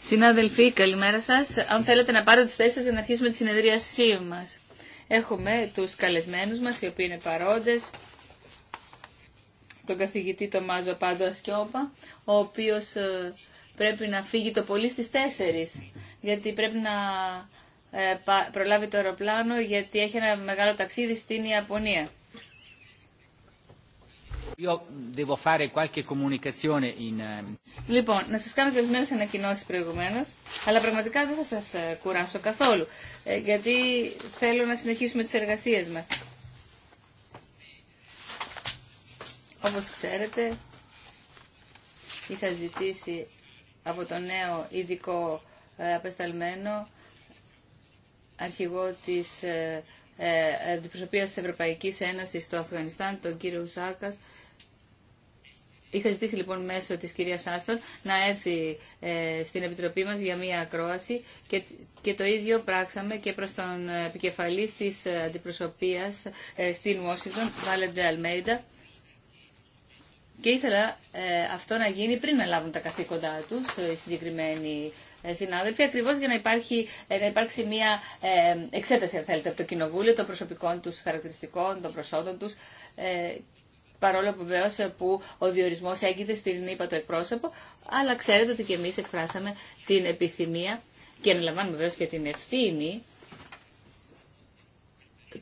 Συνάδελφοι, καλημέρα σα. Αν θέλετε να πάρετε τι θέσει να αρχίσουμε τη συνεδρίασή μα. Έχουμε του καλεσμένου μα, οι οποίοι είναι παρόντες. Τον καθηγητή Τωμάζο Πάντο Ασκιώπα, ο οποίο ε, πρέπει να φύγει το πολύ στι 4, γιατί πρέπει να ε, προλάβει το αεροπλάνο, γιατί έχει ένα μεγάλο ταξίδι στην Ιαπωνία. Ehm, λοιπόν, να σα κάνω και ορισμένε ανακοινώσει προηγουμένω, αλλά πραγματικά δεν θα σα ε, κουράσω καθόλου, ε, γιατί θέλω να συνεχίσουμε τι εργασίε μα. Όπω ξέρετε, είχα ζητήσει από τον νέο ειδικό ε, απεσταλμένο αρχηγό τη αντιπροσωπεία τη Ευρωπαϊκή Ένωση στο Αφγανιστάν, τον κύριο Ουσάκα, Είχα ζητήσει λοιπόν μέσω της κυρίας Άστον να έρθει ε, στην Επιτροπή μας για μία ακρόαση και, το ίδιο πράξαμε και προς τον επικεφαλής της αντιπροσωπείας ε, στην Washington, Βάλεντε Αλμέιντα. Και ήθελα ε, αυτό να γίνει πριν να λάβουν τα καθήκοντά τους ε, οι συγκεκριμένοι συνάδελφοι, ακριβώς για να, υπάρχει, να υπάρξει μια εξέταση, αν θέλετε, από το Κοινοβούλιο των προσωπικών του χαρακτηριστικών, των προσόντων του παρόλο που βεβαίω ε, που ο διορισμό έγινε στην ΥΠΑ το εκπρόσωπο, αλλά ξέρετε ότι και εμεί εκφράσαμε την επιθυμία και αναλαμβάνουμε βέβαια και την ευθύνη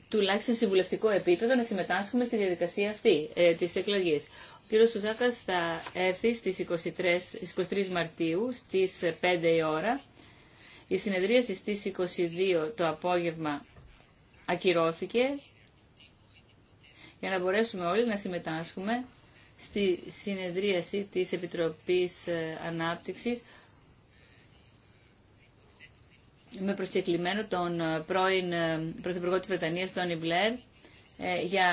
τουλάχιστον συμβουλευτικό επίπεδο να συμμετάσχουμε στη διαδικασία αυτή ε, της εκλογής. Ο κύριος Σουζάκας θα έρθει στις 23, Μαρτίου στις 5 η ώρα. Η συνεδρίαση στις 22 το απόγευμα ακυρώθηκε για να μπορέσουμε όλοι να συμμετάσχουμε στη συνεδρίαση της Επιτροπής ε, Ανάπτυξης με προσκεκλημένο τον ε, πρώην ε, Πρωθυπουργό της Βρετανίας, τον Ιμπλερ, για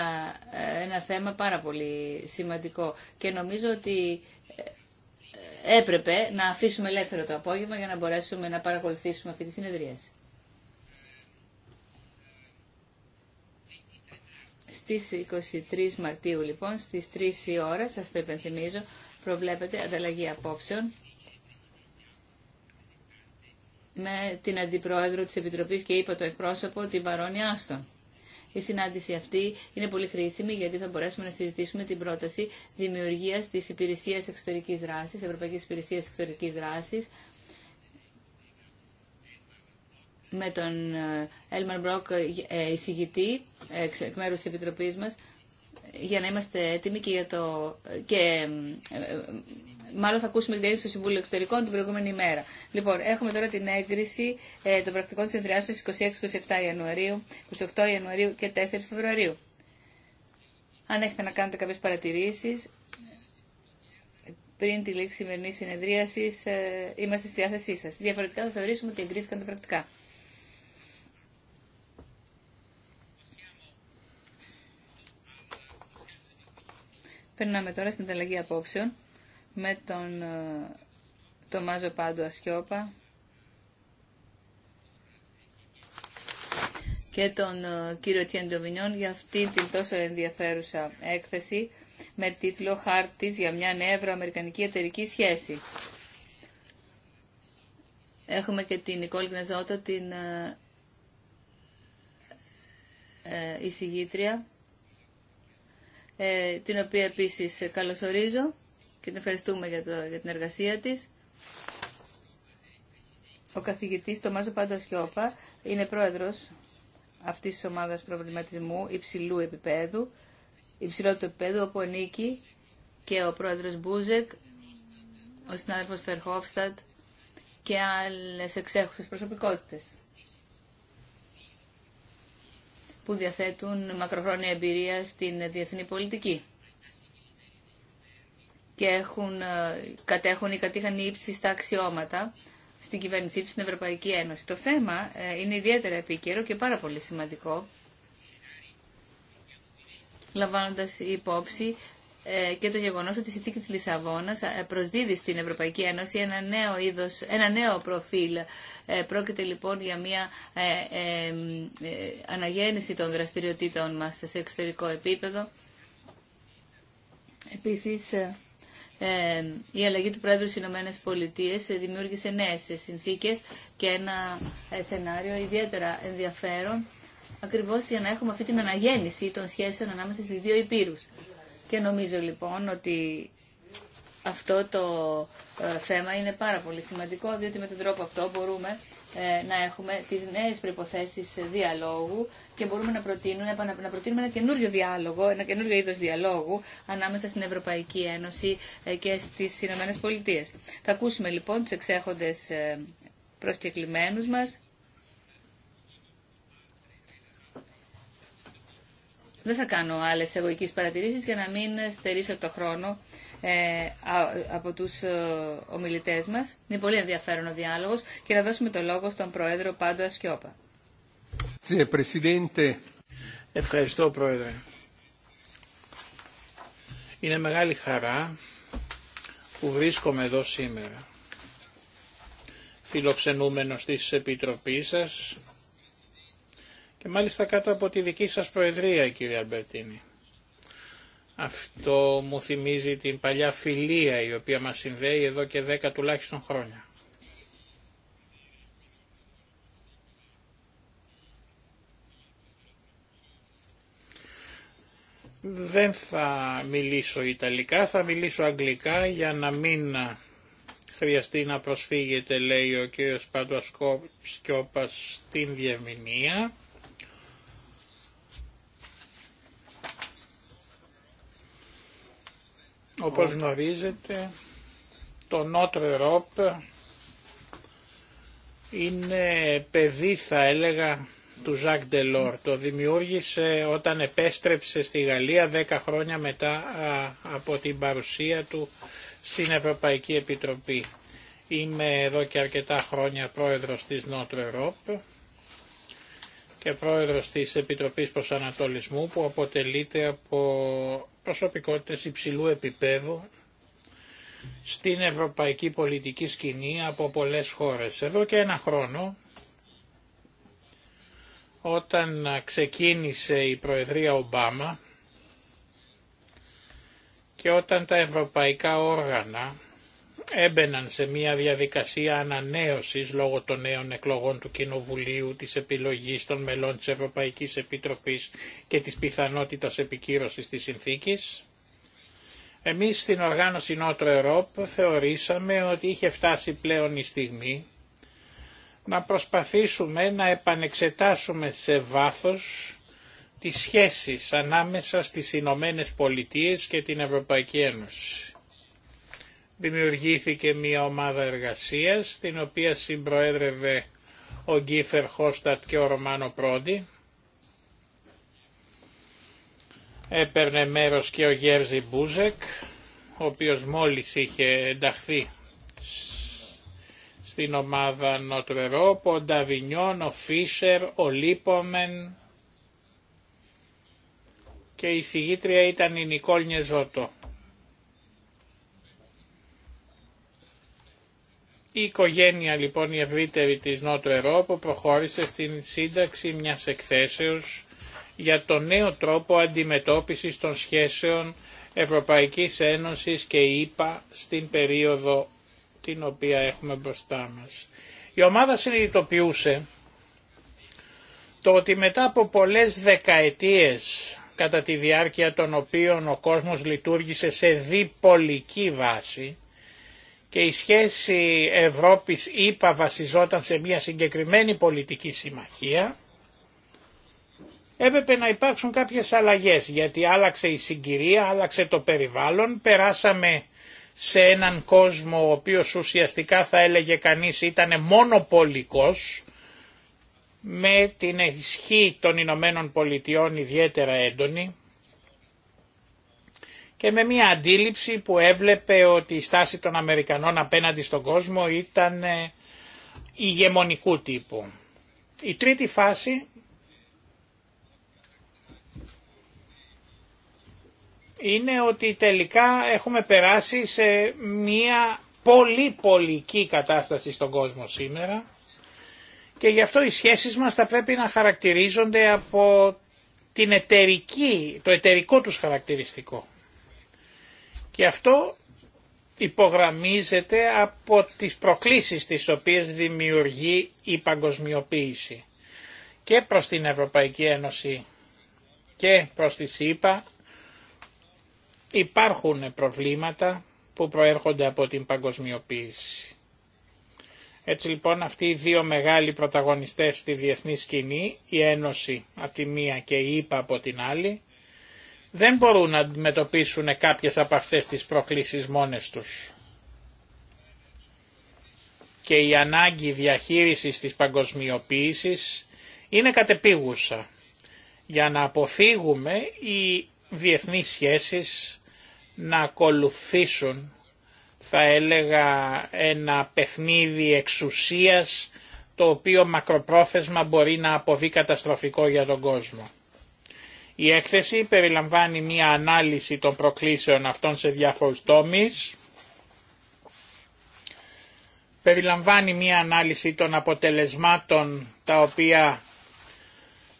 ένα θέμα πάρα πολύ σημαντικό. Και νομίζω ότι έπρεπε να αφήσουμε ελεύθερο το απόγευμα για να μπορέσουμε να παρακολουθήσουμε αυτή τη συνεδρίαση. Στις 23 Μαρτίου λοιπόν, στις 3 η ώρα, σας το υπενθυμίζω, προβλέπεται ανταλλαγή απόψεων με την Αντιπρόεδρο της Επιτροπής και είπα το εκπρόσωπο, την Βαρόνια Άστον. Η συνάντηση αυτή είναι πολύ χρήσιμη γιατί θα μπορέσουμε να συζητήσουμε την πρόταση δημιουργίας της υπηρεσίας εξωτερικής δράσης, Ευρωπαϊκή Υπηρεσία Εξωτερική Δράση, με τον Έλμαρ ε, Μπρόκ, ε, εισηγητή εκ μέρου τη Επιτροπή μα, για να είμαστε έτοιμοι και για το. Και, ε, μάλλον θα ακούσουμε την στο Συμβούλου Εξωτερικών την προηγούμενη ημέρα. Λοιπόν, έχουμε τώρα την έγκριση των πρακτικών συνεδριάσεων 26-27 Ιανουαρίου, 28 Ιανουαρίου και 4 Φεβρουαρίου. Αν έχετε να κάνετε κάποιες παρατηρήσεις, πριν τη λήξη σημερινή συνεδρίαση είμαστε στη διάθεσή σα. Διαφορετικά θα θεωρήσουμε ότι εγκρίθηκαν τα πρακτικά. Περνάμε τώρα στην ανταλλαγή απόψεων με τον ε, Τομάζο Πάντου Ασκιόπα και τον ε, κύριο Ντομινιόν για αυτή την τόσο ενδιαφέρουσα έκθεση με τίτλο «Χάρτης για μια νέα ευρωαμερικανική εταιρική σχέση». Έχουμε και την Νικόλ Γνεζότο, την ε, εισηγήτρια ε, την οποία επίσης καλωσορίζω και την ευχαριστούμε για, το, για την εργασία της. Ο καθηγητής Τομάζο Πάντα είναι πρόεδρος αυτής της ομάδας προβληματισμού υψηλού επίπεδου, του επίπεδου, όπου ανήκει και ο πρόεδρος Μπούζεκ, ο συνάδελφος Φερχόφστατ και άλλες εξέχουσες προσωπικότητες που διαθέτουν μακροχρόνια εμπειρία στην διεθνή πολιτική και έχουν, ε, κατέχουν ή κατήχαν ύψιστα αξιώματα στην κυβέρνησή του στην Ευρωπαϊκή Ένωση. Το θέμα ε, είναι ιδιαίτερα επίκαιρο και πάρα πολύ σημαντικό λαμβάνοντας υπόψη ε, και το γεγονό ότι η συνθήκη τη Λισαβόνα ε, προσδίδει στην Ευρωπαϊκή Ένωση ένα νέο, είδος, ένα νέο προφίλ. Ε, πρόκειται λοιπόν για μια αναγέννηση των δραστηριοτήτων μα σε εξωτερικό επίπεδο. Επίσης, η αλλαγή του Πρόεδρου στι Ηνωμένε Πολιτείε δημιούργησε νέε συνθήκε και ένα σενάριο ιδιαίτερα ενδιαφέρον, ακριβώς για να έχουμε αυτή την αναγέννηση των σχέσεων ανάμεσα στις δύο υπήρους. Και νομίζω λοιπόν ότι αυτό το ε, θέμα είναι πάρα πολύ σημαντικό, διότι με τον τρόπο αυτό μπορούμε ε, να έχουμε τις νέες προϋποθέσεις διαλόγου και μπορούμε να προτείνουμε, να προτείνουμε ένα καινούριο διάλογο, ένα καινούριο είδος διαλόγου ανάμεσα στην Ευρωπαϊκή Ένωση ε, και στις Ηνωμένες Πολιτείες. Θα ακούσουμε λοιπόν τους εξέχοντες προσκεκλημένους μας Δεν θα κάνω άλλες εγωικές παρατηρήσεις για να μην στερήσω το χρόνο ε, από του ε, ομιλητές μας. Είναι πολύ ενδιαφέρον ο διάλογο και να δώσουμε το λόγο στον Πρόεδρο Πάντο Ασκιώπα. Ευχαριστώ, Πρόεδρε. Είναι μεγάλη χαρά που βρίσκομαι εδώ σήμερα. Φιλοξενούμενος της Επιτροπής σας, και μάλιστα κάτω από τη δική σας προεδρία κύριε Αλμπερτίνη. Αυτό μου θυμίζει την παλιά φιλία η οποία μας συνδέει εδώ και δέκα τουλάχιστον χρόνια. Δεν θα μιλήσω Ιταλικά, θα μιλήσω Αγγλικά για να μην χρειαστεί να προσφύγετε, λέει ο κύριος Πάντουας Σκιώπας στην Διευμηνία. Όπως γνωρίζετε, το Νότρο Ευρώπη είναι παιδί θα έλεγα του Ζακ Ντελόρ. Το δημιούργησε όταν επέστρεψε στη Γαλλία δέκα χρόνια μετά από την παρουσία του στην Ευρωπαϊκή Επιτροπή. Είμαι εδώ και αρκετά χρόνια πρόεδρος της Νότρο Ευρώπη και πρόεδρος της Επιτροπής Προσανατολισμού που αποτελείται από προσωπικότητες υψηλού επίπεδου στην ευρωπαϊκή πολιτική σκηνή από πολλές χώρες. Εδώ και ένα χρόνο, όταν ξεκίνησε η Προεδρία Ομπάμα και όταν τα ευρωπαϊκά όργανα έμπαιναν σε μια διαδικασία ανανέωσης λόγω των νέων εκλογών του Κοινοβουλίου, της επιλογής των μελών της Ευρωπαϊκής Επιτροπής και της πιθανότητας επικύρωσης της συνθήκης. Εμείς στην οργάνωση Νότρο Ευρώπη θεωρήσαμε ότι είχε φτάσει πλέον η στιγμή να προσπαθήσουμε να επανεξετάσουμε σε βάθος τις σχέσεις ανάμεσα στις Ηνωμένε Πολιτείες και την Ευρωπαϊκή Ένωση δημιουργήθηκε μια ομάδα εργασίας την οποία συμπροέδρευε ο Γκίφερ Χόστατ και ο Ρωμάνο Πρόντι. Έπαιρνε μέρος και ο Γέρζι Μπούζεκ, ο οποίος μόλις είχε ενταχθεί στην ομάδα Νοτρερόπ, ο Νταβινιόν, ο Φίσερ, ο Λίπομεν και η συγγήτρια ήταν η Νικόλ Νιεζότο. Η οικογένεια λοιπόν η ευρύτερη της Νότου Ευρώπου προχώρησε στην σύνταξη μιας εκθέσεως για το νέο τρόπο αντιμετώπισης των σχέσεων Ευρωπαϊκής Ένωσης και ήπα στην περίοδο την οποία έχουμε μπροστά μας. Η ομάδα συνειδητοποιούσε το ότι μετά από πολλές δεκαετίες κατά τη διάρκεια των οποίων ο κόσμος λειτουργήσε σε διπολική βάση, και η σχέση Ευρώπης-ΗΠΑ βασιζόταν σε μια συγκεκριμένη πολιτική συμμαχία, έπρεπε να υπάρξουν κάποιες αλλαγές γιατί άλλαξε η συγκυρία, άλλαξε το περιβάλλον, περάσαμε σε έναν κόσμο ο οποίος ουσιαστικά θα έλεγε κανείς ήταν μονοπολικός με την ισχύ των Ηνωμένων Πολιτειών ιδιαίτερα έντονη και με μια αντίληψη που έβλεπε ότι η στάση των Αμερικανών απέναντι στον κόσμο ήταν ε, ηγεμονικού τύπου. Η τρίτη φάση είναι ότι τελικά έχουμε περάσει σε μια πολύ πολική κατάσταση στον κόσμο σήμερα και γι' αυτό οι σχέσεις μας θα πρέπει να χαρακτηρίζονται από την εταιρική, το εταιρικό τους χαρακτηριστικό. Και αυτό υπογραμμίζεται από τις προκλήσεις τις οποίες δημιουργεί η παγκοσμιοποίηση και προς την Ευρωπαϊκή Ένωση και προς τη ΣΥΠΑ υπάρχουν προβλήματα που προέρχονται από την παγκοσμιοποίηση. Έτσι λοιπόν αυτοί οι δύο μεγάλοι πρωταγωνιστές στη διεθνή σκηνή, η Ένωση από τη μία και η ΕΠΑ από την άλλη, δεν μπορούν να αντιμετωπίσουν κάποιες από αυτές τις προκλήσεις μόνες τους. Και η ανάγκη διαχείρισης της παγκοσμιοποίησης είναι κατεπίγουσα για να αποφύγουμε οι διεθνείς σχέσεις να ακολουθήσουν θα έλεγα ένα παιχνίδι εξουσίας το οποίο μακροπρόθεσμα μπορεί να αποβεί καταστροφικό για τον κόσμο. Η έκθεση περιλαμβάνει μια ανάλυση των προκλήσεων αυτών σε διάφορους τόμεις, περιλαμβάνει μια ανάλυση των αποτελεσμάτων τα οποία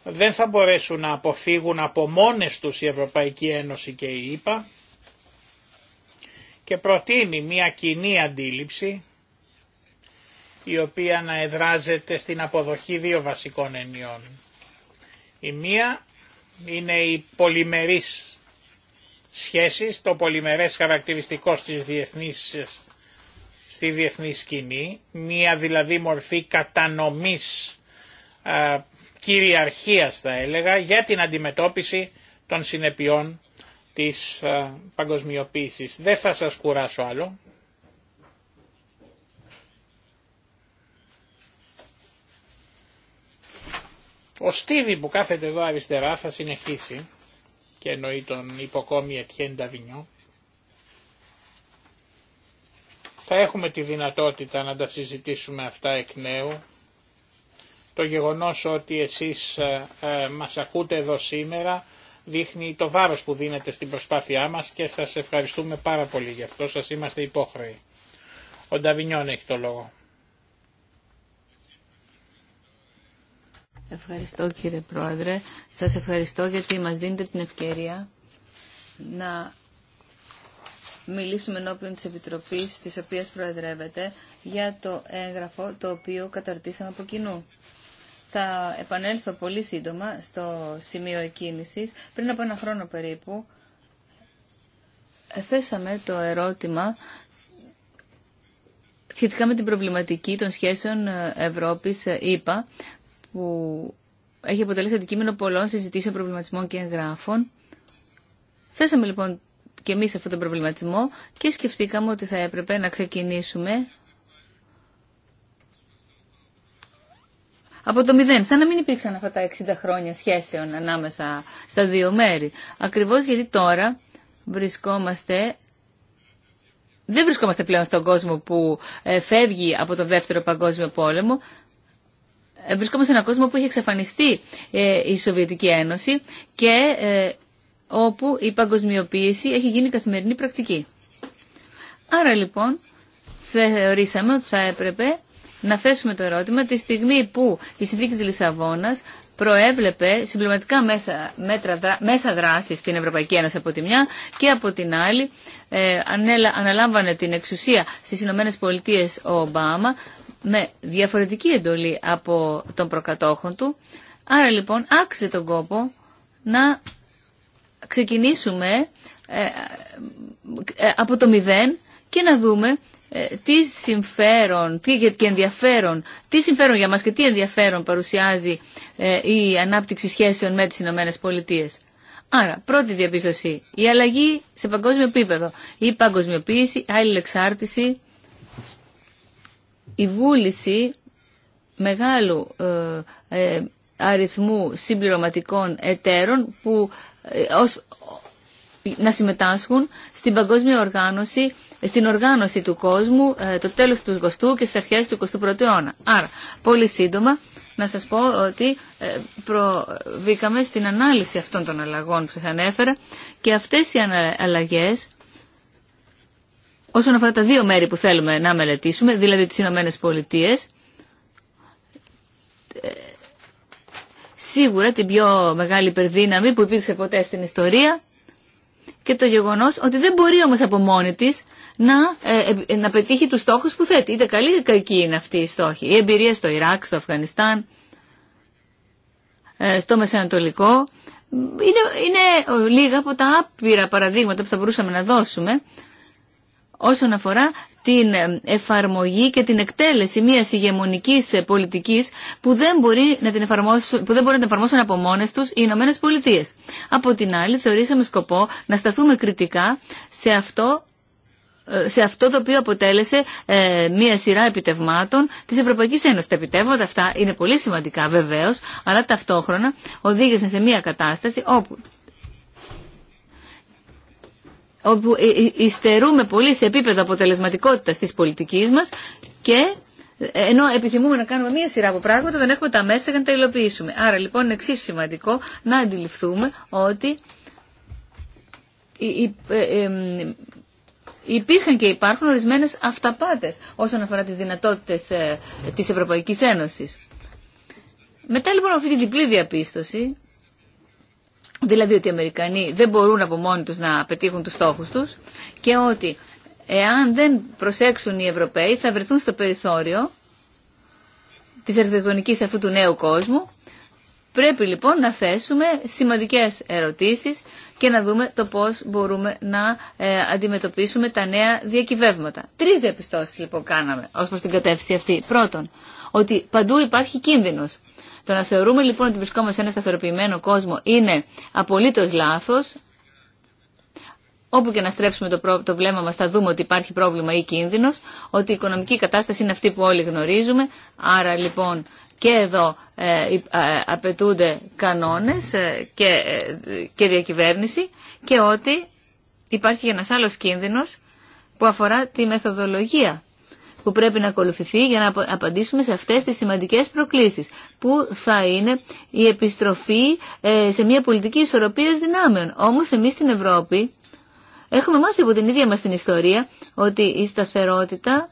δεν θα μπορέσουν να αποφύγουν από μόνες τους η Ευρωπαϊκή Ένωση και η ΕΠΑ και προτείνει μια κοινή αντίληψη η οποία να εδράζεται στην αποδοχή δύο βασικών έννοιων. Η μία είναι οι πολυμερείς σχέσεις, το πολυμερές χαρακτηριστικό στις διεθνείς, στη διεθνή σκηνή, μία δηλαδή μορφή κατανομής κυριαρχίας θα έλεγα για την αντιμετώπιση των συνεπειών της α, παγκοσμιοποίησης. Δεν θα σας κουράσω άλλο. Ο Στίβη που κάθεται εδώ αριστερά θα συνεχίσει και εννοεί τον υποκόμη Τιέν Ταβινιό. Θα έχουμε τη δυνατότητα να τα συζητήσουμε αυτά εκ νέου. Το γεγονός ότι εσείς ε, ε, μας ακούτε εδώ σήμερα δείχνει το βάρος που δίνετε στην προσπάθειά μας και σας ευχαριστούμε πάρα πολύ γι' αυτό. Σας είμαστε υπόχρεοι. Ο Νταβινιόν έχει το λόγο. Ευχαριστώ κύριε Πρόεδρε. Σας ευχαριστώ γιατί μας δίνετε την ευκαιρία να μιλήσουμε ενώπιον της Επιτροπής της οποίας προεδρεύεται για το έγγραφο το οποίο καταρτήσαμε από κοινού. Θα επανέλθω πολύ σύντομα στο σημείο εκκίνησης. Πριν από ένα χρόνο περίπου θέσαμε το ερώτημα σχετικά με την προβληματική των σχέσεων είπα, που έχει αποτελέσει αντικείμενο πολλών συζητήσεων, προβληματισμών και εγγράφων. Θέσαμε λοιπόν και εμείς αυτόν τον προβληματισμό και σκεφτήκαμε ότι θα έπρεπε να ξεκινήσουμε από το μηδέν, σαν να μην υπήρξαν αυτά τα 60 χρόνια σχέσεων ανάμεσα στα δύο μέρη. Ακριβώς γιατί τώρα βρισκόμαστε δεν βρισκόμαστε πλέον στον κόσμο που ε, φεύγει από το Δεύτερο Παγκόσμιο Πόλεμο βρισκόμαστε σε έναν κόσμο που έχει εξαφανιστεί ε, η Σοβιετική Ένωση και ε, όπου η παγκοσμιοποίηση έχει γίνει καθημερινή πρακτική. Άρα λοιπόν θεωρήσαμε ότι θα έπρεπε να θέσουμε το ερώτημα τη στιγμή που η συνθήκη της Λισαβόνας προέβλεπε συμπληρωματικά μέσα, μέτρα, μέσα στην Ευρωπαϊκή Ένωση από τη μια και από την άλλη ε, αναλάμβανε την εξουσία στις Ηνωμένε Πολιτείε ο Ομπάμα με διαφορετική εντολή από τον προκατόχων του. Άρα λοιπόν άξιζε τον κόπο να ξεκινήσουμε ε, ε, από το μηδέν και να δούμε ε, τι συμφέρον τι και ενδιαφέρον, τι συμφέρον για μας και τι ενδιαφέρον παρουσιάζει η ανάπτυξη σχέσεων με τις Ηνωμένες Πολιτείες. Άρα, πρώτη διαπίστωση, η αλλαγή σε παγκόσμιο επίπεδο, η παγκοσμιοποίηση, άλλη εξάρτηση, η βούληση μεγάλου ε, ε, αριθμού συμπληρωματικών εταίρων που ε, ως, να συμμετάσχουν στην παγκόσμια οργάνωση, στην οργάνωση του κόσμου το τέλος του 20ου και στις αρχές του 21ου αιώνα. Άρα, πολύ σύντομα να σας πω ότι προβήκαμε στην ανάλυση αυτών των αλλαγών που σας ανέφερα και αυτές οι αλλαγές όσον αφορά τα δύο μέρη που θέλουμε να μελετήσουμε, δηλαδή τις Ηνωμένε Πολιτείε, σίγουρα την πιο μεγάλη υπερδύναμη που υπήρξε ποτέ στην ιστορία και το γεγονός ότι δεν μπορεί όμως από μόνη της να, ε, ε, να πετύχει τους στόχους που θέτει. Είτε καλή είτε κακή είναι αυτή η στόχη. Η εμπειρία στο Ιράκ, στο Αφγανιστάν, ε, στο Μεσανατολικό είναι λίγα από τα άπειρα παραδείγματα που θα μπορούσαμε να δώσουμε όσον αφορά την εφαρμογή και την εκτέλεση μιας ηγεμονικής πολιτικής που δεν, μπορεί να την εφαρμόσουν, που δεν μπορεί να την εφαρμόσουν από μόνες τους οι Ηνωμένες Πολιτείες. Από την άλλη θεωρήσαμε σκοπό να σταθούμε κριτικά σε αυτό σε αυτό το οποίο αποτέλεσε ε, μία σειρά επιτευμάτων της Ευρωπαϊκής Ένωσης. Τα επιτεύγματα αυτά είναι πολύ σημαντικά βεβαίως, αλλά ταυτόχρονα οδήγησαν σε μία κατάσταση όπου όπου ε, ε, υστερούμε πολύ σε επίπεδο αποτελεσματικότητας της πολιτικής μας και ε, ενώ επιθυμούμε να κάνουμε μία σειρά από πράγματα, δεν έχουμε τα μέσα για να τα υλοποιήσουμε. Άρα λοιπόν είναι εξίσου σημαντικό να αντιληφθούμε ότι υπήρχαν και υπάρχουν ορισμένες αυταπάτες όσον αφορά τις δυνατότητες της Ευρωπαϊκής Ένωσης. Μετά λοιπόν αυτή τη διπλή διαπίστωση, Δηλαδή ότι οι Αμερικανοί δεν μπορούν από μόνοι τους να πετύχουν τους στόχους τους και ότι εάν δεν προσέξουν οι Ευρωπαίοι θα βρεθούν στο περιθώριο της αρχιτεκτονικής αυτού του νέου κόσμου. Πρέπει λοιπόν να θέσουμε σημαντικές ερωτήσεις και να δούμε το πώς μπορούμε να ε, αντιμετωπίσουμε τα νέα διακυβεύματα. Τρεις διαπιστώσεις λοιπόν κάναμε ως προς την κατεύθυνση αυτή. Πρώτον, ότι παντού υπάρχει κίνδυνος. Το να θεωρούμε λοιπόν ότι βρισκόμαστε σε ένα σταθεροποιημένο κόσμο είναι απολύτως λάθος. Όπου και να στρέψουμε το, το βλέμμα μας θα δούμε ότι υπάρχει πρόβλημα ή κίνδυνος, ότι η οικονομική κατάσταση είναι αυτή που όλοι γνωρίζουμε. Άρα λοιπόν και εδώ ε, ε, απαιτούνται κανόνες ε, και, και διακυβέρνηση και ότι υπάρχει ένας άλλος κίνδυνος που αφορά τη μεθοδολογία που πρέπει να ακολουθηθεί για να απαντήσουμε σε αυτές τις σημαντικές προκλήσεις που θα είναι η επιστροφή ε, σε μια πολιτική ισορροπίας δυνάμεων. Όμως εμείς στην Ευρώπη έχουμε μάθει από την ίδια μας την ιστορία ότι η σταθερότητα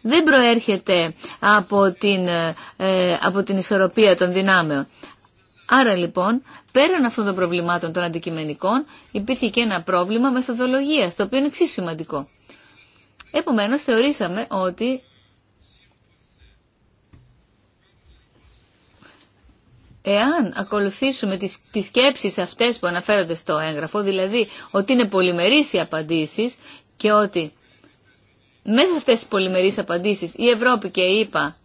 δεν προέρχεται από την, ε, από την ισορροπία των δυνάμεων. Άρα λοιπόν, πέραν αυτών των προβλημάτων των αντικειμενικών, υπήρχε και ένα πρόβλημα μεθοδολογίας, το οποίο είναι εξίσου σημαντικό. Επομένως θεωρήσαμε ότι εάν ακολουθήσουμε τις, τις σκέψεις αυτές που αναφέρονται στο έγγραφο, δηλαδή ότι είναι πολυμερείς οι απαντήσεις και ότι μέσα σε αυτές τις πολυμερείς απαντήσεις η Ευρώπη και η ΕΠΑ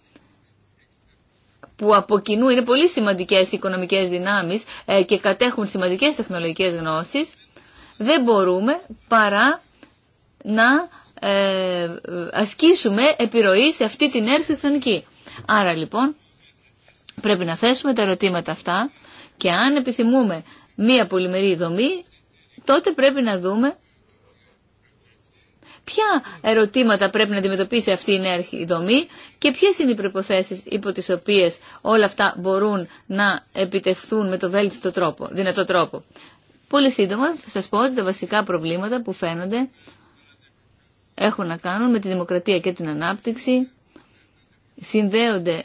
που από κοινού είναι πολύ σημαντικές οικονομικές δυνάμεις ε, και κατέχουν σημαντικές τεχνολογικές γνώσεις, δεν μπορούμε παρά να ε, ασκήσουμε επιρροή σε αυτή την έρθει Άρα λοιπόν πρέπει να θέσουμε τα ερωτήματα αυτά και αν επιθυμούμε μία πολυμερή δομή, τότε πρέπει να δούμε ποια ερωτήματα πρέπει να αντιμετωπίσει αυτή η νέα δομή και ποιες είναι οι προϋποθέσεις υπό τις οποίες όλα αυτά μπορούν να επιτευχθούν με το βέλτιστο τρόπο, δυνατό τρόπο. Πολύ σύντομα θα σας πω ότι τα βασικά προβλήματα που φαίνονται έχουν να κάνουν με τη δημοκρατία και την ανάπτυξη, συνδέονται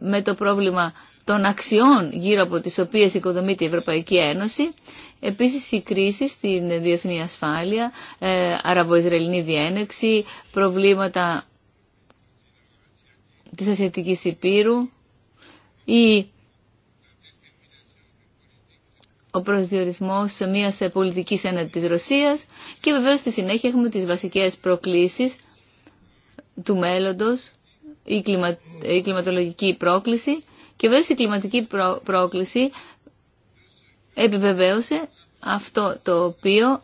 με το πρόβλημα των αξιών γύρω από τις οποίες οικοδομείται η Ευρωπαϊκή Ένωση. Επίσης η κρίση στην διεθνή ασφάλεια, ε, αραβο-ισραηλινή διένεξη, προβλήματα της Ασιατικής Υπήρου, η ο προσδιορισμός σε πολιτική έναντι της Ρωσίας και βεβαίως στη συνέχεια έχουμε τις βασικές προκλήσεις του μέλλοντος, η, η κλιματολογική πρόκληση και βέβαια η κλιματική πρόκληση επιβεβαίωσε αυτό το οποίο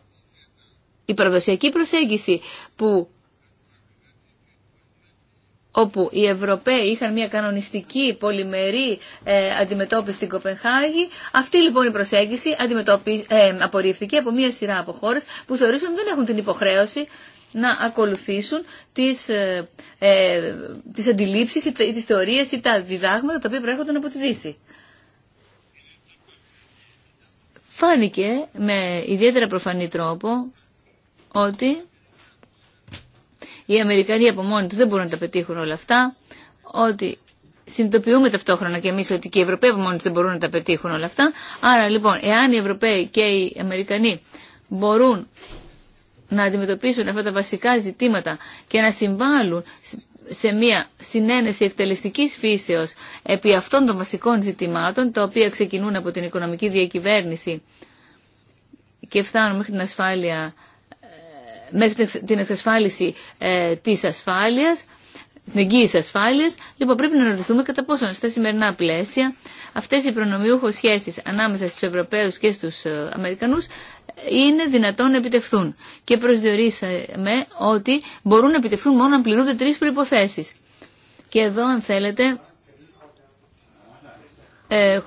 η παραδοσιακή προσέγγιση που όπου οι Ευρωπαίοι είχαν μια κανονιστική πολυμερή ε, αντιμετώπιση στην Κοπενχάγη. Αυτή λοιπόν η προσέγγιση ε, απορρίφθηκε από μια σειρά από χώρε που θεωρούσαν ότι δεν έχουν την υποχρέωση να ακολουθήσουν τις, ε, ε τις αντιλήψεις ή τις θεωρίες ή τα διδάγματα τα οποία προέρχονταν από τη Δύση. Φάνηκε με ιδιαίτερα προφανή τρόπο ότι οι Αμερικανοί από μόνοι του δεν μπορούν να τα πετύχουν όλα αυτά, ότι συνειδητοποιούμε ταυτόχρονα και εμείς ότι και οι Ευρωπαίοι από μόνοι τους δεν μπορούν να τα πετύχουν όλα αυτά. Άρα λοιπόν, εάν οι Ευρωπαίοι και οι Αμερικανοί μπορούν να αντιμετωπίσουν αυτά τα βασικά ζητήματα και να συμβάλλουν σε μια συνένεση εκτελεστικής φύσεως επί αυτών των βασικών ζητημάτων, τα οποία ξεκινούν από την οικονομική διακυβέρνηση και φτάνουν μέχρι την ασφάλεια μέχρι την εξασφάλιση ε, της ασφάλειας, την εγγύηση ασφάλειας, λοιπόν πρέπει να ρωτηθούμε κατά πόσο στα σημερινά πλαίσια αυτές οι προνομιούχο σχέσεις ανάμεσα στους Ευρωπαίους και στους ε, Αμερικανούς ε, είναι δυνατόν να επιτευθούν. Και προσδιορίσαμε ότι μπορούν να επιτευθούν μόνο αν πληρούνται τρεις προϋποθέσεις. Και εδώ, αν θέλετε, ε, ε,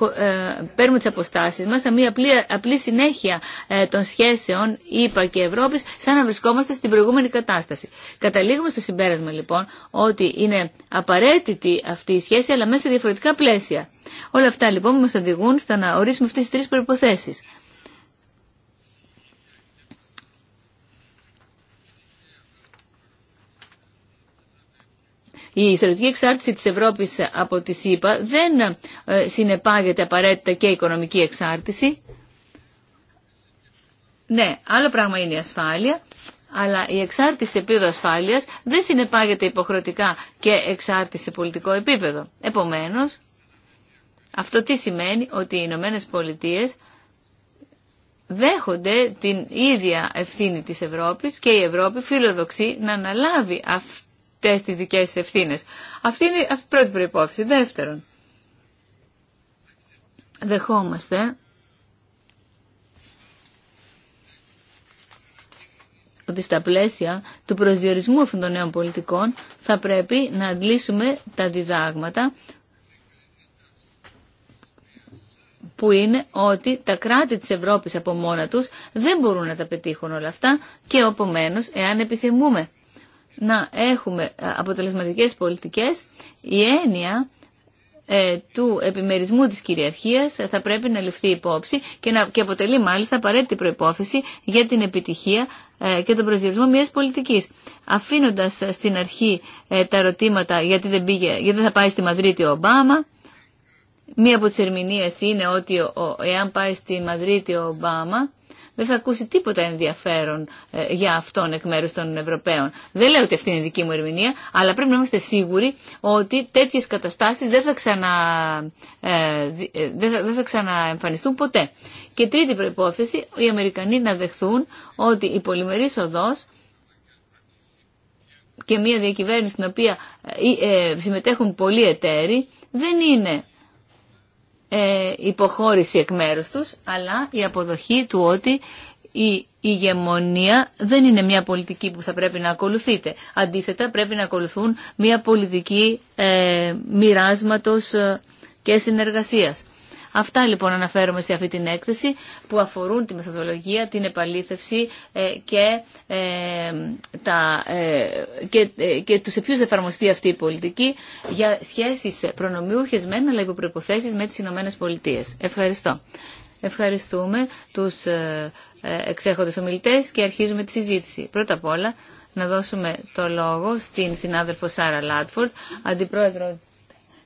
παίρνουμε τις αποστάσεις μας σαν μια απλή, απλή συνέχεια ε, των σχέσεων ΗΠΑ και Ευρώπης σαν να βρισκόμαστε στην προηγούμενη κατάσταση. Καταλήγουμε στο συμπέρασμα λοιπόν ότι είναι απαραίτητη αυτή η σχέση αλλά μέσα σε διαφορετικά πλαίσια. Όλα αυτά λοιπόν μας οδηγούν στο να ορίσουμε αυτές τις τρεις προϋποθέσεις. η στρατιωτική εξάρτηση της Ευρώπης από τη ΣΥΠΑ δεν ε, συνεπάγεται απαραίτητα και οικονομική εξάρτηση. Ναι, άλλο πράγμα είναι η ασφάλεια, αλλά η εξάρτηση σε επίπεδο ασφάλειας δεν συνεπάγεται υποχρεωτικά και εξάρτηση σε πολιτικό επίπεδο. Επομένως, αυτό τι σημαίνει ότι οι Ηνωμένε Πολιτείε δέχονται την ίδια ευθύνη της Ευρώπης και η Ευρώπη φιλοδοξεί να αναλάβει αυτή αυτέ τις δικές ευθύνες. Αυτή είναι η πρώτη προϋπόθεση. Δεύτερον, δεχόμαστε ότι στα πλαίσια του προσδιορισμού αυτών των νέων πολιτικών θα πρέπει να αντλήσουμε τα διδάγματα που είναι ότι τα κράτη της Ευρώπης από μόνα τους δεν μπορούν να τα πετύχουν όλα αυτά και οπομένως εάν επιθυμούμε να έχουμε ε, αποτελεσματικές πολιτικές, η έννοια ε, του επιμερισμού της κυριαρχίας ε, θα πρέπει να ληφθεί υπόψη και, να, και αποτελεί μάλιστα απαραίτητη προϋπόθεση για την επιτυχία και τον προσδιορισμό μιας πολιτικής. Αφήνοντας στην αρχή τα ερωτήματα γιατί δεν, πήγε, γιατί δεν θα πάει στη Μαδρίτη ο Ομπάμα, μία από τις ερμηνείες είναι ότι εάν πάει στη Μαδρίτη ο Ομπάμα δεν θα ακούσει τίποτα ενδιαφέρον ε, για αυτόν εκ μέρου των Ευρωπαίων. Δεν λέω ότι αυτή είναι η δική μου ερμηνεία, αλλά πρέπει να είμαστε σίγουροι ότι τέτοιε καταστάσει δεν, θα ξανα, ε, ε, δεν, θα, ξαναεμφανιστούν ποτέ. Και τρίτη προπόθεση, οι Αμερικανοί να δεχθούν ότι η πολυμερή οδό και μια διακυβέρνηση στην οποία συμμετέχουν πολλοί εταίροι δεν είναι ε, υποχώρηση εκ μέρους τους, αλλά η αποδοχή του ότι η ηγεμονία δεν είναι μια πολιτική που θα πρέπει να ακολουθείτε. Αντίθετα, πρέπει να ακολουθούν μια πολιτική ε, ε και συνεργασίας. Αυτά λοιπόν αναφέρομαι σε αυτή την έκθεση που αφορούν τη μεθοδολογία, την επαλήθευση ε, και, ε, τα, ε, και, και τους οποίους εφαρμοστεί αυτή η πολιτική για σχέσεις προνομιούχες μεν αλλά υπό προϋποθέσεις με τις Ηνωμένες Πολιτείες. Ευχαριστώ. Ευχαριστούμε τους εξέχοντες ομιλητές και αρχίζουμε τη συζήτηση. Πρώτα απ' όλα να δώσουμε το λόγο στην συνάδελφο Σάρα Λάτφορντ, αντιπρόεδρο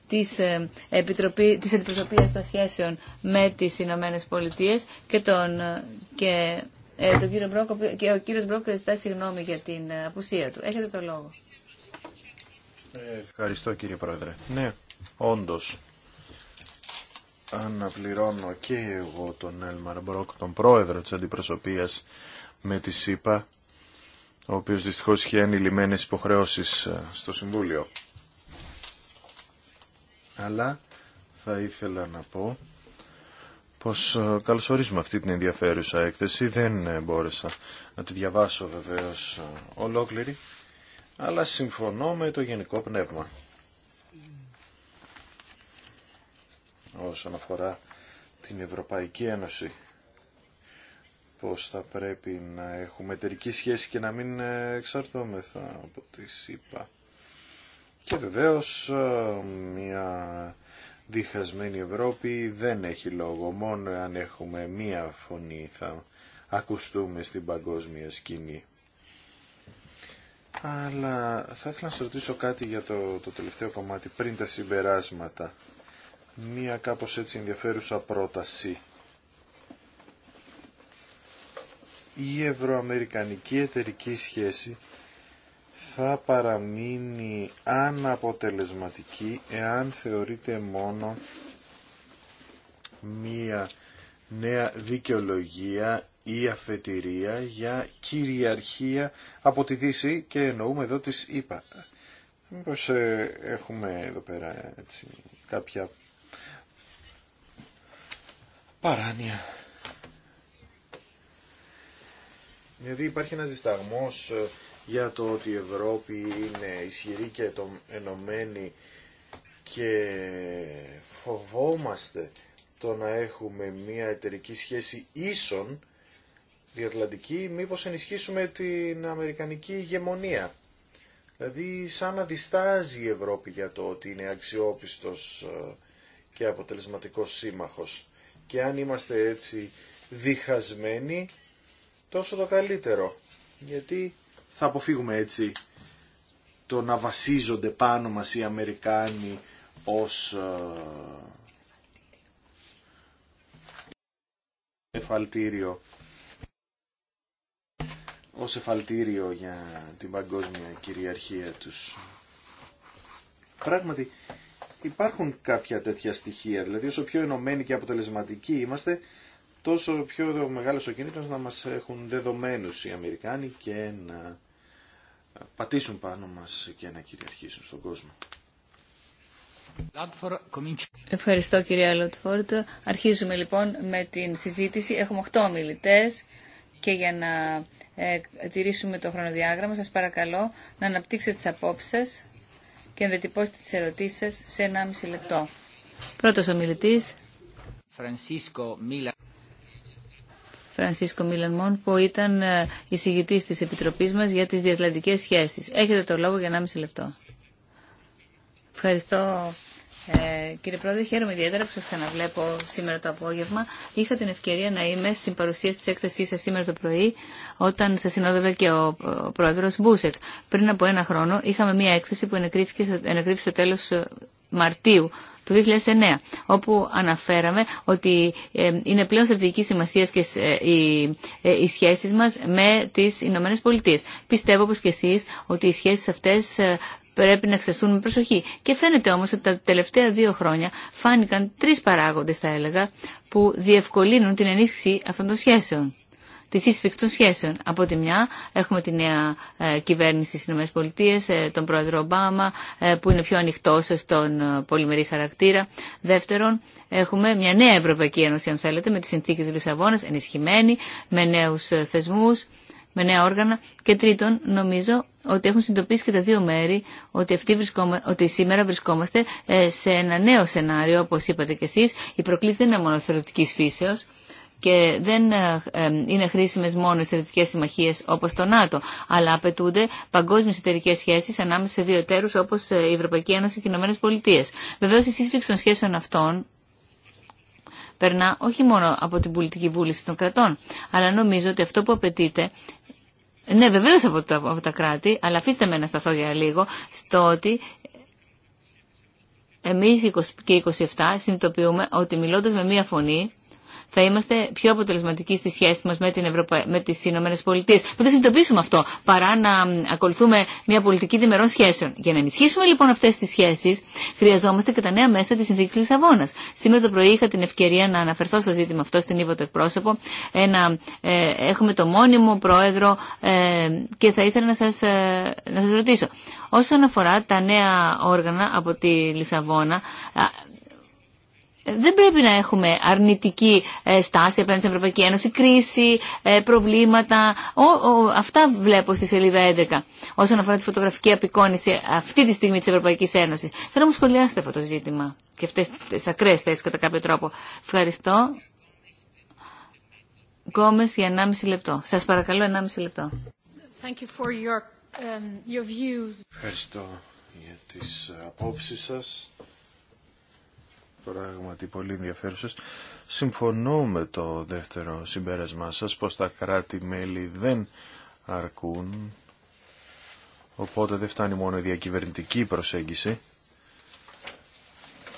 της, ε, Επιτροπή, της Αντιπροσωπείας των Σχέσεων με τις Ηνωμένε Πολιτείε και τον, ε, και, ε, τον κύριο Μπρόκο, και ο κύριος Μπρόκ ζητά συγγνώμη για την απουσία του. Έχετε το λόγο. Ευχαριστώ κύριε Πρόεδρε. Ναι, όντως αναπληρώνω και εγώ τον Έλμαρ Μπρόκ, τον πρόεδρο της αντιπροσωπείας με τη ΣΥΠΑ, ο οποίος δυστυχώς είχε ανηλυμένες υποχρεώσεις στο Συμβούλιο αλλά θα ήθελα να πω πως ε, καλωσορίζουμε αυτή την ενδιαφέρουσα έκθεση. Δεν ε, μπόρεσα να τη διαβάσω βεβαίως ε, ολόκληρη, αλλά συμφωνώ με το γενικό πνεύμα. Όσον αφορά την Ευρωπαϊκή Ένωση, πως θα πρέπει να έχουμε εταιρική σχέση και να μην εξαρτώμεθα από τις ΗΠΑ. Και βεβαίως ε, μια διχασμένη Ευρώπη δεν έχει λόγο. Μόνο αν έχουμε μία φωνή θα ακουστούμε στην παγκόσμια σκηνή. Αλλά θα ήθελα να σας ρωτήσω κάτι για το, το τελευταίο κομμάτι πριν τα συμπεράσματα. Μία κάπως έτσι ενδιαφέρουσα πρόταση. Η ευρωαμερικανική εταιρική σχέση θα παραμείνει αναποτελεσματική εάν θεωρείται μόνο μία νέα δικαιολογία ή αφετηρία για κυριαρχία από τη Δύση και εννοούμε εδώ τις είπα. Μήπως ε, έχουμε εδώ πέρα έτσι, κάποια παράνοια. Δηλαδή υπάρχει ένας δισταγμός ε, για το ότι η Ευρώπη είναι ισχυρή και ενωμένη και φοβόμαστε το να έχουμε μια εταιρική σχέση ίσον διατλαντική, μήπως ενισχύσουμε την αμερικανική ηγεμονία. Δηλαδή σαν να διστάζει η Ευρώπη για το ότι είναι αξιόπιστος ε, και αποτελεσματικός σύμμαχος. Και αν είμαστε έτσι διχασμένοι, τόσο το καλύτερο. Γιατί θα αποφύγουμε έτσι το να βασίζονται πάνω μας οι Αμερικάνοι ως ε, εφαλτήριο ως εφαλτήριο για την παγκόσμια κυριαρχία τους. Πράγματι υπάρχουν κάποια τέτοια στοιχεία, δηλαδή όσο πιο ενωμένοι και αποτελεσματικοί είμαστε, τόσο πιο μεγάλος ο κίνδυνος να μας έχουν δεδομένους οι Αμερικάνοι και να πατήσουν πάνω μας και να κυριαρχήσουν στον κόσμο. Ευχαριστώ κυρία Λότφορντ. Αρχίζουμε λοιπόν με την συζήτηση. Έχουμε 8 ομιλητέ και για να ε, τηρήσουμε το χρονοδιάγραμμα σας παρακαλώ να αναπτύξετε τις απόψεις σας και να διατυπώσετε τις ερωτήσεις σας σε 1,5 λεπτό. Πρώτος ομιλητής. Φρανσίσκο Μίλα Φρανσίσκο Μιλανμόν, που ήταν ε, εισηγητή τη Επιτροπή μα για τι διατλαντικέ σχέσει. Έχετε το λόγο για 1,5 λεπτό. Ευχαριστώ. Ε, κύριε Πρόεδρε, χαίρομαι ιδιαίτερα που σα ξαναβλέπω σήμερα το απόγευμα. Είχα την ευκαιρία να είμαι στην παρουσίαση τη έκθεσή σα σήμερα το πρωί, όταν σα συνόδευε και ο, ο πρόεδρο Μπούσεκ. Πριν από ένα χρόνο είχαμε μία έκθεση που ενεκρίθηκε, ενεκρίθηκε στο τέλο ε, Μαρτίου του 2009, όπου αναφέραμε ότι ε, είναι πλέον στρατηγική σημασία και ε, οι ε, σχέσει μας με τις Ηνωμένε Πολιτείε. Πιστεύω, όπω και εσείς, ότι οι σχέσεις αυτές πρέπει να εξεταστούν με προσοχή. Και φαίνεται όμως ότι τα τελευταία δύο χρόνια φάνηκαν τρεις παράγοντες, θα έλεγα, που διευκολύνουν την ενίσχυση αυτών των σχέσεων τη σύσφυξη των σχέσεων. Από τη μια έχουμε τη νέα ε, κυβέρνηση στι ΗΠΑ, ε, τον πρόεδρο Ομπάμα, ε, που είναι πιο ανοιχτό στον πολυμερή χαρακτήρα. Δεύτερον, έχουμε μια νέα Ευρωπαϊκή Ένωση, αν θέλετε, με τη συνθήκη τη Λισαβόνα, ενισχυμένη, με νέου θεσμού με νέα όργανα. Και τρίτον, νομίζω ότι έχουν συνειδητοποιήσει και τα δύο μέρη ότι, βρισκόμα, ότι σήμερα βρισκόμαστε σε ένα νέο σενάριο, όπω είπατε κι εσεί. Η προκλήση δεν είναι μόνο θεωρητική φύσεω και δεν ε, είναι χρήσιμε μόνο οι στρατιωτικέ συμμαχίε όπω το ΝΑΤΟ, αλλά απαιτούνται παγκόσμιε εταιρικέ σχέσει ανάμεσα σε δύο εταίρου όπω ε, η Ευρωπαϊκή Ένωση και οι Ηνωμένε Πολιτείε. Βεβαίω η σύσφυξη των σχέσεων αυτών περνά όχι μόνο από την πολιτική βούληση των κρατών, αλλά νομίζω ότι αυτό που απαιτείται ναι, βεβαίω από, τα, από τα κράτη, αλλά αφήστε με να σταθώ για λίγο στο ότι εμεί και οι 27 συνειδητοποιούμε ότι μιλώντα με μία φωνή θα είμαστε πιο αποτελεσματικοί στη σχέση μα με, την Ευρωπα... με τι Ηνωμένε Πολιτείε. Πρέπει το συνειδητοποιήσουμε αυτό, παρά να ακολουθούμε μια πολιτική διμερών σχέσεων. Για να ενισχύσουμε λοιπόν αυτέ τι σχέσει, χρειαζόμαστε και τα νέα μέσα τη συνθήκη Λισαβόνα. Σήμερα το πρωί είχα την ευκαιρία να αναφερθώ στο ζήτημα αυτό στην ΥΠΟΤΕΚ εκπρόσωπο. Ένα, ε, έχουμε το μόνιμο πρόεδρο ε, και θα ήθελα να σα ε, σας ρωτήσω. Όσον αφορά τα νέα όργανα από τη Λισαβόνα, δεν πρέπει να έχουμε αρνητική ε, στάση απέναντι στην Ευρωπαϊκή Ένωση, κρίση, ε, προβλήματα. αυτά βλέπω στη σελίδα 11 όσον αφορά τη φωτογραφική απεικόνηση αυτή τη στιγμή τη Ευρωπαϊκή Ένωση. Θέλω να μου σχολιάσετε αυτό το ζήτημα και αυτέ τι ακραίε θέσει κατά κάποιο τρόπο. Ευχαριστώ. Γκόμε για 1,5 λεπτό. Σα παρακαλώ, 1,5 λεπτό. Thank you for your, um, views. Ευχαριστώ για τι ε, απόψει σα πράγματι πολύ ενδιαφέρουσες. Συμφωνώ με το δεύτερο συμπέρασμά σας πως τα κράτη-μέλη δεν αρκούν, οπότε δεν φτάνει μόνο η διακυβερνητική προσέγγιση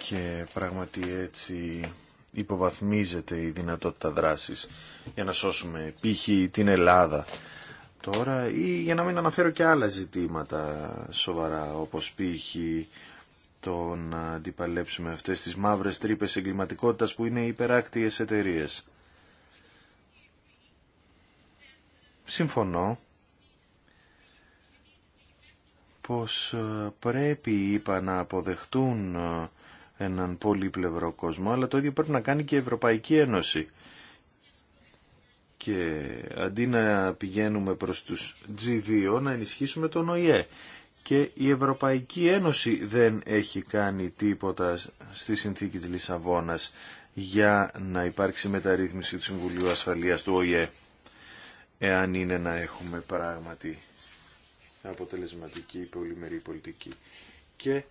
και πράγματι έτσι υποβαθμίζεται η δυνατότητα δράσης για να σώσουμε π.χ. την Ελλάδα τώρα ή για να μην αναφέρω και άλλα ζητήματα σοβαρά όπως π.χ το να αντιπαλέψουμε αυτές τις μαύρες τρύπες εγκληματικότητας που είναι οι υπεράκτιες εταιρείε. Συμφωνώ πως ε, πρέπει, είπα, να αποδεχτούν ε, έναν πολύπλευρο κόσμο, αλλά το ίδιο πρέπει να κάνει και η Ευρωπαϊκή Ένωση. Και αντί να πηγαίνουμε προς τους G2, να ενισχύσουμε τον ΟΗΕ και η Ευρωπαϊκή Ένωση δεν έχει κάνει τίποτα στη συνθήκη της Λισαβόνας για να υπάρξει μεταρρύθμιση του Συμβουλίου Ασφαλείας του ΟΗΕ εάν είναι να έχουμε πράγματι αποτελεσματική πολυμερή πολιτική. Και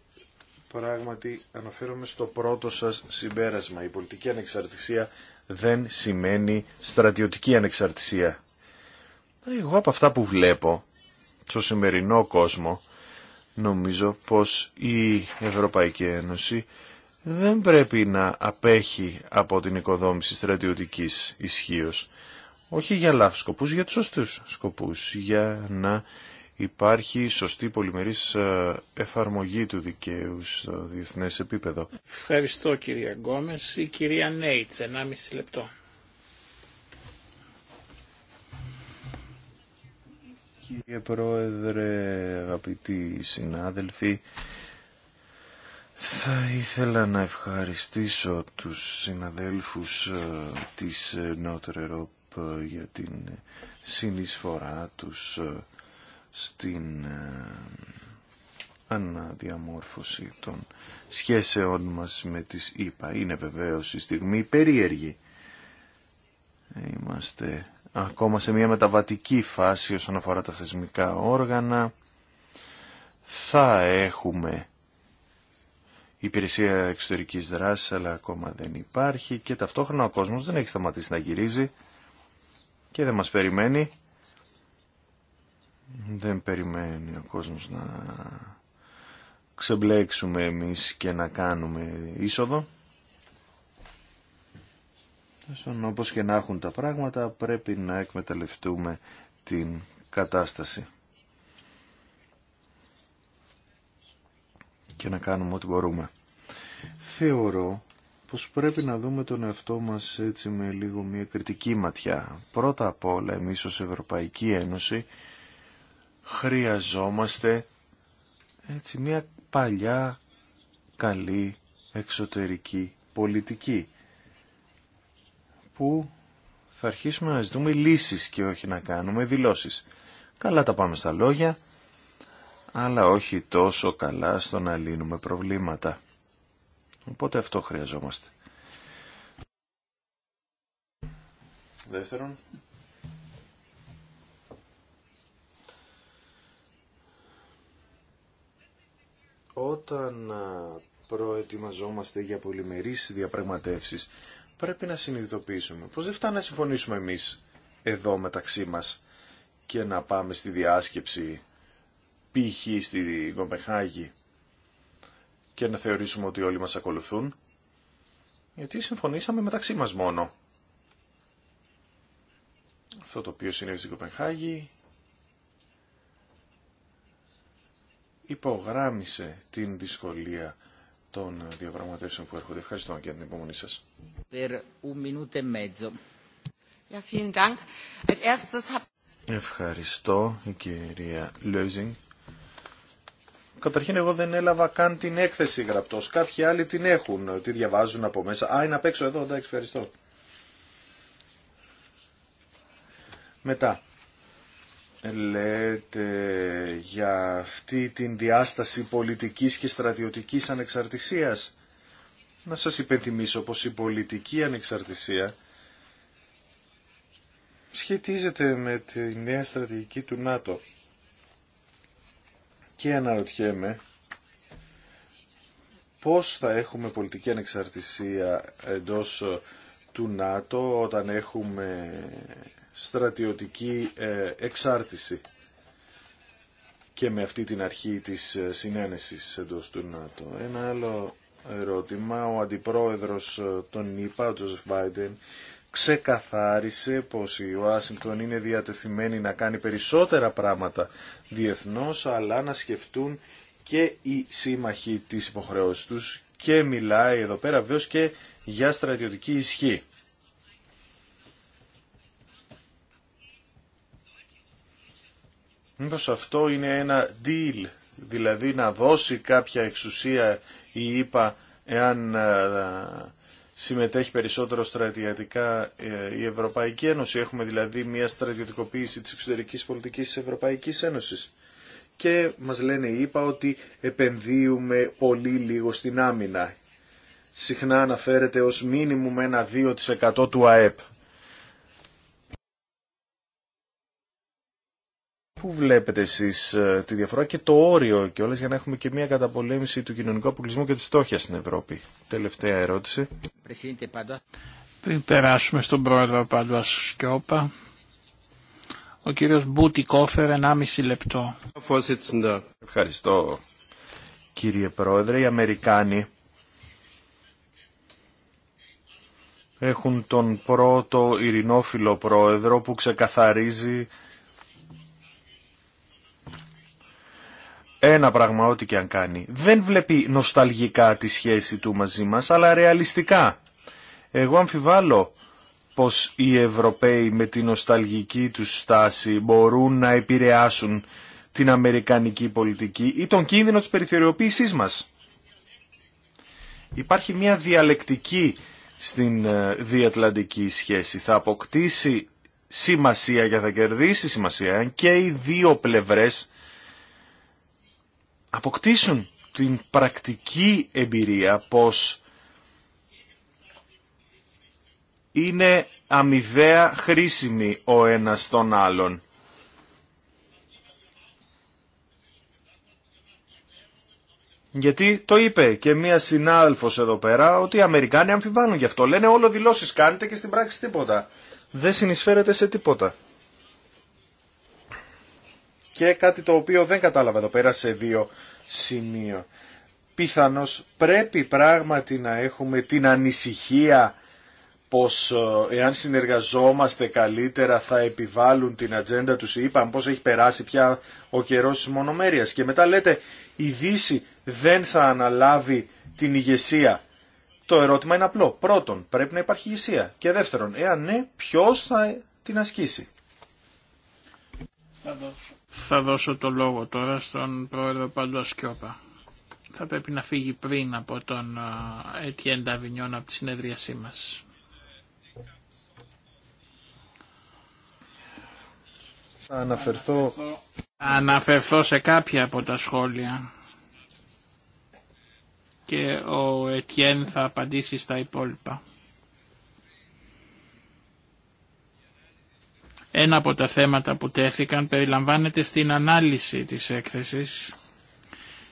πράγματι αναφέρομαι στο πρώτο σας συμπέρασμα. Η πολιτική ανεξαρτησία δεν σημαίνει στρατιωτική ανεξαρτησία. Εγώ από αυτά που βλέπω στο σημερινό κόσμο νομίζω πως η Ευρωπαϊκή Ένωση δεν πρέπει να απέχει από την οικοδόμηση στρατιωτικής ισχύω. Όχι για λάθος σκοπούς, για τους σωστούς σκοπούς, για να υπάρχει σωστή πολυμερής ε, εφαρμογή του δικαίου στο διεθνές επίπεδο. Ευχαριστώ κυρία Γκόμες. Η κυρία Νέιτς, 1,5 λεπτό. Κύριε Πρόεδρε, αγαπητοί συνάδελφοι, θα ήθελα να ευχαριστήσω τους συναδέλφους ε, της ε, Νότρε Ροπ ε, για την συνεισφορά τους στην αναδιαμόρφωση των σχέσεών μας με τις ΗΠΑ. Είναι βεβαίως η στιγμή περίεργη. Είμαστε ακόμα σε μια μεταβατική φάση όσον αφορά τα θεσμικά όργανα. Θα έχουμε υπηρεσία εξωτερικής δράσης, αλλά ακόμα δεν υπάρχει και ταυτόχρονα ο κόσμος δεν έχει σταματήσει να γυρίζει και δεν μας περιμένει. Δεν περιμένει ο κόσμος να ξεμπλέξουμε εμείς και να κάνουμε είσοδο. Όπως και να έχουν τα πράγματα πρέπει να εκμεταλλευτούμε την κατάσταση. Και να κάνουμε ό,τι μπορούμε. Θεωρώ πως πρέπει να δούμε τον εαυτό μας έτσι με λίγο μια κριτική ματιά. Πρώτα απ' όλα εμείς ως Ευρωπαϊκή Ένωση χρειαζόμαστε έτσι μια παλιά καλή εξωτερική πολιτική που θα αρχίσουμε να ζητούμε λύσεις και όχι να κάνουμε δηλώσεις. Καλά τα πάμε στα λόγια, αλλά όχι τόσο καλά στο να λύνουμε προβλήματα. Οπότε αυτό χρειαζόμαστε. Δεύτερον, όταν ε, προετοιμαζόμαστε για πολυμερείς διαπραγματεύσεις πρέπει να συνειδητοποιήσουμε πως δεν φτάνει να συμφωνήσουμε εμείς εδώ μεταξύ μας και να πάμε στη διάσκεψη π.χ. στη Κοπεχάγη και να θεωρήσουμε ότι όλοι μας ακολουθούν, γιατί συμφωνήσαμε μεταξύ μας μόνο. Αυτό το οποίο συνέβη στην Κοπεχάγη υπογράμμισε την δυσκολία των διαπραγματεύσεων που έρχονται. Ευχαριστώ και την υπομονή σας. Ευχαριστώ, κυρία Λόιζινγκ. Καταρχήν εγώ δεν έλαβα καν την έκθεση γραπτό. Κάποιοι άλλοι την έχουν, τη διαβάζουν από μέσα. Α, είναι απ' έξω εδώ, εντάξει, ευχαριστώ. Μετά, λέτε για αυτή την διάσταση πολιτικής και στρατιωτικής ανεξαρτησίας να σας υπενθυμίσω πως η πολιτική ανεξαρτησία σχετίζεται με τη νέα στρατηγική του ΝΑΤΟ. Και αναρωτιέμαι πώς θα έχουμε πολιτική ανεξαρτησία εντός ε, του ΝΑΤΟ όταν έχουμε στρατιωτική ε, εξάρτηση και με αυτή την αρχή της ε, συνένεσης εντός του ΝΑΤΟ. Ένα άλλο ερώτημα. Ο αντιπρόεδρος ε, των ΗΠΑ, ο Τζοζεφ Βάιντεν, ξεκαθάρισε πως η Ουάσιγκτον είναι διατεθειμένη να κάνει περισσότερα πράγματα διεθνώς, αλλά να σκεφτούν και οι σύμμαχοι της υποχρεώσεις τους και μιλάει εδώ πέρα βεβαίω και για στρατιωτική ισχύ. Μήπως αυτό είναι ένα deal δηλαδή να δώσει κάποια εξουσία η ΕΠΑ εάν ε, συμμετέχει περισσότερο στρατιωτικά ε, η Ευρωπαϊκή Ένωση. Έχουμε δηλαδή μια στρατιωτικοποίηση της εξωτερικής πολιτικής της Ευρωπαϊκής Ένωσης. Και μας λένε η ΕΠΑ ότι επενδύουμε πολύ λίγο στην άμυνα. Συχνά αναφέρεται ως μήνυμου με ένα 2% του ΑΕΠ. πού βλέπετε εσείς ε, τη διαφορά και το όριο και όλες για να έχουμε και μια καταπολέμηση του κοινωνικού αποκλεισμού και τη στόχια στην Ευρώπη. Τελευταία ερώτηση. Πριν περάσουμε στον πρόεδρο Πάντουα Σκιώπα, ο κύριος Μπούτι Κόφερ, 1,5 λεπτό. Ευχαριστώ κύριε πρόεδρε. Οι Αμερικάνοι έχουν τον πρώτο ειρηνόφιλο πρόεδρο που ξεκαθαρίζει ένα πράγμα ό,τι και αν κάνει. Δεν βλέπει νοσταλγικά τη σχέση του μαζί μας, αλλά ρεαλιστικά. Εγώ αμφιβάλλω πως οι Ευρωπαίοι με τη νοσταλγική τους στάση μπορούν να επηρεάσουν την Αμερικανική πολιτική ή τον κίνδυνο της περιθωριοποίησής μας. Υπάρχει μια διαλεκτική στην ε, διατλαντική σχέση. Θα αποκτήσει σημασία και θα κερδίσει σημασία και οι δύο πλευρές αποκτήσουν την πρακτική εμπειρία πως είναι αμοιβαία χρήσιμη ο ένας τον άλλον. Γιατί το είπε και μία συνάδελφος εδώ πέρα ότι οι Αμερικάνοι αμφιβάνουν γι' αυτό. Λένε όλο δηλώσεις κάνετε και στην πράξη τίποτα. Δεν συνεισφέρεται σε τίποτα και κάτι το οποίο δεν κατάλαβα εδώ πέρα σε δύο σημείο. Πιθανώς πρέπει πράγματι να έχουμε την ανησυχία πως ε, εάν συνεργαζόμαστε καλύτερα θα επιβάλλουν την ατζέντα τους Είπαμε πως έχει περάσει πια ο καιρός της μονομέρειας και μετά λέτε η Δύση δεν θα αναλάβει την ηγεσία. Το ερώτημα είναι απλό. Πρώτον, πρέπει να υπάρχει ηγεσία. Και δεύτερον, εάν ναι, ποιος θα την ασκήσει. Θα δώσω το λόγο τώρα στον πρόεδρο Παντό Θα πρέπει να φύγει πριν από τον Etienne Νταβινιόν από τη συνεδρίασή μας. Θα αναφερθώ... αναφερθώ σε κάποια από τα σχόλια και ο Ετιέν θα απαντήσει στα υπόλοιπα. Ένα από τα θέματα που τέθηκαν περιλαμβάνεται στην ανάλυση της έκθεσης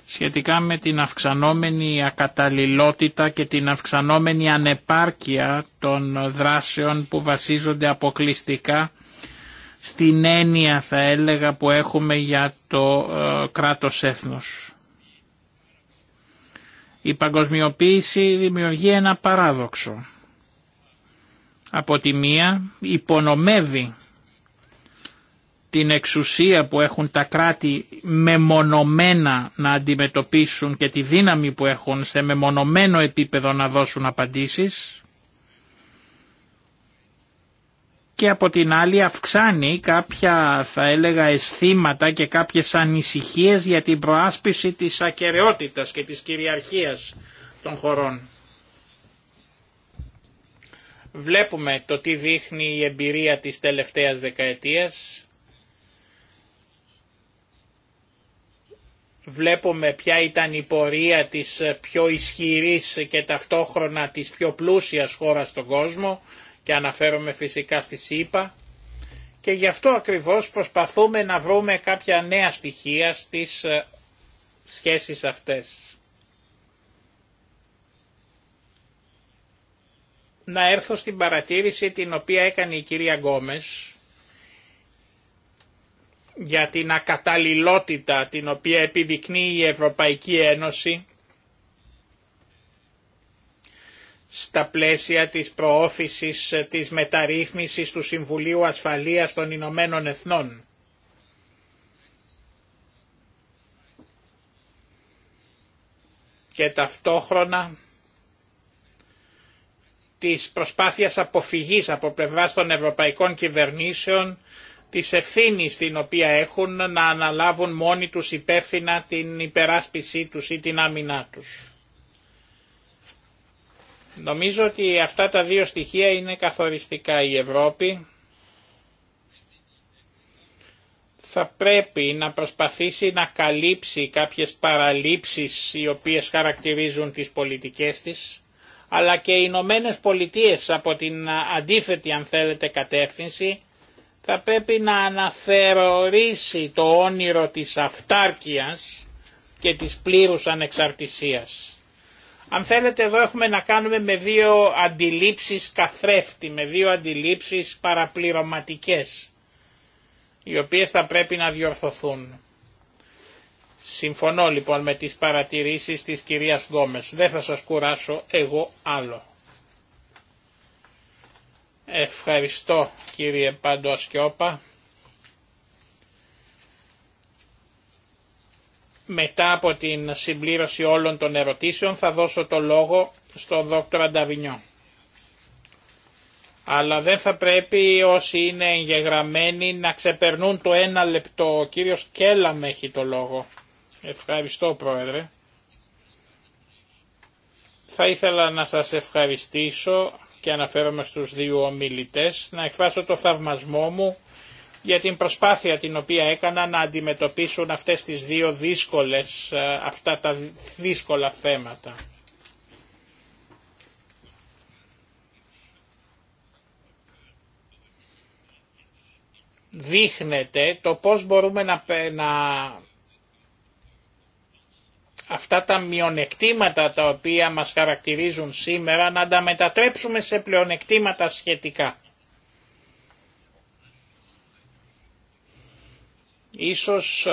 σχετικά με την αυξανόμενη ακαταλληλότητα και την αυξανόμενη ανεπάρκεια των δράσεων που βασίζονται αποκλειστικά στην έννοια θα έλεγα που έχουμε για το ε, κράτος έθνος. Η παγκοσμιοποίηση δημιουργεί ένα παράδοξο. Από τη μία υπονομεύει την εξουσία που έχουν τα κράτη μεμονωμένα να αντιμετωπίσουν και τη δύναμη που έχουν σε μεμονωμένο επίπεδο να δώσουν απαντήσεις και από την άλλη αυξάνει κάποια θα έλεγα αισθήματα και κάποιες ανησυχίες για την προάσπιση της ακαιρεότητας και της κυριαρχίας των χωρών. Βλέπουμε το τι δείχνει η εμπειρία της τελευταίας δεκαετίας βλέπουμε ποια ήταν η πορεία της πιο ισχυρής και ταυτόχρονα της πιο πλούσιας χώρας στον κόσμο και αναφέρομαι φυσικά στη ΣΥΠΑ και γι' αυτό ακριβώς προσπαθούμε να βρούμε κάποια νέα στοιχεία στις ε, σχέσεις αυτές. Να έρθω στην παρατήρηση την οποία έκανε η κυρία Γκόμες για την ακαταλληλότητα την οποία επιδεικνύει η Ευρωπαϊκή Ένωση στα πλαίσια της προώθησης της μεταρρύθμισης του Συμβουλίου Ασφαλείας των Ηνωμένων Εθνών. Και ταυτόχρονα της προσπάθειας αποφυγής από πλευράς των ευρωπαϊκών κυβερνήσεων Τη ευθύνη την οποία έχουν να αναλάβουν μόνοι τους υπεύθυνα την υπεράσπισή τους ή την άμυνά τους. Νομίζω ότι αυτά τα δύο στοιχεία είναι καθοριστικά η Ευρώπη. Θα πρέπει να προσπαθήσει να καλύψει κάποιες παραλήψεις οι οποίες χαρακτηρίζουν τις πολιτικές της, αλλά και οι Ηνωμένε Πολιτείες από την αντίθετη αν θέλετε κατεύθυνση θα πρέπει να αναθεωρήσει το όνειρο της αυτάρκειας και της πλήρους ανεξαρτησίας. Αν θέλετε εδώ έχουμε να κάνουμε με δύο αντιλήψεις καθρέφτη, με δύο αντιλήψεις παραπληρωματικές, οι οποίες θα πρέπει να διορθωθούν. Συμφωνώ λοιπόν με τις παρατηρήσεις της κυρίας Γκόμες. Δεν θα σας κουράσω εγώ άλλο. Ευχαριστώ κύριε Πάντο Ασκιώπα. Μετά από την συμπλήρωση όλων των ερωτήσεων θα δώσω το λόγο στον δόκτωρα Νταβινιό. Αλλά δεν θα πρέπει όσοι είναι εγγεγραμμένοι να ξεπερνούν το ένα λεπτό. Ο κύριος Κέλαμ έχει το λόγο. Ευχαριστώ πρόεδρε. Θα ήθελα να σας ευχαριστήσω και αναφέρομαι στους δύο ομιλητές να εκφράσω το θαυμασμό μου για την προσπάθεια την οποία έκανα να αντιμετωπίσουν αυτές τις δύο δύσκολες, ε, αυτά τα δύσκολα θέματα. Δείχνεται το πώς μπορούμε να, να αυτά τα μειονεκτήματα τα οποία μας χαρακτηρίζουν σήμερα να τα μετατρέψουμε σε πλεονεκτήματα σχετικά. Ίσως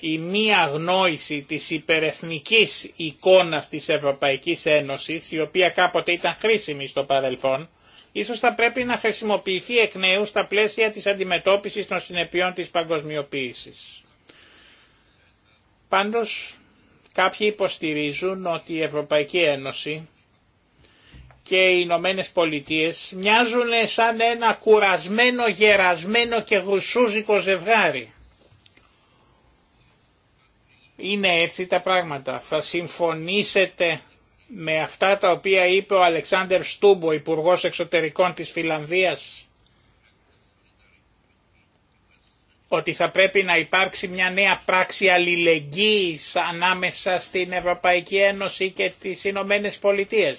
η μία γνώση της υπερεθνικής εικόνας της Ευρωπαϊκής Ένωσης, η οποία κάποτε ήταν χρήσιμη στο παρελθόν, ίσως θα πρέπει να χρησιμοποιηθεί εκ νέου στα πλαίσια της αντιμετώπισης των συνεπειών της παγκοσμιοποίησης. Πάντως Κάποιοι υποστηρίζουν ότι η Ευρωπαϊκή Ένωση και οι Ηνωμένε Πολιτείε μοιάζουν σαν ένα κουρασμένο, γερασμένο και γρουσούζικο ζευγάρι. Είναι έτσι τα πράγματα. Θα συμφωνήσετε με αυτά τα οποία είπε ο Αλεξάνδερ Στούμπο, Υπουργός Εξωτερικών της Φιλανδίας ότι θα πρέπει να υπάρξει μια νέα πράξη αλληλεγγύης ανάμεσα στην Ευρωπαϊκή Ένωση και τις Ηνωμένε Πολιτείε.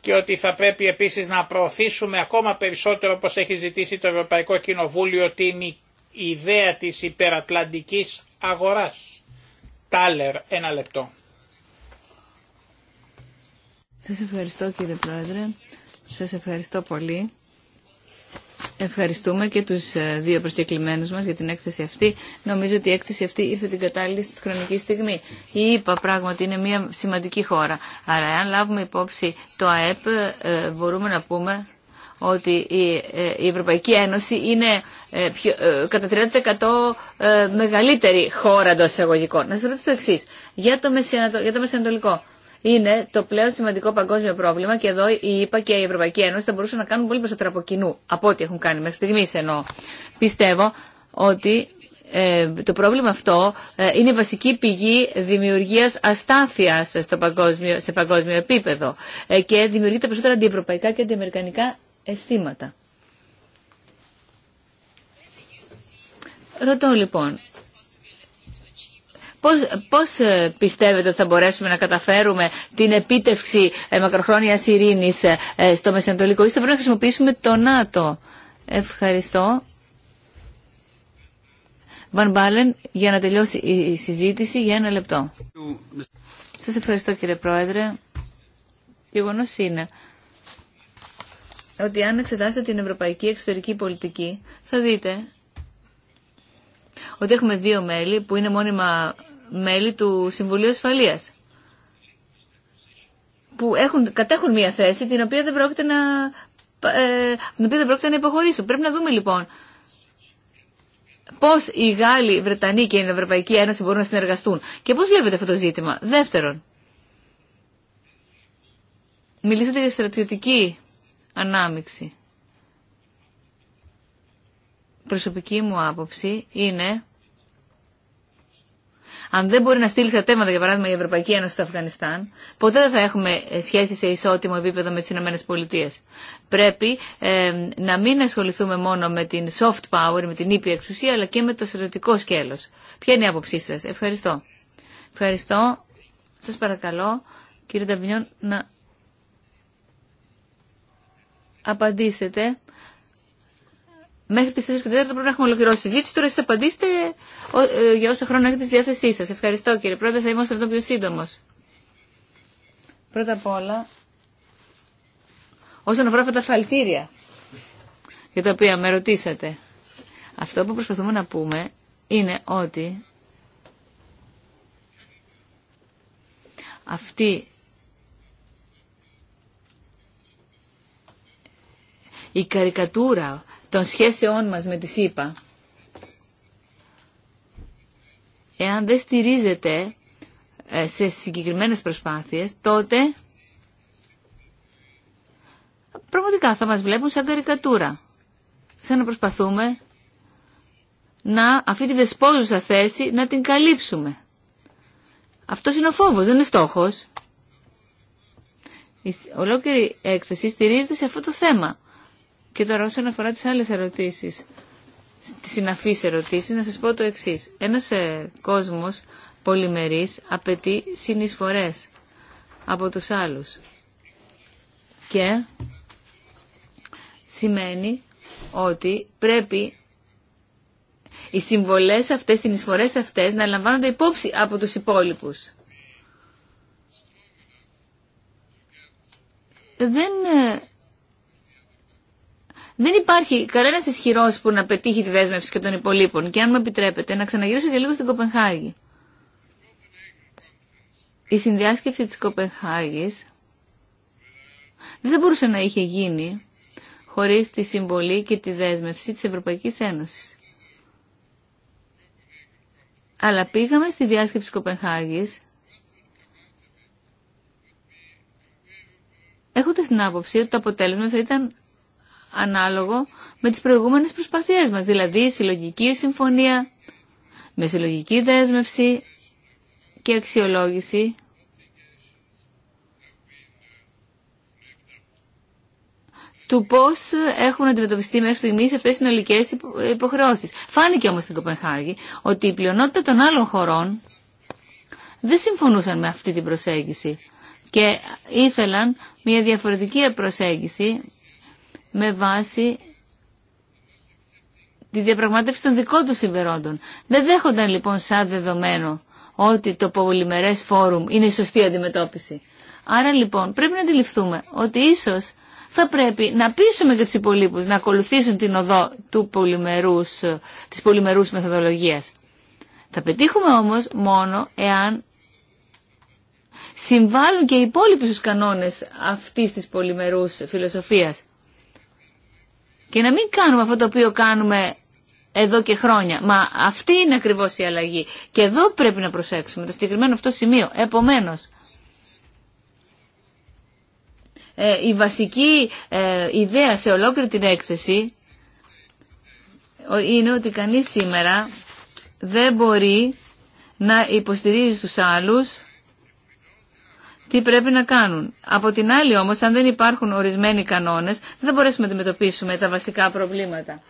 και ότι θα πρέπει επίσης να προωθήσουμε ακόμα περισσότερο όπως έχει ζητήσει το Ευρωπαϊκό Κοινοβούλιο την ιδέα της υπερατλαντικής αγοράς. Τάλερ, ένα λεπτό. Σας ευχαριστώ κύριε Πρόεδρε. Σας ευχαριστώ πολύ. Ευχαριστούμε και τους ε, δύο προσκεκλημένους μας για την έκθεση αυτή. Νομίζω ότι η έκθεση αυτή ήρθε την κατάλληλη στη χρονική στιγμή. Η πράγματι είναι μια σημαντική χώρα. Άρα αν λάβουμε υπόψη το ΑΕΠ ε, μπορούμε να πούμε ότι η ε, Ευρωπαϊκή Ένωση είναι πιο, κατά 30% μεγαλύτερη χώρα εντό εισαγωγικών. Να σα ρωτήσω το εξή Για το, για το είναι το πλέον σημαντικό παγκόσμιο πρόβλημα και εδώ η ΕΠΑ και η Ευρωπαϊκή Ένωση θα μπορούσαν να κάνουν πολύ περισσότερο από κοινού από ό,τι έχουν κάνει μέχρι στιγμή. Ενώ πιστεύω ότι ε, το πρόβλημα αυτό ε, είναι η βασική πηγή δημιουργίας αστάθειας στο παγκόσμιο, σε παγκόσμιο επίπεδο ε, και δημιουργεί τα περισσότερα αντιευρωπαϊκά και αντιαμερικανικά αισθήματα. Ρωτώ λοιπόν, Πώς, ε, πιστεύετε ότι θα μπορέσουμε να καταφέρουμε την επίτευξη ε, μακροχρόνιας ειρήνης ε, στο Μεσανατολικό ή θα πρέπει να χρησιμοποιήσουμε το ΝΑΤΟ. Ευχαριστώ. Βαν Μπάλεν, για να τελειώσει η συζήτηση για ένα λεπτό. Σας ευχαριστώ κύριε Πρόεδρε. Γεγονό είναι ότι αν εξετάσετε την ευρωπαϊκή εξωτερική πολιτική θα δείτε ότι έχουμε δύο μέλη που είναι μόνιμα μέλη του Συμβουλίου Ασφαλείας που έχουν, κατέχουν μια θέση την οποία δεν πρόκειται να, ε, την οποία δεν πρόκειται να υποχωρήσουν. Πρέπει να δούμε λοιπόν πώς οι Γάλλοι, οι Βρετανοί και η Ευρωπαϊκή Ένωση μπορούν να συνεργαστούν και πώς βλέπετε αυτό το ζήτημα. Δεύτερον, μιλήσατε για στρατιωτική ανάμειξη. Προσωπική μου άποψη είναι αν δεν μπορεί να στείλει θέματα, για παράδειγμα, η Ευρωπαϊκή Ένωση στο Αφγανιστάν, ποτέ δεν θα έχουμε ε, σχέση σε ισότιμο επίπεδο με τι ΗΠΑ. Πρέπει ε, να μην ασχοληθούμε μόνο με την soft power, με την ήπια εξουσία, αλλά και με το στρατιωτικό σκέλο. Ποια είναι η άποψή σα. Ευχαριστώ. Ευχαριστώ. Σα παρακαλώ, κύριε Νταβινιόν, να απαντήσετε Μέχρι τις 4 και 4 πρέπει να έχουμε ολοκληρώσει τη συζήτηση. Τώρα εσείς απαντήστε ε, για όσο χρόνο έχετε στη διάθεσή σα. Ευχαριστώ κύριε Πρόεδρε, θα είμαστε εδώ πιο σύντομος. Πρώτα απ' όλα, όσον αφορά αυτά τα φαλτήρια για τα οποία με ρωτήσατε, αυτό που προσπαθούμε να πούμε είναι ότι αυτή η καρικατούρα των σχέσεών μας με τη ΣΥΠΑ, εάν δεν στηρίζεται ε, σε συγκεκριμένες προσπάθειες, τότε πραγματικά θα μας βλέπουν σαν καρικατούρα. Σαν να προσπαθούμε να αυτή τη δεσπόζουσα θέση να την καλύψουμε. Αυτό είναι ο φόβος, δεν είναι στόχος. Η ολόκληρη έκθεση στηρίζεται σε αυτό το θέμα. Και τώρα όσον αφορά τις άλλες ερωτήσεις, τις συναφείς ερωτήσεις, να σας πω το εξής. Ένας ε, κόσμος πολυμερής απαιτεί συνεισφορές από τους άλλους. Και σημαίνει ότι πρέπει οι συμβολές αυτές, οι συνεισφορές αυτές να λαμβάνονται υπόψη από τους υπόλοιπους. Δεν ε, δεν υπάρχει κανένα ισχυρό που να πετύχει τη δέσμευση και των υπολείπων. Και αν μου επιτρέπετε, να ξαναγυρίσω και λίγο στην Κοπενχάγη. Η συνδιάσκεψη της Κοπενχάγης δεν θα μπορούσε να είχε γίνει χωρίς τη συμβολή και τη δέσμευση της Ευρωπαϊκής Ένωσης. Αλλά πήγαμε στη διάσκεψη της Κοπενχάγης έχοντας την άποψη ότι το αποτέλεσμα θα ήταν ανάλογο με τις προηγούμενες προσπαθίες μας, δηλαδή συλλογική συμφωνία με συλλογική δέσμευση και αξιολόγηση του πώ έχουν αντιμετωπιστεί μέχρι στιγμή αυτέ οι συνολικέ υποχρεώσει. Φάνηκε όμω στην Κοπενχάγη ότι η πλειονότητα των άλλων χωρών δεν συμφωνούσαν με αυτή την προσέγγιση και ήθελαν μια διαφορετική προσέγγιση με βάση τη διαπραγμάτευση των δικών του συμφερόντων. Δεν δέχονταν λοιπόν σαν δεδομένο ότι το πολυμερές φόρουμ είναι η σωστή αντιμετώπιση. Άρα λοιπόν πρέπει να αντιληφθούμε ότι ίσως θα πρέπει να πείσουμε και τους υπολείπους να ακολουθήσουν την οδό του πολυμερούς, της πολυμερούς μεθοδολογίας. Θα πετύχουμε όμως μόνο εάν συμβάλλουν και οι υπόλοιποι στους κανόνες αυτής της πολυμερούς φιλοσοφίας και να μην κάνουμε αυτό το οποίο κάνουμε εδώ και χρόνια. Μα αυτή είναι ακριβώς η αλλαγή. Και εδώ πρέπει να προσέξουμε το συγκεκριμένο αυτό σημείο. Επομένως, ε, η βασική ε, ιδέα σε ολόκληρη την έκθεση είναι ότι κανείς σήμερα δεν μπορεί να υποστηρίζει τους άλλους τι πρέπει να κάνουν. Από την άλλη όμως, αν δεν υπάρχουν ορισμένοι κανόνες, δεν θα μπορέσουμε να αντιμετωπίσουμε τα βασικά προβλήματα.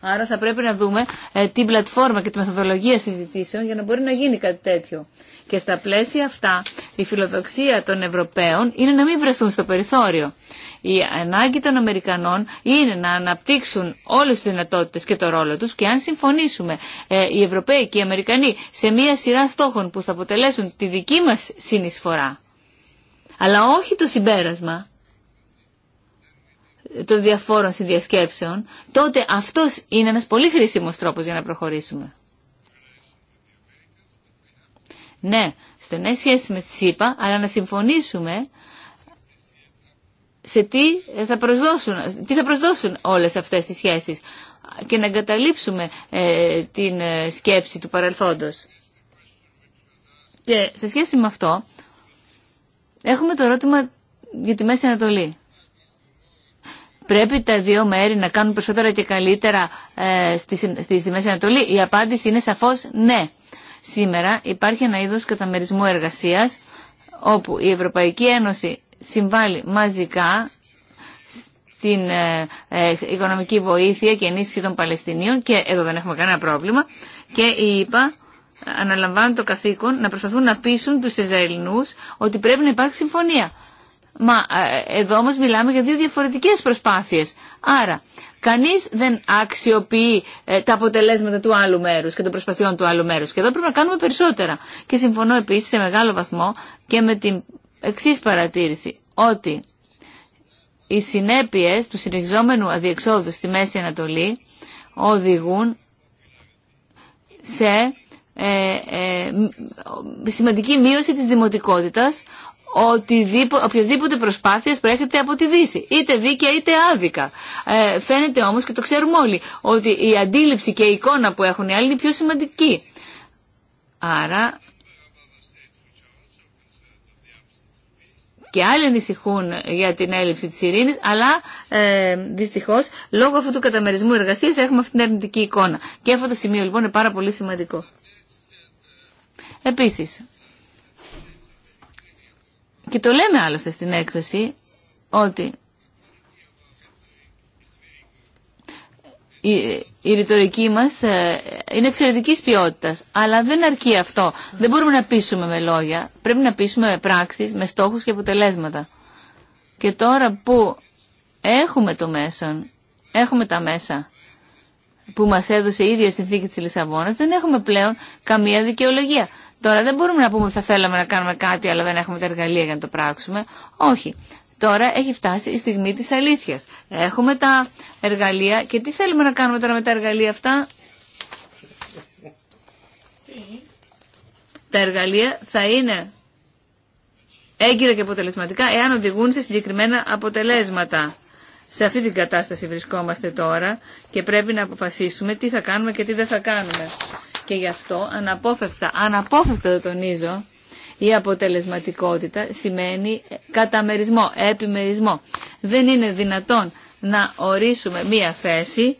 Άρα θα πρέπει να δούμε ε, την πλατφόρμα και τη μεθοδολογία συζητήσεων για να μπορεί να γίνει κάτι τέτοιο. Και στα πλαίσια αυτά η φιλοδοξία των Ευρωπαίων είναι να μην βρεθούν στο περιθώριο. Η ανάγκη των Αμερικανών είναι να αναπτύξουν όλε τι δυνατότητε και το ρόλο του και αν συμφωνήσουμε ε, οι Ευρωπαίοι και οι Αμερικανοί σε μία σειρά στόχων που θα αποτελέσουν τη δική μα συνεισφορά αλλά όχι το συμπέρασμα των διαφόρων συνδιασκέψεων, τότε αυτός είναι ένας πολύ χρήσιμος τρόπος για να προχωρήσουμε. Ναι, στενές σχέσεις με τη ΣΥΠΑ, αλλά να συμφωνήσουμε σε τι θα προσδώσουν, τι θα προσδώσουν όλες αυτές τις σχέσεις και να εγκαταλείψουμε ε, την ε, σκέψη του παρελθόντος. Και σε σχέση με αυτό, Έχουμε το ερώτημα για τη Μέση Ανατολή. Πρέπει τα δύο μέρη να κάνουν περισσότερα και καλύτερα ε, στη, στη, Μέση Ανατολή. Η απάντηση είναι σαφώς ναι. Σήμερα υπάρχει ένα είδος καταμερισμού εργασίας όπου η Ευρωπαϊκή Ένωση συμβάλλει μαζικά στην ε, ε, οικονομική βοήθεια και ενίσχυση των Παλαιστινίων και εδώ δεν έχουμε κανένα πρόβλημα και η αναλαμβάνουν το καθήκον να προσπαθούν να πείσουν τους Ισραηλινούς ότι πρέπει να υπάρχει συμφωνία. Μα ε, εδώ όμως μιλάμε για δύο διαφορετικές προσπάθειες. Άρα, κανείς δεν αξιοποιεί ε, τα αποτελέσματα του άλλου μέρους και των προσπαθειών του άλλου μέρους. Και εδώ πρέπει να κάνουμε περισσότερα. Και συμφωνώ επίσης σε μεγάλο βαθμό και με την εξή παρατήρηση, ότι οι συνέπειες του συνεχιζόμενου αδιεξόδου στη Μέση Ανατολή οδηγούν σε ε, ε, σημαντική μείωση της δημοτικότητας οποιοδήποτε οποιασδήποτε προσπάθειας προέρχεται από τη Δύση. Είτε δίκαια είτε άδικα. Ε, φαίνεται όμως και το ξέρουμε όλοι ότι η αντίληψη και η εικόνα που έχουν οι άλλοι είναι πιο σημαντική. Άρα και άλλοι ανησυχούν για την έλλειψη της ειρήνης, αλλά ε, δυστυχώς λόγω αυτού του καταμερισμού εργασίας έχουμε αυτή την αρνητική εικόνα. Και αυτό το σημείο λοιπόν είναι πάρα πολύ σημαντικό. Επίσης, και το λέμε άλλωστε στην έκθεση, ότι η ρητορική μας ε, είναι εξαιρετικής ποιότητας, αλλά δεν αρκεί αυτό. Δεν μπορούμε να πείσουμε με λόγια, πρέπει να πείσουμε με πράξεις, με στόχους και αποτελέσματα. Και τώρα που έχουμε το μέσον, έχουμε τα μέσα που μας έδωσε η ίδια συνθήκη της Λισαβόνας, δεν έχουμε πλέον καμία δικαιολογία. Τώρα δεν μπορούμε να πούμε ότι θα θέλαμε να κάνουμε κάτι αλλά δεν έχουμε τα εργαλεία για να το πράξουμε. Όχι. Τώρα έχει φτάσει η στιγμή της αλήθειας. Έχουμε τα εργαλεία και τι θέλουμε να κάνουμε τώρα με τα εργαλεία αυτά. Τα εργαλεία θα είναι έγκυρα και αποτελεσματικά εάν οδηγούν σε συγκεκριμένα αποτελέσματα. Σε αυτή την κατάσταση βρισκόμαστε τώρα και πρέπει να αποφασίσουμε τι θα κάνουμε και τι δεν θα κάνουμε. Και γι' αυτό αναπόφευκτα, αναπόφευκτα το τονίζω, η αποτελεσματικότητα σημαίνει καταμερισμό, επιμερισμό. Δεν είναι δυνατόν να ορίσουμε μία θέση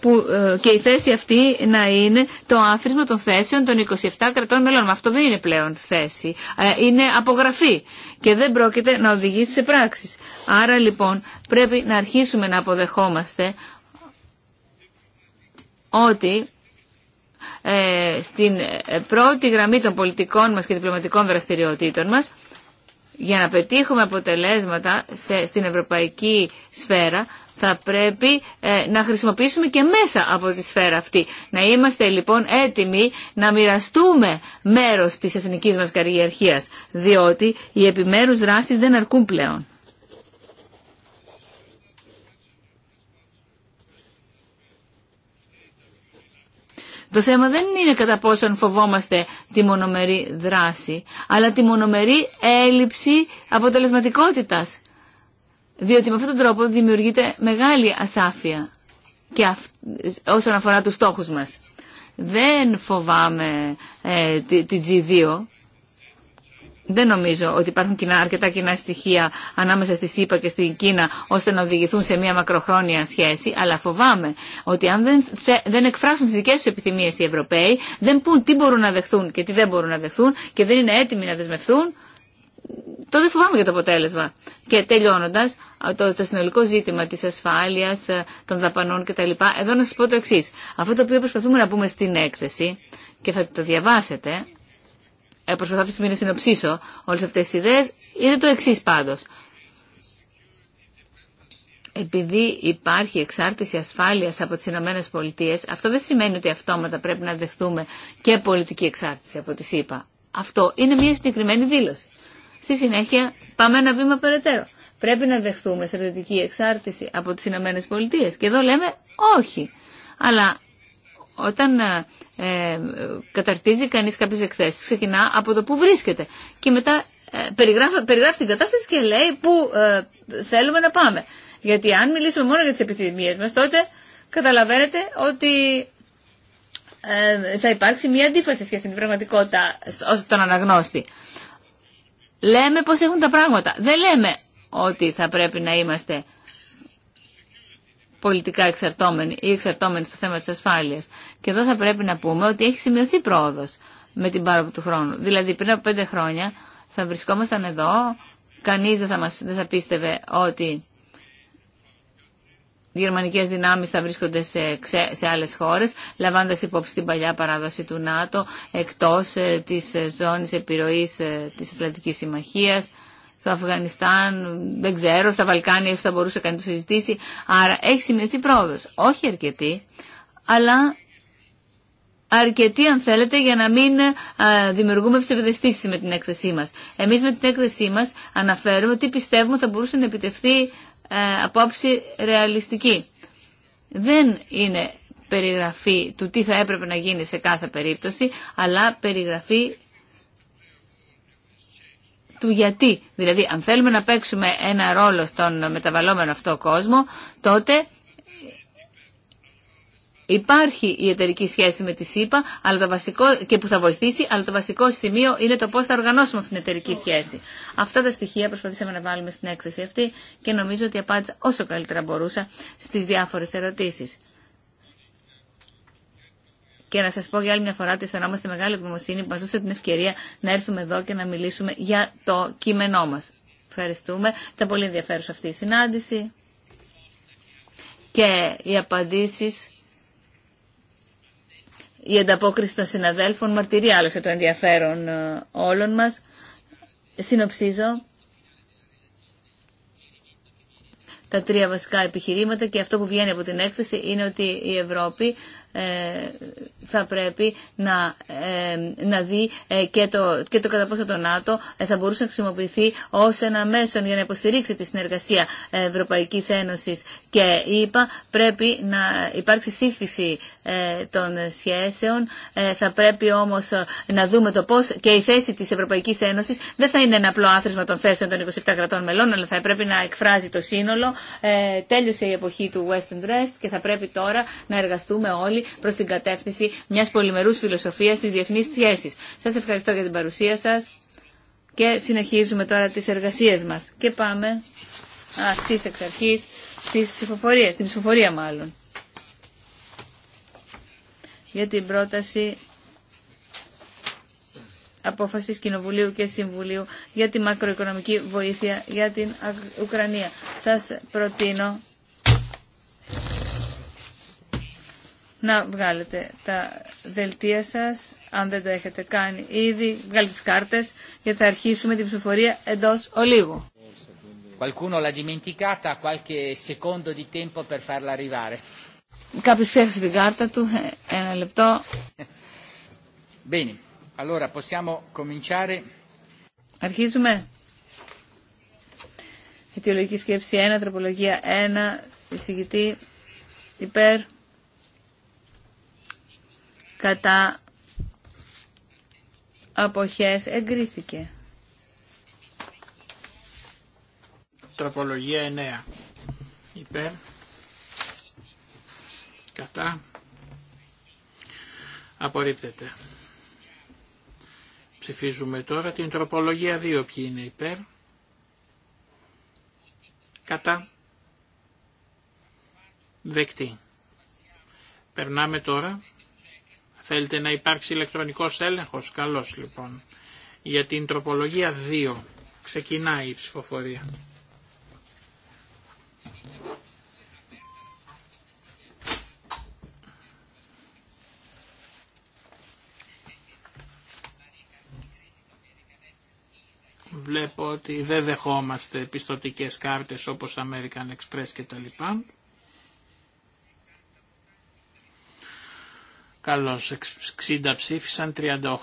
που, ε, και η θέση αυτή να είναι το άφρισμα των θέσεων των 27 κρατών μελών. Αυτό δεν είναι πλέον θέση. Ε, είναι απογραφή και δεν πρόκειται να οδηγήσει σε πράξεις. Άρα λοιπόν πρέπει να αρχίσουμε να αποδεχόμαστε ότι ε, στην ε, πρώτη γραμμή των πολιτικών μας και διπλωματικών δραστηριοτήτων μας για να πετύχουμε αποτελέσματα σε, στην ευρωπαϊκή σφαίρα θα πρέπει ε, να χρησιμοποιήσουμε και μέσα από τη σφαίρα αυτή. Να είμαστε λοιπόν έτοιμοι να μοιραστούμε μέρος της εθνικής μας καριερχίας διότι οι επιμέρους δράσεις δεν αρκούν πλέον. Το θέμα δεν είναι κατά πόσον φοβόμαστε τη μονομερή δράση, αλλά τη μονομερή έλλειψη αποτελεσματικότητας. Διότι με αυτόν τον τρόπο δημιουργείται μεγάλη ασάφεια και αυ... όσον αφορά τους στόχους μας. Δεν φοβάμαι ε, τη, τη G2, δεν νομίζω ότι υπάρχουν κοινά, αρκετά κοινά στοιχεία ανάμεσα στη ΣΥΠΑ και στην Κίνα ώστε να οδηγηθούν σε μια μακροχρόνια σχέση, αλλά φοβάμαι ότι αν δεν, δεν εκφράσουν τι δικέ του επιθυμίε οι Ευρωπαίοι, δεν πούν τι μπορούν να δεχθούν και τι δεν μπορούν να δεχθούν και δεν είναι έτοιμοι να δεσμευθούν, τότε φοβάμαι για το αποτέλεσμα. Και τελειώνοντα, το, το συνολικό ζήτημα τη ασφάλεια, ε, των δαπανών κτλ. Εδώ να σα πω το εξή. Αυτό το οποίο προσπαθούμε να πούμε στην έκθεση και θα το διαβάσετε, ε, προσπαθώ αυτή τη στιγμή να συνοψίσω όλες αυτές τις ιδέες, είναι το εξή πάντως. Επειδή υπάρχει εξάρτηση ασφάλειας από τις Ηνωμένε Πολιτείες, αυτό δεν σημαίνει ότι αυτόματα πρέπει να δεχθούμε και πολιτική εξάρτηση από τις ΗΠΑ. Αυτό είναι μια συγκεκριμένη δήλωση. Στη συνέχεια πάμε ένα βήμα περαιτέρω. Πρέπει να δεχθούμε στρατιωτική εξάρτηση από τις Ηνωμένε Και εδώ λέμε όχι. Αλλά όταν ε, ε, καταρτίζει κανείς κάποιες εκθέσεις, ξεκινά από το που βρίσκεται και μετά ε, περιγράφει, περιγράφει την κατάσταση και λέει που θέλουμε να πάμε. Γιατί αν μιλήσουμε μόνο για τις επιθυμίες μας, τότε καταλαβαίνετε ότι θα υπάρξει μια αντίφαση σχέση με την πραγματικότητα ως τον αναγνώστη. Λέμε πώς έχουν τα πράγματα. Δεν λέμε ότι θα πρέπει να είμαστε πολιτικά εξαρτώμενοι ή εξαρτώμενοι στο θέμα της ασφάλειας. Και εδώ θα πρέπει να πούμε ότι έχει σημειωθεί πρόοδος με την πάροδο του χρόνου. Δηλαδή πριν από πέντε χρόνια θα βρισκόμασταν εδώ, κανείς δεν θα, μας, δεν θα πίστευε ότι οι γερμανικές δυνάμεις θα βρίσκονται σε, σε άλλες χώρες, λαμβάνοντας υπόψη την παλιά παράδοση του ΝΑΤΟ, εκτός ε, της ε, ζώνης επιρροής ε, της Ατλαντικής Συμμαχίας στο Αφγανιστάν, δεν ξέρω, στα Βαλκάνια ίσως θα μπορούσε κανείς να το συζητήσει. Άρα έχει σημειωθεί πρόοδος. Όχι αρκετή, αλλά αρκετή αν θέλετε για να μην α, ε, δημιουργούμε ψευδεστήσεις με την έκθεσή μας. Εμείς με την έκθεσή μας αναφέρουμε τι πιστεύουμε θα μπορούσε να επιτευχθεί ε, ρεαλιστική. Δεν είναι περιγραφή του τι θα έπρεπε να γίνει σε κάθε περίπτωση, αλλά περιγραφή του γιατί. Δηλαδή, αν θέλουμε να παίξουμε ένα ρόλο στον μεταβαλλόμενο αυτό κόσμο, τότε υπάρχει η εταιρική σχέση με τη ΣΥΠΑ αλλά το βασικό, και που θα βοηθήσει, αλλά το βασικό σημείο είναι το πώς θα οργανώσουμε αυτήν την εταιρική σχέση. Αυτά τα στοιχεία προσπαθήσαμε να βάλουμε στην έκθεση αυτή και νομίζω ότι απάντησα όσο καλύτερα μπορούσα στις διάφορες ερωτήσεις και να σα πω για άλλη μια φορά ότι αισθανόμαστε μεγάλη ευγνωμοσύνη που μα δώσατε την ευκαιρία να έρθουμε εδώ και να μιλήσουμε για το κείμενό μα. Ευχαριστούμε. Ήταν πολύ ενδιαφέρουσα αυτή η συνάντηση και οι απαντήσει. η ανταπόκριση των συναδέλφων μαρτυρεί άλλωστε το ενδιαφέρον ε, όλων μας. Συνοψίζω τα τρία βασικά επιχειρήματα και αυτό που βγαίνει από την έκθεση είναι ότι η Ευρώπη ε, θα πρέπει να, ε, να δει ε, και, το, και το κατά πόσο το ΝΑΤΟ θα μπορούσε να χρησιμοποιηθεί ως ένα μέσο για να υποστηρίξει τη συνεργασία Ευρωπαϊκής Ένωσης και είπα πρέπει να υπάρξει σύσφυση των σχέσεων θα πρέπει όμως να δούμε το πώς και η θέση της Ευρωπαϊκής Ένωσης δεν θα είναι ένα απλό άθροισμα των θέσεων των 27 κρατών μελών αλλά θα πρέπει να εκφράζει το σύνολο τέλειωσε η εποχή του West and West και θα πρέπει τώρα να εργαστούμε όλοι προς προ την κατεύθυνση μια πολυμερού φιλοσοφία τη διεθνή σχέση. Σα ευχαριστώ για την παρουσία σα και συνεχίζουμε τώρα τι εργασίε μα. Και πάμε αυτή εξ αρχή στι ψηφοφορίε, την ψηφοφορία μάλλον. Για την πρόταση απόφαση Κοινοβουλίου και Συμβουλίου για τη μακροοικονομική βοήθεια για την Ουκρανία. Σας προτείνω να βγάλετε τα δελτία σας, αν δεν τα έχετε κάνει ήδη, βγάλετε τις κάρτες, γιατί θα αρχίσουμε την ψηφοφορία εντός ολίγου. Qualcuno l'ha dimenticata, qualche secondo di tempo per farla Κάποιος έχασε την κάρτα του, ε, ένα λεπτό. Bene, allora possiamo cominciare. Αρχίζουμε. Αιτιολογική σκέψη 1, τροπολογία 1, εισηγητή υπέρ κατά αποχές εγκρίθηκε. Τροπολογία 9. Υπέρ. Κατά. Απορρίπτεται. Ψηφίζουμε τώρα την τροπολογία 2. Ποιοι είναι υπέρ. Κατά. Δεκτή. Περνάμε τώρα Θέλετε να υπάρξει ηλεκτρονικός έλεγχος. Καλώς λοιπόν. Για την τροπολογία 2 ξεκινάει η ψηφοφορία. Βλέπω ότι δεν δεχόμαστε πιστοτικές κάρτες όπως American Express λοιπά. Καλώς, 60 ψήφισαν,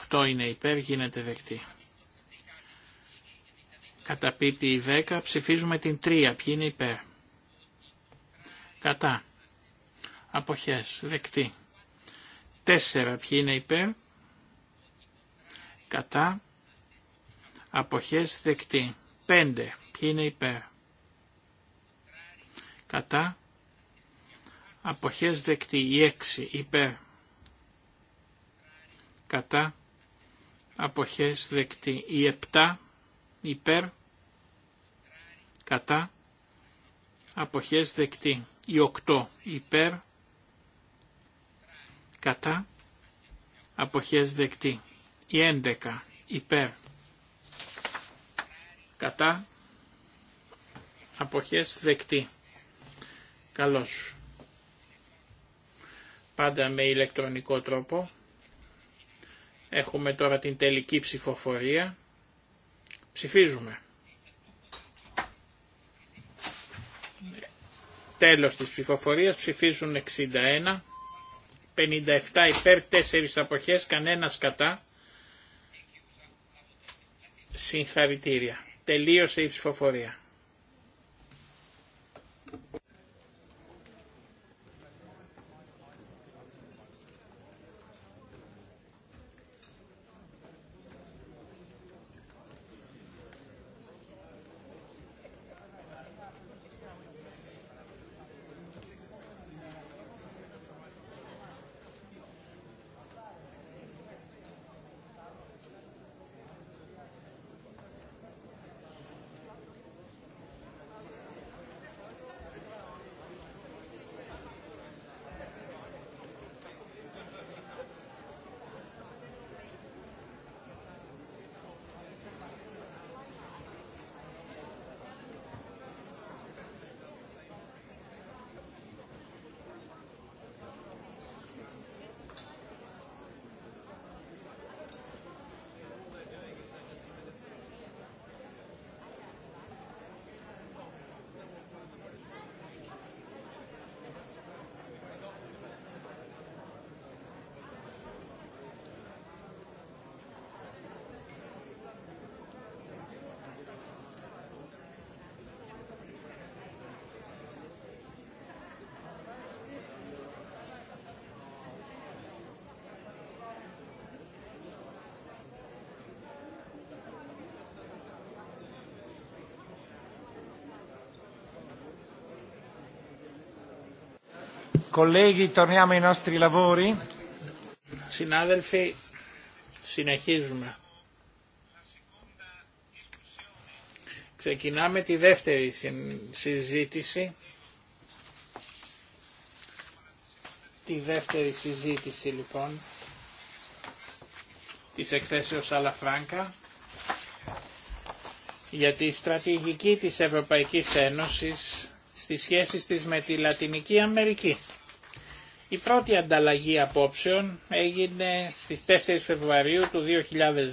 38 είναι υπέρ, γίνεται δεκτή. πίπτη η 10, ψηφίζουμε την 3, ποιοι είναι υπέρ. Κατά. Αποχές, δεκτή. 4, ποιοι είναι υπέρ. Κατά. Αποχές, δεκτή. 5, ποιοι είναι υπέρ. Κατά. Αποχές δεκτή, η 6, υπέρ κατά αποχές δεκτεί. Η 7 υπέρ κατά αποχές δεκτεί. Η 8 υπέρ κατά αποχές δεκτεί. Η 11 υπέρ κατά αποχές δεκτεί. Καλώς. Πάντα με ηλεκτρονικό τρόπο. Έχουμε τώρα την τελική ψηφοφορία. Ψηφίζουμε. Τέλος της ψηφοφορίας ψηφίζουν 61, 57 υπέρ, 4 αποχές, κανένας κατά. Συγχαρητήρια. Τελείωσε η ψηφοφορία. Συνάδελφοι, συνεχίζουμε. Ξεκινάμε τη δεύτερη συζήτηση. Τη δεύτερη συζήτηση λοιπόν της εκθέσεως Αλαφράγκα για τη στρατηγική της Ευρωπαϊκής Ένωσης στις σχέσεις της με τη Λατινική Αμερική. Η πρώτη ανταλλαγή απόψεων έγινε στις 4 Φεβρουαρίου του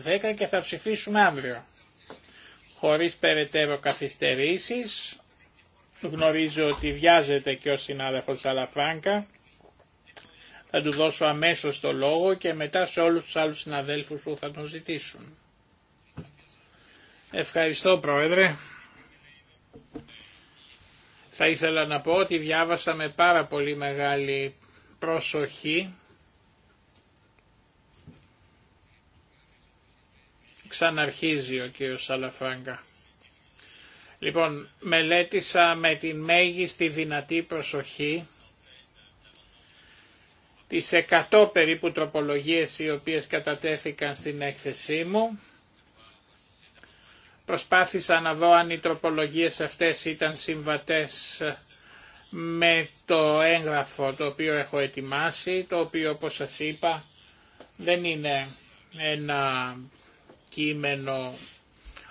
2010 και θα ψηφίσουμε αύριο. Χωρίς περαιτέρω καθυστερήσεις, γνωρίζω ότι βιάζεται και ο συνάδελφος Σαλαφράνκα, θα του δώσω αμέσως το λόγο και μετά σε όλους τους άλλους συναδέλφους που θα τον ζητήσουν. Ευχαριστώ Πρόεδρε. Θα ήθελα να πω ότι διάβασα με πάρα πολύ μεγάλη προσοχή ξαναρχίζει ο κύριος Σαλαφράγκα. Λοιπόν, μελέτησα με την μέγιστη δυνατή προσοχή τις 100 περίπου τροπολογίες οι οποίες κατατέθηκαν στην έκθεσή μου. Προσπάθησα να δω αν οι τροπολογίες αυτές ήταν συμβατές με το έγγραφο το οποίο έχω ετοιμάσει, το οποίο όπως σας είπα δεν είναι ένα κείμενο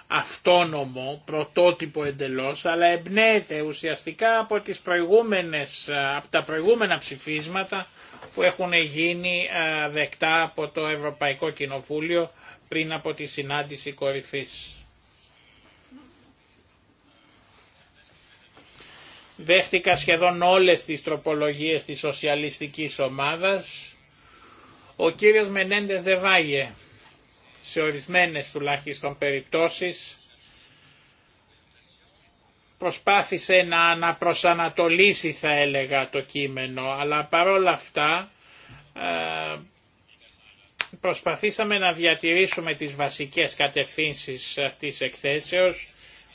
αυτόνομο, πρωτότυπο εντελώς, αλλά εμπνέεται ουσιαστικά από, τις προηγούμενες, από τα προηγούμενα ψηφίσματα που έχουν γίνει δεκτά από το Ευρωπαϊκό Κοινοβούλιο πριν από τη συνάντηση κορυφής. Δέχτηκα σχεδόν όλες τις τροπολογίες της σοσιαλιστικής ομάδας. Ο κύριος Μενέντες Δεβάγε, σε ορισμένες τουλάχιστον περιπτώσεις, προσπάθησε να αναπροσανατολίσει θα έλεγα το κείμενο, αλλά παρόλα αυτά ε, προσπαθήσαμε να διατηρήσουμε τις βασικές κατευθύνσεις ε, της εκθέσεως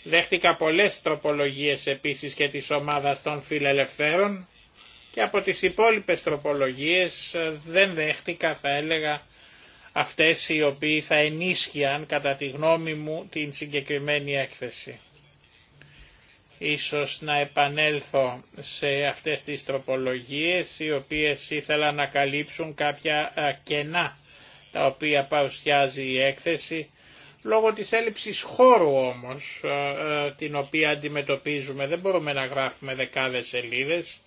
Δέχτηκα πολλές τροπολογίες επίσης και της ομάδας των φιλελευθέρων και από τις υπόλοιπες τροπολογίες ε, δεν δέχτηκα θα έλεγα αυτές οι οποίοι θα ενίσχυαν κατά τη γνώμη μου την συγκεκριμένη έκθεση. Ίσως να επανέλθω σε αυτές τις τροπολογίες οι οποίες ήθελα να καλύψουν κάποια ε, κενά τα οποία παρουσιάζει η έκθεση Λόγω της έλλειψης χώρου όμως, ε, ε, την οποία αντιμετωπίζουμε, δεν μπορούμε να γράφουμε δεκάδες σελίδες.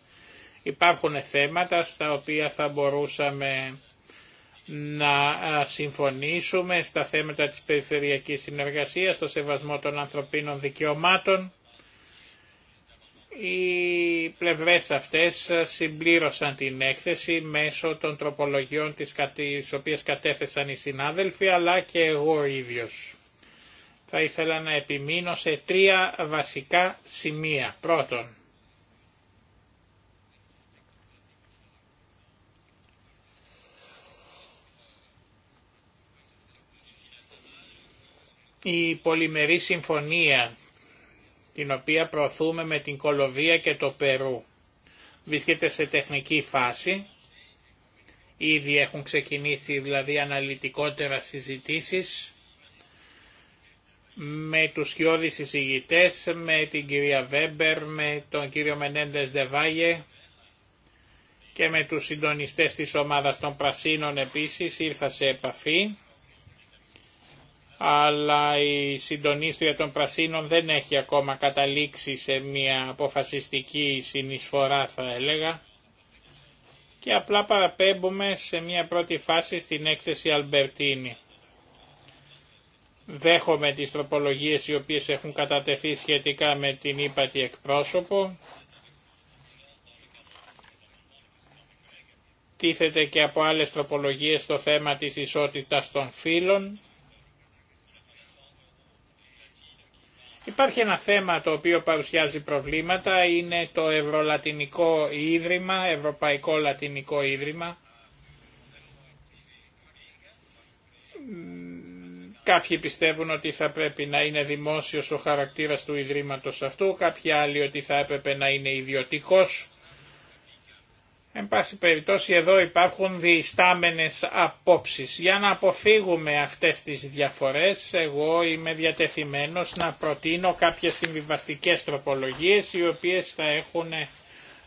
Υπάρχουν θέματα στα οποία θα μπορούσαμε να ε, συμφωνήσουμε στα θέματα της περιφερειακής συνεργασίας, στο σεβασμό των ανθρωπίνων δικαιωμάτων, οι πλευρές αυτές συμπλήρωσαν την έκθεση μέσω των τροπολογιών τις οποίες κατέθεσαν οι συνάδελφοι αλλά και εγώ ίδιος. Θα ήθελα να επιμείνω σε τρία βασικά σημεία. Πρώτον, η πολυμερή συμφωνία την οποία προωθούμε με την Κολοβία και το Περού. Βρίσκεται σε τεχνική φάση, ήδη έχουν ξεκινήσει δηλαδή αναλυτικότερα συζητήσεις με τους χιώδεις συζητητές, με την κυρία Βέμπερ, με τον κύριο Μενέντες Δεβάγε και με τους συντονιστές της ομάδας των Πρασίνων επίσης ήρθα σε επαφή αλλά η συντονίστρια των Πρασίνων δεν έχει ακόμα καταλήξει σε μια αποφασιστική συνεισφορά θα έλεγα και απλά παραπέμπουμε σε μια πρώτη φάση στην έκθεση Αλμπερτίνη. Δέχομαι τις τροπολογίες οι οποίες έχουν κατατεθεί σχετικά με την ύπατη εκπρόσωπο. Τίθεται και από άλλες τροπολογίες το θέμα της ισότητας των φύλων Υπάρχει ένα θέμα το οποίο παρουσιάζει προβλήματα, είναι το Ευρωλατινικό Ίδρυμα, Ευρωπαϊκό Λατινικό Ίδρυμα. Κάποιοι πιστεύουν ότι θα πρέπει να είναι δημόσιος ο χαρακτήρας του Ιδρύματος αυτού, κάποιοι άλλοι ότι θα έπρεπε να είναι ιδιωτικός. Εν πάση περιπτώσει εδώ υπάρχουν διστάμενες απόψεις. Για να αποφύγουμε αυτές τις διαφορές εγώ είμαι διατεθειμένος να προτείνω κάποιες συμβιβαστικές τροπολογίες οι οποίες θα έχουν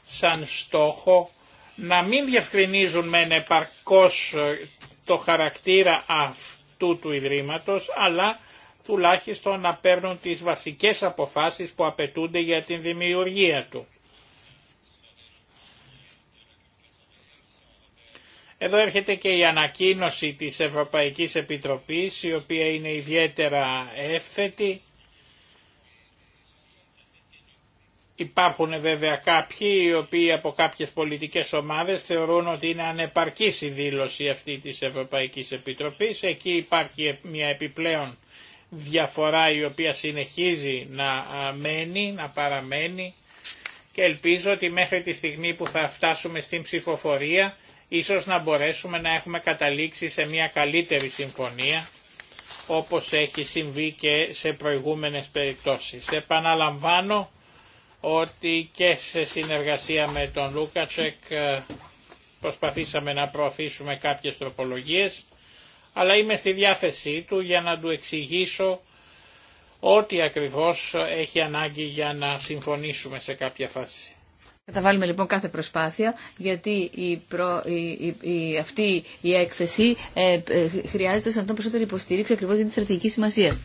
σαν στόχο να μην διευκρινίζουν με επαρκώς το χαρακτήρα αυτού του Ιδρύματος αλλά τουλάχιστον να παίρνουν τις βασικές αποφάσεις που απαιτούνται για την δημιουργία του. Εδώ έρχεται και η ανακοίνωση της Ευρωπαϊκής Επιτροπής, η οποία είναι ιδιαίτερα εύθετη. Υπάρχουν βέβαια κάποιοι οι οποίοι από κάποιες πολιτικές ομάδες θεωρούν ότι είναι ανεπαρκής η δήλωση αυτή της Ευρωπαϊκής Επιτροπής. Εκεί υπάρχει μια επιπλέον διαφορά η οποία συνεχίζει να μένει, να παραμένει και ελπίζω ότι μέχρι τη στιγμή που θα φτάσουμε στην ψηφοφορία Ίσως να μπορέσουμε να έχουμε καταλήξει σε μια καλύτερη συμφωνία όπως έχει συμβεί και σε προηγούμενες περιπτώσεις. Επαναλαμβάνω ότι και σε συνεργασία με τον Λούκατσεκ ε, προσπαθήσαμε να προωθήσουμε κάποιες τροπολογίες, αλλά είμαι στη διάθεσή του για να του εξηγήσω ό,τι ακριβώς έχει ανάγκη για να συμφωνήσουμε σε κάποια φάση. Καταβάλουμε λοιπόν κάθε προσπάθεια γιατί η, η, η αυτή η έκθεση ε, ε, χρειάζεται σαν τον περισσότερο υποστήριξη ακριβώς για τη στρατηγική σημασία.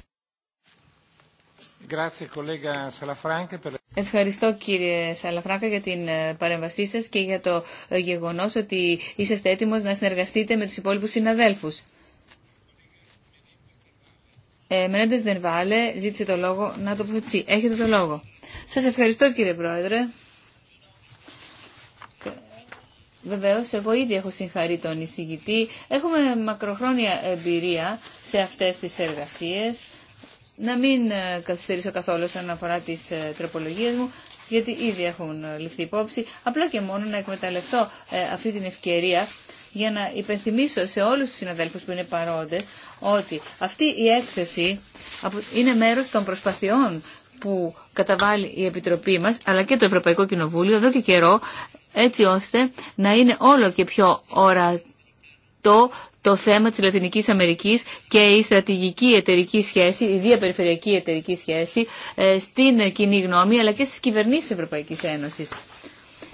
Ευχαριστώ κύριε Σαλαφράγκα για την ε, παρέμβασή σας και για το γεγονός ότι είσαστε έτοιμος να συνεργαστείτε με τους υπόλοιπους συναδέλφους. Ε, Μενέντες Δενβάλε ζήτησε το λόγο να τοποθετηθεί. Έχετε το λόγο. Σας ευχαριστώ κύριε Πρόεδρε. Βεβαίω, εγώ ήδη έχω συγχαρεί τον εισηγητή. Έχουμε μακροχρόνια εμπειρία σε αυτέ τι εργασίε. Να μην ε, καθυστερήσω καθόλου σαν αφορά τι ε, τροπολογίε μου, γιατί ήδη έχουν ε, ληφθεί υπόψη. Απλά και μόνο να εκμεταλλευτώ αυτή την ευκαιρία για να υπενθυμίσω σε όλους τους συναδέλφους που είναι παρόντες ότι αυτή η έκθεση είναι μέρος των προσπαθειών που καταβάλει η Επιτροπή μας αλλά και το Ευρωπαϊκό Κοινοβούλιο εδώ και καιρό έτσι ώστε να είναι όλο και πιο ορατό το θέμα της Λατινικής Αμερικής και η στρατηγική εταιρική σχέση, η διαπεριφερειακή εταιρική σχέση ε, στην κοινή γνώμη αλλά και στις κυβερνήσεις της Ευρωπαϊκής Ένωσης.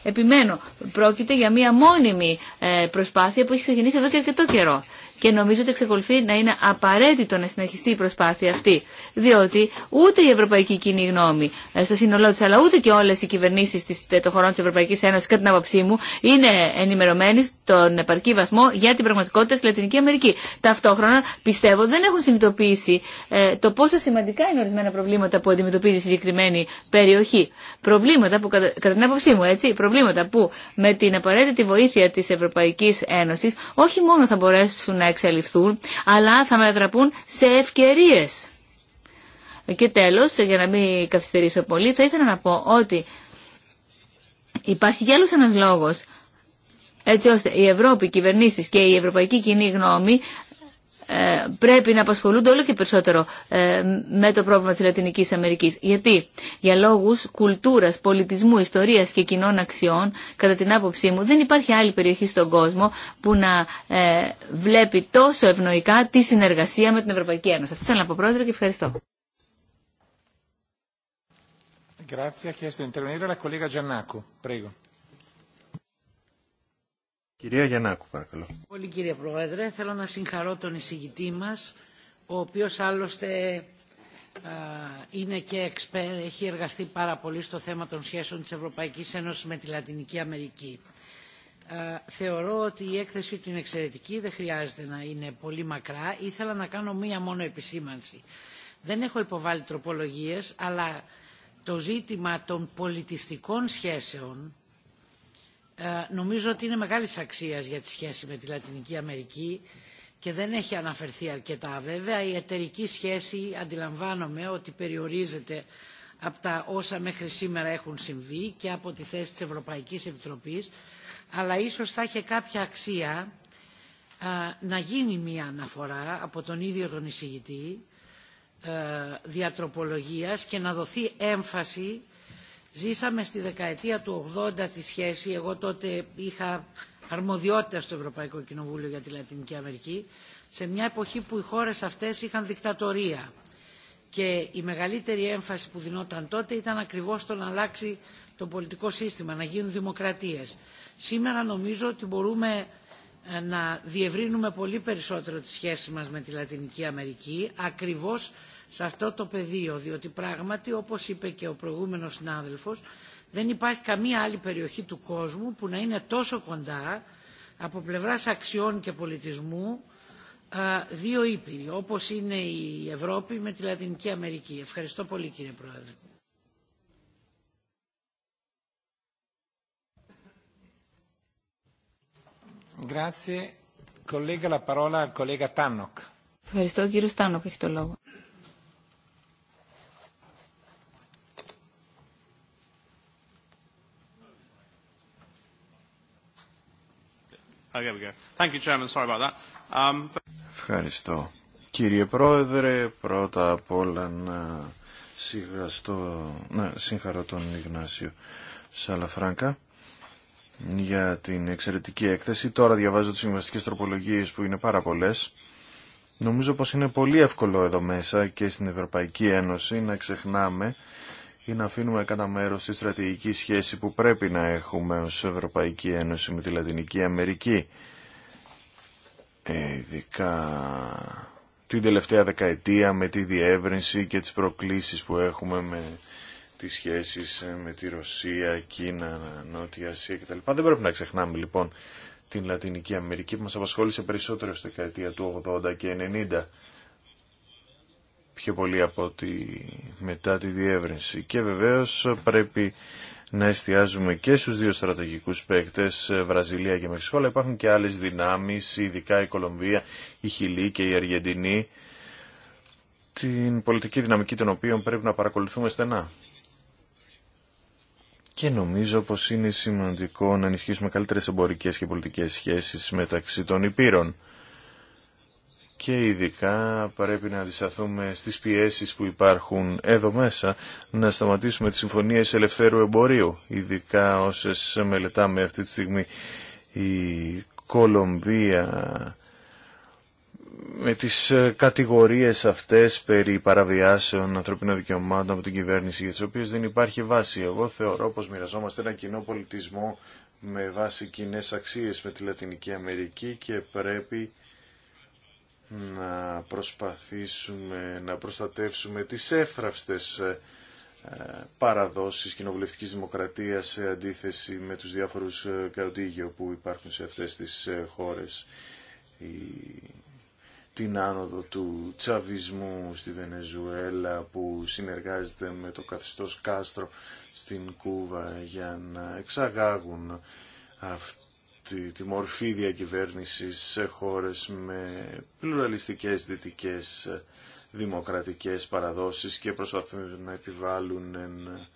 Επιμένω, πρόκειται για μία μόνιμη ε, προσπάθεια που έχει ξεκινήσει εδώ και αρκετό καιρό και νομίζω ότι εξακολουθεί να είναι απαραίτητο να συνεχιστεί η προσπάθεια αυτή. Διότι ούτε η ευρωπαϊκή κοινή γνώμη ε, στο σύνολό τη, αλλά ούτε και όλε οι κυβερνήσει των χωρών τη Ευρωπαϊκή Ένωση, κατά την άποψή μου, είναι ενημερωμένοι στον επαρκή βαθμό για την πραγματικότητα στη Λατινική Αμερική. Ταυτόχρονα, πιστεύω, δεν έχουν συνειδητοποιήσει ε, το πόσο σημαντικά είναι ορισμένα προβλήματα που αντιμετωπίζει η συγκεκριμένη περιοχή. Προβλήματα που, κατά την άποψή μου, έτσι, προβλήματα που με την απαραίτητη βοήθεια τη Ευρωπαϊκή Ένωση όχι μόνο θα μπορέσουν να εξελιχθούν, αλλά θα μετατραπούν σε ευκαιρίες. Και τέλος, για να μην καθυστερήσω πολύ, θα ήθελα να πω ότι υπάρχει κι άλλος ένας λόγος έτσι ώστε η Ευρώπη, οι κυβερνήσεις και η ευρωπαϊκή κοινή γνώμη ε, πρέπει να απασχολούνται όλο και περισσότερο ε, με το πρόβλημα της Λατινικής Αμερικής. Γιατί για λόγους κουλτούρας, πολιτισμού, ιστορίας και κοινών αξιών, κατά την άποψή μου, δεν υπάρχει άλλη περιοχή στον κόσμο που να ε, βλέπει τόσο ευνοϊκά τη συνεργασία με την Ευρωπαϊκή Ένωση. Θα θέλω να πω πρόεδρο και ευχαριστώ. Grazie, Κυρία Γιαννάκου, παρακαλώ. Πολύ κύριε Πρόεδρε, θέλω να συγχαρώ τον εισηγητή μας, ο οποίος άλλωστε είναι και έχει εργαστεί πάρα πολύ στο θέμα των σχέσεων της Ευρωπαϊκής Ένωσης με τη Λατινική Αμερική. Θεωρώ ότι η έκθεση του είναι εξαιρετική, δεν χρειάζεται να είναι πολύ μακρά. Ήθελα να κάνω μία μόνο επισήμανση. Δεν έχω υποβάλει τροπολογίες, αλλά το ζήτημα των πολιτιστικών σχέσεων ε, νομίζω ότι είναι μεγάλης αξίας για τη σχέση με τη Λατινική Αμερική και δεν έχει αναφερθεί αρκετά βέβαια. Η εταιρική σχέση αντιλαμβάνομαι ότι περιορίζεται από τα όσα μέχρι σήμερα έχουν συμβεί και από τη θέση της Ευρωπαϊκής Επιτροπής, αλλά ίσως θα είχε κάποια αξία ε, να γίνει μία αναφορά από τον ίδιο τον εισηγητή ε, διατροπολογίας και να δοθεί έμφαση Ζήσαμε στη δεκαετία του 80 τη σχέση, εγώ τότε είχα αρμοδιότητα στο Ευρωπαϊκό Κοινοβούλιο για τη Λατινική Αμερική, σε μια εποχή που οι χώρες αυτές είχαν δικτατορία. Και η μεγαλύτερη έμφαση που δινόταν τότε ήταν ακριβώς το να αλλάξει το πολιτικό σύστημα, να γίνουν δημοκρατίες. Σήμερα νομίζω ότι μπορούμε ε, να διευρύνουμε πολύ περισσότερο τη σχέση μας με τη Λατινική Αμερική, ακριβώς σε αυτό το πεδίο, διότι πράγματι, όπως είπε και ο προηγούμενος συνάδελφος, δεν υπάρχει καμία άλλη περιοχή του κόσμου που να είναι τόσο κοντά από πλευράς αξιών και πολιτισμού δύο ήπειροι, όπως είναι η Ευρώπη με τη Λατινική Αμερική. Ευχαριστώ πολύ κύριε Πρόεδρε. Ευχαριστώ κύριο Στάνοκ, έχει το λόγο. Um, Ευχαριστώ. Κύριε Πρόεδρε, πρώτα απ' όλα να, συγχαστώ, να συγχαρώ τον Ιγνάσιο Σαλαφράγκα για την εξαιρετική έκθεση. Τώρα διαβάζω τις συμβαστικές τροπολογίες που είναι πάρα πολλές. Νομίζω πως είναι πολύ εύκολο εδώ μέσα και στην Ευρωπαϊκή Ένωση να ξεχνάμε ή να αφήνουμε κατά μέρο τη στρατηγική σχέση που πρέπει να έχουμε ως Ευρωπαϊκή Ένωση με τη Λατινική Αμερική. Ε, ειδικά την τελευταία δεκαετία με τη διεύρυνση και τις προκλήσεις που έχουμε με τις σχέσεις ε, με τη Ρωσία, Κίνα, Νότια Ασία κτλ. Δεν πρέπει να ξεχνάμε λοιπόν την Λατινική Αμερική που μας απασχόλησε περισσότερο στη δεκαετία του 80 και 90 πιο πολύ από ότι μετά τη διεύρυνση. Και βεβαίως πρέπει να εστιάζουμε και στους δύο στρατηγικούς παίκτες, Βραζιλία και Μεξικό, αλλά υπάρχουν και άλλες δυνάμεις, ειδικά η Κολομβία, η Χιλή και η Αργεντινή, την πολιτική δυναμική των οποίων πρέπει να παρακολουθούμε στενά. Και νομίζω πως είναι σημαντικό να ενισχύσουμε καλύτερες εμπορικές και πολιτικές σχέσεις μεταξύ των υπήρων και ειδικά πρέπει να αντισταθούμε στις πιέσεις που υπάρχουν εδώ μέσα να σταματήσουμε τις συμφωνίες ελευθέρου εμπορίου, ειδικά όσες μελετάμε αυτή τη στιγμή η Κολομβία με τις κατηγορίες αυτές περί παραβιάσεων ανθρωπίνων δικαιωμάτων από την κυβέρνηση για τις οποίες δεν υπάρχει βάση. Εγώ θεωρώ πως μοιραζόμαστε ένα κοινό πολιτισμό με βάση κοινέ αξίες με τη Λατινική Αμερική και πρέπει να προσπαθήσουμε να προστατεύσουμε τις εύθραυστες ε, παραδόσεις κοινοβουλευτικής δημοκρατίας σε αντίθεση με τους διάφορους ε, καοτήγιο που υπάρχουν σε αυτές τις ε, χώρες την άνοδο του τσαβισμού στη Βενεζουέλα που συνεργάζεται με το καθιστός Κάστρο στην Κούβα για να εξαγάγουν αυτή τη, τη μορφή διακυβέρνησης σε χώρες με πλουραλιστικές δυτικές δημοκρατικές παραδόσεις και προσπαθούν να επιβάλλουν εν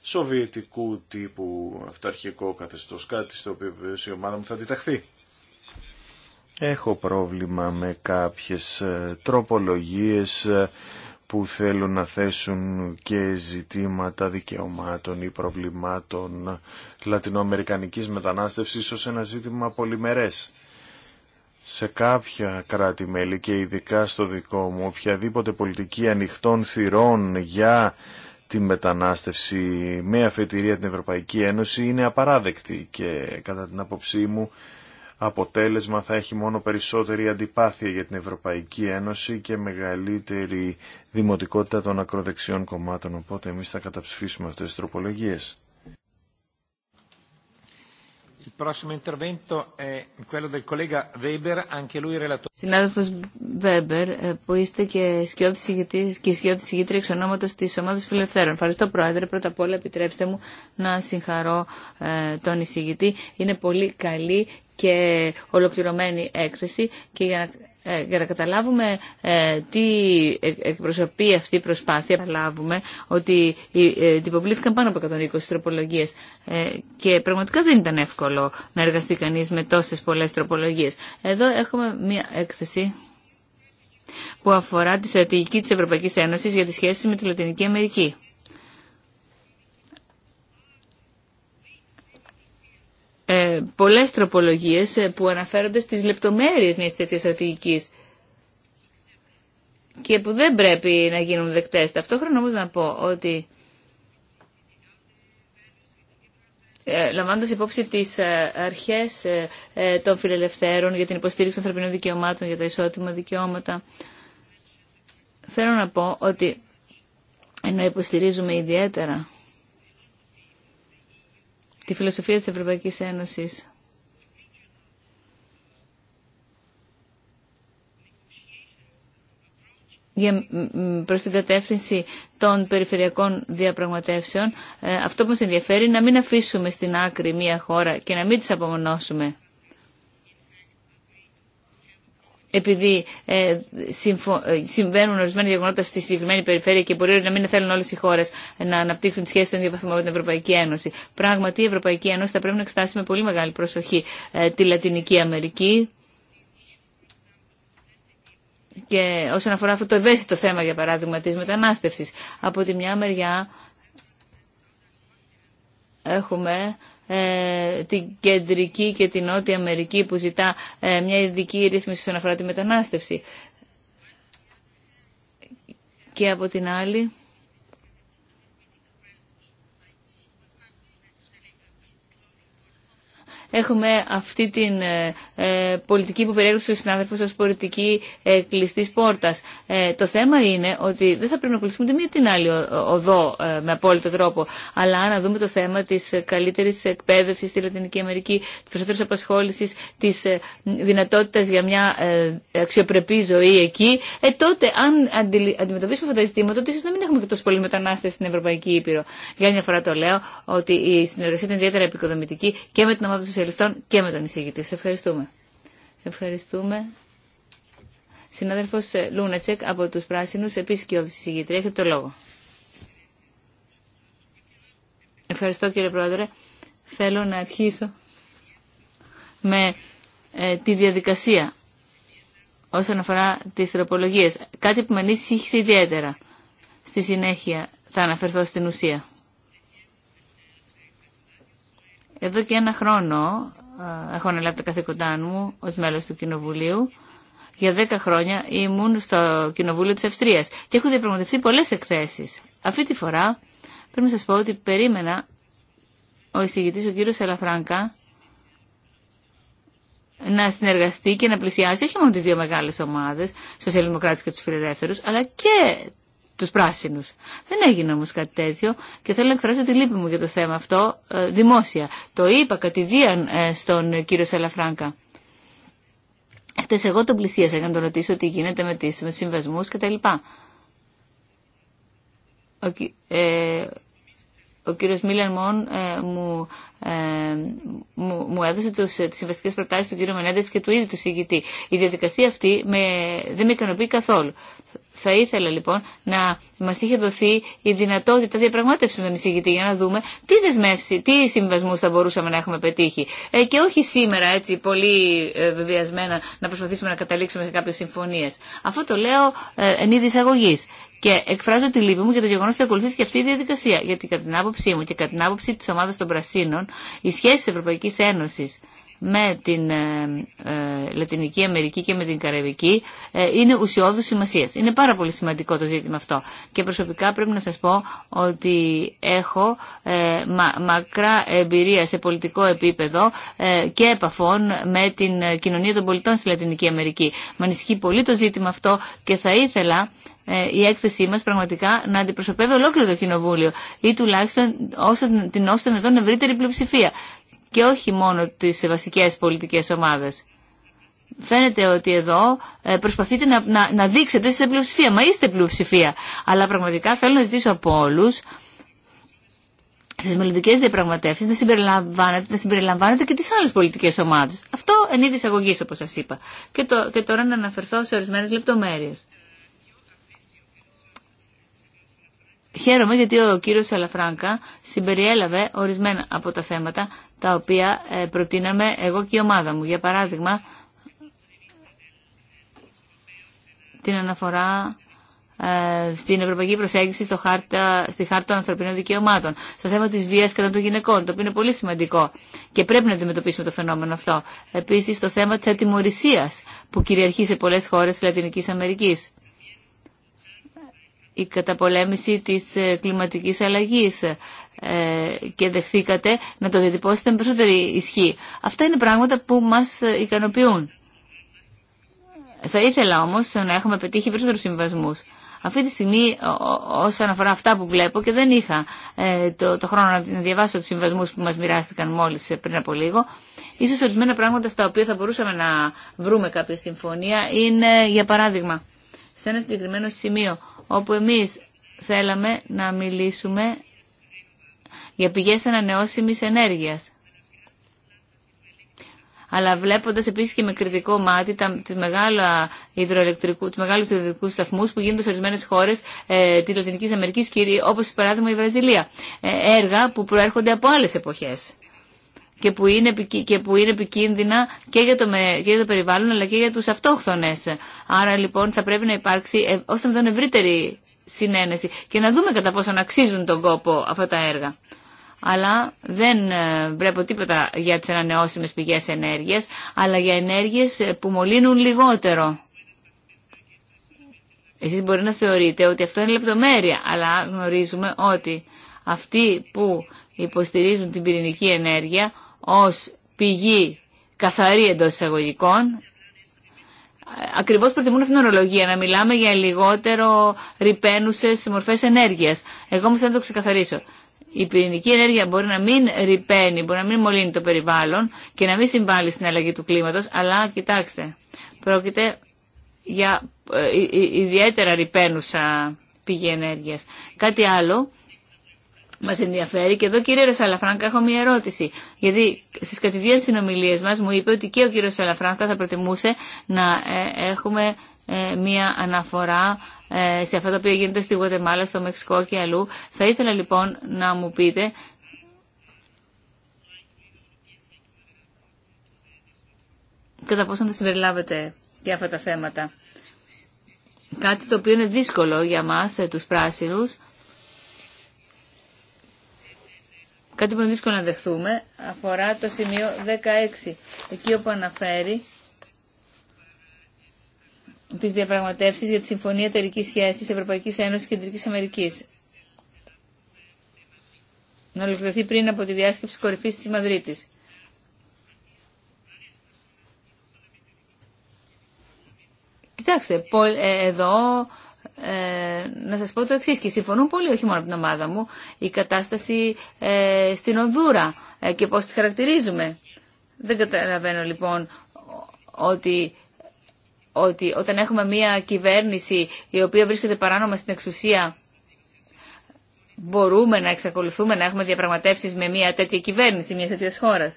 σοβιετικού τύπου αυταρχικό καθεστώς, κάτι στο οποίο η ομάδα μου θα αντιταχθεί. Έχω πρόβλημα με κάποιες ε, τροπολογίες ε, που θέλουν να θέσουν και ζητήματα δικαιωμάτων ή προβλημάτων λατινοαμερικανικής μετανάστευσης ως ένα ζήτημα πολυμερές. Σε κάποια κράτη-μέλη και ειδικά στο δικό μου, οποιαδήποτε πολιτική ανοιχτών θυρών για τη μετανάστευση με αφετηρία την Ευρωπαϊκή Ένωση είναι απαράδεκτη και κατά την άποψή μου αποτέλεσμα θα έχει μόνο περισσότερη αντιπάθεια για την Ευρωπαϊκή Ένωση και μεγαλύτερη δημοτικότητα των ακροδεξιών κομμάτων. Οπότε εμείς θα καταψηφίσουμε αυτές τις τροπολογίες. Συνάδελφο Βέμπερ, που είστε και σκιώδη συγγήτρια εξ ονόματος της Ομάδας Φιλελευθέρων. Ευχαριστώ Πρόεδρε. Πρώτα απ' όλα επιτρέψτε μου να συγχαρώ ε, τον εισηγητή. Είναι πολύ καλή και ολοκληρωμένη έκθεση και για να ε, για καταλάβουμε ε, τι εκπροσωπεί αυτή η προσπάθεια, καταλάβουμε ότι ε, τυποποιήθηκαν πάνω από 120 τροπολογίες και πραγματικά δεν ήταν εύκολο να εργαστεί κανείς με τόσες πολλές τροπολογίες. Εδώ έχουμε μία έκθεση που αφορά τη στρατηγική της Ευρωπαϊκής Ένωσης για τις σχέσεις με τη Λατινική Αμερική. ε, πολλές τροπολογίες ε, που αναφέρονται στις λεπτομέρειες μιας τέτοιας στρατηγικής και που δεν πρέπει να γίνουν δεκτές. Ταυτόχρονα όμως να πω ότι ε, λαμβάνοντας υπόψη τις ε, αρχές ε, των φιλελευθέρων για την υποστήριξη των ανθρωπινών δικαιωμάτων, για τα ισότιμα δικαιώματα, θέλω να πω ότι ενώ υποστηρίζουμε ιδιαίτερα τη φιλοσοφία της Ευρωπαϊκής Ένωσης. για, προς την κατεύθυνση των περιφερειακών διαπραγματεύσεων, ε, αυτό που μας ενδιαφέρει είναι να μην αφήσουμε στην άκρη μία χώρα και να μην τους απομονώσουμε. επειδή ε, ε, συμβαίνουν ορισμένα γεγονότα στη συγκεκριμένη περιφέρεια και μπορεί να μην θέλουν όλε οι χώρε να αναπτύξουν σχέσει σχέση στον ίδιο βαθμό με την Ευρωπαϊκή Ένωση. Πράγματι, η Ευρωπαϊκή Ένωση θα πρέπει να εξετάσει με πολύ μεγάλη προσοχή ε, τη Λατινική Αμερική. Και όσον αφορά αυτό το ευαίσθητο θέμα, για παράδειγμα, τη μετανάστευση. από τη μια μεριά έχουμε ε, την Κεντρική και την Νότια Αμερική που ζητά ε, μια ειδική ρύθμιση στον αφορά τη μετανάστευση. Και από την άλλη έχουμε αυτή την ε, ε, πολιτική που περιέγραψε ο συνάδελφος ω πολιτική ε, κλειστής πόρτας. Ε, το θέμα είναι ότι δεν θα πρέπει να κλειστούμε τη μία την άλλη οδό με απόλυτο τρόπο, αλλά να δούμε το θέμα της καλύτερης εκπαίδευσης στη Λατινική Αμερική, της περισσότερης απασχόλησης, της ε, δυνατότητας για μια αξιοπρεπή ζωή εκεί, ε, τότε αν αντιμετωπίσουμε αυτά τα ζητήματα, τότε ίσως να μην έχουμε και τόσο πολλοί μετανάστες στην Ευρωπαϊκή Ήπειρο. Για μια φορά το λέω ότι η συνεργασία ήταν ιδιαίτερα επικοδομητική και με την ομάδα του Σοσιαλιστών και με τον εισηγητή. ευχαριστούμε. Ευχαριστούμε. Συνάδελφο ε, Λούνατσεκ από τους Πράσινους, επίση και ο εισηγητή. Έχετε το λόγο. Ευχαριστώ κύριε Πρόεδρε. Θέλω να αρχίσω με ε, τη διαδικασία όσον αφορά τις τροπολογίες. Κάτι που με ανήσυχε ιδιαίτερα. Στη συνέχεια θα αναφερθώ στην ουσία. Εδώ και ένα χρόνο έχω αναλάβει τα καθήκοντά μου ως μέλος του Κοινοβουλίου. Για δέκα χρόνια ήμουν στο Κοινοβούλιο της Αυστρία και έχω διαπραγματευτεί πολλές εκθέσεις. Αυτή τη φορά πρέπει να σας πω ότι περίμενα ο εισηγητής, ο κύριος Ελαφράνκα, να συνεργαστεί και να πλησιάσει όχι μόνο τις δύο μεγάλες ομάδες, σοσιαλδημοκράτες και τους φιλελεύθερους, αλλά και τους πράσινους. Δεν έγινε όμως κάτι τέτοιο και θέλω να εκφράσω τη λύπη μου για το θέμα αυτό ε, δημόσια. Το είπα κατηδίαν ε, στον κύριο Σαλαφράγκα. Χθε εγώ τον πλησίασα για να τον ρωτήσω τι γίνεται με, τις, με τους συμβασμούς κτλ. ε, ο κύριος Μίλαν Μον ε, μου, ε, μου, μου, έδωσε τους, ε, τις συμβαστικές προτάσεις του κύριου Μενέντες και του ίδιου του συγκητή. Η διαδικασία αυτή με, δεν με ικανοποιεί καθόλου. Θα ήθελα λοιπόν να μα είχε δοθεί η δυνατότητα διαπραγμάτευση με τον εισηγητή για να δούμε τι δεσμεύσει, τι συμβασμού θα μπορούσαμε να έχουμε πετύχει. Ε, και όχι σήμερα έτσι πολύ ε, βεβαιασμένα να προσπαθήσουμε να καταλήξουμε σε κάποιε συμφωνίε. Αυτό το λέω ε, εν είδη εισαγωγή. Και εκφράζω τη λύπη μου για το γεγονό ότι ακολουθήθηκε αυτή η διαδικασία. Γιατί κατά την άποψή μου και κατά την άποψη τη ομάδα των Πρασίνων, οι σχέσει τη Ευρωπαϊκή Ένωση με την ε, ε, Λατινική Αμερική και με την Καραϊβική ε, είναι ουσιώδου σημασία. Είναι πάρα πολύ σημαντικό το ζήτημα αυτό. Και προσωπικά πρέπει να σα πω ότι έχω μακρά εμπειρία σε πολιτικό επίπεδο και επαφών με την κοινωνία των πολιτών στη Λατινική Αμερική. Μα ανησυχεί πολύ το ζήτημα αυτό και θα ήθελα ε, η έκθεσή μας πραγματικά να αντιπροσωπεύει ολόκληρο το Κοινοβούλιο ή τουλάχιστον όσο, την ώστε να δουν ευρύτερη πλειοψηφία και όχι μόνο τις βασικές πολιτικές ομάδες. Φαίνεται ότι εδώ ε, προσπαθείτε να, να, δείξετε ότι είστε πλειοψηφία, μα είστε πλειοψηφία. Αλλά πραγματικά θέλω να ζητήσω από όλους στι μελλοντικέ διαπραγματεύσει να συμπεριλαμβάνετε, να συμπεριλαμβάνετε και τι άλλε πολιτικέ ομάδε. Αυτό εν είδη αγωγή, όπω σα είπα. Και, το, και τώρα να αναφερθώ σε ορισμένε λεπτομέρειε. Χαίρομαι γιατί ο κύριο Σαλαφράγκα συμπεριέλαβε ορισμένα από τα θέματα τα οποία ε, προτείναμε εγώ και η ομάδα μου. Για παράδειγμα, την αναφορά ε, στην ευρωπαϊκή προσέγγιση στο χάρτα, στη Χάρτα των Ανθρωπίνων Δικαιωμάτων, στο θέμα της βίας κατά των γυναικών, το οποίο είναι πολύ σημαντικό και πρέπει να αντιμετωπίσουμε το φαινόμενο αυτό. Επίσης, το θέμα της ατιμορρησίας που κυριαρχεί σε πολλές χώρες της Λατινική Αμερικής η καταπολέμηση της ε, κλιματικής αλλαγής ε, και δεχθήκατε να το διατυπώσετε με περισσότερη ισχύ. Αυτά είναι πράγματα που μας ε, ικανοποιούν. Θα ήθελα όμως να έχουμε πετύχει περισσότερους συμβασμούς. Αυτή τη στιγμή όσον αφορά αυτά που βλέπω και δεν είχα το, το χρόνο να διαβάσω τους συμβασμούς που μας μοιράστηκαν μόλις πριν από λίγο, ίσως ορισμένα πράγματα στα οποία θα μπορούσαμε να βρούμε κάποια συμφωνία είναι για παράδειγμα σε ένα συγκεκριμένο σημείο όπου εμείς θέλαμε να μιλήσουμε για πηγές ανανεώσιμης ενέργειας. Αλλά βλέποντας επίσης και με κριτικό μάτι τα, τις, μεγάλα υδροελεκτρικού, τους μεγάλους υδροελεκτρικούς σταθμούς που γίνονται σε ορισμένες χώρες ε, της Λατινικής Αμερικής, όπως παράδειγμα η Βραζιλία. Ε, έργα που προέρχονται από άλλες εποχές και που είναι, και που είναι επικίνδυνα και για, το, και το περιβάλλον αλλά και για τους αυτόχθονες. Άρα λοιπόν θα πρέπει να υπάρξει ε, ώστε να τον ευρύτερη συνένεση και να δούμε κατά πόσο αξίζουν τον κόπο αυτά τα έργα. Αλλά δεν ε, βλέπω τίποτα για τις ανανεώσιμες πηγές ενέργειας, αλλά για ενέργειες ε, που μολύνουν λιγότερο. Εσείς μπορεί να θεωρείτε ότι αυτό είναι λεπτομέρεια, αλλά γνωρίζουμε ότι αυτοί που υποστηρίζουν την πυρηνική ενέργεια ως πηγή καθαρή εντός εισαγωγικών, ακριβώς προτιμούν αυτήν την ορολογία, να μιλάμε για λιγότερο ρηπαίνουσες μορφές ενέργειας. Εγώ όμως θα το ξεκαθαρίσω. Η πυρηνική ενέργεια μπορεί να μην ρηπαίνει, μπορεί να μην μολύνει το περιβάλλον και να μην συμβάλλει στην αλλαγή του κλίματος, αλλά κοιτάξτε, πρόκειται για ε, ιδιαίτερα ρηπαίνουσα πηγή ενέργειας. Κάτι άλλο Μα ενδιαφέρει και εδώ κύριε Ρεσαλαφράνκα έχω μια ερώτηση. Γιατί στι κατηδίαν συνομιλίε μα μου είπε ότι και ο κύριο Ρεσαλαφράνκα θα προτιμούσε να ε, έχουμε ε, μια αναφορά ε, σε αυτά τα οποία γίνονται στη Γουατεμάλα, στο Μεξικό και αλλού. Θα ήθελα λοιπόν να μου πείτε κατά πόσο θα συμπεριλάβετε για αυτά τα θέματα. Κάτι το οποίο είναι δύσκολο για μας, τους πράσινους, κάτι που είναι δύσκολο να δεχθούμε, αφορά το σημείο 16, εκεί όπου αναφέρει τις διαπραγματεύσεις για τη Συμφωνία Σχέση Σχέσης Ευρωπαϊκής Ένωσης Κεντρική Αμερικής. Να ολοκληρωθεί πριν από τη διάσκεψη κορυφή τη Μαδρίτη. Κοιτάξτε, ε, εδώ ε, να σας πω το εξή και συμφωνούν πολύ όχι μόνο από την ομάδα μου η κατάσταση ε, στην Οδούρα ε, και πώς τη χαρακτηρίζουμε. Δεν καταλαβαίνω λοιπόν ότι ότι όταν έχουμε μια κυβέρνηση η οποία βρίσκεται παράνομα στην εξουσία μπορούμε να εξακολουθούμε να έχουμε διαπραγματεύσεις με μια τέτοια κυβέρνηση μια τέτοια χώρα.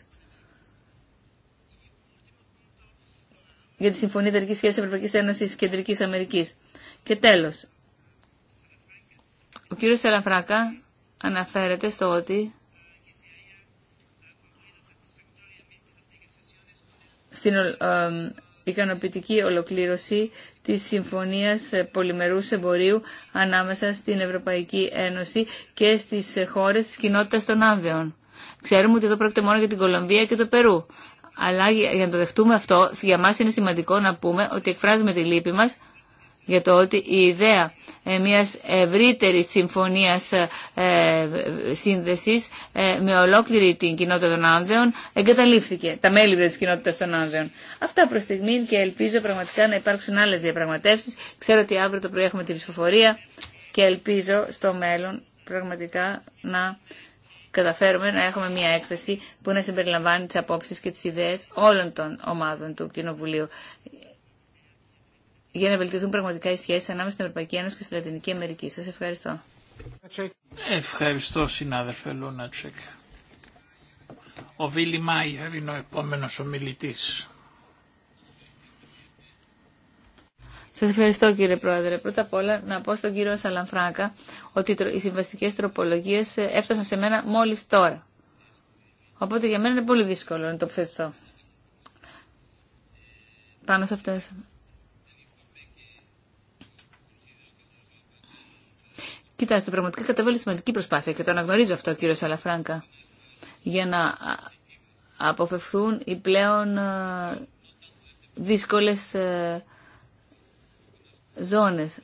Για τη Συμφωνία ιταλικής Σχέσης Ευρωπαϊκής Ένωσης Κεντρικής Αμερικής. Και τέλος, ο κύριος Σελαφράκα αναφέρεται στο ότι στην ε, ικανοποιητική ολοκλήρωση της Συμφωνίας Πολυμερούς Εμπορίου ανάμεσα στην Ευρωπαϊκή Ένωση και στις χώρες της κοινότητας των Άνδεων. Ξέρουμε ότι εδώ πρόκειται μόνο για την Κολομβία και το Περού. Αλλά για να το δεχτούμε αυτό, για μας είναι σημαντικό να πούμε ότι εκφράζουμε τη λύπη μας για το ότι η ιδέα ε, μιας ευρύτερης συμφωνίας ε, ε, σύνδεσης με ολόκληρη την κοινότητα των Άνδεων εγκαταλείφθηκε, τα μέλη δηλαδή της κοινότητας των Άνδεων. Αυτά προς στιγμή και ελπίζω πραγματικά να υπάρξουν άλλες διαπραγματεύσεις. Ξέρω ότι αύριο το πρωί έχουμε την ψηφοφορία και ελπίζω στο μέλλον πραγματικά να καταφέρουμε να έχουμε μια έκθεση που να συμπεριλαμβάνει τις απόψεις και τις ιδέες όλων των ομάδων του Κοινοβουλίου για να βελτιωθούν πραγματικά οι σχέσει ανάμεσα στην Ευρωπαϊκή Ένωση και στη Λατινική Αμερική. Σα ευχαριστώ. Ευχαριστώ, συνάδελφε Λούνατσεκ. Ο Βίλι Μάιερ είναι ο επόμενο ομιλητή. Σα ευχαριστώ κύριε Πρόεδρε. Πρώτα απ' όλα να πω στον κύριο Σαλανφράκα ότι οι συμβαστικέ τροπολογίε ε, έφτασαν σε μένα μόλι τώρα. Οπότε για μένα είναι πολύ δύσκολο να το πιστεύω. Πάνω σε αυτές Κοιτάξτε, πραγματικά καταβάλει σημαντική προσπάθεια και το αναγνωρίζω αυτό ο κύριο Αλαφράγκα για να αποφευθούν οι πλέον ε, δύσκολες ε, ζώνες.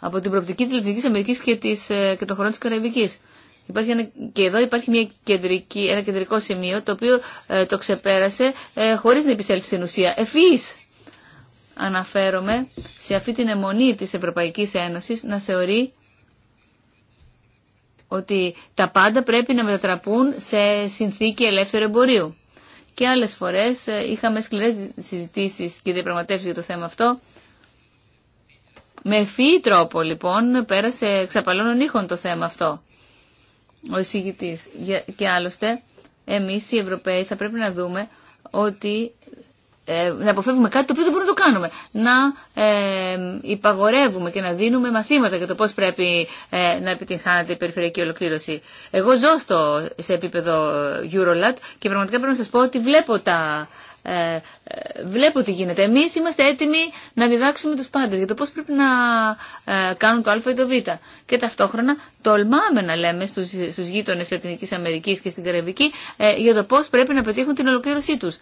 Από την προοπτική της Λατινικής Αμερικής και, της, ε, και των χωρών της Καραϊβικής. Υπάρχει ένα, και εδώ υπάρχει μια κεντρική, ένα κεντρικό σημείο το οποίο το ξεπέρασε ε, χωρίς να επισέλθει στην ουσία. Εφείς! αναφέρομαι σε αυτή την αιμονή της Ευρωπαϊκής Ένωσης να θεωρεί ότι τα πάντα πρέπει να μετατραπούν σε συνθήκη ελεύθερου εμπορίου. Και άλλες φορές ε, είχαμε σκληρές συζητήσεις και διαπραγματεύσει για το θέμα αυτό. Με ευφύη τρόπο λοιπόν πέρασε ξαπαλώνων ήχων το θέμα αυτό. Ο εισηγητής. Και άλλωστε εμείς οι Ευρωπαίοι θα πρέπει να δούμε ότι ε, να αποφεύγουμε κάτι το οποίο δεν μπορούμε να το κάνουμε. Να ε, υπαγορεύουμε και να δίνουμε μαθήματα για το πώς πρέπει ε, να επιτυγχάνεται η περιφερειακή ολοκλήρωση. Εγώ ζω στο, σε επίπεδο Eurolat και πραγματικά πρέπει να σας πω ότι βλέπω τα... Ε, βλέπω τι γίνεται. Εμεί είμαστε έτοιμοι να διδάξουμε του πάντε, για το πώ πρέπει να ε, κάνουν το α ή το β. Και ταυτόχρονα τολμάμε να λέμε στου γείτονε γείτονες Αμερική και στην Καραϊβική για το πώ πρέπει να πετύχουν την ολοκλήρωσή του.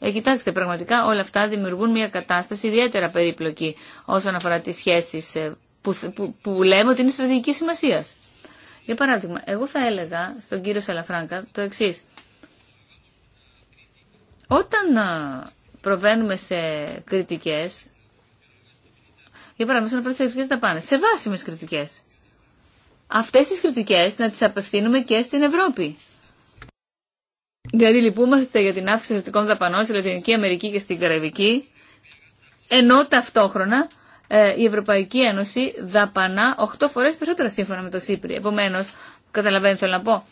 Ε, κοιτάξτε, πραγματικά όλα αυτά δημιουργούν μια κατάσταση ιδιαίτερα περίπλοκη όσον αφορά τις σχέσεις ε, που, που, που λέμε ότι είναι στρατηγική σημασία. Για παράδειγμα, εγώ θα έλεγα στον κύριο Σαλαφράγκα το εξή. Όταν ε, προβαίνουμε σε κριτικέ για παράδειγμα, όσον αφορά τι θα δαπάνε, σε βάσιμε κριτικέ. Αυτέ τι κριτικέ να τι απευθύνουμε και στην Ευρώπη. Δηλαδή λυπούμαστε για την αύξηση των δαπανών στη Λατινική Αμερική και στην Καραϊβική, ενώ ταυτόχρονα ε, η Ευρωπαϊκή Ένωση δαπανά 8 φορές περισσότερα σύμφωνα με το ΣΥΠΡΙ. Επομένως, καταλαβαίνετε θέλω να πω,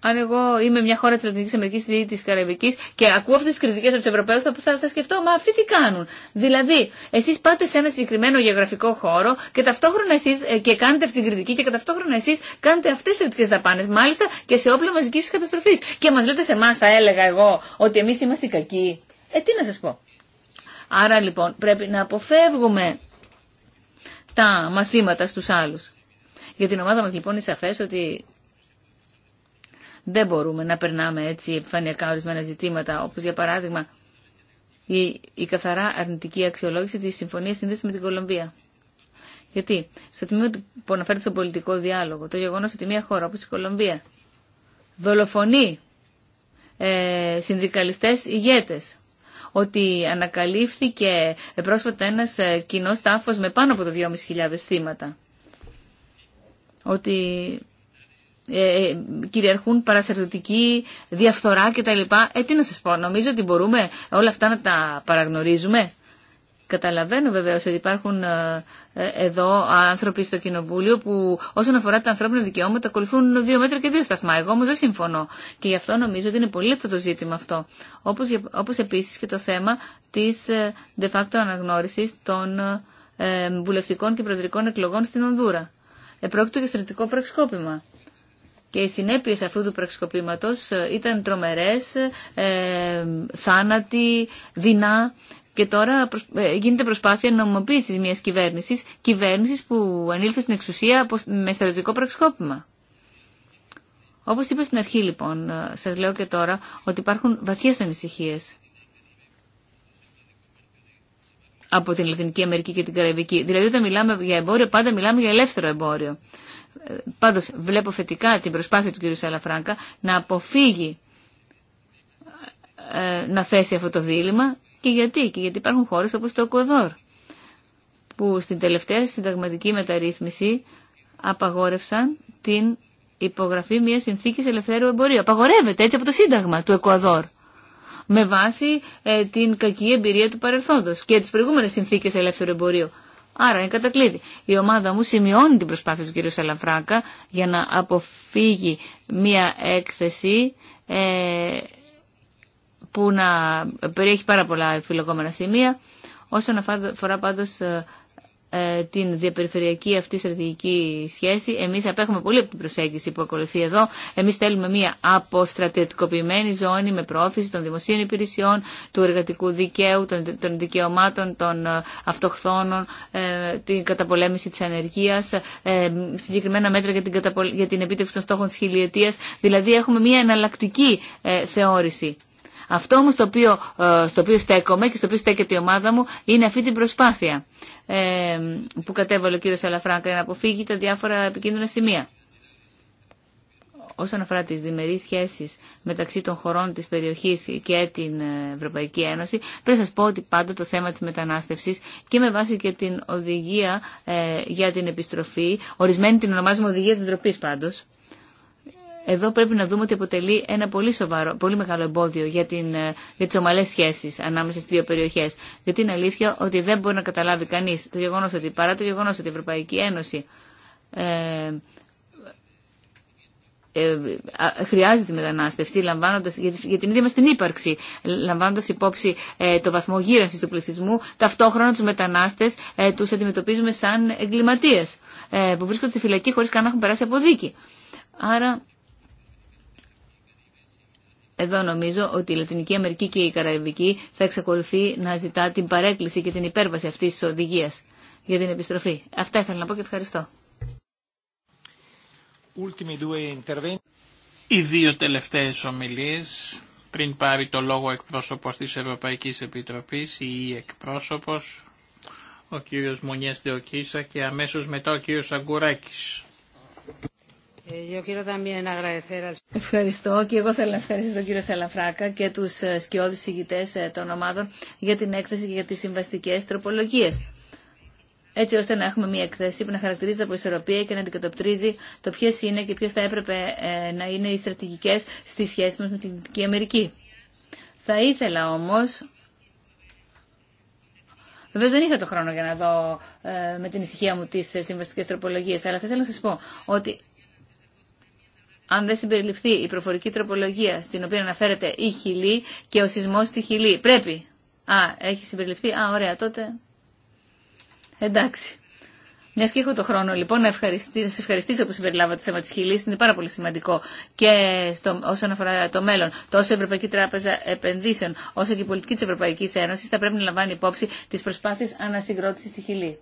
αν εγώ είμαι μια χώρα τη Λατινική Αμερική ή τη Καραϊβική και ακούω αυτέ τι κριτικέ από του Ευρωπαίου, θα, θα, σκεφτώ, μα αυτοί τι κάνουν. Δηλαδή, εσεί πάτε σε ένα συγκεκριμένο γεωγραφικό χώρο και ταυτόχρονα εσεί ε, και κάνετε αυτή την κριτική και ταυτόχρονα εσεί κάνετε αυτέ τι θετικέ δαπάνε, μάλιστα και σε όπλα μαζική καταστροφή. Και μα λέτε σε εμά, θα έλεγα εγώ, ότι εμεί είμαστε κακοί. Ε, τι να σα πω. Άρα λοιπόν πρέπει να αποφεύγουμε τα μαθήματα στου άλλου. Για την ομάδα μα λοιπόν είναι σαφέ ότι δεν μπορούμε να περνάμε έτσι επιφανειακά ορισμένα ζητήματα, όπως για παράδειγμα η, καθαρά αρνητική αξιολόγηση της συμφωνίας σύνδεσης με την Κολομβία. Γιατί στο τμήμα που αναφέρεται στον πολιτικό διάλογο, το γεγονό ότι μια χώρα όπω η Κολομβία δολοφονεί ε, συνδικαλιστέ ηγέτε, ότι ανακαλύφθηκε πρόσφατα ένα ε, κοινό τάφο με πάνω από το 2.500 θύματα, ότι ε, ε, κυριαρχούν παραστρατιωτική διαφθορά κτλ. Ε, τι να σα πω, νομίζω ότι μπορούμε όλα αυτά να τα παραγνωρίζουμε. Καταλαβαίνω βεβαίω ότι υπάρχουν ε, εδώ άνθρωποι στο Κοινοβούλιο που όσον αφορά τα ανθρώπινα δικαιώματα ακολουθούν δύο μέτρα και δύο σταθμά. Εγώ όμω δεν συμφωνώ. Και γι' αυτό νομίζω ότι είναι πολύ λεπτό το ζήτημα αυτό. Όπω όπως επίση και το θέμα τη de facto αναγνώριση των βουλευτικών και προεδρικών εκλογών στην Ονδούρα. Επρόκειτο για στρατικό πραξικόπημα και οι συνέπειες αυτού του πραξικοπήματος ε, ήταν τρομερές, ε, θάνατοι, δεινά και τώρα ε, γίνεται προσπάθεια νομοποίησης μια κυβέρνησης, κυβέρνησης που ανήλθε στην εξουσία με στρατιωτικό πραξικόπημα. Όπως είπα στην αρχή λοιπόν, ε, σας λέω και τώρα, ότι υπάρχουν βαθιές ανησυχίες από την Λατινική Αμερική και την Καραϊβική. Δηλαδή όταν μιλάμε για εμπόριο, πάντα μιλάμε για ελεύθερο εμπόριο. Πάντως βλέπω θετικά την προσπάθεια του κ. Σαλαφράγκα να αποφύγει ε, να θέσει αυτό το δίλημα και γιατί, και γιατί υπάρχουν χώρες όπως το Εκουαδόρ που στην τελευταία συνταγματική μεταρρύθμιση απαγόρευσαν την υπογραφή μια συνθήκη ελευθέρου εμπορίου. Απαγορεύεται έτσι από το Σύνταγμα του Εκουαδόρ με βάση ε, την κακή εμπειρία του παρελθόντος και τις προηγούμενες συνθήκες ελεύθερου εμπορίου. Άρα είναι κατακλείδη. Η ομάδα μου σημειώνει την προσπάθεια του κ. Σαλαφράκα για να αποφύγει μία έκθεση ε, που να περιέχει πάρα πολλά φιλοκόμενα σημεία. Όσον αφορά πάντως ε, ε, την διαπεριφερειακή αυτή στρατηγική σχέση. Εμείς απέχουμε πολύ από την προσέγγιση που ακολουθεί εδώ. Εμείς θέλουμε μια αποστρατιωτικοποιημένη ζώνη με προώθηση των δημοσίων υπηρεσιών, του εργατικού δικαίου, των, δικαιωμάτων των ε, αυτοχθόνων, ε, την καταπολέμηση της ανεργίας, συγκεκριμένα μέτρα για την, για την επίτευξη των στόχων της χιλιετίας. Δηλαδή έχουμε μια εναλλακτική θεώρηση αυτό όμως το οποίο, ε, στο οποίο στέκομαι και στο οποίο στέκεται η ομάδα μου είναι αυτή την προσπάθεια ε, που κατέβαλε ο κύριος Αλαφράγκα για να αποφύγει τα διάφορα επικίνδυνα σημεία. Όσον αφορά τις διμερείς σχέσεις μεταξύ των χωρών της περιοχής και την Ευρωπαϊκή Ένωση, πρέπει να σας πω ότι πάντα το θέμα της μετανάστευσης και με βάση και την οδηγία ε, για την επιστροφή, ορισμένη την ονομάζουμε οδηγία της ντροπή πάντως, εδώ πρέπει να δούμε ότι αποτελεί ένα πολύ, σοβαρό, πολύ μεγάλο εμπόδιο για, την, ε, για τις ομαλές σχέσεις ανάμεσα στις δύο περιοχές. Γιατί είναι αλήθεια ότι δεν μπορεί να καταλάβει κανείς το γεγονός ότι παρά το γεγονός ότι η Ευρωπαϊκή Ένωση ε, ε χρειάζεται μετανάστευση, λαμβάνοντας, για, για την ίδια μας την ύπαρξη, λαμβάνοντας υπόψη ε, το βαθμό γύρανσης του πληθυσμού, ταυτόχρονα τους μετανάστες ε, τους αντιμετωπίζουμε σαν εγκληματίες, ε, που βρίσκονται στη φυλακή χωρίς καν να έχουν περάσει από δίκη. Άρα εδώ νομίζω ότι η Λατινική Αμερική και η Καραϊβική θα εξακολουθεί να ζητά την παρέκκληση και την υπέρβαση αυτή τη οδηγία για την επιστροφή. Αυτά ήθελα να πω και ευχαριστώ. Οι δύο τελευταίε ομιλίε πριν πάρει το λόγο εκπρόσωπος της Ευρωπαϊκής Επιτροπής ή εκπρόσωπος, ο κύριος Μονιές Δεοκίσα και αμέσως μετά ο κύριος Αγκουράκης. Ευχαριστώ και εγώ θέλω να ευχαριστήσω τον κύριο Σαλαφράκα και του ε, σκιώδει ηγητέ ε, των ομάδων για την έκθεση και για τι συμβαστικέ τροπολογίε. έτσι ώστε να έχουμε μια εκθέση που να χαρακτηρίζεται από ισορροπία και να αντικατοπτρίζει το ποιε είναι και ποιε θα έπρεπε ε, να είναι οι στρατηγικέ στη σχέση μα με την Δυτική Αμερική. Θα ήθελα όμω. Βεβαίω δεν είχα το χρόνο για να δω με την ησυχία μου τι συμβαστικέ τροπολογίε, αλλά θα ήθελα να σα πω ότι αν δεν συμπεριληφθεί η προφορική τροπολογία στην οποία αναφέρεται η χιλή και ο σεισμός στη χιλή. Πρέπει. Α, έχει συμπεριληφθεί. Α, ωραία, τότε. Εντάξει. Μια και έχω το χρόνο, λοιπόν, να, ευχαριστή, να σα ευχαριστήσω που συμπεριλάβατε το θέμα τη Χιλή. Είναι πάρα πολύ σημαντικό και στο, όσον αφορά το μέλλον. Τόσο η Ευρωπαϊκή Τράπεζα Επενδύσεων, όσο και η πολιτική τη Ευρωπαϊκή Ένωση θα πρέπει να λαμβάνει υπόψη τι προσπάθειε ανασυγκρότηση στη Χιλή.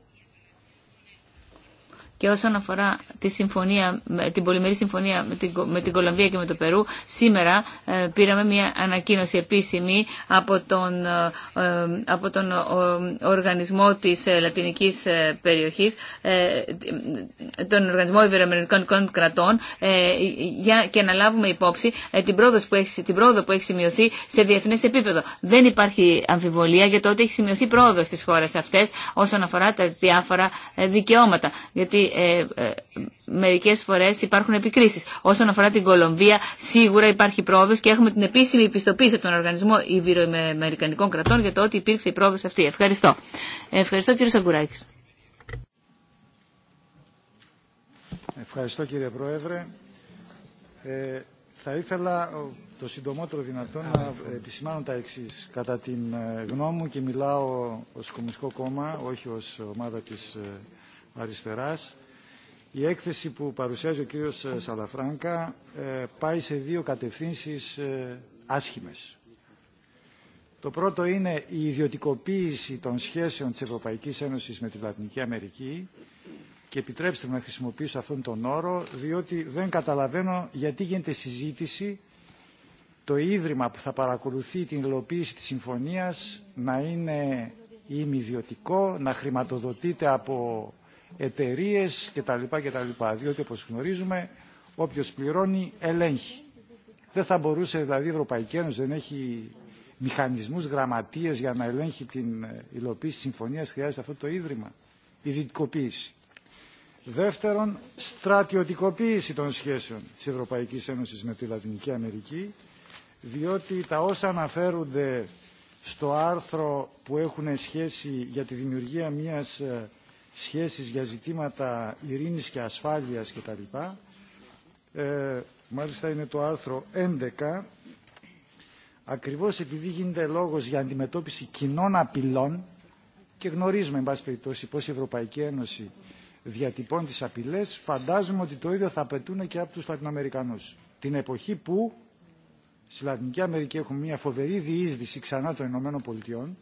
Και όσον αφορά τη συμφωνία, την πολυμερή συμφωνία με την, με την Κολομβία και με το Περού, σήμερα ε, πήραμε μια ανακοίνωση επίσημη από τον, ε, ε, από τον οργανισμό της Λατινικής περιοχής, τον Οργανισμό Ιβερομερικών Κρατών, Κρατών, για, και να λάβουμε υπόψη την πρόοδο που έχει, την πρόοδο που έχει σημειωθεί σε διεθνές επίπεδο. Δεν υπάρχει αμφιβολία για το ότι έχει σημειωθεί πρόοδο στις χώρες αυτές όσον αφορά τα διάφορα δικαιώματα. Γιατί ε, ε, μερικές φορές υπάρχουν επικρίσεις. Όσον αφορά την Κολομβία, σίγουρα υπάρχει πρόοδος και έχουμε την επίσημη επιστοποίηση από τον Οργανισμό Ιβυροαμερικανικών Κρατών για το ότι υπήρξε η πρόοδος αυτή. Ευχαριστώ. Ευχαριστώ κύριε Σαγκουράκης. Ευχαριστώ κύριε Πρόεδρε. Ε, θα ήθελα το συντομότερο δυνατόν να επισημάνω τα εξή. Κατά την ε, γνώμη μου και μιλάω ως Κομμουνιστικό Κόμμα, όχι ως ομάδα της ε, αριστεράς. Η έκθεση που παρουσιάζει ο κύριος ε, Σαλαφράνκα ε, πάει σε δύο κατευθύνσεις ε, άσχημες. Το πρώτο είναι η ιδιωτικοποίηση των σχέσεων της Ευρωπαϊκής Ένωσης με τη Λατινική Αμερική και επιτρέψτε μου να χρησιμοποιήσω αυτόν τον όρο διότι δεν καταλαβαίνω γιατί γίνεται συζήτηση το ίδρυμα που θα παρακολουθεί την υλοποίηση της συμφωνίας να είναι ημιδιωτικό, να χρηματοδοτείται από εταιρείε κτλ. κτλ. Διότι όπω γνωρίζουμε όποιο πληρώνει ελέγχει. Δεν θα μπορούσε δηλαδή η Ευρωπαϊκή Ένωση δεν έχει μηχανισμούς, γραμματείε για να ελέγχει την ε, υλοποίηση της συμφωνίας χρειάζεται αυτό το ίδρυμα, η Δεύτερον, στρατιωτικοποίηση των σχέσεων τη Ευρωπαϊκή Ένωση με τη Λατινική Αμερική, διότι τα όσα αναφέρονται στο άρθρο που έχουν σχέση για τη δημιουργία μιας ε, σχέσεις για ζητήματα ειρήνης και ασφάλειας κτλ. Ε, μάλιστα είναι το άρθρο 11. Ακριβώς επειδή γίνεται λόγος για αντιμετώπιση κοινών απειλών και γνωρίζουμε, εν πάση περιπτώσει, πώς η Ευρωπαϊκή Ένωση διατυπών τις απειλές, φαντάζομαι ότι το ίδιο θα απαιτούν και από τους Λατινοαμερικανούς. Την εποχή που στη Λατινική Αμερική έχουμε μια φοβερή διείσδυση ξανά των Ηνωμένων Πολιτειών,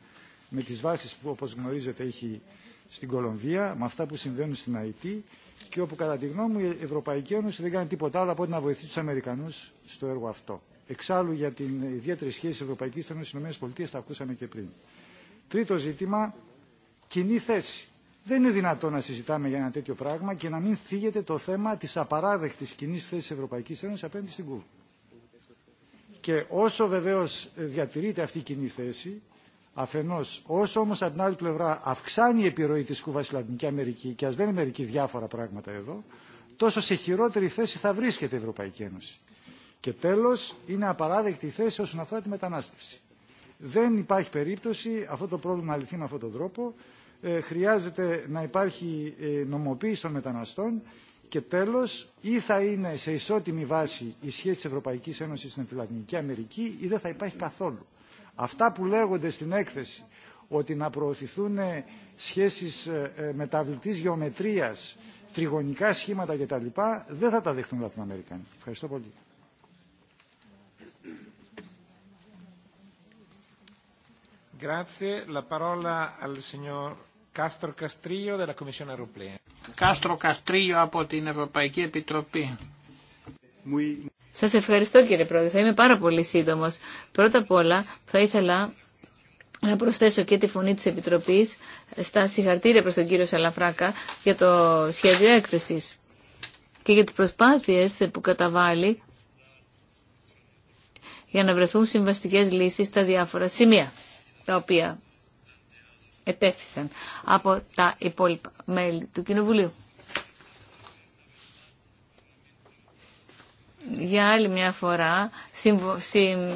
με τις βάσεις που όπως γνωρίζετε έχει στην Κολομβία, με αυτά που συμβαίνουν στην Αϊτή και όπου κατά τη γνώμη μου η Ευρωπαϊκή Ένωση δεν κάνει τίποτα άλλο από ότι να βοηθεί του Αμερικανού στο έργο αυτό. Εξάλλου για την ιδιαίτερη σχέση τη Ευρωπαϊκή Ένωση με ΗΠΑ τα ακούσαμε και πριν. Τρίτο ζήτημα, κοινή θέση. Δεν είναι δυνατόν να συζητάμε για ένα τέτοιο πράγμα και να μην θίγεται το θέμα τη απαράδεκτη κοινή θέση τη Ευρωπαϊκή Ένωση απέναντι στην Κούβα. Και όσο βεβαίω διατηρείται αυτή η κοινή θέση, Αφενός, όσο όμως από την άλλη πλευρά αυξάνει η επιρροή της Κούβας στη Λατινική Αμερική και ας λένε μερικοί διάφορα πράγματα εδώ, τόσο σε χειρότερη θέση θα βρίσκεται η Ευρωπαϊκή Ένωση. Και τέλος, είναι απαράδεκτη η θέση όσον αφορά τη μετανάστευση. Δεν υπάρχει περίπτωση αυτό το πρόβλημα να λυθεί με αυτόν τον τρόπο. Ε, χρειάζεται να υπάρχει ε, νομοποίηση των μεταναστών και τέλος ή θα είναι σε ισότιμη βάση η σχέση της Ευρωπαϊκής Ένωσης τη Λατινική Αμερική ή δεν θα υπάρχει καθόλου. Αυτά που λέγονται στην έκθεση, ότι να προωθηθούν σχέσεις ε, ε, μεταβλητής γεωμετρίας, τριγωνικά σχήματα κτλ. δεν θα τα δεχτούν οι Αμερικανοί. Ευχαριστώ πολύ. Κάστρο Καστρίο από την Ευρωπαϊκή Επιτροπή. Σας ευχαριστώ κύριε Πρόεδρε. Θα είμαι πάρα πολύ σύντομος. Πρώτα απ' όλα θα ήθελα να προσθέσω και τη φωνή της Επιτροπής στα συγχαρτήρια προς τον κύριο Σαλαφράκα για το σχέδιο έκθεσης και για τις προσπάθειες που καταβάλει για να βρεθούν συμβαστικές λύσεις στα διάφορα σημεία τα οποία ετέθησαν από τα υπόλοιπα μέλη του Κοινοβουλίου. για άλλη μια φορά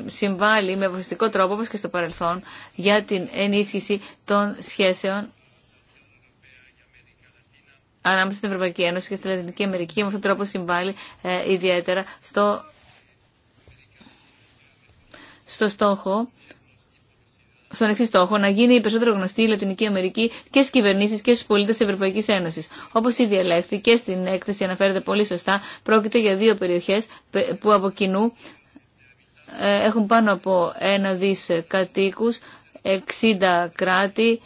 συμβάλλει με βοηθητικό τρόπο, όπως και στο παρελθόν, για την ενίσχυση των σχέσεων ανάμεσα στην Ευρωπαϊκή Ένωση και στη Λατινική Αμερική. Με αυτόν τον τρόπο συμβάλλει ε, ιδιαίτερα στο, στο στόχο στον εξή στόχο, να γίνει η περισσότερο γνωστή η Λατινική Αμερική και στι κυβερνήσει και στου πολίτε τη Ευρωπαϊκή Ένωση. Όπω ήδη ελέγχθη και στην έκθεση αναφέρεται πολύ σωστά, πρόκειται για δύο περιοχέ που από κοινού ε, έχουν πάνω από ένα δι κατοίκου, 60 κράτη,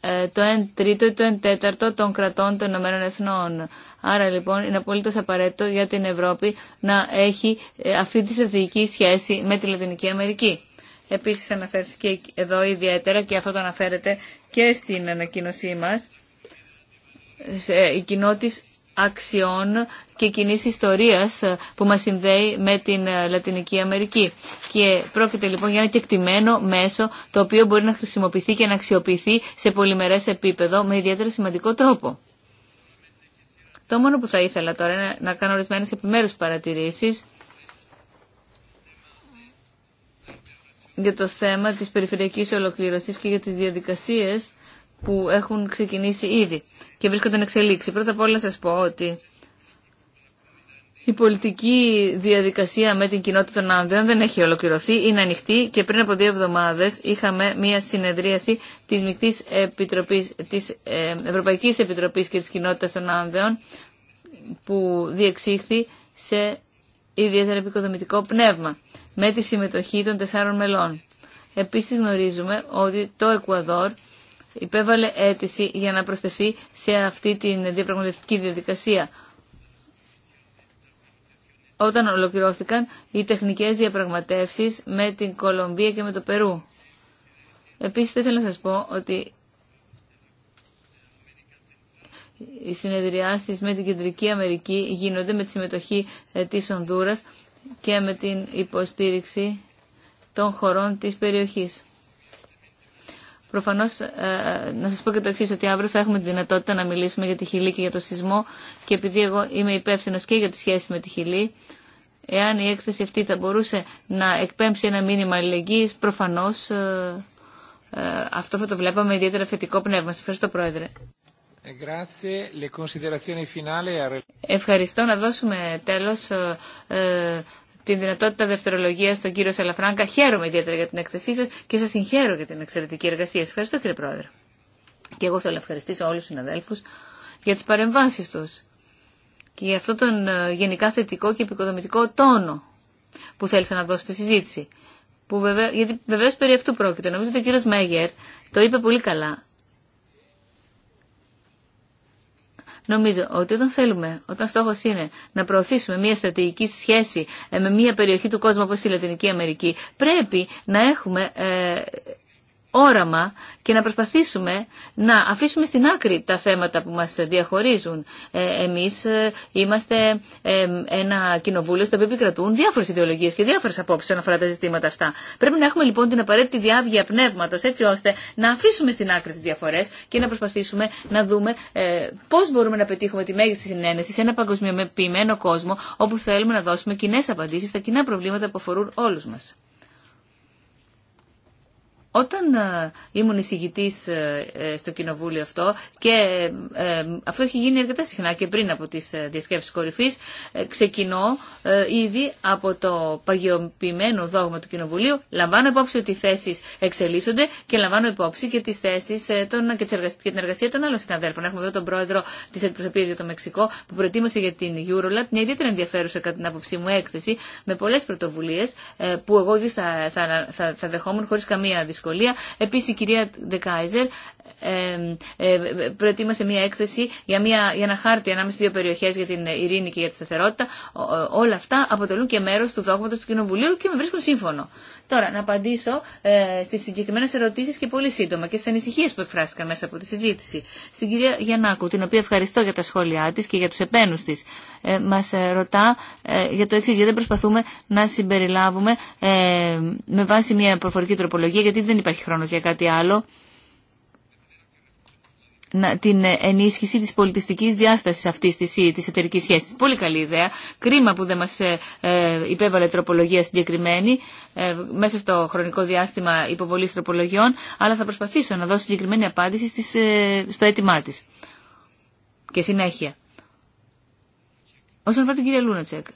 ε, το 1 τρίτο ή το 1 τέταρτο των κρατών των Ηνωμένων Εθνών. Άρα λοιπόν είναι απολύτως απαραίτητο για την Ευρώπη να έχει ε, αυτή τη στρατηγική σχέση με τη Λατινική Αμερική. Επίσης αναφέρθηκε εδώ ιδιαίτερα και αυτό το αναφέρεται και στην ανακοίνωσή μας η της αξιών και κοινή ιστορίας που μας συνδέει με την Λατινική Αμερική. Και πρόκειται λοιπόν για ένα κεκτημένο μέσο το οποίο μπορεί να χρησιμοποιηθεί και να αξιοποιηθεί σε πολυμερές επίπεδο με ιδιαίτερα σημαντικό τρόπο. Το μόνο που θα ήθελα τώρα είναι να κάνω ορισμένε επιμέρους παρατηρήσεις για το θέμα της περιφερειακής ολοκληρωσής και για τις διαδικασίες που έχουν ξεκινήσει ήδη και βρίσκονται να εξελίξει. Πρώτα απ' όλα να σας πω ότι η πολιτική διαδικασία με την κοινότητα των Άνδρων δεν έχει ολοκληρωθεί, είναι ανοιχτή και πριν από δύο εβδομάδες είχαμε μία συνεδρίαση της Μικτής Επιτροπής, της ε, Ευρωπαϊκής Επιτροπής και της Κοινότητας των Άνδεων που διεξήχθη σε ιδιαίτερα επικοδομητικό πνεύμα με τη συμμετοχή των τεσσάρων μελών. Επίσης γνωρίζουμε ότι το Εκουαδόρ υπέβαλε αίτηση για να προσθεθεί σε αυτή την διαπραγματευτική διαδικασία. Όταν ολοκληρώθηκαν οι τεχνικές διαπραγματεύσεις με την Κολομβία και με το Περού. Επίσης θα να σας πω ότι οι συνεδριάσεις με την Κεντρική Αμερική γίνονται με τη συμμετοχή ε, της Ονδούρας και με την υποστήριξη των χωρών της περιοχής. Προφανώς, ε, να σας πω και το εξής, ότι αύριο θα έχουμε τη δυνατότητα να μιλήσουμε για τη Χιλή και για το σεισμό και επειδή εγώ είμαι υπεύθυνο και για τη σχέση με τη Χιλή, εάν η έκθεση αυτή θα μπορούσε να εκπέμψει ένα μήνυμα αλληλεγγύης, προφανώς ε, ε, αυτό θα το βλέπαμε ιδιαίτερα θετικό πνεύμα. Σας ευχαριστώ, Πρόεδρε. Ε, e ευχαριστώ να δώσουμε τέλος ε, ε την δυνατότητα δευτερολογία στον κύριο Σαλαφράγκα. Χαίρομαι ιδιαίτερα για την έκθεσή σα και σα συγχαίρω για την εξαιρετική εργασία. Σας ευχαριστώ κύριε Πρόεδρε. Και εγώ θέλω να ευχαριστήσω όλου του συναδέλφου για τι παρεμβάσει του και για αυτόν τον ε, γενικά θετικό και επικοδομητικό τόνο που θέλησα να δώσω στη συζήτηση. Που βεβαίω, γιατί βεβαίω περί αυτού πρόκειται. Νομίζω ότι ο κύριο Μέγερ το είπε πολύ καλά. Νομίζω ότι όταν θέλουμε, όταν στόχο είναι να προωθήσουμε μια στρατηγική σχέση ε, με μια περιοχή του κόσμου όπω η Λατινική Αμερική, πρέπει να έχουμε ε, όραμα και να προσπαθήσουμε να αφήσουμε στην άκρη τα θέματα που μας διαχωρίζουν. Ε, εμείς ε, είμαστε ε, ένα κοινοβούλιο στο οποίο επικρατούν διάφορες ιδεολογίες και διάφορες απόψεις όσον αφορά τα ζητήματα αυτά. Πρέπει να έχουμε λοιπόν την απαραίτητη διάβγεια πνεύματος έτσι ώστε να αφήσουμε στην άκρη τις διαφορές και να προσπαθήσουμε να δούμε ε, πώς μπορούμε να πετύχουμε τη μέγιστη συνένεση σε ένα παγκοσμιοποιημένο κόσμο όπου θέλουμε να δώσουμε κοινέ απαντήσεις στα κοινά προβλήματα που αφορούν όλους μας. Όταν ε, ήμουν εισηγητή ε, ε, στο κοινοβούλιο αυτό, και αυτό έχει γίνει αρκετά συχνά και πριν από τι διασκέψεις κορυφή, ξεκινώ ήδη από το παγιοποιημένο δόγμα του κοινοβουλίου, λαμβάνω υπόψη ότι οι θέσει εξελίσσονται και λαμβάνω υπόψη και τι θέσει και την εργασία των άλλων συναδέλφων. Έχουμε εδώ τον πρόεδρο της Επιπροσωπής για το Μεξικό, που προετοίμασε για την Eurolat μια ιδιαίτερα ενδιαφέρουσα κατά την άποψή μου έκθεση, με πολλέ πρωτοβουλίε, που εγώ θα, θα, θα, θα δεχόμουν χωρίς καμία δυσκολία σχολεία. Επίσης η κυρία Ντεκάιζερ ε, ε, προετοίμασε μια έκθεση για, μια, για ένα χάρτη ανάμεσα σε δύο περιοχέ για την ειρήνη και για τη σταθερότητα. Όλα αυτά αποτελούν και μέρο του δόγματο του Κοινοβουλίου και με βρίσκουν σύμφωνο. Τώρα, να απαντήσω ε, στι συγκεκριμένε ερωτήσει και πολύ σύντομα και στι ανησυχίε που εκφράστηκαν μέσα από τη συζήτηση. Στην κυρία Γιαννάκου, την οποία ευχαριστώ για τα σχόλιά τη και για του επένου τη, ε, μα ε, ρωτά για το εξή, γιατί δεν προσπαθούμε να συμπεριλάβουμε με βάση μια προφορική τροπολογία, γιατί δεν υπάρχει χρόνο για κάτι άλλο την ενίσχυση της πολιτιστικής διάστασης αυτής της, της εταιρικής σχέσης. Πολύ καλή ιδέα. Κρίμα που δεν μας ε, ε, υπέβαλε τροπολογία συγκεκριμένη ε, μέσα στο χρονικό διάστημα υποβολής τροπολογιών, αλλά θα προσπαθήσω να δώσω συγκεκριμένη απάντηση στις, στο αίτημά της. Και συνέχεια. Όσον αφορά την κυρία Λούνατσεκ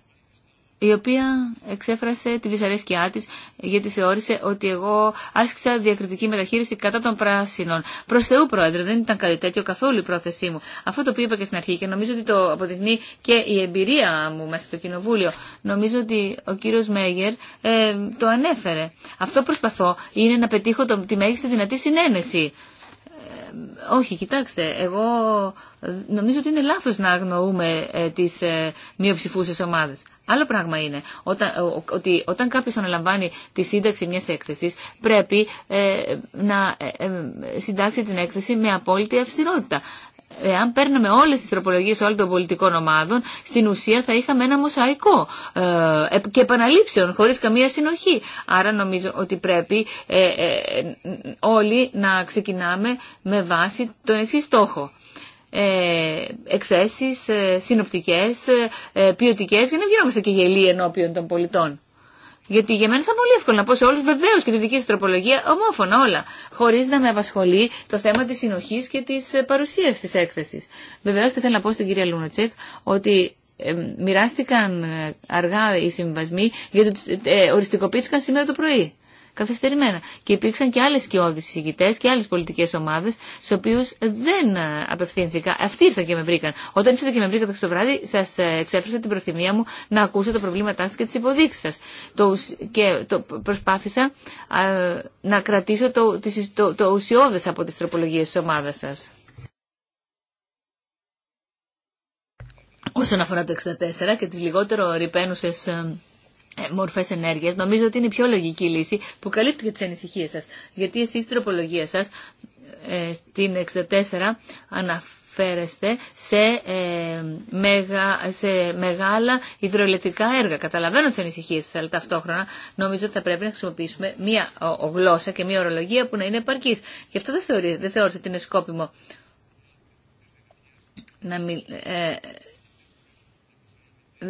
η οποία εξέφρασε τη δυσαρέσκειά της γιατί θεώρησε ότι εγώ άσκησα διακριτική μεταχείριση κατά των πράσινων. Προ Θεού, Πρόεδρε, δεν ήταν κάτι τέτοιο καθόλου η πρόθεσή μου. Αυτό το οποίο είπα και στην αρχή και νομίζω ότι το αποδεικνύει και η εμπειρία μου μέσα στο Κοινοβούλιο. Νομίζω ότι ο κύριο Μέγερ ε, το ανέφερε. Αυτό προσπαθώ είναι να πετύχω το, τη μέγιστη δυνατή συνένεση όχι, κοιτάξτε, εγώ νομίζω ότι είναι λάθος να αγνοούμε ε, τις ε, μειοψηφούσες ομάδες. Άλλο πράγμα είναι όταν, ότι όταν κάποιος αναλαμβάνει τη σύνταξη μιας έκθεσης πρέπει ε, να ε, συντάξει την έκθεση με απόλυτη αυστηρότητα εάν παίρναμε όλες τις τροπολογίε όλων των πολιτικών ομάδων, στην ουσία θα είχαμε ένα μοσαϊκό ε, και επαναλήψεων χωρίς καμία συνοχή. Άρα νομίζω ότι πρέπει ε, ε, όλοι να ξεκινάμε με βάση τον εξή στόχο. Ε, εκθέσεις ε, συνοπτικές, ε, ποιοτικές για να βγαίνουμε και γελοί ενώπιον των πολιτών. Γιατί για μένα είναι πολύ εύκολο να πω σε όλου βεβαίω και τη δική σου τροπολογία ομόφωνα όλα. Χωρί να με απασχολεί το θέμα τη συνοχή και τη ε, παρουσία τη έκθεση. Βεβαίω θέλω θέλω να πω στην κυρία Λούνατσεκ ότι ε, μοιράστηκαν ε, αργά οι συμβασμοί γιατί οριστικοποιήθηκαν σήμερα το πρωί καθυστερημένα. Και υπήρξαν και άλλε σκιώδει συγκητέ και άλλε πολιτικέ ομάδε, στου οποίου δεν ε, απευθύνθηκα. Αυτοί ήρθαν και με βρήκαν. Όταν ήρθατε και με βρήκατε το βράδυ, σα ε, εξέφρασα την προθυμία μου να ακούσω τα προβλήματά σα και τι υποδείξει σα. Και προσπάθησα να κρατήσω το, το, το ουσιώδε από τι τροπολογίε τη ομάδα σα. Όσον αφορά το 64 και τις λιγότερο ρηπαίνουσες ε, ε, μορφές ενέργειας, νομίζω ότι είναι η πιο λογική λύση που καλύπτει και τις ανησυχίες σας. Γιατί εσείς στην τροπολογία σας, ε, στην 64, αναφέρεστε σε, ε, μεγα, σε μεγάλα υδροελεκτρικά έργα. Καταλαβαίνω τις ανησυχίες σας, αλλά ταυτόχρονα νομίζω ότι θα πρέπει να χρησιμοποιήσουμε μία γλώσσα και μία ορολογία που να είναι επαρκής. Γι' αυτό δεν, θεωρεί, ότι είναι σκόπιμο να Ε,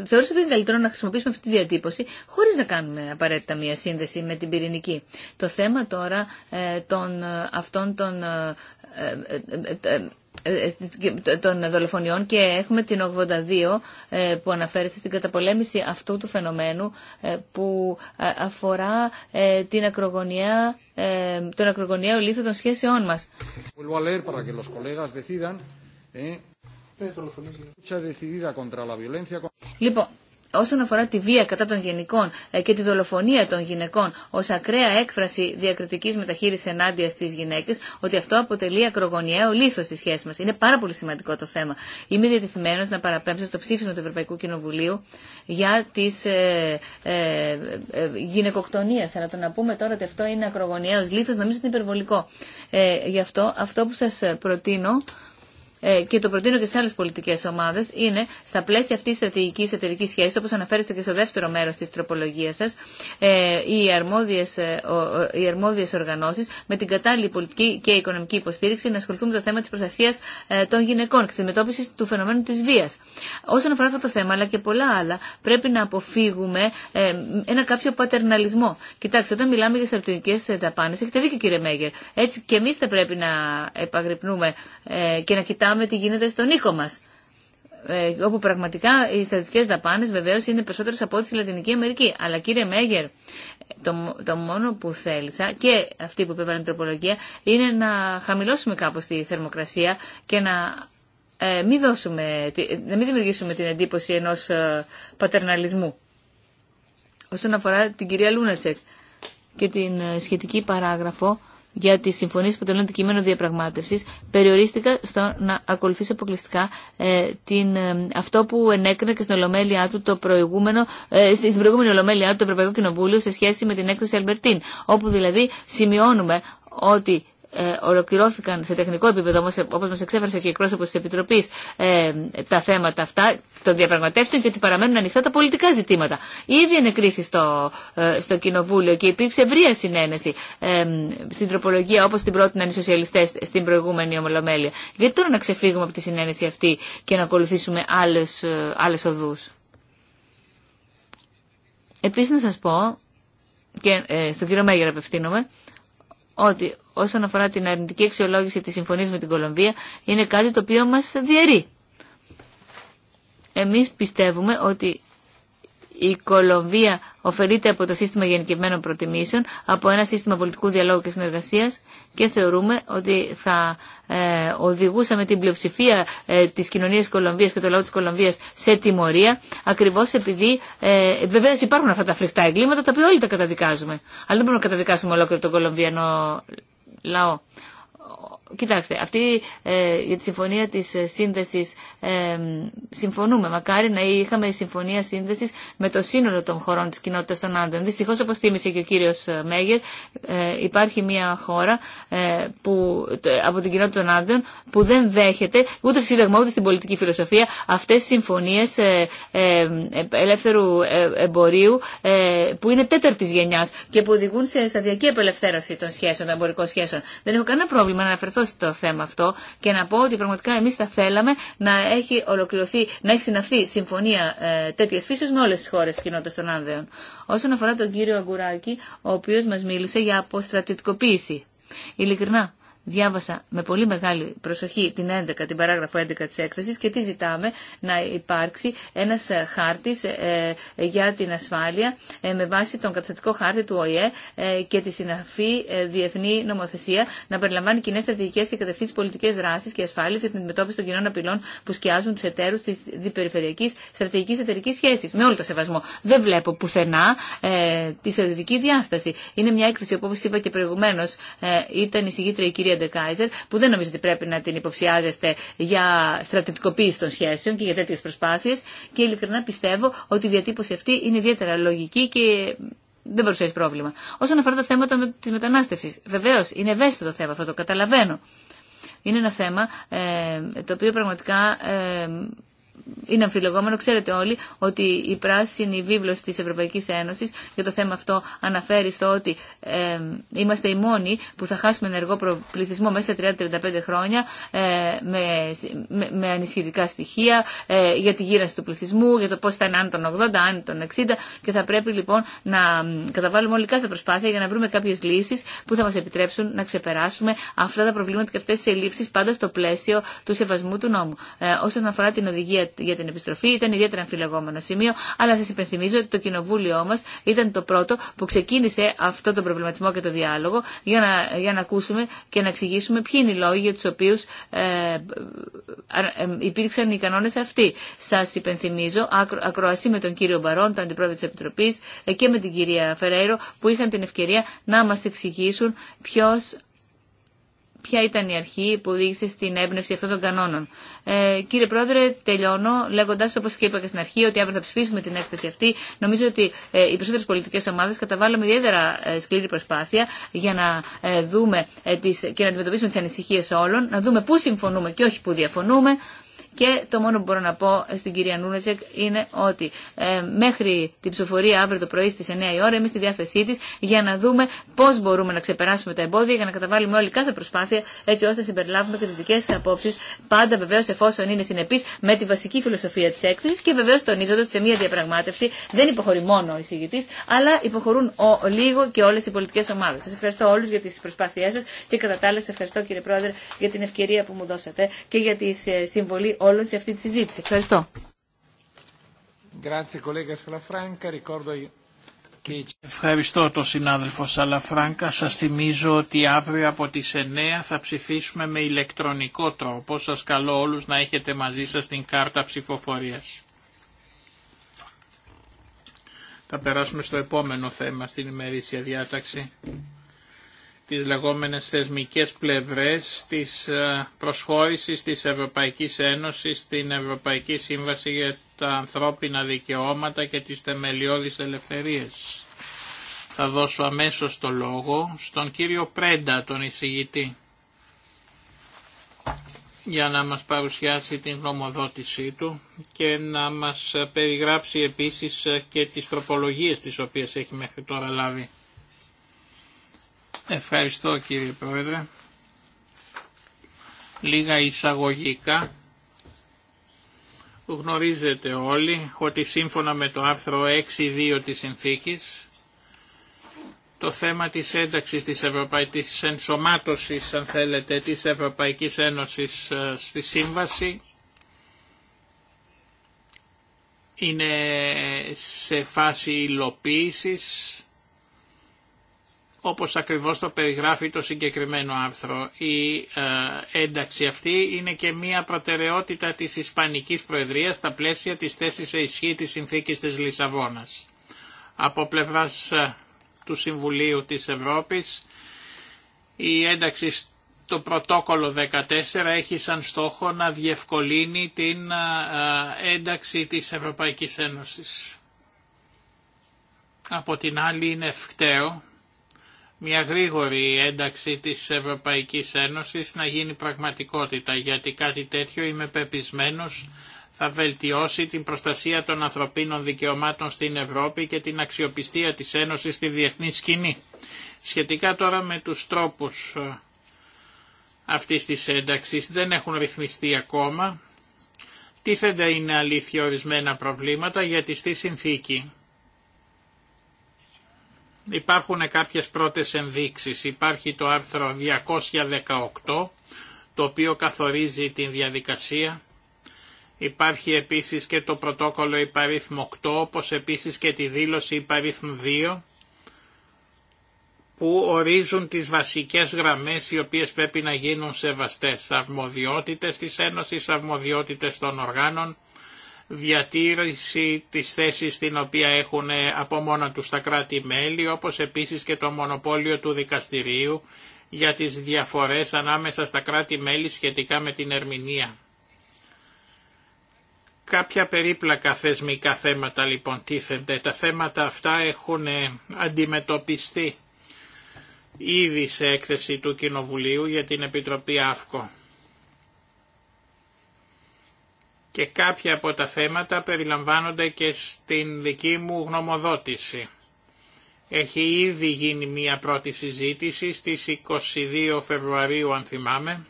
Θεωρήσα ότι είναι καλύτερο να χρησιμοποιήσουμε αυτή τη διατύπωση χωρίς να κάνουμε απαραίτητα μία σύνδεση με την πυρηνική. Το θέμα τώρα ε, των, ε, αυτών των ε, των δολοφονιών και έχουμε την 82 που αναφέρεται στην καταπολέμηση αυτού του φαινομένου που αφορά την ακρογωνιά, τον ακρογωνιαίο λίθο των σχέσεών μας. Ναι, ναι. Λοιπόν, όσον αφορά τη βία κατά των γενικών ε, και τη δολοφονία των γυναικών ω ακραία έκφραση διακριτική μεταχείριση ενάντια στι γυναίκε, ότι αυτό αποτελεί ακρογωνιαίο λίθος στη σχέση μα. Είναι πάρα πολύ σημαντικό το θέμα. Είμαι διατεθειμένο να παραπέμψω στο ψήφισμα του Ευρωπαϊκού Κοινοβουλίου για τι ε, ε, ε γυναικοκτονίε. Αλλά το να πούμε τώρα ότι αυτό είναι ακρογωνιαίο λήθο, νομίζω ότι είναι υπερβολικό. Ε, γι' αυτό, αυτό που σα προτείνω ε, και το προτείνω και σε άλλε πολιτικέ ομάδε, είναι στα πλαίσια αυτή τη στρατηγική εταιρική σχέση, όπω αναφέρεστε και στο δεύτερο μέρο τη τροπολογία σα, ε, οι αρμόδιε ε, οργανώσει με την κατάλληλη πολιτική και οικονομική υποστήριξη να ασχοληθούν με το θέμα τη προστασία των γυναικών και τη μετώπιση του φαινομένου τη βία. Όσον αφορά αυτό το θέμα, αλλά και πολλά άλλα, πρέπει να αποφύγουμε ένα κάποιο πατερναλισμό. Κοιτάξτε, όταν μιλάμε για στρατηγικέ δαπάνε, έχετε δίκιο κύριε Μέγερ. Έτσι και εμεί θα πρέπει να επαγρυπνούμε και να κοιτάμε κοιτάμε τι γίνεται στον οίκο μα, ε, όπου πραγματικά οι στρατιωτικέ δαπάνε βεβαίω είναι περισσότερε από ό,τι στη Λατινική Αμερική. Αλλά κύριε Μέγερ, το, το μόνο που θέλησα και αυτή που υπέβαλε η τροπολογία είναι να χαμηλώσουμε κάπως τη θερμοκρασία και να ε, μην, να μην δημιουργήσουμε την εντύπωση ενός ε, πατερναλισμού. Όσον αφορά την κυρία Λούνατσεκ και την ε, σχετική παράγραφο, για τι συμφωνίε που αποτελούν αντικείμενο διαπραγμάτευση, περιορίστηκα στο να ακολουθήσω αποκλειστικά ε, την, ε, αυτό που ενέκρινε και στην ολομέλειά του το προηγούμενο, ε, στην προηγούμενη ολομέλειά του το Ευρωπαϊκό Κοινοβούλιο σε σχέση με την έκθεση Αλμπερτίν. Όπου δηλαδή σημειώνουμε ότι ε, ολοκληρώθηκαν σε τεχνικό επίπεδο, όμως, όπως μας εξέφρασε και η εκπρόσωπος της Επιτροπής, ε, τα θέματα αυτά των διαπραγματεύσεων και ότι παραμένουν ανοιχτά τα πολιτικά ζητήματα. Ήδη ενεκρίθη στο, ε, στο Κοινοβούλιο και υπήρξε ευρεία συνένεση στην τροπολογία όπως την πρότειναν οι σοσιαλιστές στην προηγούμενη ομολομέλεια. Γιατί τώρα να ξεφύγουμε από τη συνένεση αυτή και να ακολουθήσουμε άλλες, άλλες οδούς. Επίσης να σας πω, και στον κύριο Μέγερ απευθύνομαι, ότι όσον αφορά την αρνητική αξιολόγηση της συμφωνίας με την Κολομβία είναι κάτι το οποίο μας διαιρεί. Εμείς πιστεύουμε ότι η Κολομβία ωφελείται από το σύστημα γενικευμένων προτιμήσεων, από ένα σύστημα πολιτικού διαλόγου και συνεργασία και θεωρούμε ότι θα ε, οδηγούσαμε την πλειοψηφία ε, τη κοινωνία τη Κολομβία και του λαό τη Κολομβία σε τιμωρία, ακριβώ επειδή ε, βεβαίω υπάρχουν αυτά τα φρικτά εγκλήματα τα οποία όλοι τα καταδικάζουμε. Αλλά δεν μπορούμε να καταδικάσουμε ολόκληρο τον Κολομβιανό λαό. Κοιτάξτε, αυτή ε, για τη συμφωνία της ε, σύνδεσης ε, συμφωνούμε. Μακάρι να είχαμε συμφωνία σύνδεσης με το σύνολο των χωρών της κοινότητας των άντων. Δυστυχώς, όπως θύμισε και ο κύριος ε, Μέγερ, ε, υπάρχει μια χώρα ε, που, από την κοινότητα των άντων που δεν δέχεται ούτε στο Σύνταγμα ούτε στην πολιτική φιλοσοφία αυτές τις συμφωνίες ελεύθερου εμπορίου που είναι τέταρτης γενιάς και που οδηγούν σε σταδιακή απελευθέρωση των σχέσεων, των εμπορικών σχέσεων. Δεν έχω κανένα πρόβλημα να αναφερθώ στο θέμα αυτό και να πω ότι πραγματικά εμεί θα θέλαμε να έχει ολοκληρωθεί, να έχει συναυθεί συμφωνία ε, τέτοια φύση με όλε τι χώρε κοινότητα των Άνδεων. Όσον αφορά τον κύριο Αγκουράκη, ο οποίο μα μίλησε για αποστρατητικοποίηση. Ειλικρινά, διάβασα με πολύ μεγάλη προσοχή την 11, την παράγραφο 11 της έκθεσης και τι ζητάμε να υπάρξει ένας ε, χάρτης ε, ε, για την ασφάλεια με βάση τον καταστατικό χάρτη του ΟΗΕ και τη συναφή διεθνή νομοθεσία να περιλαμβάνει κοινέ στρατηγικές και κατευθύνσεις πολιτικές δράσεις και ασφάλειες για την αντιμετώπιση των κοινών απειλών που σκιάζουν τους εταίρους της διπεριφερειακής στρατηγικής εταιρικής σχέσης. Με όλο το σεβασμό. Δεν βλέπω πουθενά τη στρατηγική διάσταση. Είναι μια έκθεση, όπως είπα και προηγουμένως, ήταν η η κυρία που δεν νομίζω ότι πρέπει να την υποψιάζεστε για στρατιωτικοποίηση των σχέσεων και για τέτοιε προσπάθειε. Και ειλικρινά πιστεύω ότι η διατύπωση αυτή είναι ιδιαίτερα λογική και δεν παρουσιάζει πρόβλημα. Όσον αφορά τα θέματα τη μετανάστευση, βεβαίω είναι ευαίσθητο το θέμα αυτό, το καταλαβαίνω. Είναι ένα θέμα ε, το οποίο πραγματικά ε, είναι αμφιλεγόμενο, ξέρετε όλοι, ότι η πράσινη βίβλος της Ευρωπαϊκής Ένωσης για το θέμα αυτό αναφέρει στο ότι ε, είμαστε οι μόνοι που θα χάσουμε ενεργό πληθυσμό μέσα σε 30-35 χρόνια ε, με, με, με, ανισχυτικά στοιχεία ε, για τη γύραση του πληθυσμού, για το πώς θα είναι αν των 80, αν των 60 και θα πρέπει λοιπόν να καταβάλουμε όλη κάθε προσπάθεια για να βρούμε κάποιες λύσεις που θα μας επιτρέψουν να ξεπεράσουμε αυτά τα προβλήματα και αυτές τις ελλείψεις πάντα στο πλαίσιο του σεβασμού του νόμου. Ε, όσον αφορά την οδηγία για την επιστροφή ήταν ιδιαίτερα αμφιλεγόμενο σημείο, αλλά σα υπενθυμίζω ότι το κοινοβούλιο μα ήταν το πρώτο που ξεκίνησε αυτό το προβληματισμό και το διάλογο για να, για να ακούσουμε και να εξηγήσουμε ποιοι είναι οι λόγοι για του οποίου ε, ε, ε, υπήρξαν οι κανόνε αυτοί. Σα υπενθυμίζω, ακρο, με τον κύριο Μπαρόν, τον αντιπρόεδρο τη Επιτροπή ε, και με την κυρία Φεραίρο που είχαν την ευκαιρία να μα εξηγήσουν ποιο ποια ήταν η αρχή που οδήγησε στην έμπνευση αυτών των κανόνων. Ε, κύριε Πρόεδρε, τελειώνω λέγοντα, όπω και είπα και στην αρχή, ότι αύριο θα ψηφίσουμε την έκθεση αυτή. Νομίζω ότι ε, οι περισσότερε πολιτικέ ομάδε καταβάλαμε ιδιαίτερα ε, σκληρή προσπάθεια για να ε, δούμε τις, και να αντιμετωπίσουμε τι ανησυχίε όλων, να δούμε πού συμφωνούμε και όχι πού διαφωνούμε. Και το μόνο που μπορώ να πω στην κυρία Νούνετσεκ είναι ότι ε, μέχρι την ψηφοφορία αύριο το πρωί στι 9 η ώρα εμεί στη διάθεσή τη για να δούμε πώ μπορούμε να ξεπεράσουμε τα εμπόδια, για να καταβάλουμε όλη κάθε προσπάθεια έτσι ώστε να συμπεριλάβουμε και τι δικέ σα απόψει, πάντα βεβαίω εφόσον είναι συνεπεί με τη βασική φιλοσοφία τη έκθεση και βεβαίω τονίζοντα ότι σε μια διαπραγμάτευση δεν υποχωρεί μόνο ο εισηγητή, αλλά υποχωρούν ο, λίγο και όλε οι πολιτικέ ομάδε. Σα ευχαριστώ όλου για τι προσπάθειέ σα και κατά ευχαριστώ κύριε Πρόεδρε για την ευκαιρία που μου δώσατε και για τη ε, συμβολή όλους για αυτή τη συζήτηση. Ευχαριστώ. Ευχαριστώ τον συνάδελφο Σαλαφράγκα. Σας θυμίζω ότι αύριο από τις 9 θα ψηφίσουμε με ηλεκτρονικό τρόπο. Σας καλώ όλους να έχετε μαζί σας την κάρτα ψηφοφορίας. Θα περάσουμε στο επόμενο θέμα στην ημερήσια διάταξη τις λεγόμενες θεσμικές πλευρές της ε, προσχώρησης της Ευρωπαϊκής Ένωσης στην Ευρωπαϊκή Σύμβαση για τα ανθρώπινα δικαιώματα και τις θεμελιώδεις ελευθερίες. Θα δώσω αμέσως το λόγο στον κύριο Πρέντα, τον εισηγητή, για να μας παρουσιάσει την γνωμοδότησή του και να μας περιγράψει επίσης και τις τροπολογίες τις οποίες έχει μέχρι τώρα λάβει. Ευχαριστώ κύριε Πρόεδρε. Λίγα εισαγωγικά. Γνωρίζετε όλοι ότι σύμφωνα με το άρθρο 6.2 της Συνθήκης το θέμα της ένταξης της Ευρωπαϊκής ενσωμάτωσης, αν θέλετε, της Ευρωπαϊκής Ένωσης ε, στη Σύμβαση είναι σε φάση υλοποίησης όπως ακριβώς το περιγράφει το συγκεκριμένο άρθρο, η ε, ένταξη αυτή είναι και μία προτεραιότητα της Ισπανικής Προεδρίας στα πλαίσια της θέσης σε ισχύ της συνθήκης της Λισαβόνας. Από πλευράς ε, του Συμβουλίου της Ευρώπης, η ένταξη στο πρωτόκολλο 14 έχει σαν στόχο να διευκολύνει την ε, ένταξη της Ευρωπαϊκής Ένωσης. Από την άλλη είναι ευκταίο μια γρήγορη ένταξη της Ευρωπαϊκής Ένωσης να γίνει πραγματικότητα, γιατί κάτι τέτοιο είμαι πεπισμένος θα βελτιώσει την προστασία των ανθρωπίνων δικαιωμάτων στην Ευρώπη και την αξιοπιστία της Ένωσης στη διεθνή σκηνή. Σχετικά τώρα με τους τρόπους ε, αυτής της ένταξης δεν έχουν ρυθμιστεί ακόμα. Τίθενται είναι αλήθεια ορισμένα προβλήματα γιατί στη συνθήκη Υπάρχουν κάποιες πρώτες ενδείξεις. Υπάρχει το άρθρο 218 το οποίο καθορίζει την διαδικασία. Υπάρχει επίσης και το πρωτόκολλο υπαρίθμ 8 όπως επίσης και τη δήλωση υπαρίθμ 2 που ορίζουν τις βασικές γραμμές οι οποίες πρέπει να γίνουν σεβαστές, αρμοδιότητες της Ένωσης, αρμοδιότητες των οργάνων, διατήρηση της θέσης την οποία έχουν από μόνα τους τα κράτη-μέλη, όπως επίσης και το μονοπόλιο του δικαστηρίου για τις διαφορές ανάμεσα στα κράτη-μέλη σχετικά με την ερμηνεία. Κάποια περίπλακα θεσμικά θέματα λοιπόν τίθενται. Τα θέματα αυτά έχουν αντιμετωπιστεί ήδη σε έκθεση του Κοινοβουλίου για την Επιτροπή ΑΦΚΟ. και κάποια από τα θέματα περιλαμβάνονται και στην δική μου γνωμοδότηση. Έχει ήδη γίνει μία πρώτη συζήτηση στις 22 Φεβρουαρίου αν θυμάμαι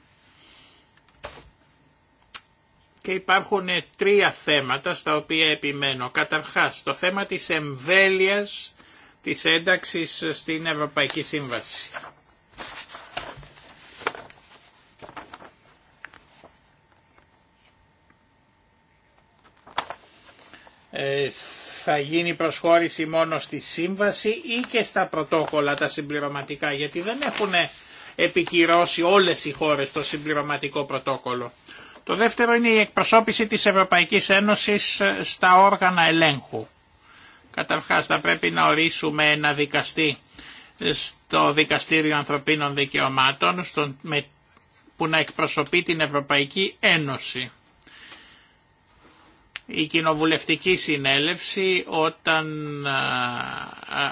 και υπάρχουν τρία θέματα στα οποία επιμένω. Καταρχάς το θέμα της εμβέλειας της ένταξης στην Ευρωπαϊκή Σύμβαση. Ε, θα γίνει προσχώρηση μόνο στη σύμβαση ή και στα πρωτόκολλα τα συμπληρωματικά γιατί δεν έχουν επικυρώσει όλες οι χώρες το συμπληρωματικό πρωτόκολλο. Το δεύτερο είναι η εκπροσώπηση της Ευρωπαϊκής Ένωσης ε, στα όργανα ελέγχου. Καταρχάς θα πρέπει να ορίσουμε ένα δικαστή ε, στο Δικαστήριο Ανθρωπίνων Δικαιωμάτων που να εκπροσωπεί την Ευρωπαϊκή Ένωση η κοινοβουλευτική συνέλευση όταν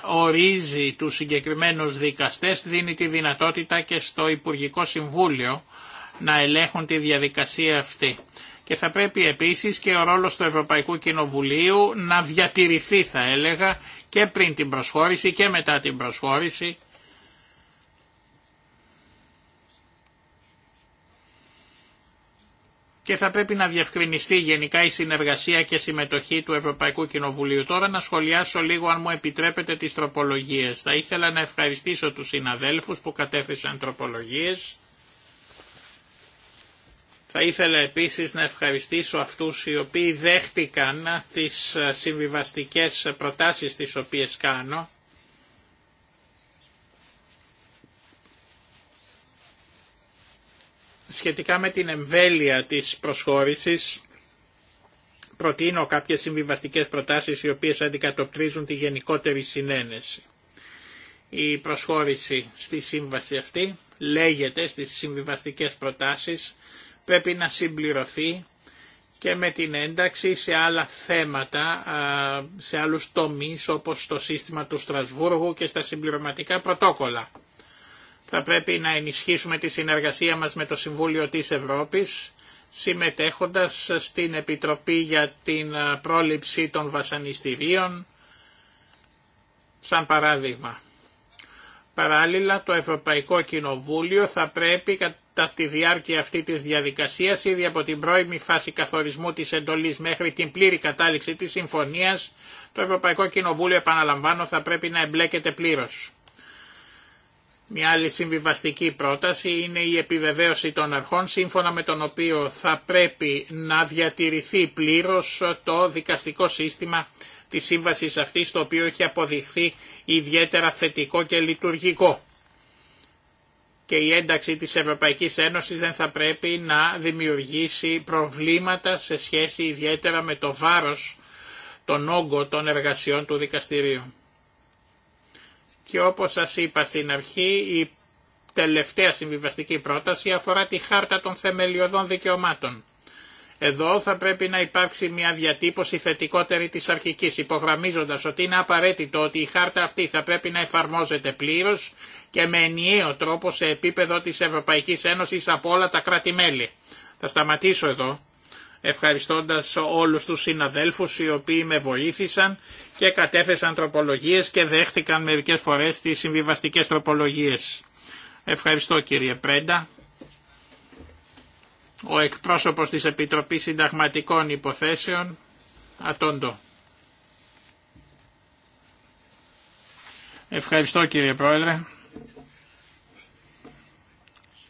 ορίζει τους συγκεκριμένους δικαστές δίνει τη δυνατότητα και στο Υπουργικό Συμβούλιο να ελέγχουν τη διαδικασία αυτή. Και θα πρέπει επίσης και ο ρόλος του Ευρωπαϊκού Κοινοβουλίου να διατηρηθεί θα έλεγα και πριν την προσχώρηση και μετά την προσχώρηση και θα πρέπει να διευκρινιστεί γενικά η συνεργασία και συμμετοχή του Ευρωπαϊκού Κοινοβουλίου. Τώρα να σχολιάσω λίγο αν μου επιτρέπετε τις τροπολογίες. Θα ήθελα να ευχαριστήσω τους συναδέλφους που κατέθεσαν τροπολογίες. Θα ήθελα επίσης να ευχαριστήσω αυτούς οι οποίοι δέχτηκαν τις συμβιβαστικές προτάσεις τις οποίες κάνω Σχετικά με την εμβέλεια της προσχώρησης, προτείνω κάποιες συμβιβαστικές προτάσεις οι οποίες αντικατοπτρίζουν τη γενικότερη συνένεση. Η προσχώρηση στη σύμβαση αυτή λέγεται στις συμβιβαστικές προτάσεις πρέπει να συμπληρωθεί και με την ένταξη σε άλλα θέματα, σε άλλους τομείς όπως το σύστημα του Στρασβούργου και στα συμπληρωματικά πρωτόκολλα. Θα πρέπει να ενισχύσουμε τη συνεργασία μας με το Συμβούλιο της Ευρώπης, συμμετέχοντας στην Επιτροπή για την ε, πρόληψη των βασανιστήριων, σαν παράδειγμα. Παράλληλα, το Ευρωπαϊκό Κοινοβούλιο θα πρέπει κατά τη διάρκεια αυτή της διαδικασίας, ήδη από την πρώιμη φάση καθορισμού της εντολής μέχρι την πλήρη κατάληξη της συμφωνίας, το Ευρωπαϊκό Κοινοβούλιο, επαναλαμβάνω, θα πρέπει να εμπλέκεται πλήρως. Μια άλλη συμβιβαστική πρόταση είναι η επιβεβαίωση των αρχών σύμφωνα με τον οποίο θα πρέπει να διατηρηθεί πλήρως το δικαστικό σύστημα της σύμβασης αυτής το οποίο έχει αποδειχθεί ιδιαίτερα θετικό και λειτουργικό. Και η ένταξη της Ευρωπαϊκής Ένωσης δεν θα πρέπει να δημιουργήσει προβλήματα σε σχέση ιδιαίτερα με το βάρος, τον όγκο των εργασιών του δικαστηρίου και όπως σας είπα στην αρχή η τελευταία συμβιβαστική πρόταση αφορά τη χάρτα των θεμελιωδών δικαιωμάτων. Εδώ θα πρέπει να υπάρξει μια διατύπωση θετικότερη της αρχικής, υπογραμμίζοντας ότι είναι απαραίτητο ότι η χάρτα αυτή θα πρέπει να εφαρμόζεται πλήρως και με ενιαίο τρόπο σε επίπεδο της Ευρωπαϊκής Ένωσης από όλα τα κράτη-μέλη. Θα σταματήσω εδώ ευχαριστώντας όλους τους συναδέλφους οι οποίοι με βοήθησαν και κατέθεσαν τροπολογίες και δέχτηκαν μερικές φορές τις συμβιβαστικές τροπολογίες. Ευχαριστώ κύριε Πρέντα. Ο εκπρόσωπος της Επιτροπής Συνταγματικών Υποθέσεων, Ατόντο. Ευχαριστώ κύριε Πρόεδρε.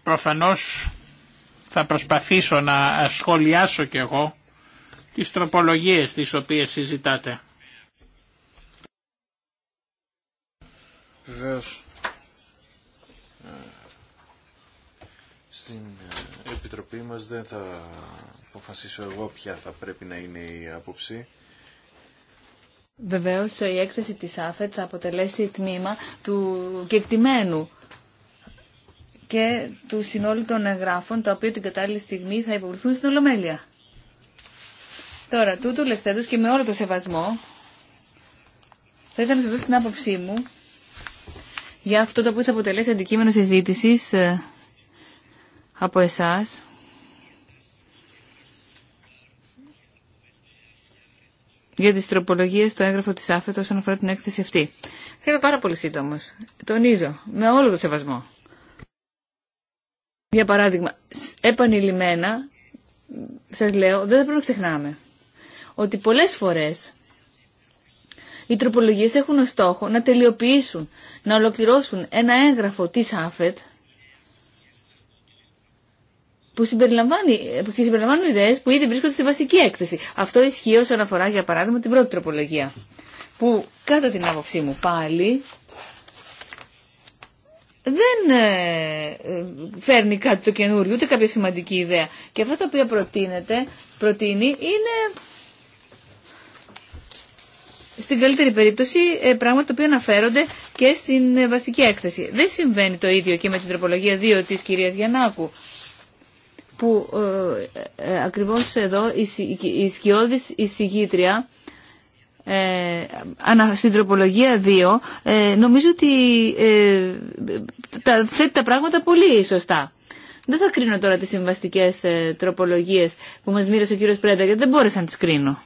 Προφανώς θα προσπαθήσω να σχολιάσω κι εγώ τις τροπολογίες τις οποίες συζητάτε. Βεβαίως, ε, στην ε, Επιτροπή μας δεν θα αποφασίσω εγώ ποια θα πρέπει να είναι η άποψη. Βεβαίως, η έκθεση της ΑΦΕΤ θα αποτελέσει τμήμα του κεκτημένου και του συνόλου των εγγράφων, τα οποία την κατάλληλη στιγμή θα υποβληθούν στην Ολομέλεια. Τώρα, τούτου λεχθέντος και με όλο το σεβασμό, θα ήθελα να σας δώσω την άποψή μου για αυτό το που θα αποτελέσει αντικείμενο συζήτησης ε, από εσάς. για τις τροπολογίες στο έγγραφο της Άφετος όσον αφορά την έκθεση αυτή. Θα είμαι πάρα πολύ σύντομο. Τονίζω, με όλο το σεβασμό. Για παράδειγμα, επανειλημμένα, σας λέω, δεν θα πρέπει να ξεχνάμε ότι πολλές φορές οι τροπολογίες έχουν ως στόχο να τελειοποιήσουν, να ολοκληρώσουν ένα έγγραφο της ΑΦΕΤ που συμπεριλαμβάνει, που συμπεριλαμβάνουν ιδέες που ήδη βρίσκονται στη βασική έκθεση. Αυτό ισχύει όσον αφορά, για παράδειγμα, την πρώτη τροπολογία, που κατά την άποψή μου πάλι δεν ε, ε, φέρνει κάτι το καινούριο, ούτε κάποια σημαντική ιδέα. Και αυτά τα οποία προτείνεται, προτείνει είναι στην καλύτερη περίπτωση ε, πράγματα που αναφέρονται και στην βασική έκθεση. Δεν συμβαίνει το ίδιο και με την τροπολογία 2 της κυρίας Γιαννάκου που ε, ακριβώς εδώ η, η, η σκιώδης εισηγήτρια ε, στην τροπολογία 2 ε, νομίζω ότι ε, τα, θέτει τα πράγματα πολύ σωστά. Δεν θα κρίνω τώρα τις συμβαστικές τροπολογίες που μας μοίρασε ο κύριος Πρέντα γιατί δεν μπόρεσα να τις κρίνω.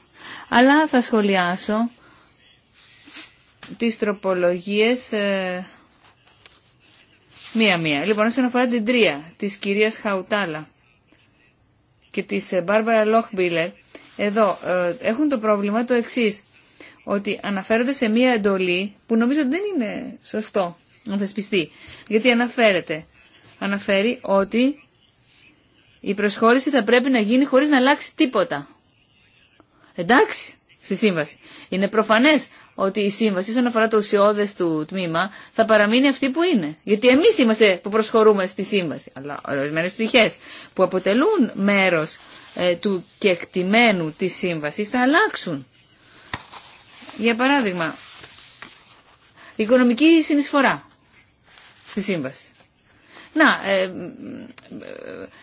Αλλά θα σχολιάσω τις τροπολογίες μία-μία. Λοιπόν, όσον αφορά την τρία της κυρίας Χαουτάλα και της Μπάρμπαρα Λόχμπιλερ, εδώ έχουν το πρόβλημα το εξής ότι αναφέρονται σε μία εντολή που νομίζω δεν είναι σωστό να θεσπιστεί. Γιατί αναφέρεται. Αναφέρει ότι η προσχώρηση θα πρέπει να γίνει χωρίς να αλλάξει τίποτα. Εντάξει, στη σύμβαση. Είναι προφανές ότι η σύμβαση, όσον αφορά το ουσιώδες του τμήμα, θα παραμείνει αυτή που είναι. Γιατί εμείς είμαστε που προσχωρούμε στη σύμβαση. Αλλά ορισμένε πτυχές που αποτελούν μέρος ε, του κεκτημένου της σύμβασης θα αλλάξουν. Για παράδειγμα, η οικονομική συνεισφορά στη σύμβαση. Να, ε, ε,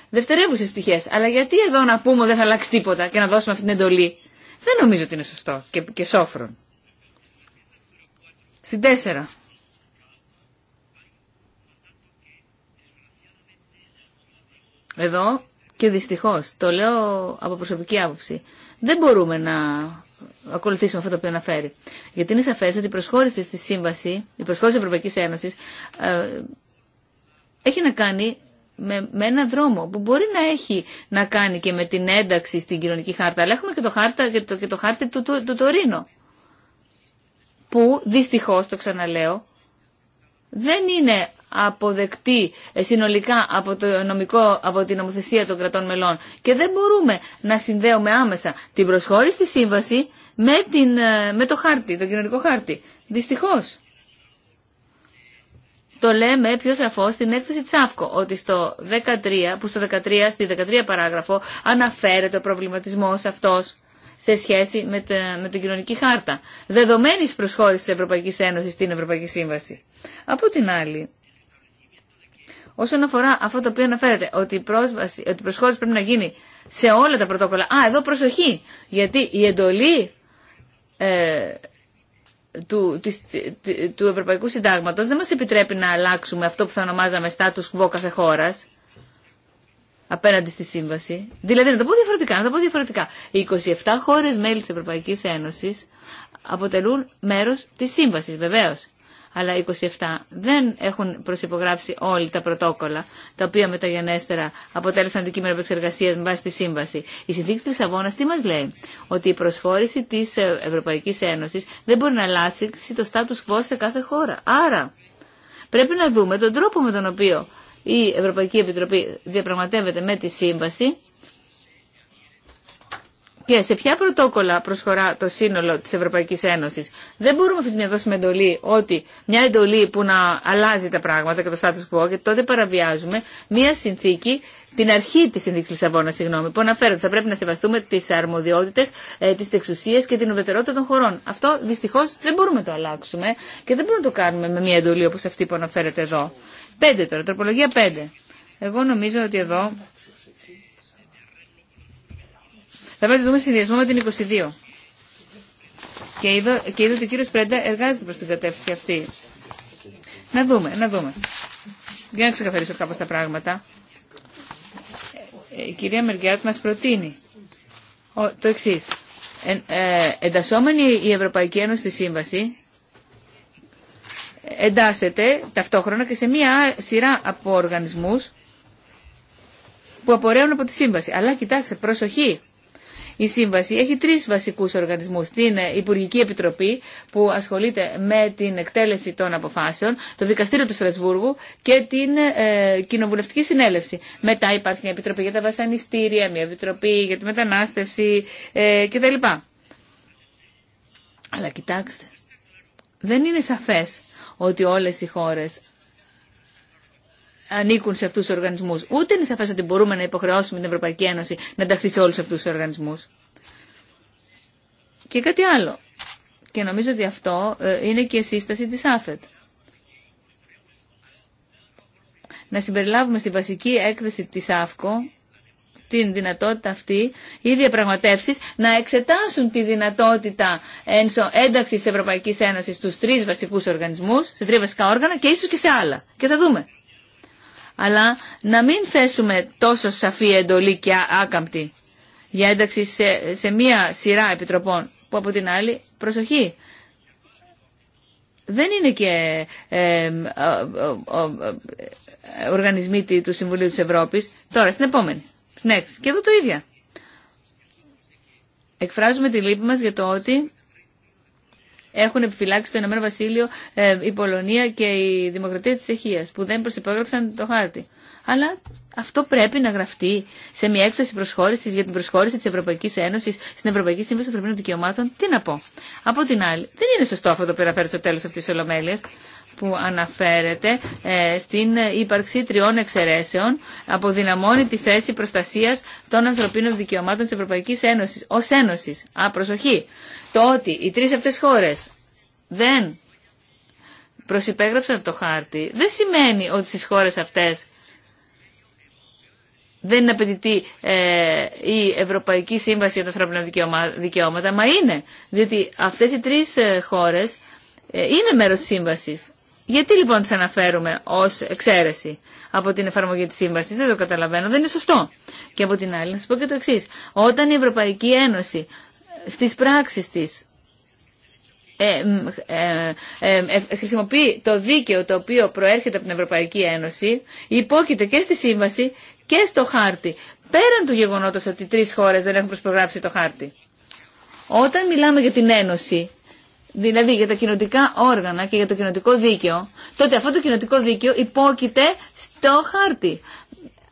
δευτερεύουσε πτυχέ. Αλλά γιατί εδώ να πούμε δεν θα αλλάξει τίποτα και να δώσουμε αυτή την εντολή. Δεν νομίζω ότι είναι σωστό και, και σόφρον. Στην τέσσερα. Εδώ και δυστυχώς, το λέω από προσωπική άποψη, δεν μπορούμε να ακολουθήσουμε αυτό το οποίο αναφέρει. Γιατί είναι σαφέ ότι η προσχώρηση στη Σύμβαση, η προσχώρηση τη Ευρωπαϊκή Ένωση, ε, έχει να κάνει με, με ένα δρόμο που μπορεί να έχει να κάνει και με την ένταξη στην κοινωνική χάρτα, αλλά έχουμε και το, χάρτα, και το, και το χάρτη του, του, Τωρίνο. Που δυστυχώ, το ξαναλέω, δεν είναι αποδεκτή ε, συνολικά από, το νομικό, από την νομοθεσία των κρατών μελών και δεν μπορούμε να συνδέουμε άμεσα την προσχώρηση στη σύμβαση με, την, ε, με το χάρτη, τον κοινωνικό χάρτη. Δυστυχώς. Το λέμε πιο σαφώ στην έκθεση Τσάφκο, ότι στο 13, που στο 13, στη 13 παράγραφο αναφέρεται ο προβληματισμό αυτό σε σχέση με, με την κοινωνική χάρτα, δεδομένη προσχώρηση τη Ευρωπαϊκή Ένωση στην Ευρωπαϊκή Σύμβαση. Από την άλλη, όσον αφορά αυτό το οποίο αναφέρεται, ότι η, πρόσβαση, ότι η προσχώρηση πρέπει να γίνει σε όλα τα πρωτόκολλα. Α, εδώ προσοχή, γιατί η εντολή ε, του, της, του Ευρωπαϊκού Συντάγματος δεν μας επιτρέπει να αλλάξουμε αυτό που θα ονομάζαμε status quo κάθε χώρα απέναντι στη σύμβαση. Δηλαδή, να το πω διαφορετικά, να το πω διαφορετικά. Οι 27 χώρες μέλη της Ευρωπαϊκής Ένωσης αποτελούν μέρος της σύμβασης, βεβαίως. Αλλά οι 27 δεν έχουν προσυπογράψει όλοι τα πρωτόκολλα, τα οποία μεταγενέστερα αποτέλεσαν αντικείμενο επεξεργασία με βάση τη σύμβαση. Η συνθήκη τη Λισαβόνα τι μα λέει, ότι η προσχώρηση τη Ευρωπαϊκή Ένωση δεν μπορεί να αλλάξει το status quo σε κάθε χώρα. Άρα πρέπει να δούμε τον τρόπο με τον οποίο η Ευρωπαϊκή Επιτροπή διαπραγματεύεται με τη σύμβαση και σε ποια πρωτόκολλα προσχωρά το σύνολο τη Ευρωπαϊκή Ένωση. Δεν μπορούμε αυτή τη να δώσουμε εντολή ότι μια εντολή που να αλλάζει τα πράγματα και το status quo, και τότε παραβιάζουμε μια συνθήκη, την αρχή τη συνθήκη Λισαβόνα, συγγνώμη, που αναφέρεται ότι θα πρέπει να σεβαστούμε τι αρμοδιότητε, ε, τι εξουσίε και την ουδετερότητα των χωρών. Αυτό δυστυχώ δεν μπορούμε να το αλλάξουμε και δεν μπορούμε να το κάνουμε με μια εντολή όπω αυτή που αναφέρεται εδώ. Πέντε τώρα, τροπολογία 5. Εγώ νομίζω ότι εδώ θα πρέπει να δούμε συνδυασμό με την 22. Και είδα, και είδω ότι ο κύριος Πρέντα εργάζεται προς την κατεύθυνση αυτή. Να δούμε, να δούμε. Για να ξεκαθαρίσω κάπως τα πράγματα. Ε, η κυρία Μεργιάτ μας προτείνει το εξή. Ε, εντασσόμενη η Ευρωπαϊκή Ένωση στη Σύμβαση εντάσσεται ταυτόχρονα και σε μία σειρά από οργανισμούς που απορρέουν από τη σύμβαση. Αλλά κοιτάξτε, προσοχή. Η σύμβαση έχει τρεις βασικού οργανισμούς. Την Υπουργική Επιτροπή που ασχολείται με την εκτέλεση των αποφάσεων, το Δικαστήριο του Στρασβούργου και την ε, Κοινοβουλευτική Συνέλευση. Μετά υπάρχει μια Επιτροπή για τα Βασανιστήρια, μια Επιτροπή για τη Μετανάστευση ε, κτλ. Αλλά κοιτάξτε, δεν είναι σαφές ότι όλες οι χώρες ανήκουν σε αυτούς τους οργανισμούς. Ούτε είναι σαφές ότι μπορούμε να υποχρεώσουμε την Ευρωπαϊκή Ένωση να ενταχθεί σε όλους αυτούς τους οργανισμούς. Και κάτι άλλο. Και νομίζω ότι αυτό ε, είναι και η σύσταση της ΑΦΕΤ. Να συμπεριλάβουμε στη βασική έκθεση της ΑΦΚΟ την δυνατότητα αυτή οι διαπραγματεύσει να εξετάσουν τη δυνατότητα ένταξη τη Ευρωπαϊκή Ένωση στου τρει βασικού οργανισμού, σε τρία βασικά όργανα και ίσω και σε άλλα. Και θα δούμε. Αλλά να μην θέσουμε τόσο σαφή εντολή και άκαμπτη για ένταξη σε, σε μία σειρά επιτροπών που από την άλλη, προσοχή, δεν είναι και ε, οργανισμοί του Συμβουλίου της Ευρώπης. Τώρα, στην επόμενη. Next. Και εδώ το ίδιο. Εκφράζουμε τη λύπη μας για το ότι έχουν επιφυλάξει το Ηνωμένο Βασίλειο ε, η Πολωνία και η Δημοκρατία της Τσεχίας που δεν προσυπόγραψαν το χάρτη. Αλλά αυτό πρέπει να γραφτεί σε μια έκθεση προσχώρηση για την προσχώρηση τη Ευρωπαϊκή Ένωση στην Ευρωπαϊκή Σύμβαση Ανθρωπίνων Δικαιωμάτων. Τι να πω. Από την άλλη, δεν είναι σωστό αυτό το στο τέλο αυτή τη ολομέλεια που αναφέρεται ε, στην ύπαρξη τριών εξαιρέσεων αποδυναμώνει τη θέση προστασίας των ανθρωπίνων δικαιωμάτων της Ευρωπαϊκής Ένωσης ως Ένωσης. Α, προσοχή. Το ότι οι τρεις αυτές χώρες δεν προσυπέγραψαν το χάρτη δεν σημαίνει ότι στις χώρες αυτές δεν είναι απαιτητή ε, η Ευρωπαϊκή Σύμβαση για τα ανθρώπινα δικαιώματα, μα είναι. Διότι αυτές οι τρεις ε, χώρες ε, είναι μέρος της σύμβασης. Γιατί λοιπόν τις αναφέρουμε ως εξαίρεση από την εφαρμογή της σύμβασης, δεν το καταλαβαίνω, δεν είναι σωστό. Και από την άλλη να σας πω και το εξή. Όταν η Ευρωπαϊκή Ένωση στις πράξεις της ε, ε, ε, ε, χρησιμοποιεί το δίκαιο το οποίο προέρχεται από την Ευρωπαϊκή Ένωση, υπόκειται και στη σύμβαση και στο χάρτη, πέραν του γεγονότος ότι τρεις χώρες δεν έχουν προσπρογράψει το χάρτη. Όταν μιλάμε για την Ένωση, δηλαδή για τα κοινοτικά όργανα και για το κοινοτικό δίκαιο, τότε αυτό το κοινοτικό δίκαιο υπόκειται στο χάρτη.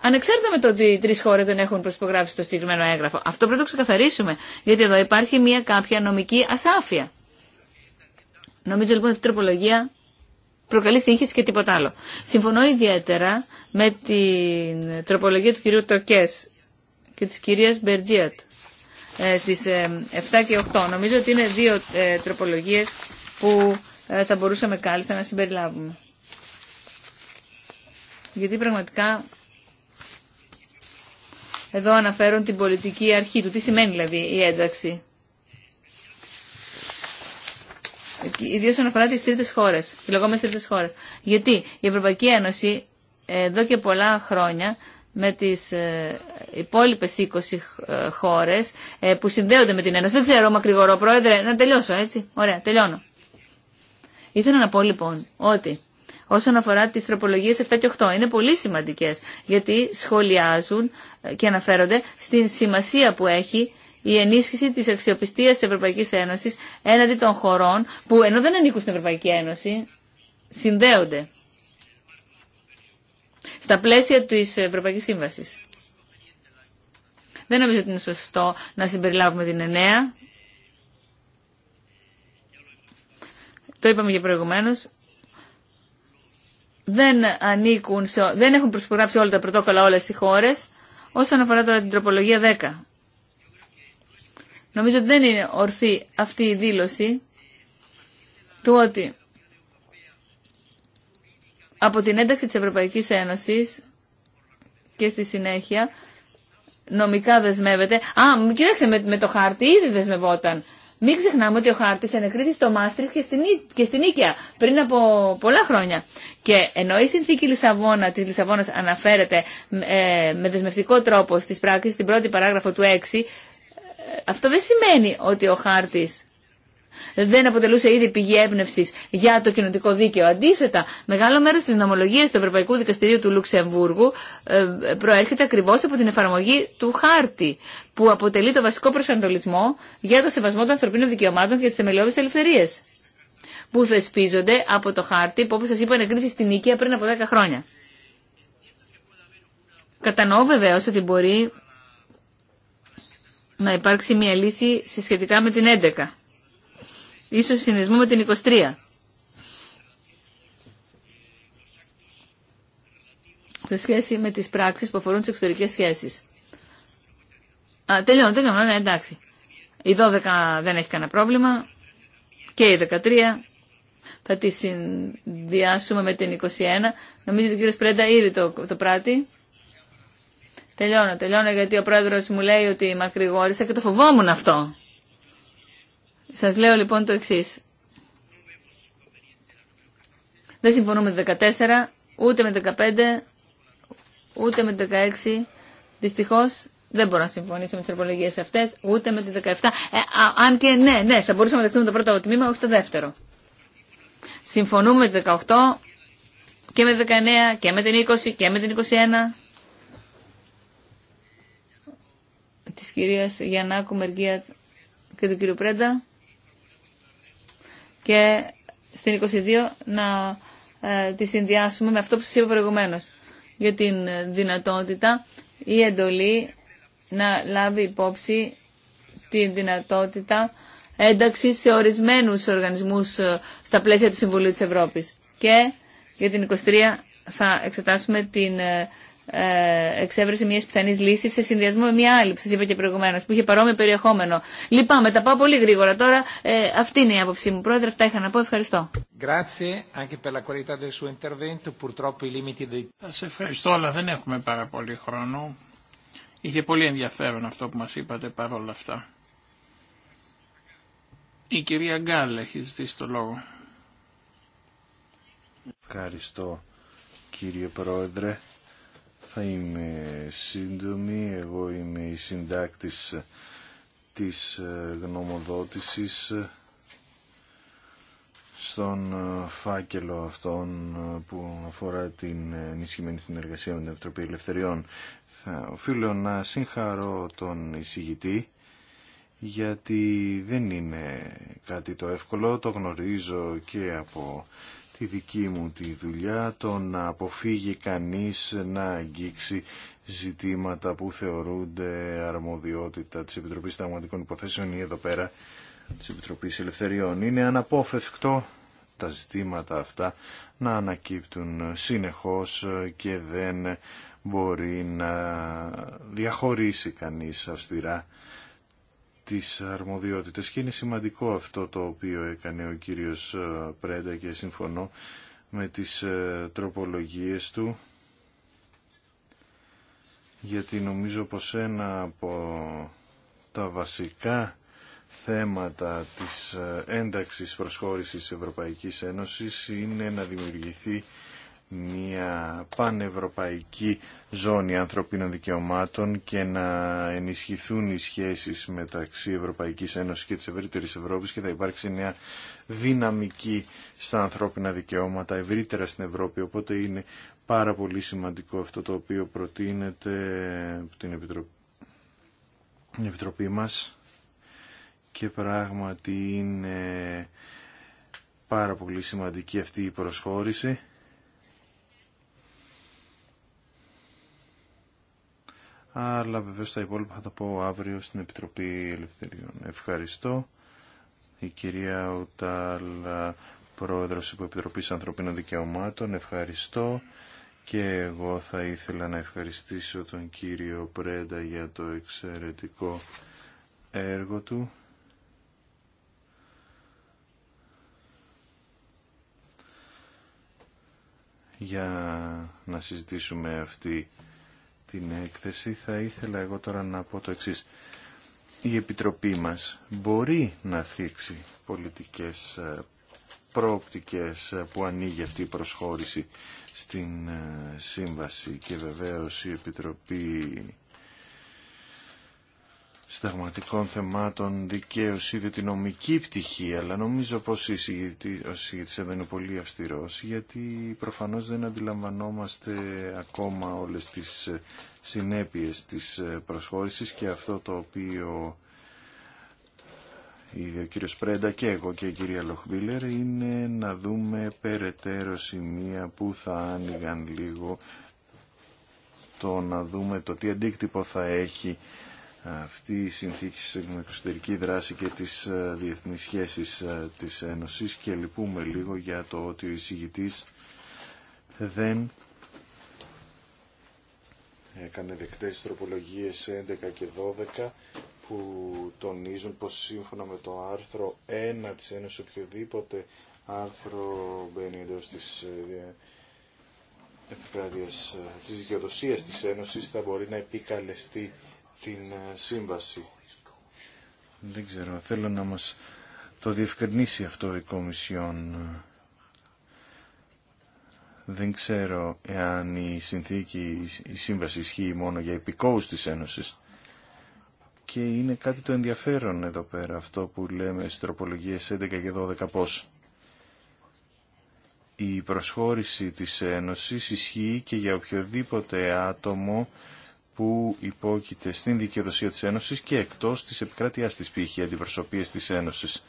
Ανεξάρτητα με το ότι οι τρει χώρε δεν έχουν προσπογράψει το συγκεκριμένο έγγραφο. Αυτό πρέπει να το ξεκαθαρίσουμε, γιατί εδώ υπάρχει μια κάποια νομική ασάφεια. Νομίζω λοιπόν ότι η τροπολογία προκαλεί σύγχυση και τίποτα άλλο. Συμφωνώ ιδιαίτερα με την τροπολογία του κυρίου Τοκέ και τη κυρία Μπερτζίατ στις ε, 7 ε, και 8. Νομίζω ότι είναι δύο ε, τροπολογίες που θα μπορούσαμε κάλλιστα να συμπεριλάβουμε. Γιατί πραγματικά εδώ αναφέρουν την πολιτική αρχή του. Τι σημαίνει δηλαδή η ένταξη. Ιδίω όσον αφορά τι τρίτε χώρε, τι λεγόμενε τρίτε χώρε. Γιατί η Ευρωπαϊκή Ένωση εδώ και πολλά χρόνια με τις ε, υπόλοιπες 20 ε, χώρες ε, που συνδέονται με την Ένωση. Δεν ξέρω, μακρυγορό πρόεδρε, να τελειώσω έτσι. Ωραία, τελειώνω. Ήθελα να πω λοιπόν ότι όσον αφορά τις τροπολογίες 7 και 8 είναι πολύ σημαντικές γιατί σχολιάζουν και αναφέρονται στην σημασία που έχει η ενίσχυση της αξιοπιστίας της Ευρωπαϊκής Ένωσης έναντι των χωρών που ενώ δεν ανήκουν στην Ευρωπαϊκή Ένωση συνδέονται στα πλαίσια της Ευρωπαϊκής Σύμβασης. Δεν νομίζω ότι είναι σωστό να συμπεριλάβουμε την εννέα. Το είπαμε και προηγουμένως. Δεν, ανήκουν σε, δεν έχουν προσπογράψει όλα τα πρωτόκολλα όλες οι χώρες. Όσον αφορά τώρα την τροπολογία 10. Νομίζω ότι δεν είναι ορθή αυτή η δήλωση του ότι από την ένταξη της Ευρωπαϊκής Ένωσης και στη συνέχεια νομικά δεσμεύεται. Α, κοίταξε με, με το χάρτη ήδη δεσμευόταν. Μην ξεχνάμε ότι ο χάρτη ενεκρίθη στο Μάστριχ και στην, και πριν από πολλά χρόνια. Και ενώ η συνθήκη Λισαβόνα, της Λισαβόνα αναφέρεται ε, με δεσμευτικό τρόπο στις πράξεις, στην πρώτη παράγραφο του 6, ε, αυτό δεν σημαίνει ότι ο χάρτη δεν αποτελούσε ήδη πηγή έμπνευση για το κοινοτικό δίκαιο. Αντίθετα, μεγάλο μέρο τη νομολογία του Ευρωπαϊκού Δικαστηρίου του Λουξεμβούργου ε, προέρχεται ακριβώ από την εφαρμογή του χάρτη, που αποτελεί το βασικό προσανατολισμό για το σεβασμό των ανθρωπίνων δικαιωμάτων και τι θεμελιώδει ελευθερίε που θεσπίζονται από το χάρτη που όπω σα είπα ενεκρίθη στην οίκια πριν από 10 χρόνια. Κατανοώ βεβαίω ότι μπορεί να υπάρξει μια λύση σε σχετικά με την 11. Ίσως συνδυασμού με την 23. Σε σχέση με τις πράξεις που αφορούν τις εξωτερικές σχέσεις. Α, τελειώνω, τελειώνω, ναι, ναι εντάξει. Η 12 δεν έχει κανένα πρόβλημα και η 13 θα τη συνδυάσουμε με την 21. Νομίζω ότι ο κύριος Πρέντα ήδη το, το πράττει. Τελειώνω, τελειώνω γιατί ο πρόεδρος μου λέει ότι μακρηγόρησα και το φοβόμουν αυτό. Σας λέω λοιπόν το εξή. Δεν συμφωνούμε με το 14, ούτε με το 15, ούτε με το 16. Δυστυχώς δεν μπορώ να συμφωνήσω με τις τροπολογίε αυτές, ούτε με το 17. Ε, αν και ναι, ναι, θα μπορούσαμε να δεχτούμε το πρώτο τμήμα, όχι το δεύτερο. Συμφωνούμε με το 18 και με το 19 και με την 20 και με την 21. Τη κυρία Γιαννάκου Μεργία και του κύριου Πρέντα και στην 22 να ε, τη συνδυάσουμε με αυτό που σας είπα προηγουμένως για την δυνατότητα η εντολή να λάβει υπόψη τη δυνατότητα ένταξη σε ορισμένους οργανισμούς ε, στα πλαίσια του Συμβουλίου της Ευρώπης. Και για την 23 θα εξετάσουμε την ε, ε, εξέβρεση μια πιθανή λύση σε συνδυασμό με μια άλλη που σα είπα και προηγουμένω, που είχε παρόμοιο περιεχόμενο. Λυπάμαι, τα πάω πολύ γρήγορα τώρα. Ε, αυτή είναι η άποψή μου. Πρόεδρε, αυτά είχα να πω. Ευχαριστώ. Σα ευχαριστώ, αλλά δεν έχουμε πάρα πολύ χρόνο. Είχε πολύ ενδιαφέρον αυτό που μα είπατε παρόλα αυτά. Η κυρία Γκάλ έχει ζητήσει το λόγο. Ευχαριστώ κύριε Πρόεδρε θα είμαι σύντομη. Εγώ είμαι η συντάκτης της ε, γνωμοδότησης στον ε, φάκελο αυτόν ε, που αφορά την ενισχυμένη συνεργασία με την Επιτροπή Ελευθεριών. Θα οφείλω να συγχαρώ τον εισηγητή γιατί δεν είναι κάτι το εύκολο, το γνωρίζω και από η δική μου τη δουλειά το να αποφύγει κανείς να αγγίξει ζητήματα που θεωρούνται αρμοδιότητα της Επιτροπής Συνταγματικών Υποθέσεων ή εδώ πέρα της Επιτροπής Ελευθεριών. Είναι αναπόφευκτο τα ζητήματα αυτά να ανακύπτουν συνεχώς και δεν μπορεί να διαχωρίσει κανείς αυστηρά τις αρμοδιότητες και είναι σημαντικό αυτό το οποίο έκανε ο κύριος ε, Πρέντα και συμφωνώ με τις ε, τροπολογίες του γιατί νομίζω πως ένα από τα βασικά θέματα της ε, ένταξης προσχώρησης Ευρωπαϊκής Ένωσης είναι να δημιουργηθεί μια πανευρωπαϊκή ζώνη ανθρωπίνων δικαιωμάτων και να ενισχυθούν οι σχέσεις μεταξύ Ευρωπαϊκής Ένωσης και της ευρύτερης Ευρώπης και θα υπάρξει μια δυναμική στα ανθρώπινα δικαιώματα ευρύτερα στην Ευρώπη. Οπότε είναι πάρα πολύ σημαντικό αυτό το οποίο προτείνεται από την Επιτροπή, μας και πράγματι είναι πάρα πολύ σημαντική αυτή η προσχώρηση αλλά βεβαίως τα υπόλοιπα θα τα πω αύριο στην Επιτροπή Ελευθεριών. Ευχαριστώ. Η κυρία Ουτάλ, πρόεδρος Υποεπιτροπής Ανθρωπίνων Δικαιωμάτων, ευχαριστώ. Και εγώ θα ήθελα να ευχαριστήσω τον κύριο Πρέντα για το εξαιρετικό έργο του. για να συζητήσουμε αυτή την έκθεση θα ήθελα εγώ τώρα να πω το εξής. Η Επιτροπή μας μπορεί να θίξει πολιτικές ε, προοπτικές ε, που ανοίγει αυτή η προσχώρηση στην ε, Σύμβαση και βεβαίως η Επιτροπή συνταγματικών θεμάτων δικαίως είδε την νομική πτυχή, αλλά νομίζω πως ο συγητής εδώ είναι πολύ αυστηρός, γιατί προφανώς δεν αντιλαμβανόμαστε ακόμα όλες τις ε, συνέπειες της ε, προσχώρησης και αυτό το οποίο είδε ο κύριος Πρέντα και εγώ και η κυρία Λοχμπίλερ είναι να δούμε περαιτέρω σημεία που θα άνοιγαν λίγο το να δούμε το τι αντίκτυπο θα έχει αυτή η συνθήκη στην εξωτερική δράση και τις ε, διεθνείς σχέσεις ε, της Ένωσης και λυπούμε λίγο για το ότι ο εισηγητής δεν έκανε δεκτές τροπολογίες 11 και 12 που τονίζουν πως σύμφωνα με το άρθρο 1 της Ένωσης οποιοδήποτε άρθρο μπαίνει εντός της ε, επικράτειας της δικαιοδοσίας της Ένωσης θα μπορεί να επικαλεστεί την ε, σύμβαση. Δεν ξέρω, θέλω να μας το διευκρινίσει αυτό η Κομισιόν. Δεν ξέρω εάν η συνθήκη, η σύμβαση ισχύει μόνο για επικόους της Ένωσης. Και είναι κάτι το ενδιαφέρον εδώ πέρα, αυτό που λέμε στις τροπολογίες 11 και 12 πώς. Η προσχώρηση της Ένωσης ισχύει και για οποιοδήποτε άτομο που υπόκειται στην δικαιοδοσία της Ένωσης και εκτός της επικράτειάς της π.χ. αντιπροσωπείας της Ένωσης.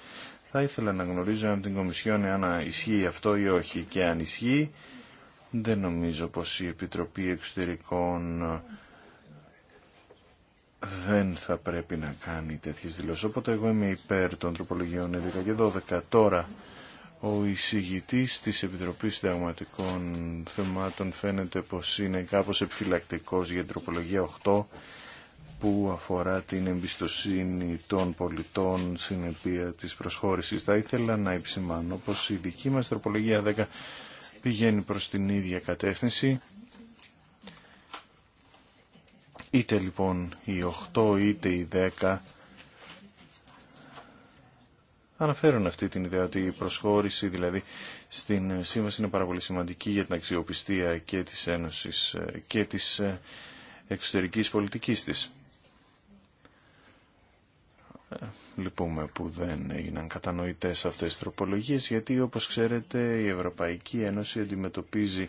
Θα ήθελα να γνωρίζω αν την Κομισιόν αν ισχύει αυτό ή όχι και αν ισχύει δεν νομίζω πως η Επιτροπή Εξωτερικών δεν θα πρέπει να κάνει τέτοιες δηλώσεις. Οπότε εγώ είμαι υπέρ των τροπολογιών 11 και 12. Τώρα ο εισηγητής της Επιτροπής Συνταγματικών Θεμάτων φαίνεται πως είναι κάπως επιφυλακτικός για την τροπολογία 8 που αφορά την εμπιστοσύνη των πολιτών στην επία της προσχώρησης. Θα ήθελα να επισημάνω πως η δική μας τροπολογία 10 πηγαίνει προς την ίδια κατεύθυνση. Είτε λοιπόν η 8 είτε η 10 αναφέρουν αυτή την ιδέα ότι η προσχώρηση δηλαδή στην σύμβαση είναι πάρα πολύ σημαντική για την αξιοπιστία και της Ένωσης ε, και της ε, εξωτερικής πολιτικής της. Ε, λυπούμε που δεν έγιναν κατανοητές αυτές οι τροπολογίες γιατί όπως ξέρετε η Ευρωπαϊκή Ένωση αντιμετωπίζει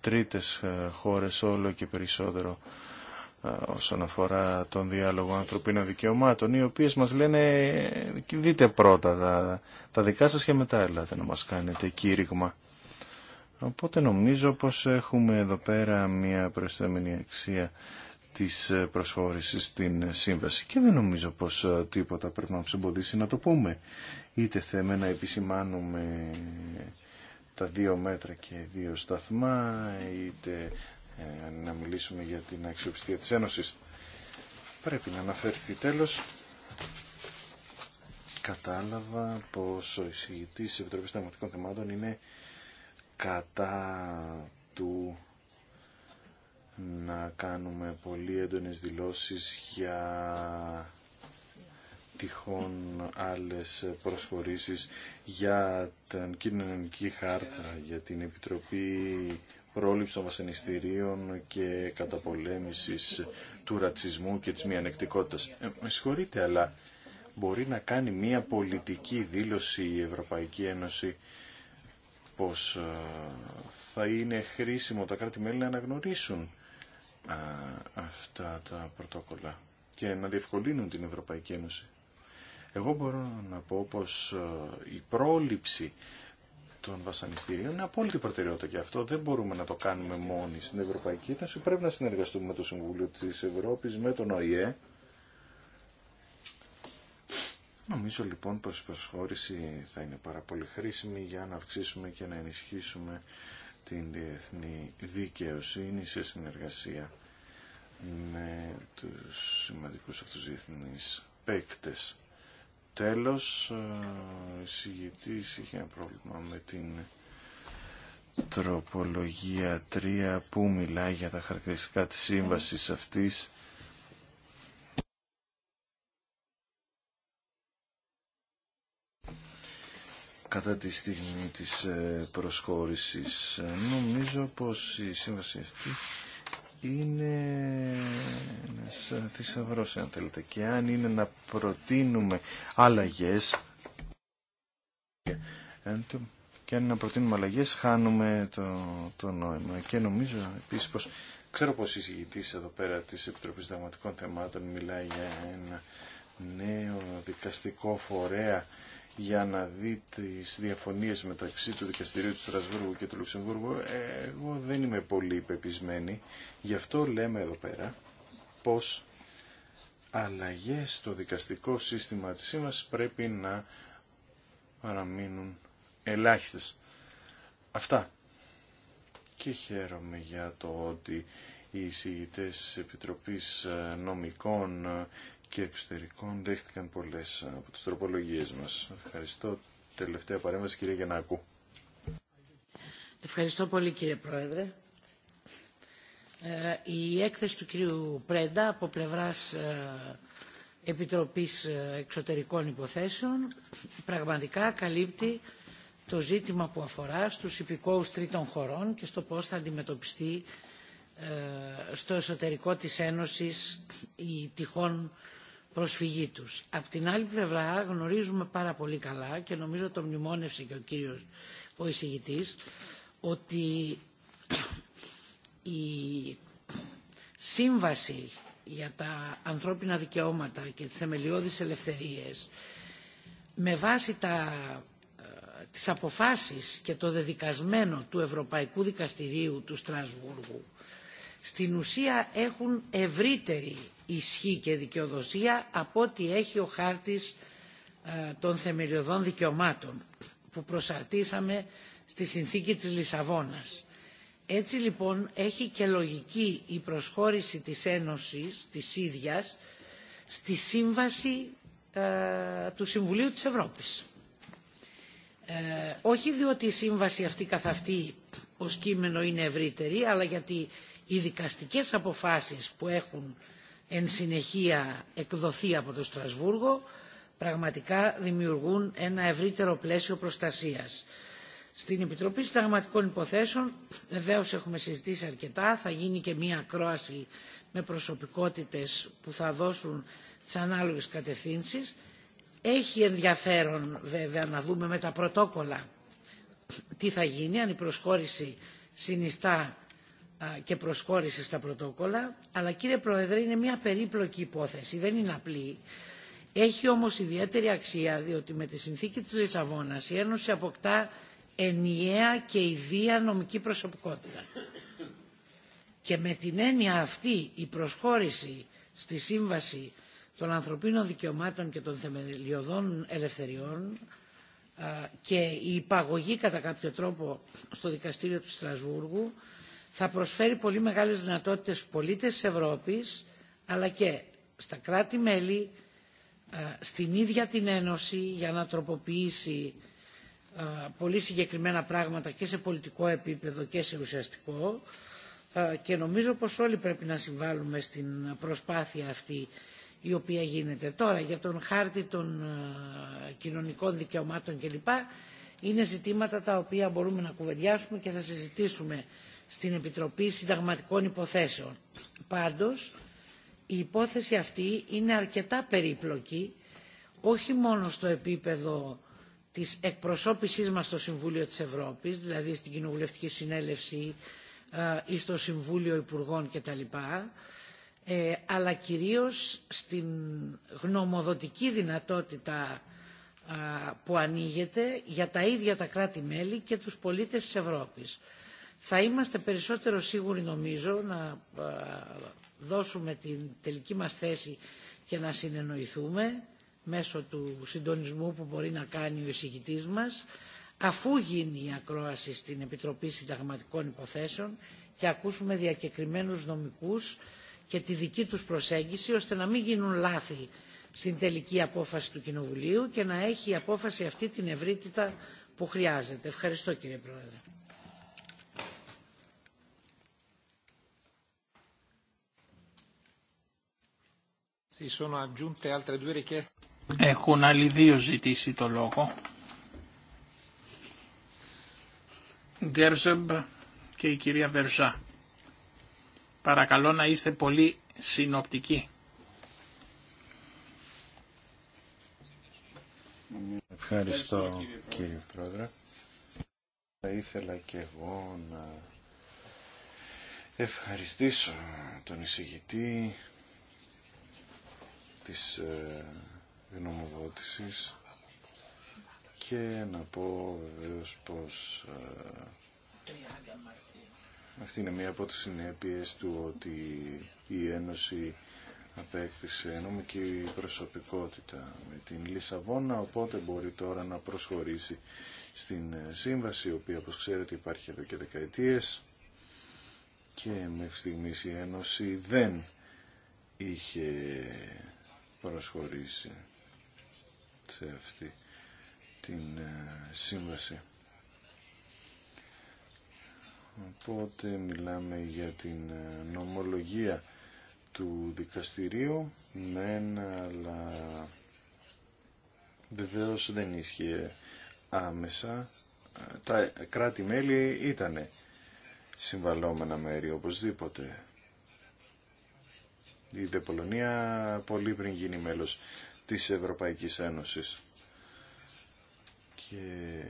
τρίτες χώρες όλο και περισσότερο όσον αφορά τον διάλογο ανθρωπίνων δικαιωμάτων, οι οποίες μας λένε δείτε πρώτα τα, δικά σας και μετά έλατε να μας κάνετε κήρυγμα. Οπότε νομίζω πως έχουμε εδώ πέρα μια προσθέμενη αξία της προσχώρησης στην σύμβαση και δεν νομίζω πως τίποτα πρέπει να μας να το πούμε. Είτε θέμε να επισημάνουμε τα δύο μέτρα και δύο σταθμά, είτε ε, να μιλήσουμε για την αξιοπιστία της Ένωσης. Πρέπει να αναφερθεί τέλος. Κατάλαβα πως ο εισηγητής της Επιτροπής Θεμάτων είναι κατά του να κάνουμε πολύ έντονες δηλώσεις για τυχόν άλλες προσχωρήσεις για την κοινωνική χάρτα, για την Επιτροπή πρόληψη των βασανιστήριων και καταπολέμησης του ρατσισμού και της μη ανεκτικότητα. Ε, με συγχωρείτε, αλλά μπορεί να κάνει μια πολιτική δήλωση η Ευρωπαϊκή Ένωση πως ε, θα είναι χρήσιμο τα κράτη-μέλη να αναγνωρίσουν αυτά τα πρωτόκολλα και να διευκολύνουν την Ευρωπαϊκή Ένωση. Εγώ μπορώ να πω πως ε, η πρόληψη των βασανιστήριων είναι απόλυτη προτεραιότητα και αυτό δεν μπορούμε να το κάνουμε μόνοι στην Ευρωπαϊκή Ένωση. Πρέπει να συνεργαστούμε με το Συμβούλιο τη Ευρώπη με τον ΟΗΕ. Νομίζω λοιπόν πως η προσχώρηση θα είναι πάρα πολύ χρήσιμη για να αυξήσουμε και να ενισχύσουμε την διεθνή δικαιοσύνη σε συνεργασία με τους σημαντικούς αυτούς διεθνείς παίκτες τέλος ε, ο έχει είχε ένα πρόβλημα με την τροπολογία 3 που μιλάει για τα χαρακτηριστικά της σύμβασης αυτής κατά τη στιγμή της ε, προσχώρησης. Ε, νομίζω πως η σύμβαση αυτή είναι ένας θησαυρό αν θέλετε και αν είναι να προτείνουμε αλλαγές και αν να προτείνουμε αλλαγές χάνουμε το, το νόημα και νομίζω επίσης πως ξέρω πως η συγητής εδώ πέρα της Επιτροπής Δραματικών Θεμάτων μιλάει για ένα νέο δικαστικό φορέα για να δει τις διαφωνίες μεταξύ του Δικαστηρίου του Στρασβούργου και του Λουξεμβούργου, εγώ δεν είμαι πολύ υπεπισμένη. Γι' αυτό λέμε εδώ πέρα πως αλλαγές στο δικαστικό σύστημα της ΣΥΜΑΣ πρέπει να παραμείνουν ελάχιστες. Αυτά. Και χαίρομαι για το ότι οι εισηγητές Επιτροπής Νομικών και εξωτερικών δέχτηκαν πολλές από τις τροπολογίες μας. Ευχαριστώ. Τελευταία παρέμβαση κύριε Γεννακού. Ευχαριστώ πολύ κύριε Πρόεδρε. Ε, η έκθεση του κυρίου Πρέντα από πλευράς ε, Επιτροπής ε, Εξωτερικών Υποθέσεων πραγματικά καλύπτει το ζήτημα που αφορά στους υπηκόους τρίτων χωρών και στο πώς θα αντιμετωπιστεί στο εσωτερικό της Ένωσης η τυχόν προσφυγή Απ' την άλλη πλευρά γνωρίζουμε πάρα πολύ καλά και νομίζω το μνημόνευσε και ο κύριος ο εισηγητής ότι η σύμβαση για τα ανθρώπινα δικαιώματα και τις θεμελιώδεις ελευθερίες με βάση τα, ε, τις αποφάσεις και το δεδικασμένο του Ευρωπαϊκού Δικαστηρίου του Στρασβούργου στην ουσία έχουν ευρύτερη ισχύ και δικαιοδοσία από ό,τι έχει ο χάρτης ε, των θεμελιωδών δικαιωμάτων που προσαρτήσαμε στη συνθήκη της Λισαβόνας. Έτσι λοιπόν έχει και λογική η προσχώρηση της Ένωσης, της ίδιας, στη σύμβαση ε, του Συμβουλίου της Ευρώπης. Ε, όχι διότι η σύμβαση αυτή καθ' αυτή ως κείμενο είναι ευρύτερη, αλλά γιατί οι δικαστικές αποφάσεις που έχουν εν συνεχεία εκδοθεί από το Στρασβούργο πραγματικά δημιουργούν ένα ευρύτερο πλαίσιο προστασίας. Στην Επιτροπή Συνταγματικών Υποθέσεων βεβαίω έχουμε συζητήσει αρκετά. Θα γίνει και μία ακρόαση με προσωπικότητες που θα δώσουν τις ανάλογες κατευθύνσεις. Έχει ενδιαφέρον βέβαια να δούμε με τα πρωτόκολλα τι θα γίνει αν η προσχώρηση συνιστά και προσχώρηση στα πρωτόκολλα, αλλά κύριε Πρόεδρε είναι μια περίπλοκη υπόθεση, δεν είναι απλή. Έχει όμως ιδιαίτερη αξία, διότι με τη συνθήκη της Λισαβόνας η Ένωση αποκτά ενιαία και ιδία νομική προσωπικότητα. Και με την έννοια αυτή η προσχώρηση στη Σύμβαση των Ανθρωπίνων Δικαιωμάτων και των Θεμελιωδών Ελευθεριών και η υπαγωγή κατά κάποιο τρόπο στο Δικαστήριο του Στρασβούργου θα προσφέρει πολύ μεγάλες δυνατότητες στους πολίτες της Ευρώπης αλλά και στα κράτη-μέλη, ε, στην ίδια την Ένωση για να τροποποιήσει ε, πολύ συγκεκριμένα πράγματα και σε πολιτικό επίπεδο και σε ουσιαστικό ε, και νομίζω πως όλοι πρέπει να συμβάλλουμε στην προσπάθεια αυτή η οποία γίνεται τώρα για τον χάρτη των κοινωνικών δικαιωμάτων κλπ. Είναι ζητήματα τα οποία μπορούμε να κουβεντιάσουμε και θα συζητήσουμε στην Επιτροπή Συνταγματικών Υποθέσεων. Πάντως, η υπόθεση αυτή είναι αρκετά περίπλοκη, όχι μόνο στο επίπεδο της εκπροσώπησής μας στο Συμβούλιο της Ευρώπης, δηλαδή στην Κοινοβουλευτική Συνέλευση ε, ή στο Συμβούλιο Υπουργών κτλ., ε, αλλά κυρίως στην γνωμοδοτική δυνατότητα ε, που ανοίγεται για τα ίδια τα κράτη-μέλη και τους πολίτες της Ευρώπης θα είμαστε περισσότερο σίγουροι νομίζω να δώσουμε την τελική μας θέση και να συνεννοηθούμε μέσω του συντονισμού που μπορεί να κάνει ο εισηγητής μας αφού γίνει η ακρόαση στην Επιτροπή Συνταγματικών Υποθέσεων και ακούσουμε διακεκριμένους νομικούς και τη δική τους προσέγγιση ώστε να μην γίνουν λάθη στην τελική απόφαση του Κοινοβουλίου και να έχει η απόφαση αυτή την ευρύτητα που χρειάζεται. Ευχαριστώ κύριε Πρόεδρε. Έχουν άλλοι δύο ζητήσει το λόγο. Γκέρζεμπ και η κυρία Βερζά. Παρακαλώ να είστε πολύ συνοπτικοί. Ευχαριστώ, κύριε Πρόεδρε. Θα ήθελα και εγώ να ευχαριστήσω τον εισηγητή της ε, γνωμοδότησης και να πω βεβαίως πως ε, αυτή είναι μία από τις συνέπειες του ότι η Ένωση απέκτησε νομική προσωπικότητα με την Λισαβόνα, οπότε μπορεί τώρα να προσχωρήσει στην ε, σύμβαση, η οποία όπως ξέρετε υπάρχει εδώ και δεκαετίες και μέχρι στιγμής η Ένωση δεν είχε προσχωρήσει σε αυτή την ε, σύμβαση. Οπότε μιλάμε για την ε, νομολογία του δικαστηρίου, μεν, αλλά βεβαίως δεν ίσχυε άμεσα. Τα κράτη-μέλη ήταν συμβαλόμενα μέρη οπωσδήποτε η δε Πολωνία πολύ πριν γίνει μέλος της Ευρωπαϊκής Ένωσης και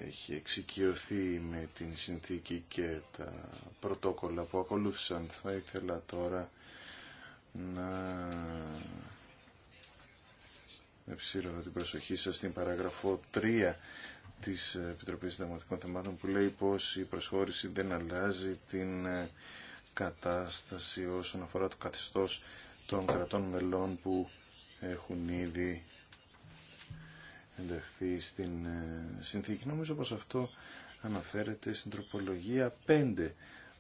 έχει εξοικειωθεί με την συνθήκη και τα πρωτόκολλα που ακολούθησαν. Θα ήθελα τώρα να ευσύρω την προσοχή σας στην παράγραφο 3 της Επιτροπής Δημοτικών Θεμάτων που λέει πως η προσχώρηση δεν αλλάζει την κατάσταση όσον αφορά το καθεστώς των κρατών μελών που έχουν ήδη ενταχθεί στην ε, συνθήκη. Νομίζω πως αυτό αναφέρεται στην τροπολογία 5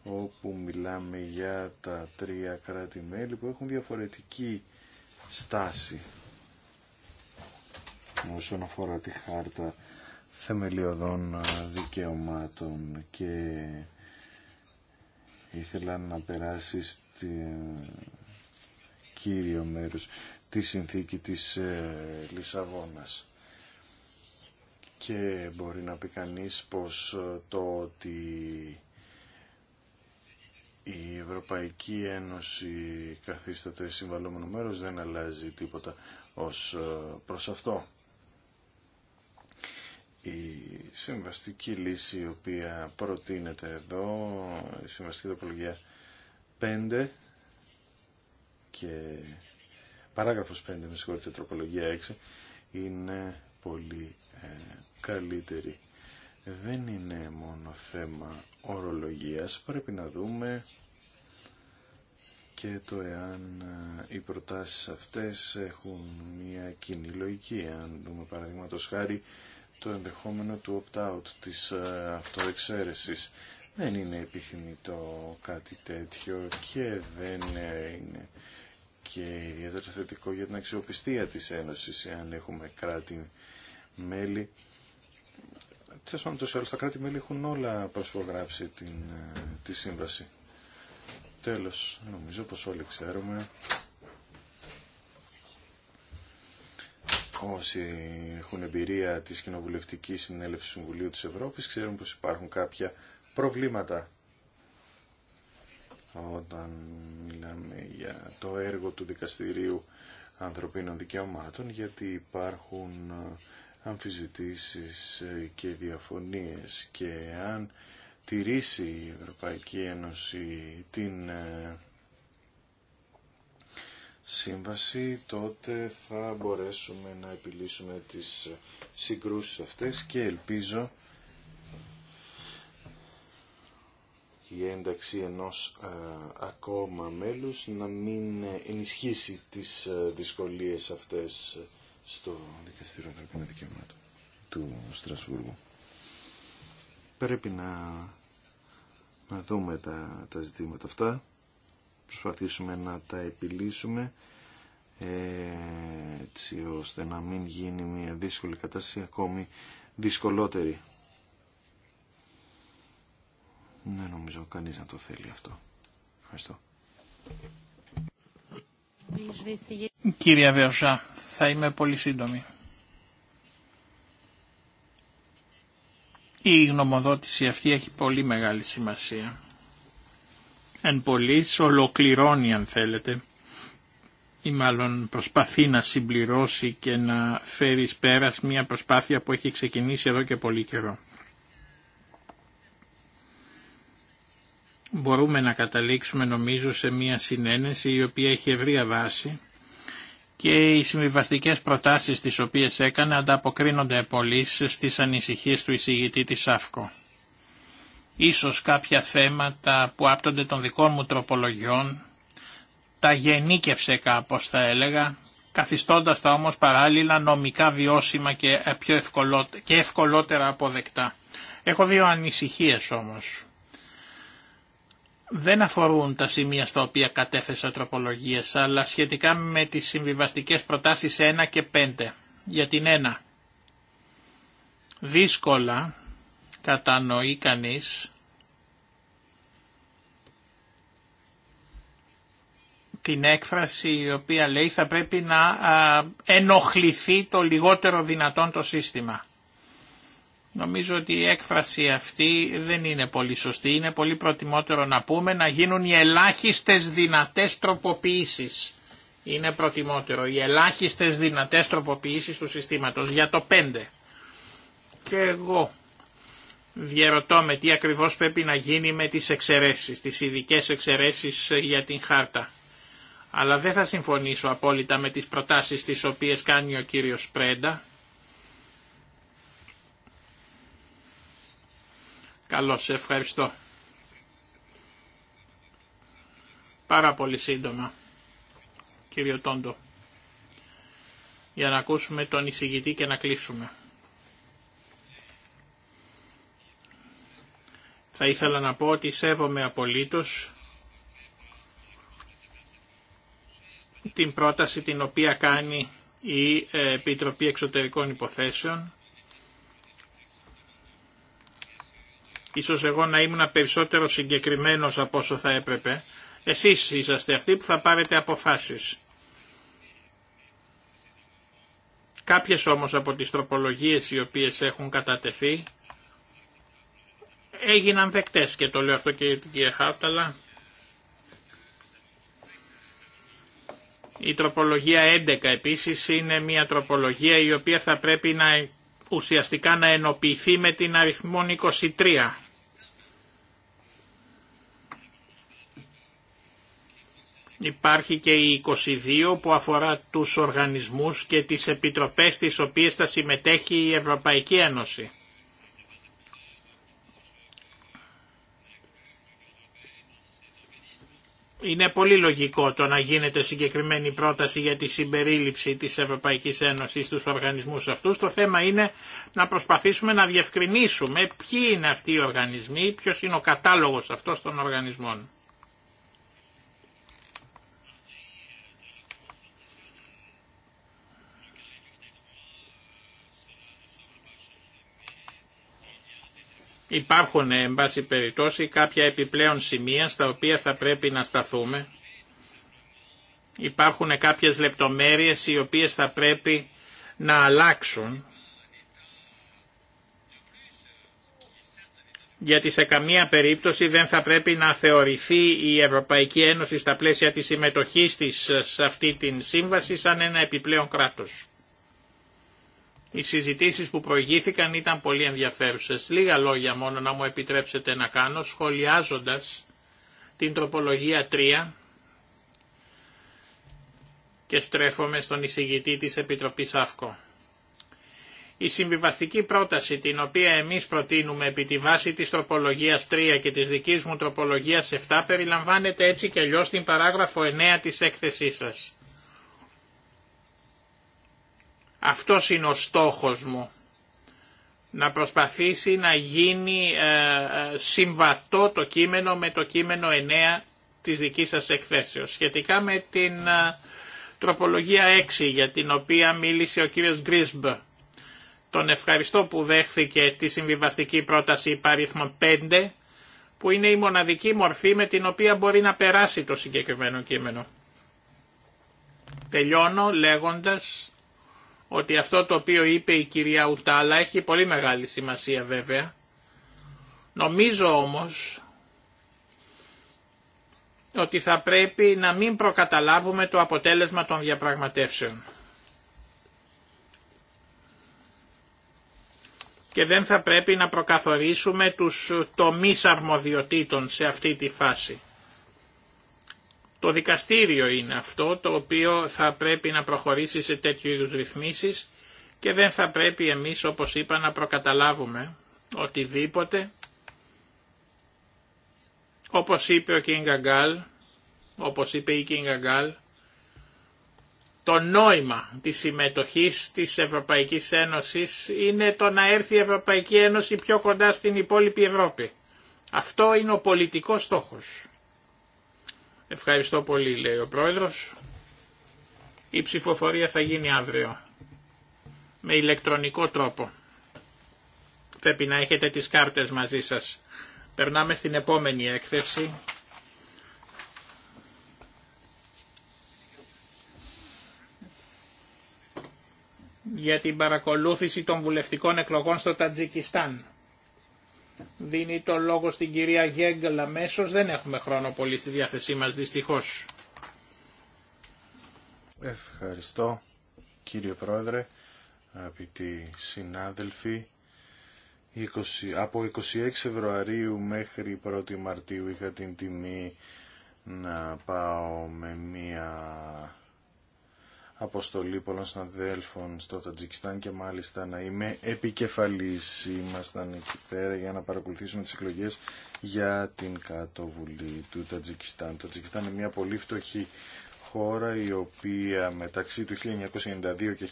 όπου μιλάμε για τα τρία κράτη-μέλη που έχουν διαφορετική στάση όσον αφορά τη χάρτα θεμελιωδών ε, δικαιωμάτων και ήθελα να περάσει στη κύριο μέρος τη συνθήκη της ε, Λισαβόνας. Και μπορεί να πει κανείς πως ε, το ότι η Ευρωπαϊκή Ένωση καθίσταται συμβαλόμενο μέρος δεν αλλάζει τίποτα ως ε, προς αυτό. Η συμβαστική λύση η οποία προτείνεται εδώ, η συμβαστική τοπολογία 5 και παράγραφος 5, με συγχωρείτε, τροπολογία 6, είναι πολύ ε, καλύτερη. Δεν είναι μόνο θέμα ορολογίας, πρέπει να δούμε και το εάν ε, οι προτάσεις αυτές έχουν μια κοινή λογική. Αν δούμε παραδείγματο χάρη το ενδεχόμενο του opt-out της ε, αυτοεξαίρεσης. Δεν είναι επιθυμητό κάτι τέτοιο και δεν ε, είναι και ιδιαίτερα θετικό για την αξιοπιστία της Ένωσης εάν έχουμε κράτη-μέλη Τέλο πάντων, τόσο άλλο, τα κράτη-μέλη έχουν όλα προσφογράψει την, ε, τη σύμβαση. Τέλος, νομίζω πως όλοι ξέρουμε όσοι έχουν εμπειρία της Κοινοβουλευτικής Συνέλευσης Συμβουλίου της Ευρώπης ξέρουν πως υπάρχουν κάποια προβλήματα όταν μιλάμε για το έργο του Δικαστηρίου Ανθρωπίνων Δικαιωμάτων γιατί υπάρχουν ε, αμφισβητήσεις ε, και διαφωνίες και αν τηρήσει η Ευρωπαϊκή Ένωση την ε, σύμβαση τότε θα μπορέσουμε να επιλύσουμε τις συγκρούσεις αυτές και ελπίζω η ένταξη ενός ε, ακόμα μέλους να μην ενισχύσει τις ε, δυσκολίες αυτές στο Δικαστήριο Ανθρωπίνων Δικαιωμάτων του Στρασβούργου. Πρέπει να, να δούμε τα, τα ζητήματα αυτά, προσπαθήσουμε να τα επιλύσουμε ε, έτσι ώστε να μην γίνει μια δύσκολη κατάσταση ακόμη δυσκολότερη. Ναι, νομίζω κανείς να το θέλει αυτό. Ευχαριστώ. Κύριε Βεωσά, θα είμαι πολύ σύντομη. Η γνωμοδότηση αυτή έχει πολύ μεγάλη σημασία. Εν πολλής ολοκληρώνει αν θέλετε ή μάλλον προσπαθεί να συμπληρώσει και να φέρει πέρας μια προσπάθεια που έχει ξεκινήσει εδώ και πολύ καιρό. μπορούμε να καταλήξουμε νομίζω σε μια συνένεση η οποία έχει ευρία βάση και οι συμβιβαστικέ προτάσεις τις οποίες έκανε ανταποκρίνονται πολύ στις ανησυχίες του εισηγητή της ΑΦΚΟ. Ίσως κάποια θέματα που άπτονται των δικών μου τροπολογιών τα γενίκευσε κάπως θα έλεγα, καθιστώντας τα όμως παράλληλα νομικά βιώσιμα και, πιο ευκολότερα, και ευκολότερα αποδεκτά. Έχω δύο ανησυχίες όμως δεν αφορούν τα σημεία στα οποία κατέθεσα τροπολογίες, αλλά σχετικά με τις συμβιβαστικές προτάσεις 1 και 5. Για την 1. Δύσκολα κατανοεί κανείς την έκφραση η οποία λέει θα πρέπει να ενοχληθεί το λιγότερο δυνατόν το σύστημα. Νομίζω ότι η έκφραση αυτή δεν είναι πολύ σωστή. Είναι πολύ προτιμότερο να πούμε να γίνουν οι ελάχιστες δυνατές τροποποιήσεις. Είναι προτιμότερο οι ελάχιστες δυνατές τροποποιήσεις του συστήματος για το 5. Και εγώ διαρωτώ με τι ακριβώς πρέπει να γίνει με τις εξαιρέσεις, τις ειδικέ εξαιρέσεις για την χάρτα. Αλλά δεν θα συμφωνήσω απόλυτα με τις προτάσεις τις οποίες κάνει ο κύριος Πρέντα Καλώς, ευχαριστώ. Πάρα πολύ σύντομα, κύριο Τόντο, για να ακούσουμε τον εισηγητή και να κλείσουμε. Θα ήθελα να πω ότι σέβομαι απολύτως την πρόταση την οποία κάνει η Επιτροπή Εξωτερικών Υποθέσεων Ίσως εγώ να ήμουν περισσότερο συγκεκριμένος από όσο θα έπρεπε. Εσείς είσαστε αυτοί που θα πάρετε αποφάσεις. Κάποιες όμως από τις τροπολογίες οι οποίες έχουν κατατεθεί έγιναν δεκτές και το λέω αυτό και την κυρία Χάουταλα. Η τροπολογία 11 επίσης είναι μια τροπολογία η οποία θα πρέπει να ουσιαστικά να ενοποιηθεί με την αριθμόν 23. Υπάρχει και η 22 που αφορά τους οργανισμούς και τις επιτροπές τις οποίες θα συμμετέχει η Ευρωπαϊκή Ένωση. Είναι πολύ λογικό το να γίνεται συγκεκριμένη πρόταση για τη συμπερίληψη της Ευρωπαϊκής Ένωσης στους οργανισμούς αυτούς. Το θέμα είναι να προσπαθήσουμε να διευκρινίσουμε ποιοι είναι αυτοί οι οργανισμοί, ποιος είναι ο κατάλογος αυτός των οργανισμών. Υπάρχουν, εν πάση περιπτώσει, κάποια επιπλέον σημεία στα οποία θα πρέπει να σταθούμε. Υπάρχουν κάποιες λεπτομέρειες οι οποίες θα πρέπει να αλλάξουν γιατί σε καμία περίπτωση δεν θα πρέπει να θεωρηθεί η Ευρωπαϊκή Ένωση στα πλαίσια της συμμετοχής της σε αυτή την σύμβαση σαν ένα επιπλέον κράτος. Οι συζητήσεις που προηγήθηκαν ήταν πολύ ενδιαφέρουσες. Λίγα λόγια μόνο να μου επιτρέψετε να κάνω σχολιάζοντας την τροπολογία 3 και στρέφομαι στον εισηγητή της Επιτροπής ΑΦΚΟ. Η συμβιβαστική πρόταση την οποία εμείς προτείνουμε επί τη βάση της τροπολογίας 3 και της δικής μου τροπολογίας 7 περιλαμβάνεται έτσι και αλλιώς στην παράγραφο 9 της έκθεσής σας. Αυτός είναι ο στόχος μου. Να προσπαθήσει να γίνει ε, ε, συμβατό το κείμενο με το κείμενο 9 της δικής σας εκθέσεως. Σχετικά με την ε, τροπολογία 6 για την οποία μίλησε ο κύριος Γκρίσμπ. Τον ευχαριστώ που δέχθηκε τη συμβιβαστική πρόταση υπαριθμών 5 που είναι η μοναδική μορφή με την οποία μπορεί να περάσει το συγκεκριμένο κείμενο. Τελειώνω λέγοντας ότι αυτό το οποίο είπε η κυρία Ουτάλα έχει πολύ μεγάλη σημασία βέβαια. Νομίζω όμως ότι θα πρέπει να μην προκαταλάβουμε το αποτέλεσμα των διαπραγματεύσεων. Και δεν θα πρέπει να προκαθορίσουμε τους τομείς αρμοδιοτήτων σε αυτή τη φάση. Το δικαστήριο είναι αυτό το οποίο θα πρέπει να προχωρήσει σε τέτοιου είδους ρυθμίσεις και δεν θα πρέπει εμείς όπως είπα να προκαταλάβουμε οτιδήποτε όπως είπε ο Κίνγκα Γκάλ, όπως είπε η Κίνγκα το νόημα της συμμετοχής της Ευρωπαϊκής Ένωσης είναι το να έρθει η Ευρωπαϊκή Ένωση πιο κοντά στην υπόλοιπη Ευρώπη. Αυτό είναι ο πολιτικός στόχος. Ευχαριστώ πολύ, λέει ο Πρόεδρος. Η ψηφοφορία θα γίνει αύριο, με ηλεκτρονικό τρόπο. Πρέπει να έχετε τις κάρτες μαζί σας. Περνάμε στην επόμενη έκθεση. για την παρακολούθηση των βουλευτικών εκλογών στο Τατζικιστάν δίνει το λόγο στην κυρία Γέγκελ αμέσω. Δεν έχουμε χρόνο πολύ στη διάθεσή μας δυστυχώς. Ευχαριστώ κύριε Πρόεδρε, αγαπητοί συνάδελφοι. 20, από 26 Φεβρουαρίου μέχρι 1η Μαρτίου είχα την τιμή να πάω με μία αποστολή πολλών συναδέλφων στο Τατζικιστάν και μάλιστα να είμαι επικεφαλής. Ήμασταν εκεί πέρα για να παρακολουθήσουμε τις εκλογές για την κατοβουλή του Τατζικιστάν. Το Τατζικιστάν είναι μια πολύ φτωχή χώρα η οποία μεταξύ του 1992 και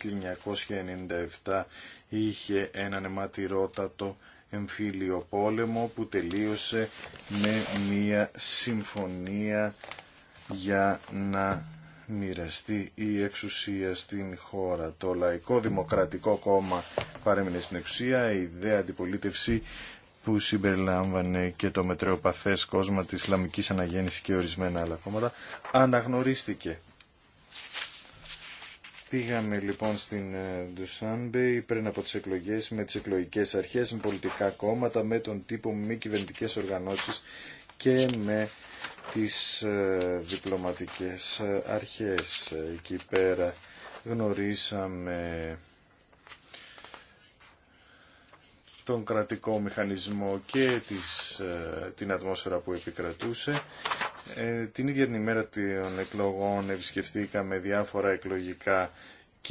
1997 είχε έναν αιματηρότατο εμφύλιο πόλεμο που τελείωσε με μια συμφωνία για να μοιραστεί η εξουσία στην χώρα. Το Λαϊκό Δημοκρατικό Κόμμα παρέμεινε στην εξουσία, η ιδέα αντιπολίτευση που συμπεριλάμβανε και το μετρεοπαθές κόσμα της Ισλαμικής Αναγέννησης και ορισμένα άλλα κόμματα, αναγνωρίστηκε. Πήγαμε λοιπόν στην ε, Ντουσάνμπεϊ πριν από τις εκλογές, με τις εκλογικές αρχές, με πολιτικά κόμματα, με τον τύπο, μη κυβερνητικέ οργανώσεις και με τις ε, διπλωματικές ε, αρχές. Εκεί πέρα γνωρίσαμε τον κρατικό μηχανισμό και τις ε, την ατμόσφαιρα που επικρατούσε. την ίδια την ημέρα των εκλογών επισκεφθήκαμε διάφορα εκλογικά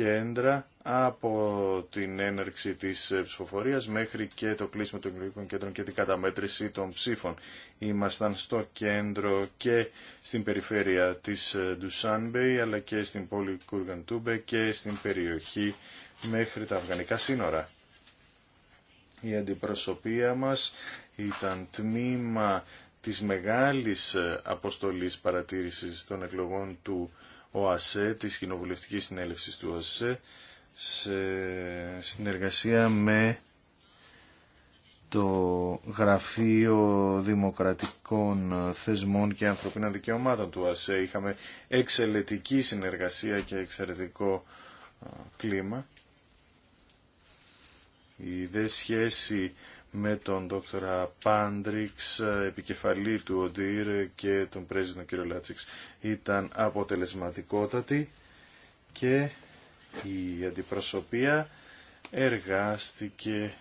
κέντρα από την έναρξη της ε, ψηφοφορία μέχρι και το κλείσιμο των εκλογικών κέντρων και την καταμέτρηση των ψήφων. Ήμασταν στο κέντρο και στην περιφέρεια της ε, Ντουσάνμπεϊ αλλά και στην πόλη Κουργαντούμπε και στην περιοχή μέχρι τα αφγανικά σύνορα. Η αντιπροσωπεία μας ήταν τμήμα της μεγάλης ε, αποστολής παρατήρησης των εκλογών του ΟΑΣΕ, της Κοινοβουλευτικής Συνέλευσης του ΟΑΣΕ, σε συνεργασία με το Γραφείο Δημοκρατικών Θεσμών και Ανθρωπίνων Δικαιωμάτων του ΑΣΕ. Είχαμε εξαιρετική συνεργασία και εξαιρετικό κλίμα. Η δε σχέση με τον δόκτωρα Πάντριξ, επικεφαλή του ΟΝΤΙΡ και τον πρέσβηνο κύριο Λάτσιξ ήταν αποτελεσματικότατη και η αντιπροσωπεία εργάστηκε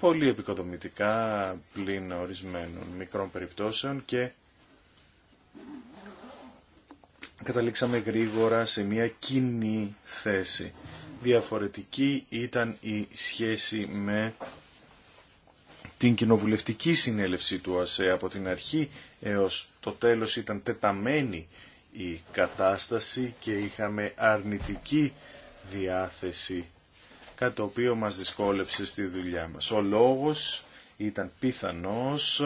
πολύ επικοδομητικά πλην ορισμένων μικρών περιπτώσεων και καταλήξαμε γρήγορα σε μια κοινή θέση διαφορετική ήταν η σχέση με την κοινοβουλευτική συνέλευση του ΑΣΕ από την αρχή έως το τέλος ήταν τεταμένη η κατάσταση και είχαμε αρνητική διάθεση κάτι το οποίο μας δυσκόλεψε στη δουλειά μας. Ο λόγος ήταν πιθανός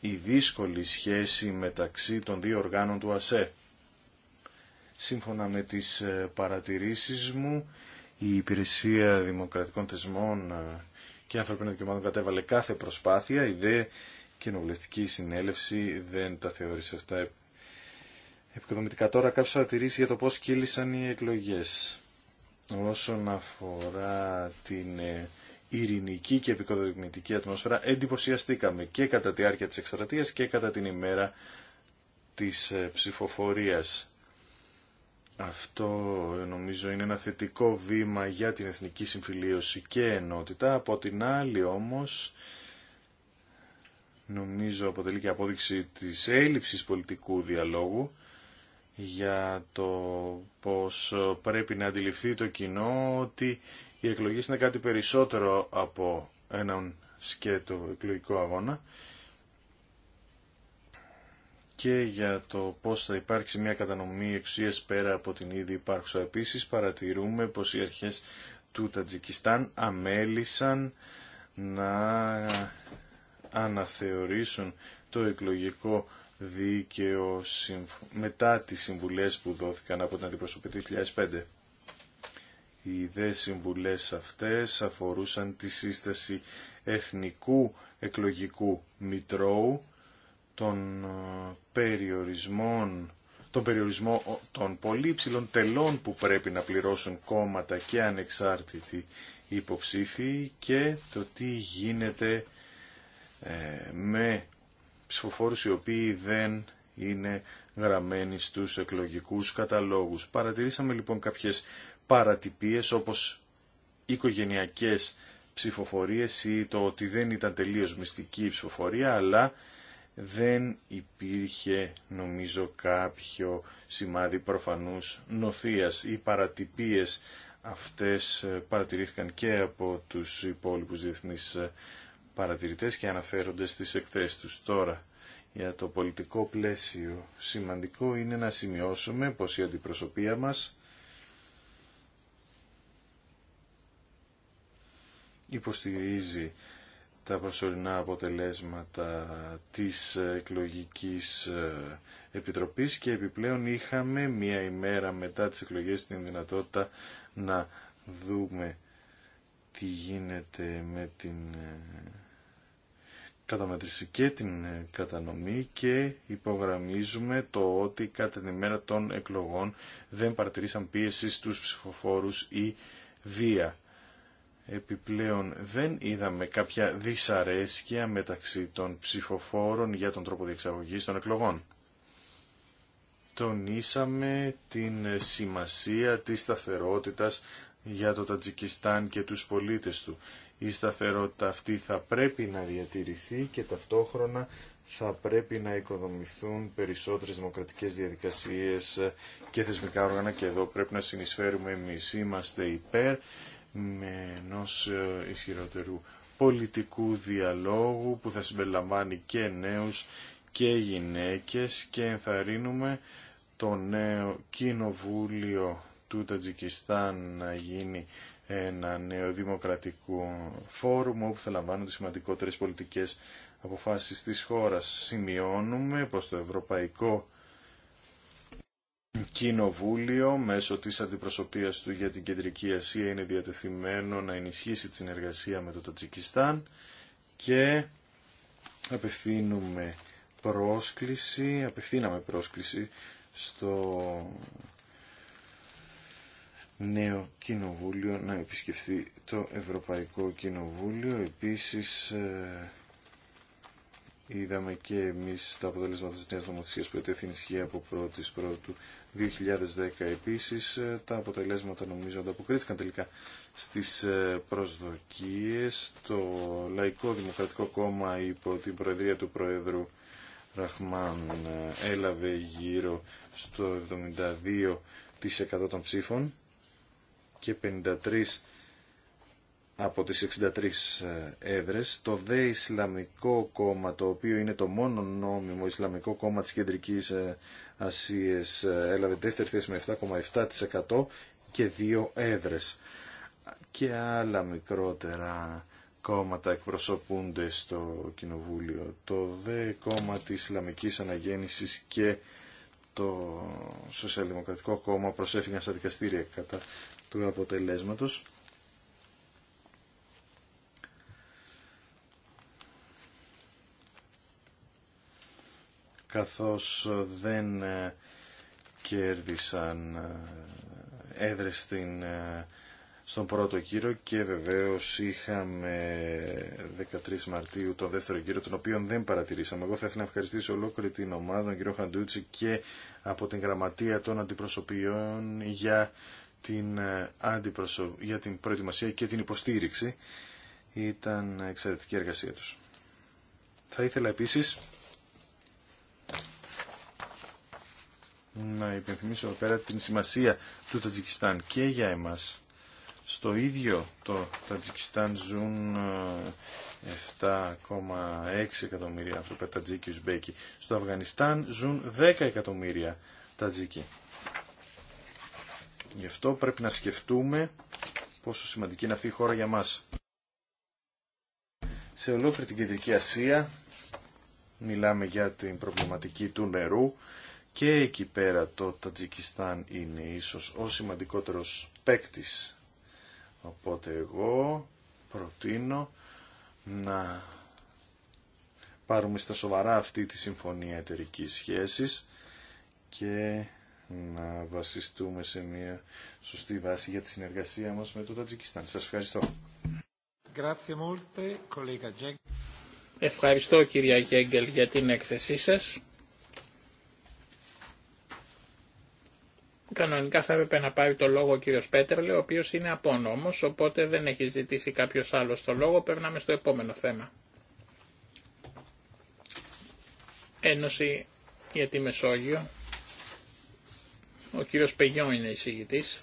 η δύσκολη σχέση μεταξύ των δύο οργάνων του ΑΣΕ. Σύμφωνα με τις ε, παρατηρήσεις μου, η Υπηρεσία Δημοκρατικών Θεσμών ε, και Ανθρωπίνων Δικαιωμάτων κατέβαλε κάθε προσπάθεια. Η δε κοινοβουλευτική συνέλευση δεν τα θεώρησε αυτά επικοδομητικά. Τώρα κάποιες παρατηρήσεις για το πώς κύλησαν οι εκλογές. Όσον αφορά την ε, ειρηνική και επικοδομητική ατμόσφαιρα, εντυπωσιαστήκαμε και κατά τη διάρκεια της εκστρατείας και κατά την ημέρα της ψηφοφορίας. Αυτό νομίζω είναι ένα θετικό βήμα για την εθνική συμφιλίωση και ενότητα. Από την άλλη όμως νομίζω αποτελεί και απόδειξη της έλλειψης πολιτικού διαλόγου για το πως πρέπει να αντιληφθεί το κοινό ότι οι εκλογές είναι κάτι περισσότερο από έναν σκέτο εκλογικό αγώνα και για το πώς θα υπάρξει μια κατανομή εξουσίας πέρα από την ήδη υπάρχουσα. Επίσης παρατηρούμε πως οι αρχές του Τατζικιστάν αμέλησαν να αναθεωρήσουν το εκλογικό δίκαιο μετά τις συμβουλές που δόθηκαν από την αντιπροσωπή του 2005. Οι δε συμβουλές αυτές αφορούσαν τη σύσταση εθνικού εκλογικού μητρώου των ε, περιορισμών τον περιορισμό των πολύ υψηλών τελών που πρέπει να πληρώσουν κόμματα και ανεξάρτητοι υποψήφοι και το τι γίνεται ε, με ψηφοφόρους οι οποίοι δεν είναι γραμμένοι στους εκλογικούς καταλόγους. Παρατηρήσαμε λοιπόν κάποιες παρατυπίες όπως οικογενειακές ψηφοφορίες ή το ότι δεν ήταν τελείως μυστική η ψηφοφορία αλλά δεν υπήρχε νομίζω κάποιο σημάδι προφανούς νοθείας ή παρατυπίες αυτές ε, παρατηρήθηκαν και από τους υπόλοιπους διεθνείς ε, παρατηρητές και αναφέρονται στις εκθέσεις τους. Τώρα, για το πολιτικό πλαίσιο, σημαντικό είναι να σημειώσουμε πως η αντιπροσωπεία μας υποστηρίζει τα προσωρινά αποτελέσματα της εκλογικής ε, επιτροπής και επιπλέον είχαμε μία ημέρα μετά τις εκλογές την δυνατότητα να δούμε τι γίνεται με την ε, καταμετρήση και την ε, κατανομή και υπογραμμίζουμε το ότι κατά την ημέρα των εκλογών δεν παρατηρήσαν πίεση στους ψηφοφόρους ή βία. Επιπλέον δεν είδαμε κάποια δυσαρέσκεια μεταξύ των ψηφοφόρων για τον τρόπο διεξαγωγής των εκλογών. Τονίσαμε την σημασία της σταθερότητας για το Τατζικιστάν και τους πολίτες του. Η σταθερότητα αυτή θα πρέπει να διατηρηθεί και ταυτόχρονα θα πρέπει να οικοδομηθούν περισσότερες δημοκρατικές διαδικασίες και θεσμικά όργανα και εδώ πρέπει να συνεισφέρουμε εμείς. Είμαστε υπέρ με ενός ε, ισχυρότερου πολιτικού διαλόγου που θα συμπεριλαμβάνει και νέους και γυναίκες και ενθαρρύνουμε το νέο κοινοβούλιο του Τατζικιστάν να γίνει ένα νέο δημοκρατικό φόρουμ όπου θα λαμβάνουν τις σημαντικότερες πολιτικές αποφάσεις της χώρας. Σημειώνουμε πως το Ευρωπαϊκό Κοινοβούλιο μέσω της αντιπροσωπείας του για την Κεντρική Ασία είναι διατεθειμένο να ενισχύσει τη συνεργασία με το Τατζικιστάν και απευθύνουμε πρόσκληση, απευθύναμε πρόσκληση στο νέο κοινοβούλιο να επισκεφθεί το Ευρωπαϊκό Κοινοβούλιο. Επίσης ε, Είδαμε και εμείς τα αποτελέσματα της νέας νομοθεσίας που ετέθη ισχύ από 1η πρώτου 2010 επίσης. Ε, τα αποτελέσματα νομίζω ανταποκρίθηκαν τελικά στις ε, προσδοκίες. Το Λαϊκό Δημοκρατικό Κόμμα υπό την Προεδρία του Προέδρου Ραχμάν ε, έλαβε γύρω στο 72% των ψήφων και 53% από τις 63 ε, έδρες. Το ΔΕ Ισλαμικό κόμμα, το οποίο είναι το μόνο νόμιμο Ισλαμικό κόμμα της Κεντρικής ε, Ασίας, ε, έλαβε δεύτερη θέση με 7,7% και δύο έδρες. Και άλλα μικρότερα κόμματα εκπροσωπούνται στο Κοινοβούλιο. Το ΔΕ κόμμα της Ισλαμικής Αναγέννησης και το Σοσιαλδημοκρατικό κόμμα προσέφηκαν στα δικαστήρια κατά του αποτελέσματος καθώς δεν ε, κέρδισαν ε, έδρες στην, ε, στον πρώτο γύρο και βεβαίως είχαμε 13 Μαρτίου τον δεύτερο γύρο τον οποίο δεν παρατηρήσαμε. Εγώ θα ήθελα να ευχαριστήσω ολόκληρη την ομάδα, τον κύριο Χαντούτσι και από την γραμματεία των αντιπροσωπιών για την, αντιπροσω... για την προετοιμασία και την υποστήριξη. Ήταν εξαιρετική εργασία τους. Θα ήθελα επίσης να υπενθυμίσω εδώ πέρα την σημασία του Τατζικιστάν και για εμάς. Στο ίδιο το Τατζικιστάν ζουν 7,6 ε, εκατομμύρια άνθρωποι Τατζίκοι Ουσμπέκοι. Στο Αφγανιστάν ζουν 10 εκατομμύρια Τατζίκοι. Γι' αυτό πρέπει να σκεφτούμε πόσο σημαντική είναι αυτή η χώρα για μας. Σε ολόκληρη την Κεντρική Ασία μιλάμε για την προβληματική του νερού και εκεί πέρα το Τατζικιστάν είναι ίσως ο σημαντικότερος παίκτη. Οπότε εγώ προτείνω να πάρουμε στα σοβαρά αυτή τη συμφωνία εταιρική σχέσης και να βασιστούμε σε μια σωστή βάση για τη συνεργασία μας με το Τατζικιστάν. Σας ευχαριστώ. Ευχαριστώ κυρία Γέγκελ για την έκθεσή σας. Κανονικά θα έπρεπε να πάρει το λόγο ο κύριο Πέτερλε, ο οποίο είναι απόνομο οπότε δεν έχει ζητήσει κάποιο άλλο το λόγο, περνάμε στο επόμενο θέμα. Ένωση για τη Μεσόγειο. Ο κύριος Πεγιό είναι εισηγητής.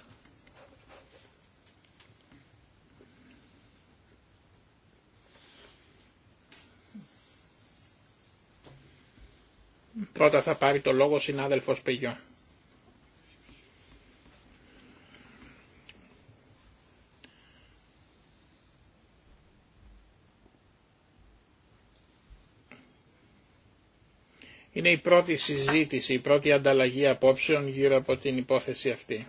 Πρώτα θα πάρει το λόγο ο συνάδελφος Πεγιό. Είναι η πρώτη συζήτηση, η πρώτη ανταλλαγή απόψεων γύρω από την υπόθεση αυτή.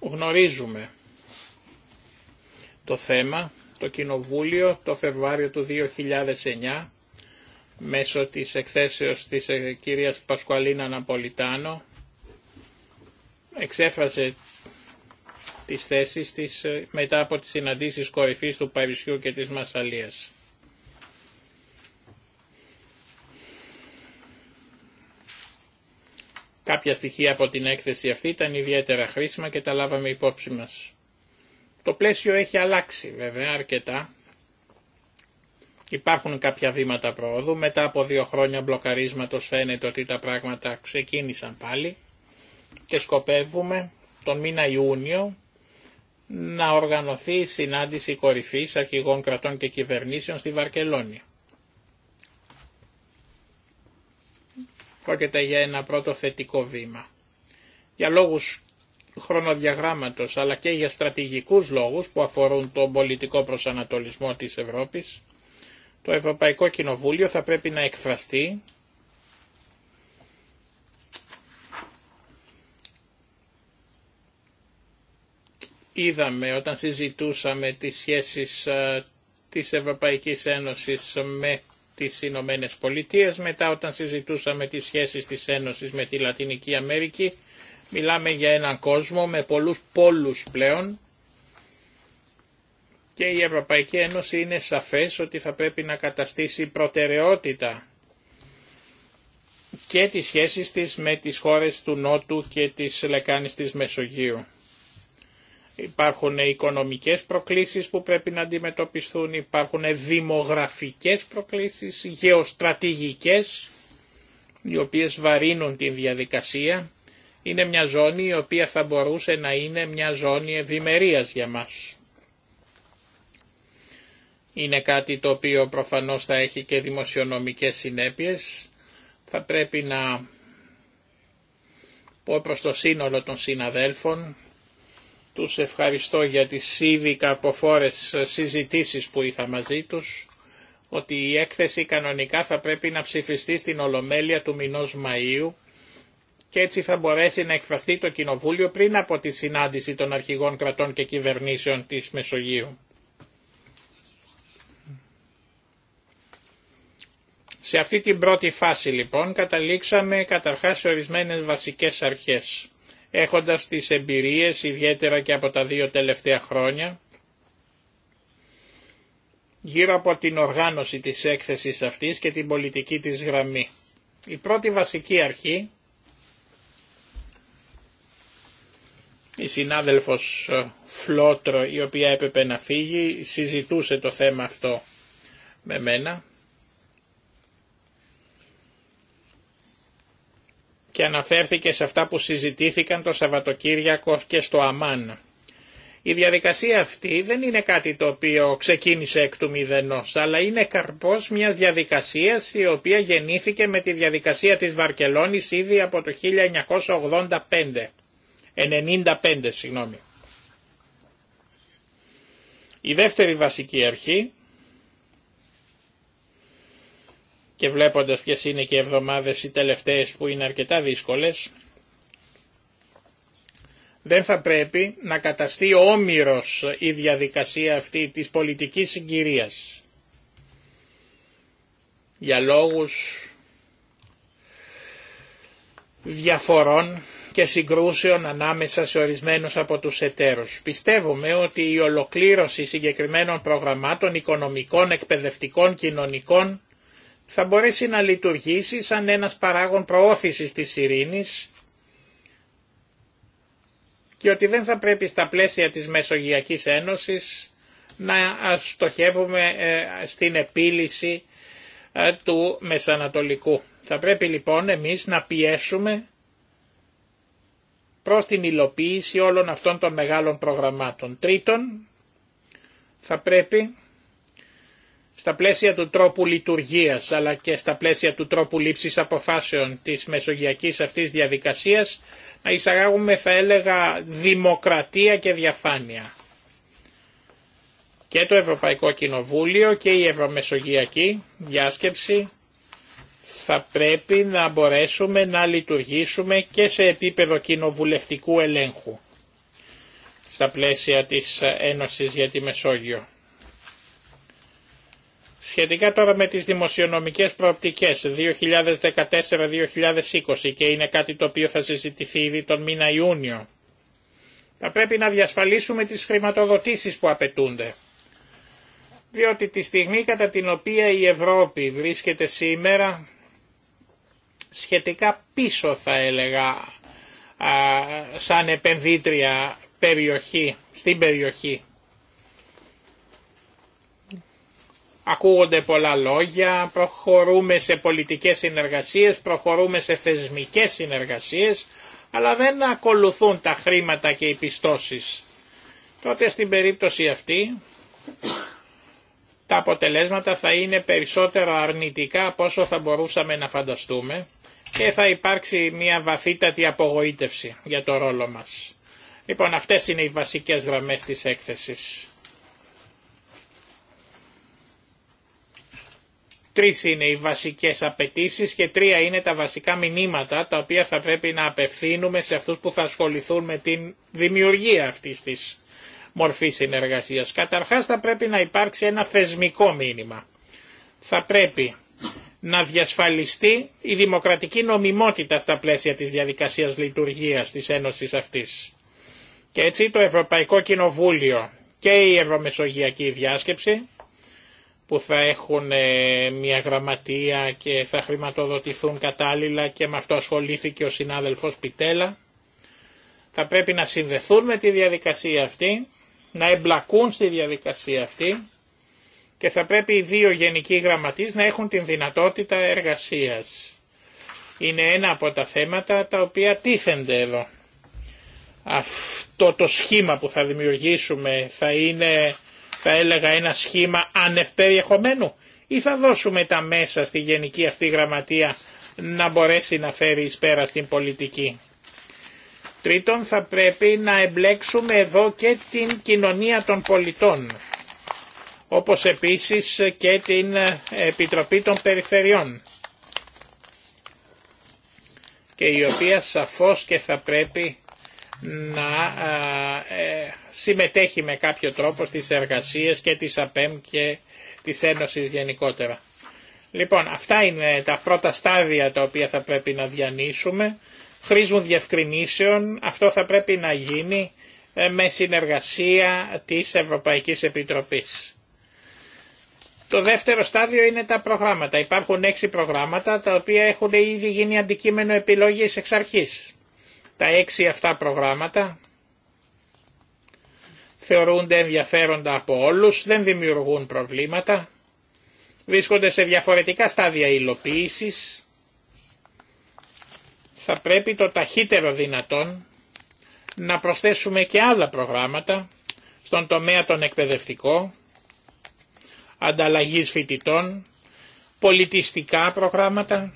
Γνωρίζουμε το θέμα, το Κοινοβούλιο το Φεβρουάριο του 2009 μέσω της εκθέσεως της ε, κυρίας Πασκουαλίνα Ναπολιτάνο εξέφρασε τις θέσεις της ε, μετά από τις συναντήσεις κορυφής του Παρισιού και της Μασαλίας. Κάποια στοιχεία από την έκθεση αυτή ήταν ιδιαίτερα χρήσιμα και τα λάβαμε υπόψη μας. Το πλαίσιο έχει αλλάξει βέβαια αρκετά. Υπάρχουν κάποια βήματα προόδου, μετά από δύο χρόνια μπλοκαρίσματος φαίνεται ότι τα πράγματα ξεκίνησαν πάλι και σκοπεύουμε τον μήνα Ιούνιο να οργανωθεί η συνάντηση κορυφής αρχηγών κρατών και κυβερνήσεων στη Βαρκελόνια. Πρόκειται για ένα πρώτο θετικό βήμα. Για λόγους χρονοδιαγράμματος αλλά και για στρατηγικούς λόγους που αφορούν τον πολιτικό προσανατολισμό της Ευρώπης, το Ευρωπαϊκό Κοινοβούλιο θα πρέπει να εκφραστεί είδαμε όταν συζητούσαμε τις σχέσεις ε, της Ευρωπαϊκής Ένωσης με τις Ηνωμένε Πολιτείε, μετά όταν συζητούσαμε τις σχέσεις της Ένωσης με τη Λατινική Αμερική, μιλάμε για έναν κόσμο με πολλούς πόλους πλέον και η Ευρωπαϊκή Ένωση είναι σαφές ότι θα πρέπει να καταστήσει προτεραιότητα και τις σχέσεις της με τις χώρες του Νότου και τις Λεκάνης της Μεσογείου. Υπάρχουν οικονομικές προκλήσεις που πρέπει να αντιμετωπιστούν, υπάρχουν δημογραφικές προκλήσεις, γεωστρατηγικές, οι οποίες βαρύνουν την διαδικασία. Είναι μια ζώνη η οποία θα μπορούσε να είναι μια ζώνη ευημερίας για μας. Είναι κάτι το οποίο προφανώς θα έχει και δημοσιονομικές συνέπειες. Θα πρέπει να πω προς το σύνολο των συναδέλφων τους ευχαριστώ για τις ήδη αποφόρες συζητήσεις που είχα μαζί τους, ότι η έκθεση κανονικά θα πρέπει να ψηφιστεί στην Ολομέλεια του μηνός Μαΐου και έτσι θα μπορέσει να εκφραστεί το Κοινοβούλιο πριν από τη συνάντηση των αρχηγών κρατών και κυβερνήσεων της Μεσογείου. Σε αυτή την πρώτη φάση λοιπόν καταλήξαμε καταρχάς σε ορισμένες βασικές αρχές έχοντας τις εμπειρίες ιδιαίτερα και από τα δύο τελευταία χρόνια γύρω από την οργάνωση της έκθεσης αυτής και την πολιτική της γραμμή. Η πρώτη βασική αρχή, η συνάδελφος ε, Φλότρο η οποία έπρεπε να φύγει, συζητούσε το θέμα αυτό με μένα και αναφέρθηκε σε αυτά που συζητήθηκαν το Σαββατοκύριακο και στο Αμάν. Η διαδικασία αυτή δεν είναι κάτι το οποίο ξεκίνησε εκ του μηδενός, αλλά είναι καρπός μιας διαδικασίας η οποία γεννήθηκε με τη διαδικασία της Βαρκελόνης ήδη από το 1985. 95, συγγνώμη. Η δεύτερη βασική αρχή και βλέποντας ποιες είναι και οι εβδομάδες οι τελευταίες που είναι αρκετά δύσκολες, δεν θα πρέπει να καταστεί όμοιρος η διαδικασία αυτή της πολιτικής συγκυρίας. Για λόγους διαφορών και συγκρούσεων ανάμεσα σε ορισμένους από τους εταίρους. Πιστεύουμε ότι η ολοκλήρωση συγκεκριμένων προγραμμάτων οικονομικών, εκπαιδευτικών, κοινωνικών θα μπορέσει να λειτουργήσει σαν ένας παράγων προώθησης της ειρήνης και ότι δεν θα πρέπει στα πλαίσια της Μεσογειακής Ένωσης να στοχεύουμε ε, στην επίλυση ε, του Μεσανατολικού. Θα πρέπει λοιπόν εμείς να πιέσουμε προς την υλοποίηση όλων αυτών των μεγάλων προγραμμάτων. Τρίτον, θα πρέπει στα πλαίσια του τρόπου λειτουργίας αλλά και στα πλαίσια του τρόπου λήψης αποφάσεων της μεσογειακής αυτής διαδικασίας να εισαγάγουμε θα έλεγα δημοκρατία και διαφάνεια. Και το Ευρωπαϊκό Κοινοβούλιο και η Ευρωμεσογειακή διάσκεψη θα πρέπει να μπορέσουμε να λειτουργήσουμε και σε επίπεδο κοινοβουλευτικού ελέγχου στα πλαίσια της Ένωσης για τη Μεσόγειο. Σχετικά τώρα με τις δημοσιονομικές προοπτικές 2014-2020 και είναι κάτι το οποίο θα συζητηθεί ήδη τον μήνα Ιούνιο, θα πρέπει να διασφαλίσουμε τις χρηματοδοτήσεις που απαιτούνται. Διότι τη στιγμή κατά την οποία η Ευρώπη βρίσκεται σήμερα σχετικά πίσω θα έλεγα σαν επενδύτρια περιοχή, στην περιοχή Ακούγονται πολλά λόγια, προχωρούμε σε πολιτικές συνεργασίες, προχωρούμε σε θεσμικές συνεργασίες, αλλά δεν ακολουθούν τα χρήματα και οι πιστώσεις. Τότε στην περίπτωση αυτή τα αποτελέσματα θα είναι περισσότερο αρνητικά από όσο θα μπορούσαμε να φανταστούμε και θα υπάρξει μια βαθύτατη απογοήτευση για το ρόλο μας. Λοιπόν αυτές είναι οι βασικές γραμμές της έκθεσης. Τρει είναι οι βασικές απαιτήσει και τρία είναι τα βασικά μηνύματα τα οποία θα πρέπει να απευθύνουμε σε αυτούς που θα ασχοληθούν με την δημιουργία αυτής της μορφή συνεργασία. Καταρχά θα πρέπει να υπάρξει ένα θεσμικό μήνυμα. Θα πρέπει να διασφαλιστεί η δημοκρατική νομιμότητα στα πλαίσια της διαδικασίας λειτουργίας της Ένωσης αυτής. Και έτσι το Ευρωπαϊκό Κοινοβούλιο και η Ευρωμεσογειακή Διάσκεψη που θα έχουν ε, μια γραμματεία και θα χρηματοδοτηθούν κατάλληλα και με αυτό ασχολήθηκε ο συνάδελφος Πιτέλα. Θα πρέπει να συνδεθούν με τη διαδικασία αυτή, να εμπλακούν στη διαδικασία αυτή και θα πρέπει οι δύο γενικοί γραμματείς να έχουν την δυνατότητα εργασίας. Είναι ένα από τα θέματα τα οποία τίθενται εδώ. Αυτό το σχήμα που θα δημιουργήσουμε θα είναι θα έλεγα ένα σχήμα ανευπεριεχομένου ή θα δώσουμε τα μέσα στη Γενική αυτή Γραμματεία να μπορέσει να φέρει εις πέρα στην πολιτική. Τρίτον θα πρέπει να εμπλέξουμε εδώ και την κοινωνία των πολιτών όπως επίσης και την Επιτροπή των Περιφερειών και η οποία σαφώς και θα πρέπει να ε, συμμετέχει με κάποιο τρόπο στις εργασίες και της ΑΠΕΜ και της Ένωσης γενικότερα. Λοιπόν, αυτά είναι τα πρώτα στάδια τα οποία θα πρέπει να διανύσουμε. Χρήζουν διευκρινήσεων. Αυτό θα πρέπει να γίνει ε, με συνεργασία της Ευρωπαϊκής Επιτροπής. Το δεύτερο στάδιο είναι τα προγράμματα. Υπάρχουν έξι προγράμματα τα οποία έχουν ήδη γίνει αντικείμενο επιλογής εξ αρχής. Τα έξι αυτά προγράμματα θεωρούνται ενδιαφέροντα από όλους, δεν δημιουργούν προβλήματα, βρίσκονται σε διαφορετικά στάδια υλοποίησης. Θα πρέπει το ταχύτερο δυνατόν να προσθέσουμε και άλλα προγράμματα στον τομέα των εκπαιδευτικό, ανταλλαγής φοιτητών, πολιτιστικά προγράμματα,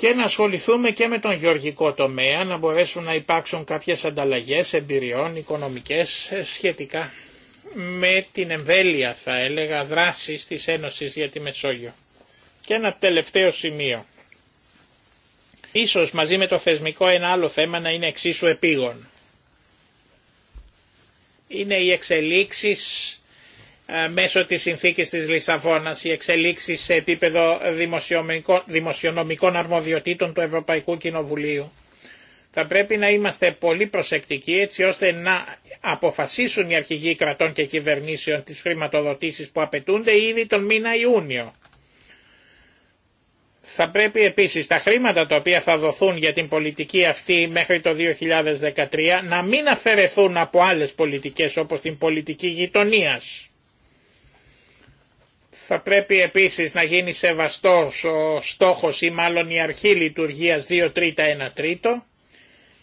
και να ασχοληθούμε και με τον γεωργικό τομέα, να μπορέσουν να υπάρξουν κάποιες ανταλλαγές εμπειριών οικονομικές σχετικά με την εμβέλεια θα έλεγα δράσης της Ένωσης για τη Μεσόγειο. Και ένα τελευταίο σημείο. Ίσως μαζί με το θεσμικό ένα άλλο θέμα να είναι εξίσου επίγον. Είναι οι εξελίξεις ε, μέσω της συνθήκης της Λισαβόνας οι εξελίξεις σε επίπεδο δημοσιονομικών αρμοδιοτήτων του Ευρωπαϊκού Κοινοβουλίου. Θα πρέπει να είμαστε πολύ προσεκτικοί έτσι ώστε να αποφασίσουν οι αρχηγοί κρατών και κυβερνήσεων τις χρηματοδοτήσεις που απαιτούνται ήδη τον μήνα Ιούνιο. Θα πρέπει επίσης τα χρήματα τα οποία θα δοθούν για την πολιτική αυτή μέχρι το 2013 να μην αφαιρεθούν από άλλες πολιτικές όπως την πολιτική γειτονίας θα πρέπει επίσης να γίνει σεβαστός ο στόχος ή μάλλον η αρχή λειτουργίας 2 τρίτα 1 τρίτο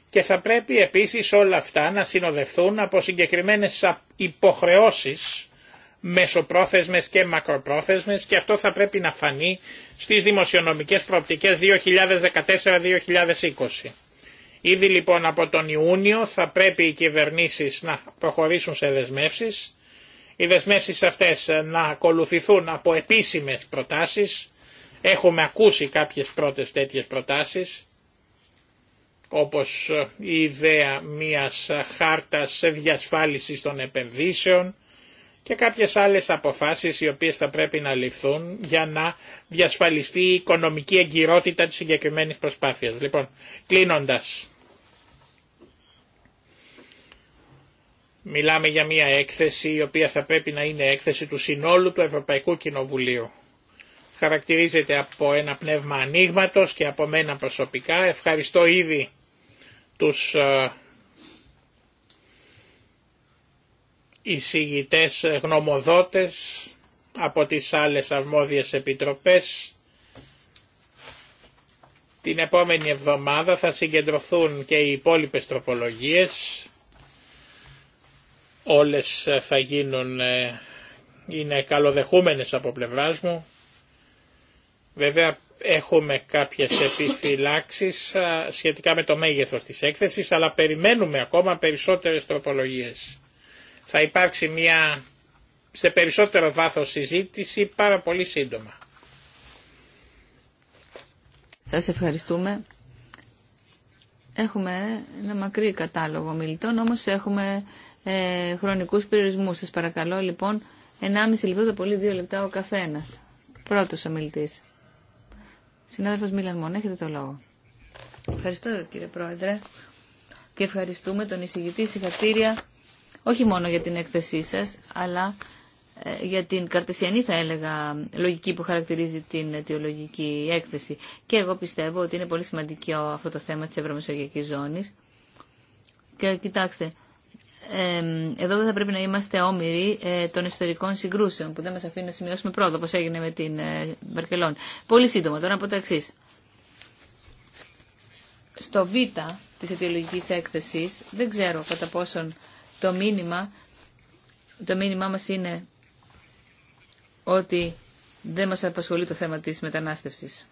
και θα πρέπει επίσης όλα αυτά να συνοδευτούν από συγκεκριμένες υποχρεώσεις μεσοπρόθεσμες και μακροπρόθεσμες και αυτό θα πρέπει να φανεί στις δημοσιονομικές προοπτικές 2014-2020. Ήδη λοιπόν από τον Ιούνιο θα πρέπει οι κυβερνήσεις να προχωρήσουν σε δεσμεύσεις οι δεσμεύσεις αυτές ε, να ακολουθηθούν από επίσημες προτάσεις. Έχουμε ακούσει κάποιες πρώτες τέτοιες προτάσεις, όπως ε, η ιδέα μιας ε, χάρτας διασφάλισης των επενδύσεων και κάποιες άλλες αποφάσεις οι οποίες θα πρέπει να ληφθούν για να διασφαλιστεί η οικονομική εγκυρότητα της συγκεκριμένης προσπάθειας. Λοιπόν, κλείνοντας, Μιλάμε για μια έκθεση η οποία θα πρέπει να είναι έκθεση του συνόλου του Ευρωπαϊκού Κοινοβουλίου. Χαρακτηρίζεται από ένα πνεύμα ανοίγματο και από μένα προσωπικά. Ευχαριστώ ήδη τους ε, εισηγητές γνωμοδότες από τις άλλες αρμόδιες επιτροπές. Την επόμενη εβδομάδα θα συγκεντρωθούν και οι υπόλοιπες τροπολογίες όλες θα γίνουν, ε, είναι καλοδεχούμενες από πλευράς μου. Βέβαια έχουμε κάποιες επιφυλάξεις ε, σχετικά με το μέγεθος της έκθεσης, αλλά περιμένουμε ακόμα περισσότερες τροπολογίες. Θα υπάρξει μια σε περισσότερο βάθος συζήτηση πάρα πολύ σύντομα. Σας ευχαριστούμε. Έχουμε ένα μακρύ κατάλογο μιλητών, όμως έχουμε ε, χρονικούς περιορισμούς. Σας παρακαλώ λοιπόν 1,5 λεπτό το πολύ 2 λεπτά ο καθένας. Πρώτος μιλητής. Συνάδελφος Μίλαν Μον, έχετε το λόγο. Ευχαριστώ κύριε Πρόεδρε και ευχαριστούμε τον εισηγητή συγχαρτήρια όχι μόνο για την έκθεσή σας αλλά ε, για την καρτεσιανή θα έλεγα λογική που χαρακτηρίζει την αιτιολογική έκθεση. Και εγώ πιστεύω ότι είναι πολύ σημαντικό αυτό το θέμα της Ευρωμεσογειακής Ζώνης. Και κοιτάξτε, εδώ δεν θα πρέπει να είμαστε όμοιροι ε, των ιστορικών συγκρούσεων που δεν μας αφήνουν να σημειώσουμε πρώτα, πώς έγινε με την ε, Βαρκελόνη. Πολύ σύντομα, τώρα από το εξή. Στο β της αιτιολογικής έκθεσης, δεν ξέρω κατά πόσον το μήνυμα, το μήνυμά μας είναι ότι δεν μας απασχολεί το θέμα της μετανάστευσης.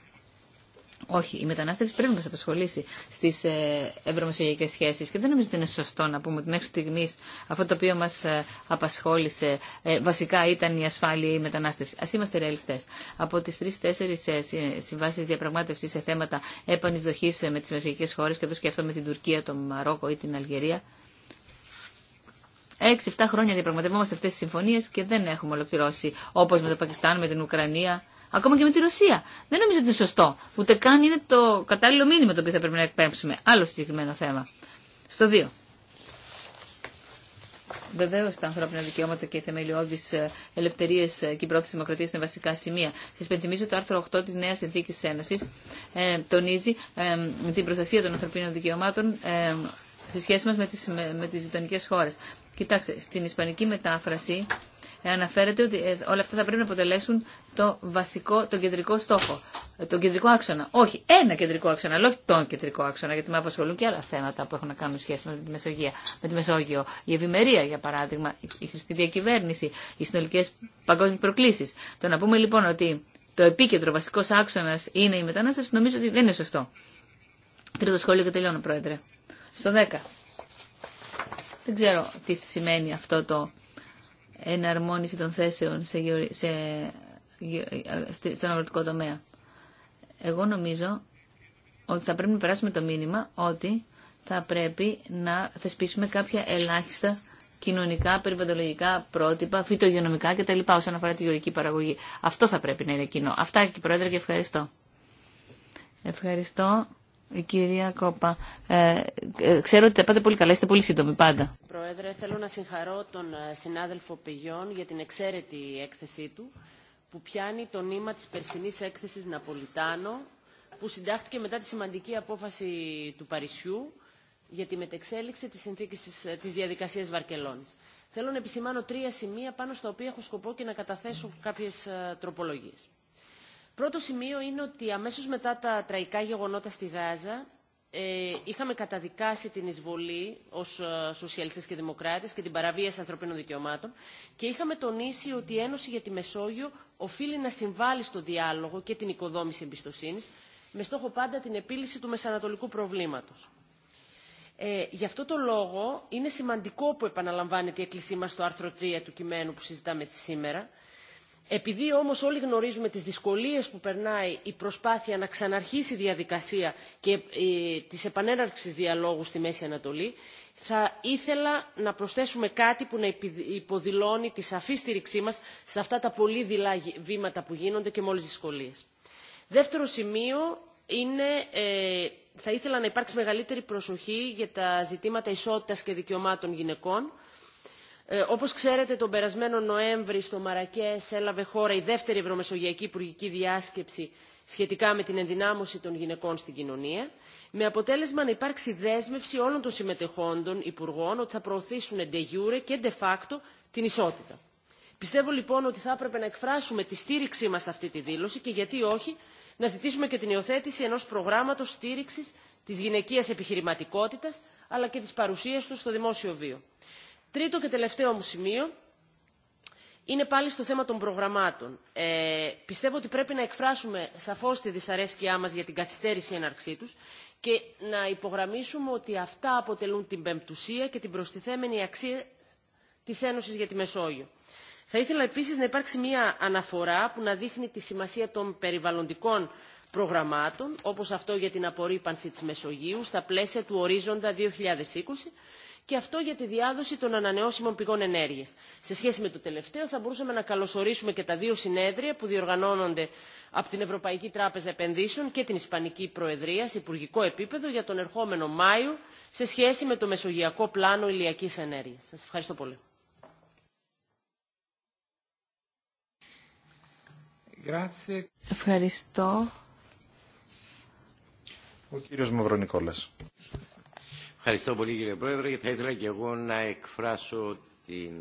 Όχι, η μετανάστευση πρέπει να μα απασχολήσει στι ε, ευρωμεσογειακέ σχέσει και δεν νομίζω ότι είναι σωστό να πούμε ότι μέχρι στιγμή αυτό το οποίο μα ε, απασχόλησε ε, βασικά ήταν η ασφάλεια ή η μετανάστευση. Α είμαστε ρεαλιστέ. Από τι τρει-τέσσερι συμβάσει διαπραγμάτευση σε θέματα επανεισδοχή με τι μεσογειακέ χώρε και εδώ σκέφτομαι την Τουρκία, το Μαρόκο ή την Αλγερία. Έξι-εφτά χρόνια διαπραγματευόμαστε αυτέ τι συμφωνίε και δεν έχουμε ολοκληρώσει όπω με το Πακιστάν, με την Ουκρανία ακόμα και με τη Ρωσία. Δεν νομίζω ότι είναι σωστό. Ούτε καν είναι το κατάλληλο μήνυμα το οποίο θα πρέπει να εκπέμψουμε. Άλλο συγκεκριμένο θέμα. Στο 2. Βεβαίω τα ανθρώπινα δικαιώματα και οι θεμελιώδει ε, ελευθερίε ε, και η πρόθεση δημοκρατία είναι βασικά σημεία. Σα υπενθυμίζω το άρθρο 8 τη Νέα Συνθήκη τη Ένωση ε, τονίζει ε, την προστασία των ανθρωπίνων δικαιωμάτων ε, σε σχέση μα με τι γειτονικέ χώρε. Κοιτάξτε, στην ισπανική μετάφραση αναφέρεται ότι ε, όλα αυτά θα πρέπει να αποτελέσουν το βασικό, τον κεντρικό στόχο, ε, τον κεντρικό άξονα. Όχι ένα κεντρικό άξονα, αλλά όχι τον κεντρικό άξονα, γιατί με απασχολούν και άλλα θέματα που έχουν να κάνουν σχέση με τη, Μεσογεία, με τη Μεσόγειο. Η ευημερία, για παράδειγμα, η χρηστή διακυβέρνηση, οι συνολικέ παγκόσμιε προκλήσει. Το να πούμε λοιπόν ότι το επίκεντρο βασικό άξονα είναι η μετανάστευση, νομίζω ότι δεν είναι σωστό. Τρίτο σχόλιο και τελειώνω, Πρόεδρε. Στο 10. Δεν ξέρω τι σημαίνει αυτό το εναρμόνιση των θέσεων σε, σε, στον αγροτικό τομέα. Εγώ νομίζω ότι θα πρέπει να περάσουμε το μήνυμα ότι θα πρέπει να θεσπίσουμε κάποια ελάχιστα κοινωνικά, περιβαλλοντολογικά πρότυπα, φυτογειονομικά κτλ. όσον αφορά τη γεωργική παραγωγή. Αυτό θα πρέπει να είναι κοινό. Αυτά και Πρόεδρε και ευχαριστώ. Ευχαριστώ. Η κυρία Κόπα, ε, ε, ξέρω ότι τα πάτε πολύ καλά, είστε πολύ σύντομοι πάντα. Πρόεδρε, θέλω να συγχαρώ τον ε, συνάδελφο Πηγιών για την εξαίρετη έκθεσή του, που πιάνει το νήμα της περσινής έκθεσης Ναπολιτάνο, που συντάχθηκε μετά τη σημαντική απόφαση του Παρισιού για τη μετεξέλιξη της συνθήκης της, της διαδικασίας Βαρκελόνης. Θέλω να επισημάνω τρία σημεία πάνω στα οποία έχω σκοπό και να καταθέσω κάποιες τροπολογίες. Πρώτο σημείο είναι ότι αμέσως μετά τα τραϊκά γεγονότα στη Γάζα ε, είχαμε καταδικάσει την εισβολή ως ε, σοσιαλιστές και δημοκράτες και την παραβίαση ανθρωπίνων δικαιωμάτων και είχαμε τονίσει ότι η Ένωση για τη Μεσόγειο οφείλει να συμβάλλει στο διάλογο και την οικοδόμηση εμπιστοσύνης με στόχο πάντα την επίλυση του μεσανατολικού προβλήματος. Ε, γι' αυτό το λόγο είναι σημαντικό που επαναλαμβάνεται η Εκκλησία μας στο άρθρο 3 του κειμένου που συζητάμε σήμερα επειδή όμως όλοι γνωρίζουμε τις δυσκολίες που περνάει η προσπάθεια να ξαναρχίσει η διαδικασία και ε, της επανέναρξης διαλόγου στη Μέση Ανατολή, θα ήθελα να προσθέσουμε κάτι που να υποδηλώνει τη σαφή στήριξή μας σε αυτά τα πολύ δειλά βήματα που γίνονται και με όλες δυσκολίες. Δεύτερο σημείο είναι ε, θα ήθελα να υπάρξει μεγαλύτερη προσοχή για τα ζητήματα ισότητας και δικαιωμάτων γυναικών ε, όπως ξέρετε τον περασμένο νοέμβρη στο μαρακές έλαβε χώρα η δεύτερη ευρωμεσογειακή υπουργική διάσκεψη σχετικά με την ενδυνάμωση των γυναικών στην κοινωνία με αποτέλεσμα να υπάρξει δέσμευση όλων των συμμετεχόντων υπουργών ότι θα προωθήσουν de jure και de facto την ισότητα. Πιστεύω λοιπόν ότι θα έπρεπε να εκφράσουμε τη στήριξή μας σε αυτή τη δήλωση και γιατί όχι να ζητήσουμε και την υιοθέτηση ενός προγράμματος στήριξης της γυναικείας επιχειρηματικότητας αλλά και της παρουσίας του στο δημόσιο βίο. Τρίτο και τελευταίο μου σημείο είναι πάλι στο θέμα των προγραμμάτων. Ε, πιστεύω ότι πρέπει να εκφράσουμε σαφώς τη δυσαρέσκειά μας για την καθυστέρηση έναρξή του και να υπογραμμίσουμε ότι αυτά αποτελούν την πεμπτουσία και την προστιθέμενη αξία της Ένωσης για τη Μεσόγειο. Θα ήθελα επίσης να υπάρξει μια αναφορά που να δείχνει τη σημασία των περιβαλλοντικών προγραμμάτων, όπως αυτό για την απορρίπανση της Μεσογείου, στα πλαίσια του ορίζοντα 2020, και αυτό για τη διάδοση των ανανεώσιμων πηγών ενέργειας. Σε σχέση με το τελευταίο θα μπορούσαμε να καλωσορίσουμε και τα δύο συνέδρια που διοργανώνονται από την Ευρωπαϊκή Τράπεζα Επενδύσεων και την Ισπανική Προεδρία σε υπουργικό επίπεδο για τον ερχόμενο Μάιο σε σχέση με το Μεσογειακό Πλάνο Ηλιακής Ενέργειας. Σας ευχαριστώ πολύ. Ευχαριστώ. Ο κύριος Ευχαριστώ πολύ κύριε Πρόεδρε. Θα ήθελα και εγώ να εκφράσω την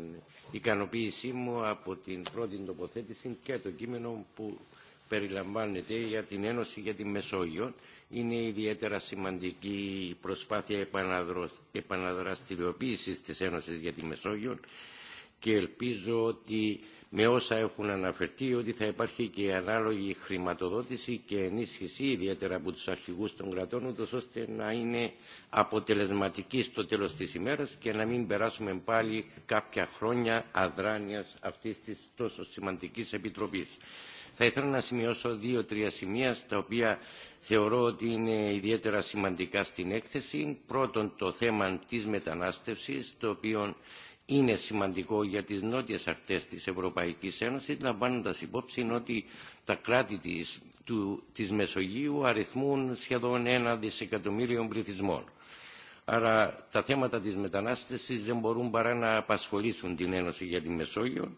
ικανοποίησή μου από την πρώτη τοποθέτηση και το κείμενο που περιλαμβάνεται για την Ένωση για τη Μεσόγειο. Είναι ιδιαίτερα σημαντική η προσπάθεια επαναδραστηριοποίησης της Ένωσης για τη Μεσόγειο και ελπίζω ότι με όσα έχουν αναφερθεί ότι θα υπάρχει και ανάλογη χρηματοδότηση και ενίσχυση ιδιαίτερα από τους αρχηγούς των κρατών ούτως ώστε να είναι αποτελεσματική στο τέλος της ημέρας και να μην περάσουμε πάλι κάποια χρόνια αδράνειας αυτής της τόσο σημαντικής επιτροπής. Θα ήθελα να σημειώσω δύο-τρία σημεία στα οποία θεωρώ ότι είναι ιδιαίτερα σημαντικά στην έκθεση. Πρώτον το θέμα της μετανάστευσης, το οποίο είναι σημαντικό για τις νότιες αρτές της Ευρωπαϊκής Ένωσης λαμβάνοντα υπόψη ότι τα κράτη της, της Μεσογείου αριθμούν σχεδόν ένα δισεκατομμύριο πληθυσμών. Άρα τα θέματα της μετανάστευσης δεν μπορούν παρά να απασχολήσουν την Ένωση για τη Μεσόγειο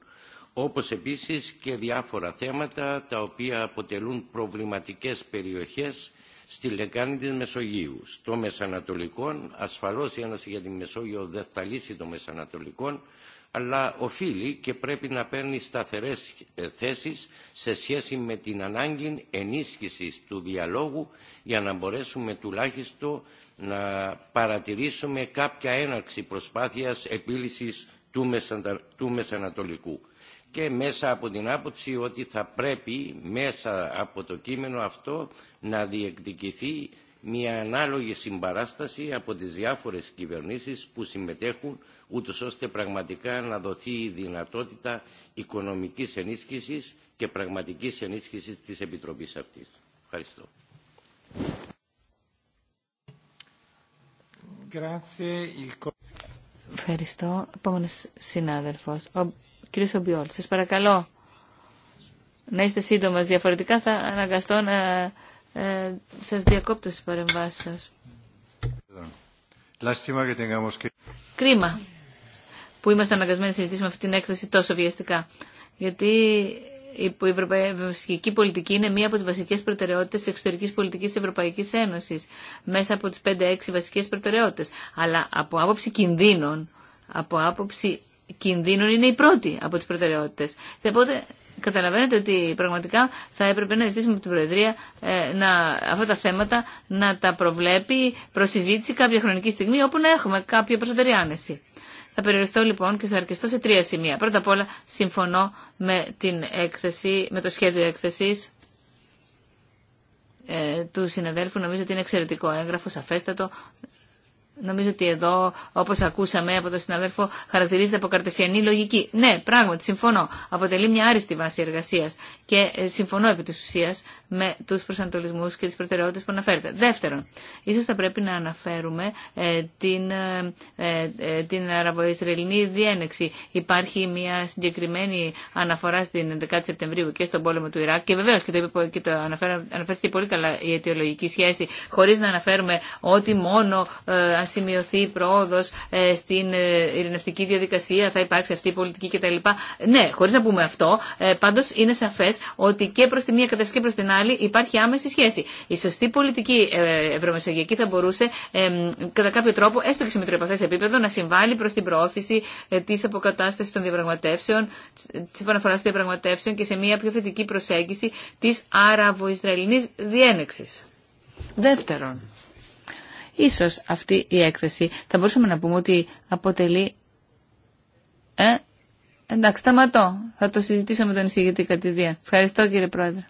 όπως επίσης και διάφορα θέματα τα οποία αποτελούν προβληματικές περιοχές στη λεκάνη της Μεσογείου. Στο Μεσανατολικό, ασφαλώς η Ένωση για τη Μεσόγειο δεν θα λύσει το Μεσανατολικό, αλλά οφείλει και πρέπει να παίρνει σταθερές ε, θέσεις σε σχέση με την ανάγκη ενίσχυσης του διαλόγου για να μπορέσουμε τουλάχιστον να παρατηρήσουμε κάποια έναρξη προσπάθειας επίλυσης του Μεσανατολικού και μέσα από την άποψη ότι θα πρέπει μέσα από το κείμενο αυτό να διεκδικηθεί μια ανάλογη συμπαράσταση από τις διάφορες κυβερνήσεις που συμμετέχουν ούτω ώστε πραγματικά να δοθεί η δυνατότητα οικονομικής ενίσχυσης και πραγματικής ενίσχυσης της Επιτροπής αυτής. Ευχαριστώ. Ευχαριστώ. Επόμενος συνάδελφος, Κύριε Σομπιόλ, σας παρακαλώ να είστε σύντομα, διαφορετικά θα αναγκαστώ να ε, σας διακόπτω στις παρεμβάσεις σας. Κρίμα που είμαστε αναγκασμένοι να συζητήσουμε αυτή την έκθεση τόσο βιαστικά. Γιατί η ευρωπαϊκή πολιτική είναι μία από τι βασικέ προτεραιότητε τη εξωτερική πολιτική τη Ευρωπαϊκή Ένωση. Μέσα από τι 5-6 βασικέ προτεραιότητε. Αλλά από άποψη κινδύνων, από άποψη κινδύνων είναι η πρώτη από τις προτεραιότητες. Οπότε καταλαβαίνετε ότι πραγματικά θα έπρεπε να ζητήσουμε από την Προεδρία ε, να, αυτά τα θέματα να τα προβλέπει προς συζήτηση κάποια χρονική στιγμή όπου να έχουμε κάποια προσωπική άνεση. Θα περιοριστώ λοιπόν και θα αρκεστώ σε τρία σημεία. Πρώτα απ' όλα συμφωνώ με, την έκθεση, με το σχέδιο έκθεσης ε, του συναδέλφου. Νομίζω ότι είναι εξαιρετικό έγγραφο, σαφέστατο. Νομίζω ότι εδώ, όπω ακούσαμε από τον συναδέλφο, χαρακτηρίζεται από καρτεσιανή λογική. Ναι, πράγματι, συμφωνώ. Αποτελεί μια άριστη βάση εργασία και ε, συμφωνώ επί τη ουσία με του προσανατολισμού και τι προτεραιότητε που αναφέρετε. Δεύτερον, ίσω θα πρέπει να αναφέρουμε ε, την, ε, την αραβο-ισραηλινή διένεξη. Υπάρχει μια συγκεκριμένη αναφορά στην 11η Σεπτεμβρίου και στον πόλεμο του Ιράκ και βεβαίω και το, και το αναφέρθηκε πολύ καλά η αιτιολογική σχέση, χωρί να αναφέρουμε ότι μόνο σημειωθεί η πρόοδο ε, στην ε, ειρηνευτική διαδικασία, θα υπάρξει αυτή η πολιτική κτλ. Ναι, χωρί να πούμε αυτό, ε, πάντω είναι σαφέ ότι και προ τη μία κατεύθυνση και προ την άλλη υπάρχει άμεση σχέση. Η σωστή πολιτική ευρωμεσογειακή θα μπορούσε κατά κάποιο τρόπο, έστω και σε μετροεπαθέ επίπεδο, να συμβάλλει προ την προώθηση τη αποκατάσταση των διαπραγματεύσεων, τη επαναφορά των διαπραγματεύσεων και σε μια πιο θετική προσέγγιση τη άραβο-ισραηλινή διένεξη. Δεύτερον, Ίσως αυτή η έκθεση θα μπορούσαμε να πούμε ότι αποτελεί... Ε, εντάξει, σταματώ. Θα το συζητήσω με τον εισηγητή κατηδία. Ευχαριστώ κύριε Πρόεδρε.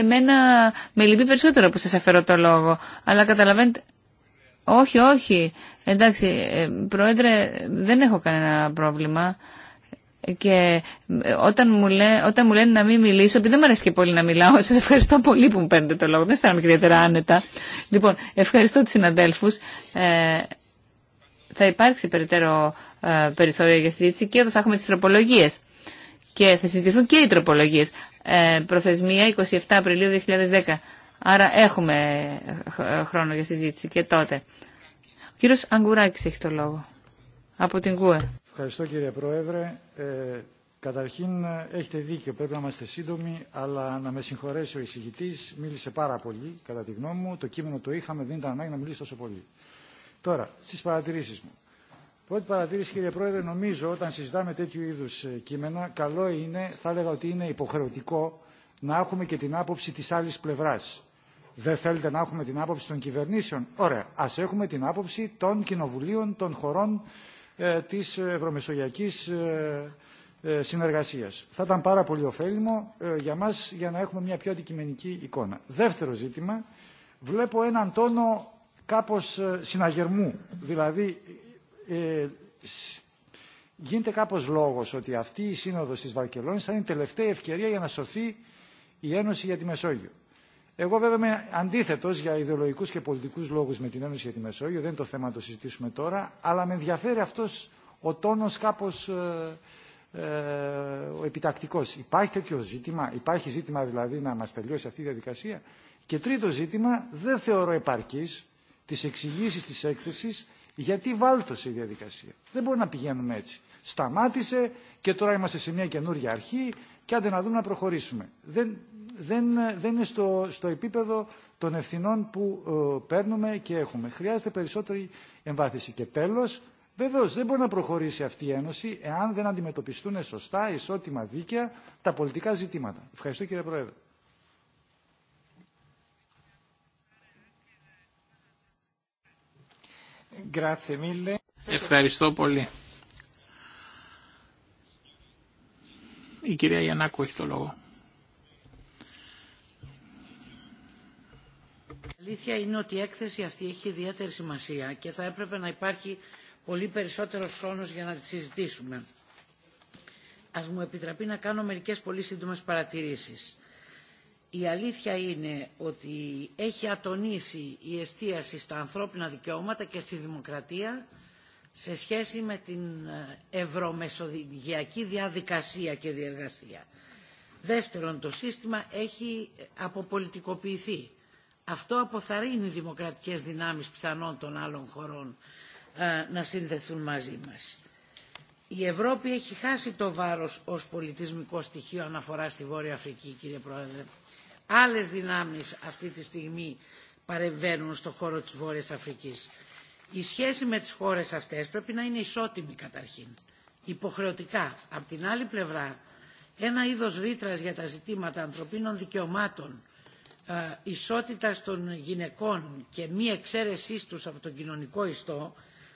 Εμένα με λυπεί περισσότερο που σας αφαιρώ το λόγο, αλλά καταλαβαίνετε... Όχι, όχι. Εντάξει, ε, Πρόεδρε, δεν έχω κανένα πρόβλημα. Και ε, όταν μου, λέ, όταν μου λένε να μην μιλήσω, επειδή δεν μου αρέσει και πολύ να μιλάω, σα ευχαριστώ πολύ που μου παίρνετε το λόγο. Δεν αισθάνομαι ιδιαίτερα άνετα. Λοιπόν, ευχαριστώ του συναδέλφου. Ε, θα υπάρξει περαιτέρω ε, περιθώριο για συζήτηση και όταν θα έχουμε τι τροπολογίε. Και θα συζητηθούν και οι τροπολογίε. Ε, προθεσμία 27 Απριλίου 2010. Άρα έχουμε ε, ε, χρόνο για συζήτηση και τότε. Ο κύριος Αγκουράκης έχει το λόγο. Από την ΚΟΕ. Ευχαριστώ κύριε Πρόεδρε. Ε, καταρχήν έχετε δίκιο, πρέπει να είμαστε σύντομοι, αλλά να με συγχωρέσει ο εισηγητή, μίλησε πάρα πολύ, κατά τη γνώμη μου, το κείμενο το είχαμε, δεν ήταν ανάγκη να μιλήσει τόσο πολύ. Τώρα, στι παρατηρήσει μου. Πρώτη παρατήρηση κύριε Πρόεδρε, νομίζω όταν συζητάμε τέτοιου είδου ε, κείμενα, καλό είναι, θα έλεγα ότι είναι υποχρεωτικό, να έχουμε και την άποψη τη άλλη πλευρά. Δεν θέλετε να έχουμε την άποψη των κυβερνήσεων. Ωραία, Α έχουμε την άποψη των κοινοβουλίων, των χωρών ε, της ευρωμεσογειακής ε, ε, συνεργασίας. Θα ήταν πάρα πολύ ωφέλιμο για μας για να έχουμε μια πιο αντικειμενική εικόνα. Δεύτερο ζήτημα, βλέπω έναν τόνο κάπως συναγερμού, δηλαδή γίνεται κάπως λόγος ότι αυτή η σύνοδος της Βαρκελόνης θα είναι η τελευταία ευκαιρία για να σωθεί η Ένωση για τη Μεσόγειο. Εγώ βέβαια είμαι αντίθετο για ιδεολογικού και πολιτικού λόγου με την Ένωση για τη Μεσόγειο, δεν είναι το θέμα να το συζητήσουμε τώρα, αλλά με ενδιαφέρει αυτό ο τόνο κάπω ε, ε, ο επιτακτικό. Υπάρχει τέτοιο ζήτημα, υπάρχει ζήτημα δηλαδή να μα τελειώσει αυτή η διαδικασία. Και τρίτο ζήτημα, δεν θεωρώ επαρκή τι εξηγήσει τη έκθεση γιατί βάλτωσε η διαδικασία. Δεν μπορεί να πηγαίνουμε έτσι. Σταμάτησε και τώρα είμαστε σε μια καινούργια αρχή και άντε να δούμε να προχωρήσουμε. Δεν δεν, δεν είναι στο, στο επίπεδο των ευθυνών που ε, παίρνουμε και έχουμε. Χρειάζεται περισσότερη εμβάθυνση. Και τέλος, Βεβαίω δεν μπορεί να προχωρήσει αυτή η Ένωση εάν δεν αντιμετωπιστούν σωστά, ισότιμα, δίκαια τα πολιτικά ζητήματα. Ευχαριστώ κύριε Πρόεδρε. Ευχαριστώ πολύ. Η κυρία Γιαννάκου έχει το λόγο. αλήθεια είναι ότι η έκθεση αυτή έχει ιδιαίτερη σημασία και θα έπρεπε να υπάρχει πολύ περισσότερο χρόνος για να τη συζητήσουμε. Ας μου επιτραπεί να κάνω μερικές πολύ σύντομες παρατηρήσεις. Η αλήθεια είναι ότι έχει ατονίσει η εστίαση στα ανθρώπινα δικαιώματα και στη δημοκρατία σε σχέση με την ε, ευρωμεσοδιακή διαδικασία και διεργασία. Δεύτερον, το σύστημα έχει αποπολιτικοποιηθεί. Αυτό αποθαρρύνει δημοκρατικές δυνάμεις πιθανών των άλλων χωρών ε, να συνδεθούν μαζί μας. Η Ευρώπη έχει χάσει το βάρος ως πολιτισμικό στοιχείο αναφορά στη Βόρεια Αφρική, κύριε Πρόεδρε. Άλλες δυνάμεις αυτή τη στιγμή παρεμβαίνουν στον χώρο της Βόρειας Αφρικής. Η σχέση με τις χώρες αυτές πρέπει να είναι ισότιμη καταρχήν, υποχρεωτικά. Απ' την άλλη πλευρά, ένα είδος ρήτρα για τα ζητήματα ανθρωπίνων δικαιωμάτων ε, ισότητας των γυναικών και μη εξαίρεσή τους από τον κοινωνικό ιστό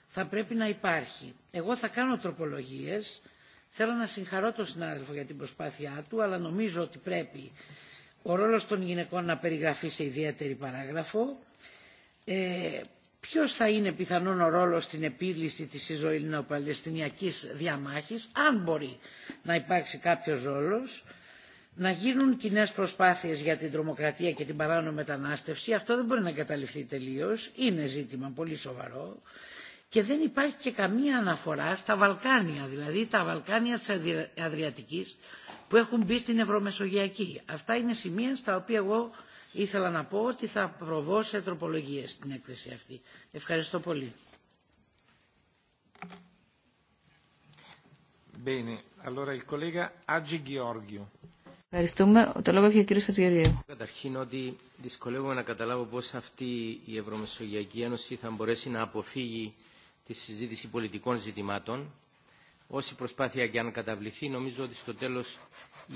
θα πρέπει να υπάρχει. Εγώ θα κάνω τροπολογίες, θέλω να συγχαρώ τον συνάδελφο για την προσπάθειά του, αλλά νομίζω ότι πρέπει ο ρόλος των γυναικών να περιγραφεί σε ιδιαίτερη παράγραφο. Ε, ποιος θα είναι πιθανόν ο ρόλος στην επίλυση της Ισραηλινοπαλαιστινιακής διαμάχης, αν μπορεί να υπάρξει κάποιος ρόλος να γίνουν κοινέ προσπάθειες για την τρομοκρατία και την παράνομη μετανάστευση. Αυτό δεν μπορεί να καταληφθεί τελείω. Είναι ζήτημα πολύ σοβαρό. Και δεν υπάρχει και καμία αναφορά στα Βαλκάνια, δηλαδή τα Βαλκάνια της Αδριατικής που έχουν μπει στην Ευρωμεσογειακή. Αυτά είναι σημεία στα οποία εγώ ήθελα να πω ότι θα προβώ σε τροπολογίες στην έκθεση αυτή. Ευχαριστώ πολύ. Bene, allora il collega Agi Giorgio. Ευχαριστούμε. Το λόγο έχει ο κύριος Χατζηγεριέου. Καταρχήν ότι δυσκολεύομαι να καταλάβω πώς αυτή η Ευρωμεσογειακή Ένωση θα μπορέσει να αποφύγει τη συζήτηση πολιτικών ζητημάτων. Όση προσπάθεια και αν καταβληθεί, νομίζω ότι στο τέλος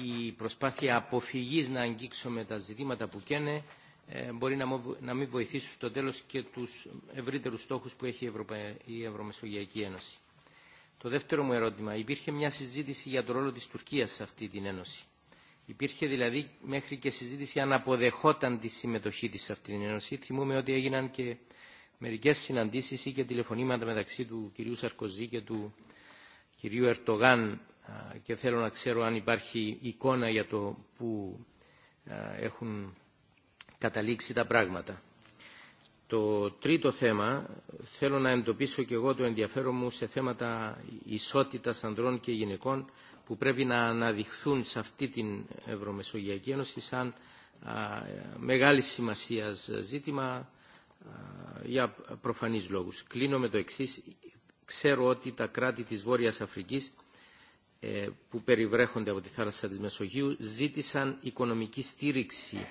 η προσπάθεια αποφυγής να αγγίξουμε τα ζητήματα που καίνε ε, μπορεί να μην βοηθήσει στο τέλος και τους ευρύτερους στόχους που έχει η, Ευρωμεσογειακή Ένωση. Το δεύτερο μου ερώτημα. Υπήρχε μια συζήτηση για το ρόλο της Τουρκίας σε αυτή την Ένωση. Υπήρχε δηλαδή μέχρι και συζήτηση αν αποδεχόταν τη συμμετοχή της σε αυτήν την ένωση. Θυμούμε ότι έγιναν και μερικές συναντήσεις ή και τηλεφωνήματα μεταξύ του κυρίου Σαρκοζή και του κυρίου Ερτογάν και θέλω να ξέρω αν υπάρχει εικόνα για το που έχουν καταλήξει τα πράγματα. Το τρίτο θέμα, θέλω να εντοπίσω και εγώ το ενδιαφέρον μου σε θέματα ισότητας ανδρών και γυναικών που πρέπει να αναδειχθούν σε αυτή την Ευρωμεσογειακή Ένωση σαν μεγάλη σημασία ζήτημα για προφανείς λόγους. Κλείνω με το εξής. Ξέρω ότι τα κράτη της Βόρειας Αφρικής ε, που περιβρέχονται από τη θάλασσα της Μεσογείου ζήτησαν οικονομική στήριξη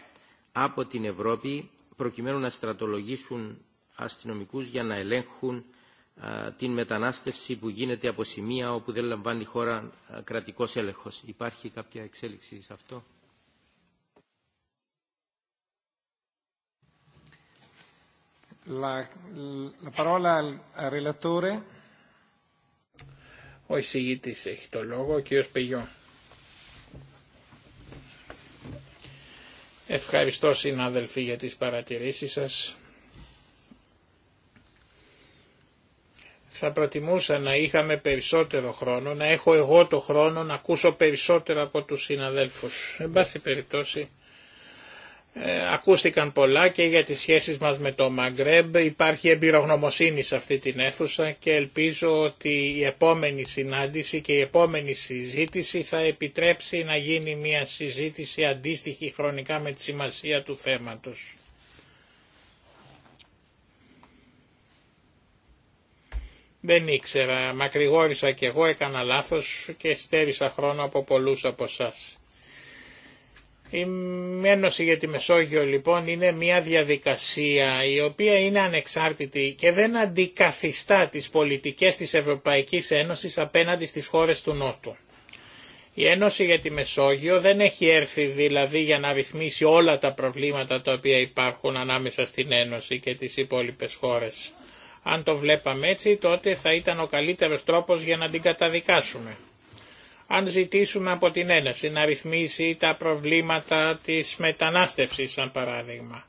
από την Ευρώπη προκειμένου να στρατολογήσουν αστυνομικούς για να ελέγχουν την μετανάστευση που γίνεται από σημεία όπου δεν λαμβάνει η χώρα κρατικός έλεγχος. Υπάρχει κάποια εξέλιξη σε αυτό. La, Ο εισηγητής έχει το λόγο, ο κύριος Πεγιόν. Ευχαριστώ συνάδελφοι για τις παρατηρήσεις σας. Θα προτιμούσα να είχαμε περισσότερο χρόνο, να έχω εγώ το χρόνο να ακούσω περισσότερο από τους συναδέλφους. Εν πάση περιπτώσει ε, ακούστηκαν πολλά και για τις σχέσεις μας με το Μαγκρέμπ. Υπάρχει εμπειρογνωμοσύνη σε αυτή την αίθουσα και ελπίζω ότι η επόμενη συνάντηση και η επόμενη συζήτηση θα επιτρέψει να γίνει μια συζήτηση αντίστοιχη χρονικά με τη σημασία του θέματος. Δεν ήξερα, μακρηγόρησα και εγώ, έκανα λάθος και στέρισα χρόνο από πολλούς από εσάς. Η Ένωση για τη Μεσόγειο λοιπόν είναι μια διαδικασία η οποία είναι ανεξάρτητη και δεν αντικαθιστά τις πολιτικές της Ευρωπαϊκής Ένωσης απέναντι στις χώρες του Νότου. Η Ένωση για τη Μεσόγειο δεν έχει έρθει δηλαδή για να ρυθμίσει όλα τα προβλήματα τα οποία υπάρχουν ανάμεσα στην Ένωση και τις υπόλοιπες χώρες. Αν το βλέπαμε έτσι τότε θα ήταν ο καλύτερος τρόπος για να την καταδικάσουμε αν ζητήσουμε από την Ένωση να ρυθμίσει τα προβλήματα της μετανάστευσης σαν παράδειγμα.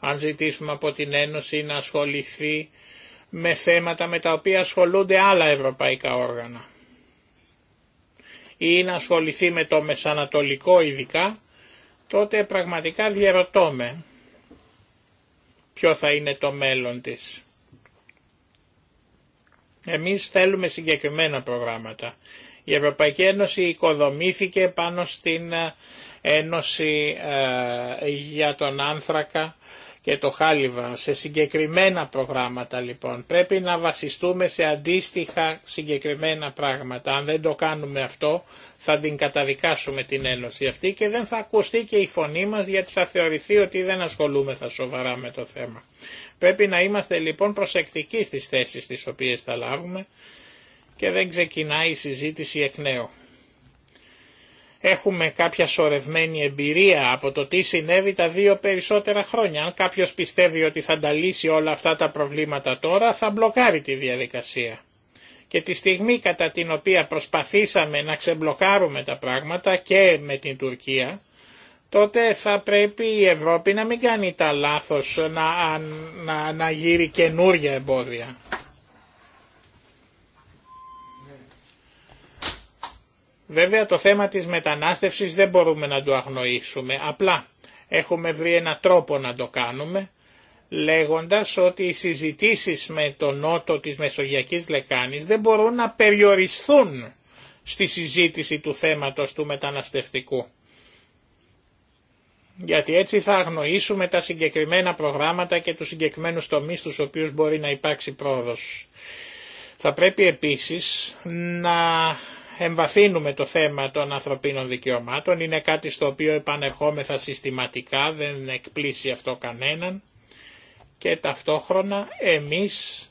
Αν ζητήσουμε από την Ένωση να ασχοληθεί με θέματα με τα οποία ασχολούνται άλλα ευρωπαϊκά όργανα ή να ασχοληθεί με το μεσανατολικό ειδικά, τότε πραγματικά διαρωτώ ποιο θα είναι το μέλλον της. Εμείς θέλουμε συγκεκριμένα προγράμματα. Η Ευρωπαϊκή Ένωση οικοδομήθηκε πάνω στην ε, Ένωση ε, για τον Άνθρακα και το χάλιβα, σε συγκεκριμένα προγράμματα λοιπόν. Πρέπει να βασιστούμε σε αντίστοιχα συγκεκριμένα πράγματα. Αν δεν το κάνουμε αυτό θα την καταδικάσουμε την Ένωση αυτή και δεν θα ακουστεί και η φωνή μας γιατί θα θεωρηθεί ότι δεν ασχολούμεθα σοβαρά με το θέμα. Πρέπει να είμαστε λοιπόν προσεκτικοί στις θέσεις τις οποίες θα λάβουμε και δεν ξεκινάει η συζήτηση εκ νέου. Έχουμε κάποια σορευμένη εμπειρία από το τι συνέβη τα δύο περισσότερα χρόνια. Αν κάποιος πιστεύει ότι θα τα λύσει όλα αυτά τα προβλήματα τώρα, θα μπλοκάρει τη διαδικασία. Και τη στιγμή κατά την οποία προσπαθήσαμε να ξεμπλοκάρουμε τα πράγματα και με την Τουρκία, τότε θα πρέπει η Ευρώπη να μην κάνει τα λάθος να, να, να γύρει καινούρια εμπόδια. Βέβαια το θέμα της μετανάστευσης δεν μπορούμε να το αγνοήσουμε, απλά έχουμε βρει ένα τρόπο να το κάνουμε, λέγοντας ότι οι συζητήσεις με τον νότο της Μεσογειακής Λεκάνης δεν μπορούν να περιορισθούν στη συζήτηση του θέματος του μεταναστευτικού. Γιατί έτσι θα αγνοήσουμε τα συγκεκριμένα προγράμματα και τους συγκεκριμένους τομείς τους οποίους μπορεί να υπάρξει πρόοδος. Θα πρέπει επίσης να εμβαθύνουμε το θέμα των ανθρωπίνων δικαιωμάτων, είναι κάτι στο οποίο επανερχόμεθα συστηματικά, δεν εκπλήσει αυτό κανέναν και ταυτόχρονα εμείς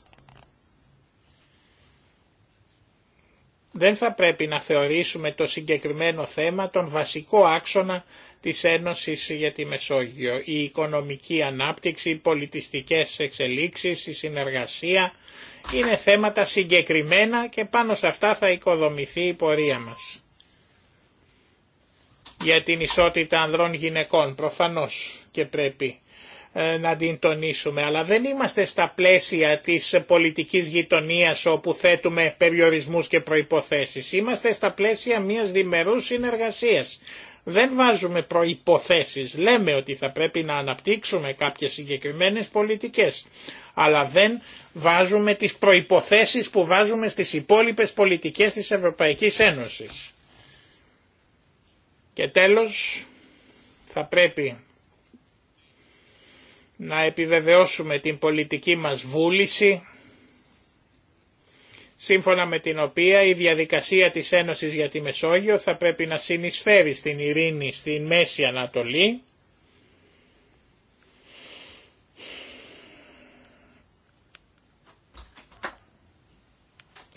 δεν θα πρέπει να θεωρήσουμε το συγκεκριμένο θέμα τον βασικό άξονα της Ένωσης για τη Μεσόγειο. Η οικονομική ανάπτυξη, οι πολιτιστικές εξελίξεις, η συνεργασία, είναι θέματα συγκεκριμένα και πάνω σε αυτά θα οικοδομηθεί η πορεία μας. Για την ισότητα ανδρών γυναικών προφανώς και πρέπει ε, να την τονίσουμε, αλλά δεν είμαστε στα πλαίσια της πολιτικής γειτονίας όπου θέτουμε περιορισμούς και προϋποθέσεις. Είμαστε στα πλαίσια μιας διμερούς συνεργασίας δεν βάζουμε προϋποθέσεις. Λέμε ότι θα πρέπει να αναπτύξουμε κάποιες συγκεκριμένες πολιτικές, αλλά δεν βάζουμε τις προϋποθέσεις που βάζουμε στις υπόλοιπες πολιτικές της Ευρωπαϊκής Ένωσης. Και τέλος, θα πρέπει να επιβεβαιώσουμε την πολιτική μας βούληση σύμφωνα με την οποία η διαδικασία της Ένωσης για τη Μεσόγειο θα πρέπει να συνεισφέρει στην ειρήνη στη Μέση Ανατολή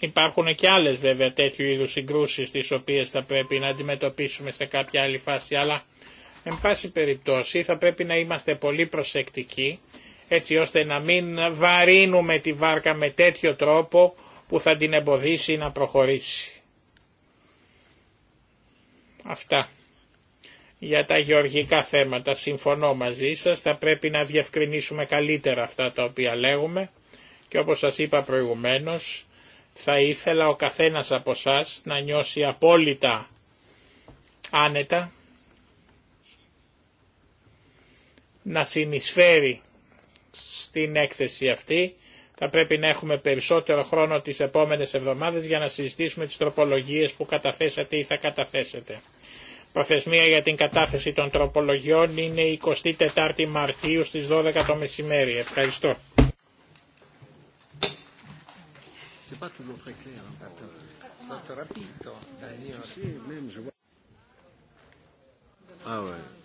Υπάρχουν και άλλες βέβαια τέτοιου είδους συγκρούσεις τις οποίες θα πρέπει να αντιμετωπίσουμε σε κάποια άλλη φάση αλλά εν πάση περιπτώσει θα πρέπει να είμαστε πολύ προσεκτικοί έτσι ώστε να μην βαρύνουμε τη βάρκα με τέτοιο τρόπο που θα την εμποδίσει να προχωρήσει. Αυτά. Για τα γεωργικά θέματα συμφωνώ μαζί σας, θα πρέπει να διευκρινίσουμε καλύτερα αυτά τα οποία λέγουμε και όπως σας είπα προηγουμένως θα ήθελα ο καθένας από εσά να νιώσει απόλυτα άνετα να συνεισφέρει στην έκθεση αυτή θα πρέπει να έχουμε περισσότερο χρόνο τις επόμενες εβδομάδες για να συζητήσουμε τις τροπολογίες που καταθέσατε ή θα καταθέσετε. Προθεσμία για την κατάθεση των τροπολογιών είναι 24η Μαρτίου στις 12 το μεσημέρι. Ευχαριστώ. Ah ouais.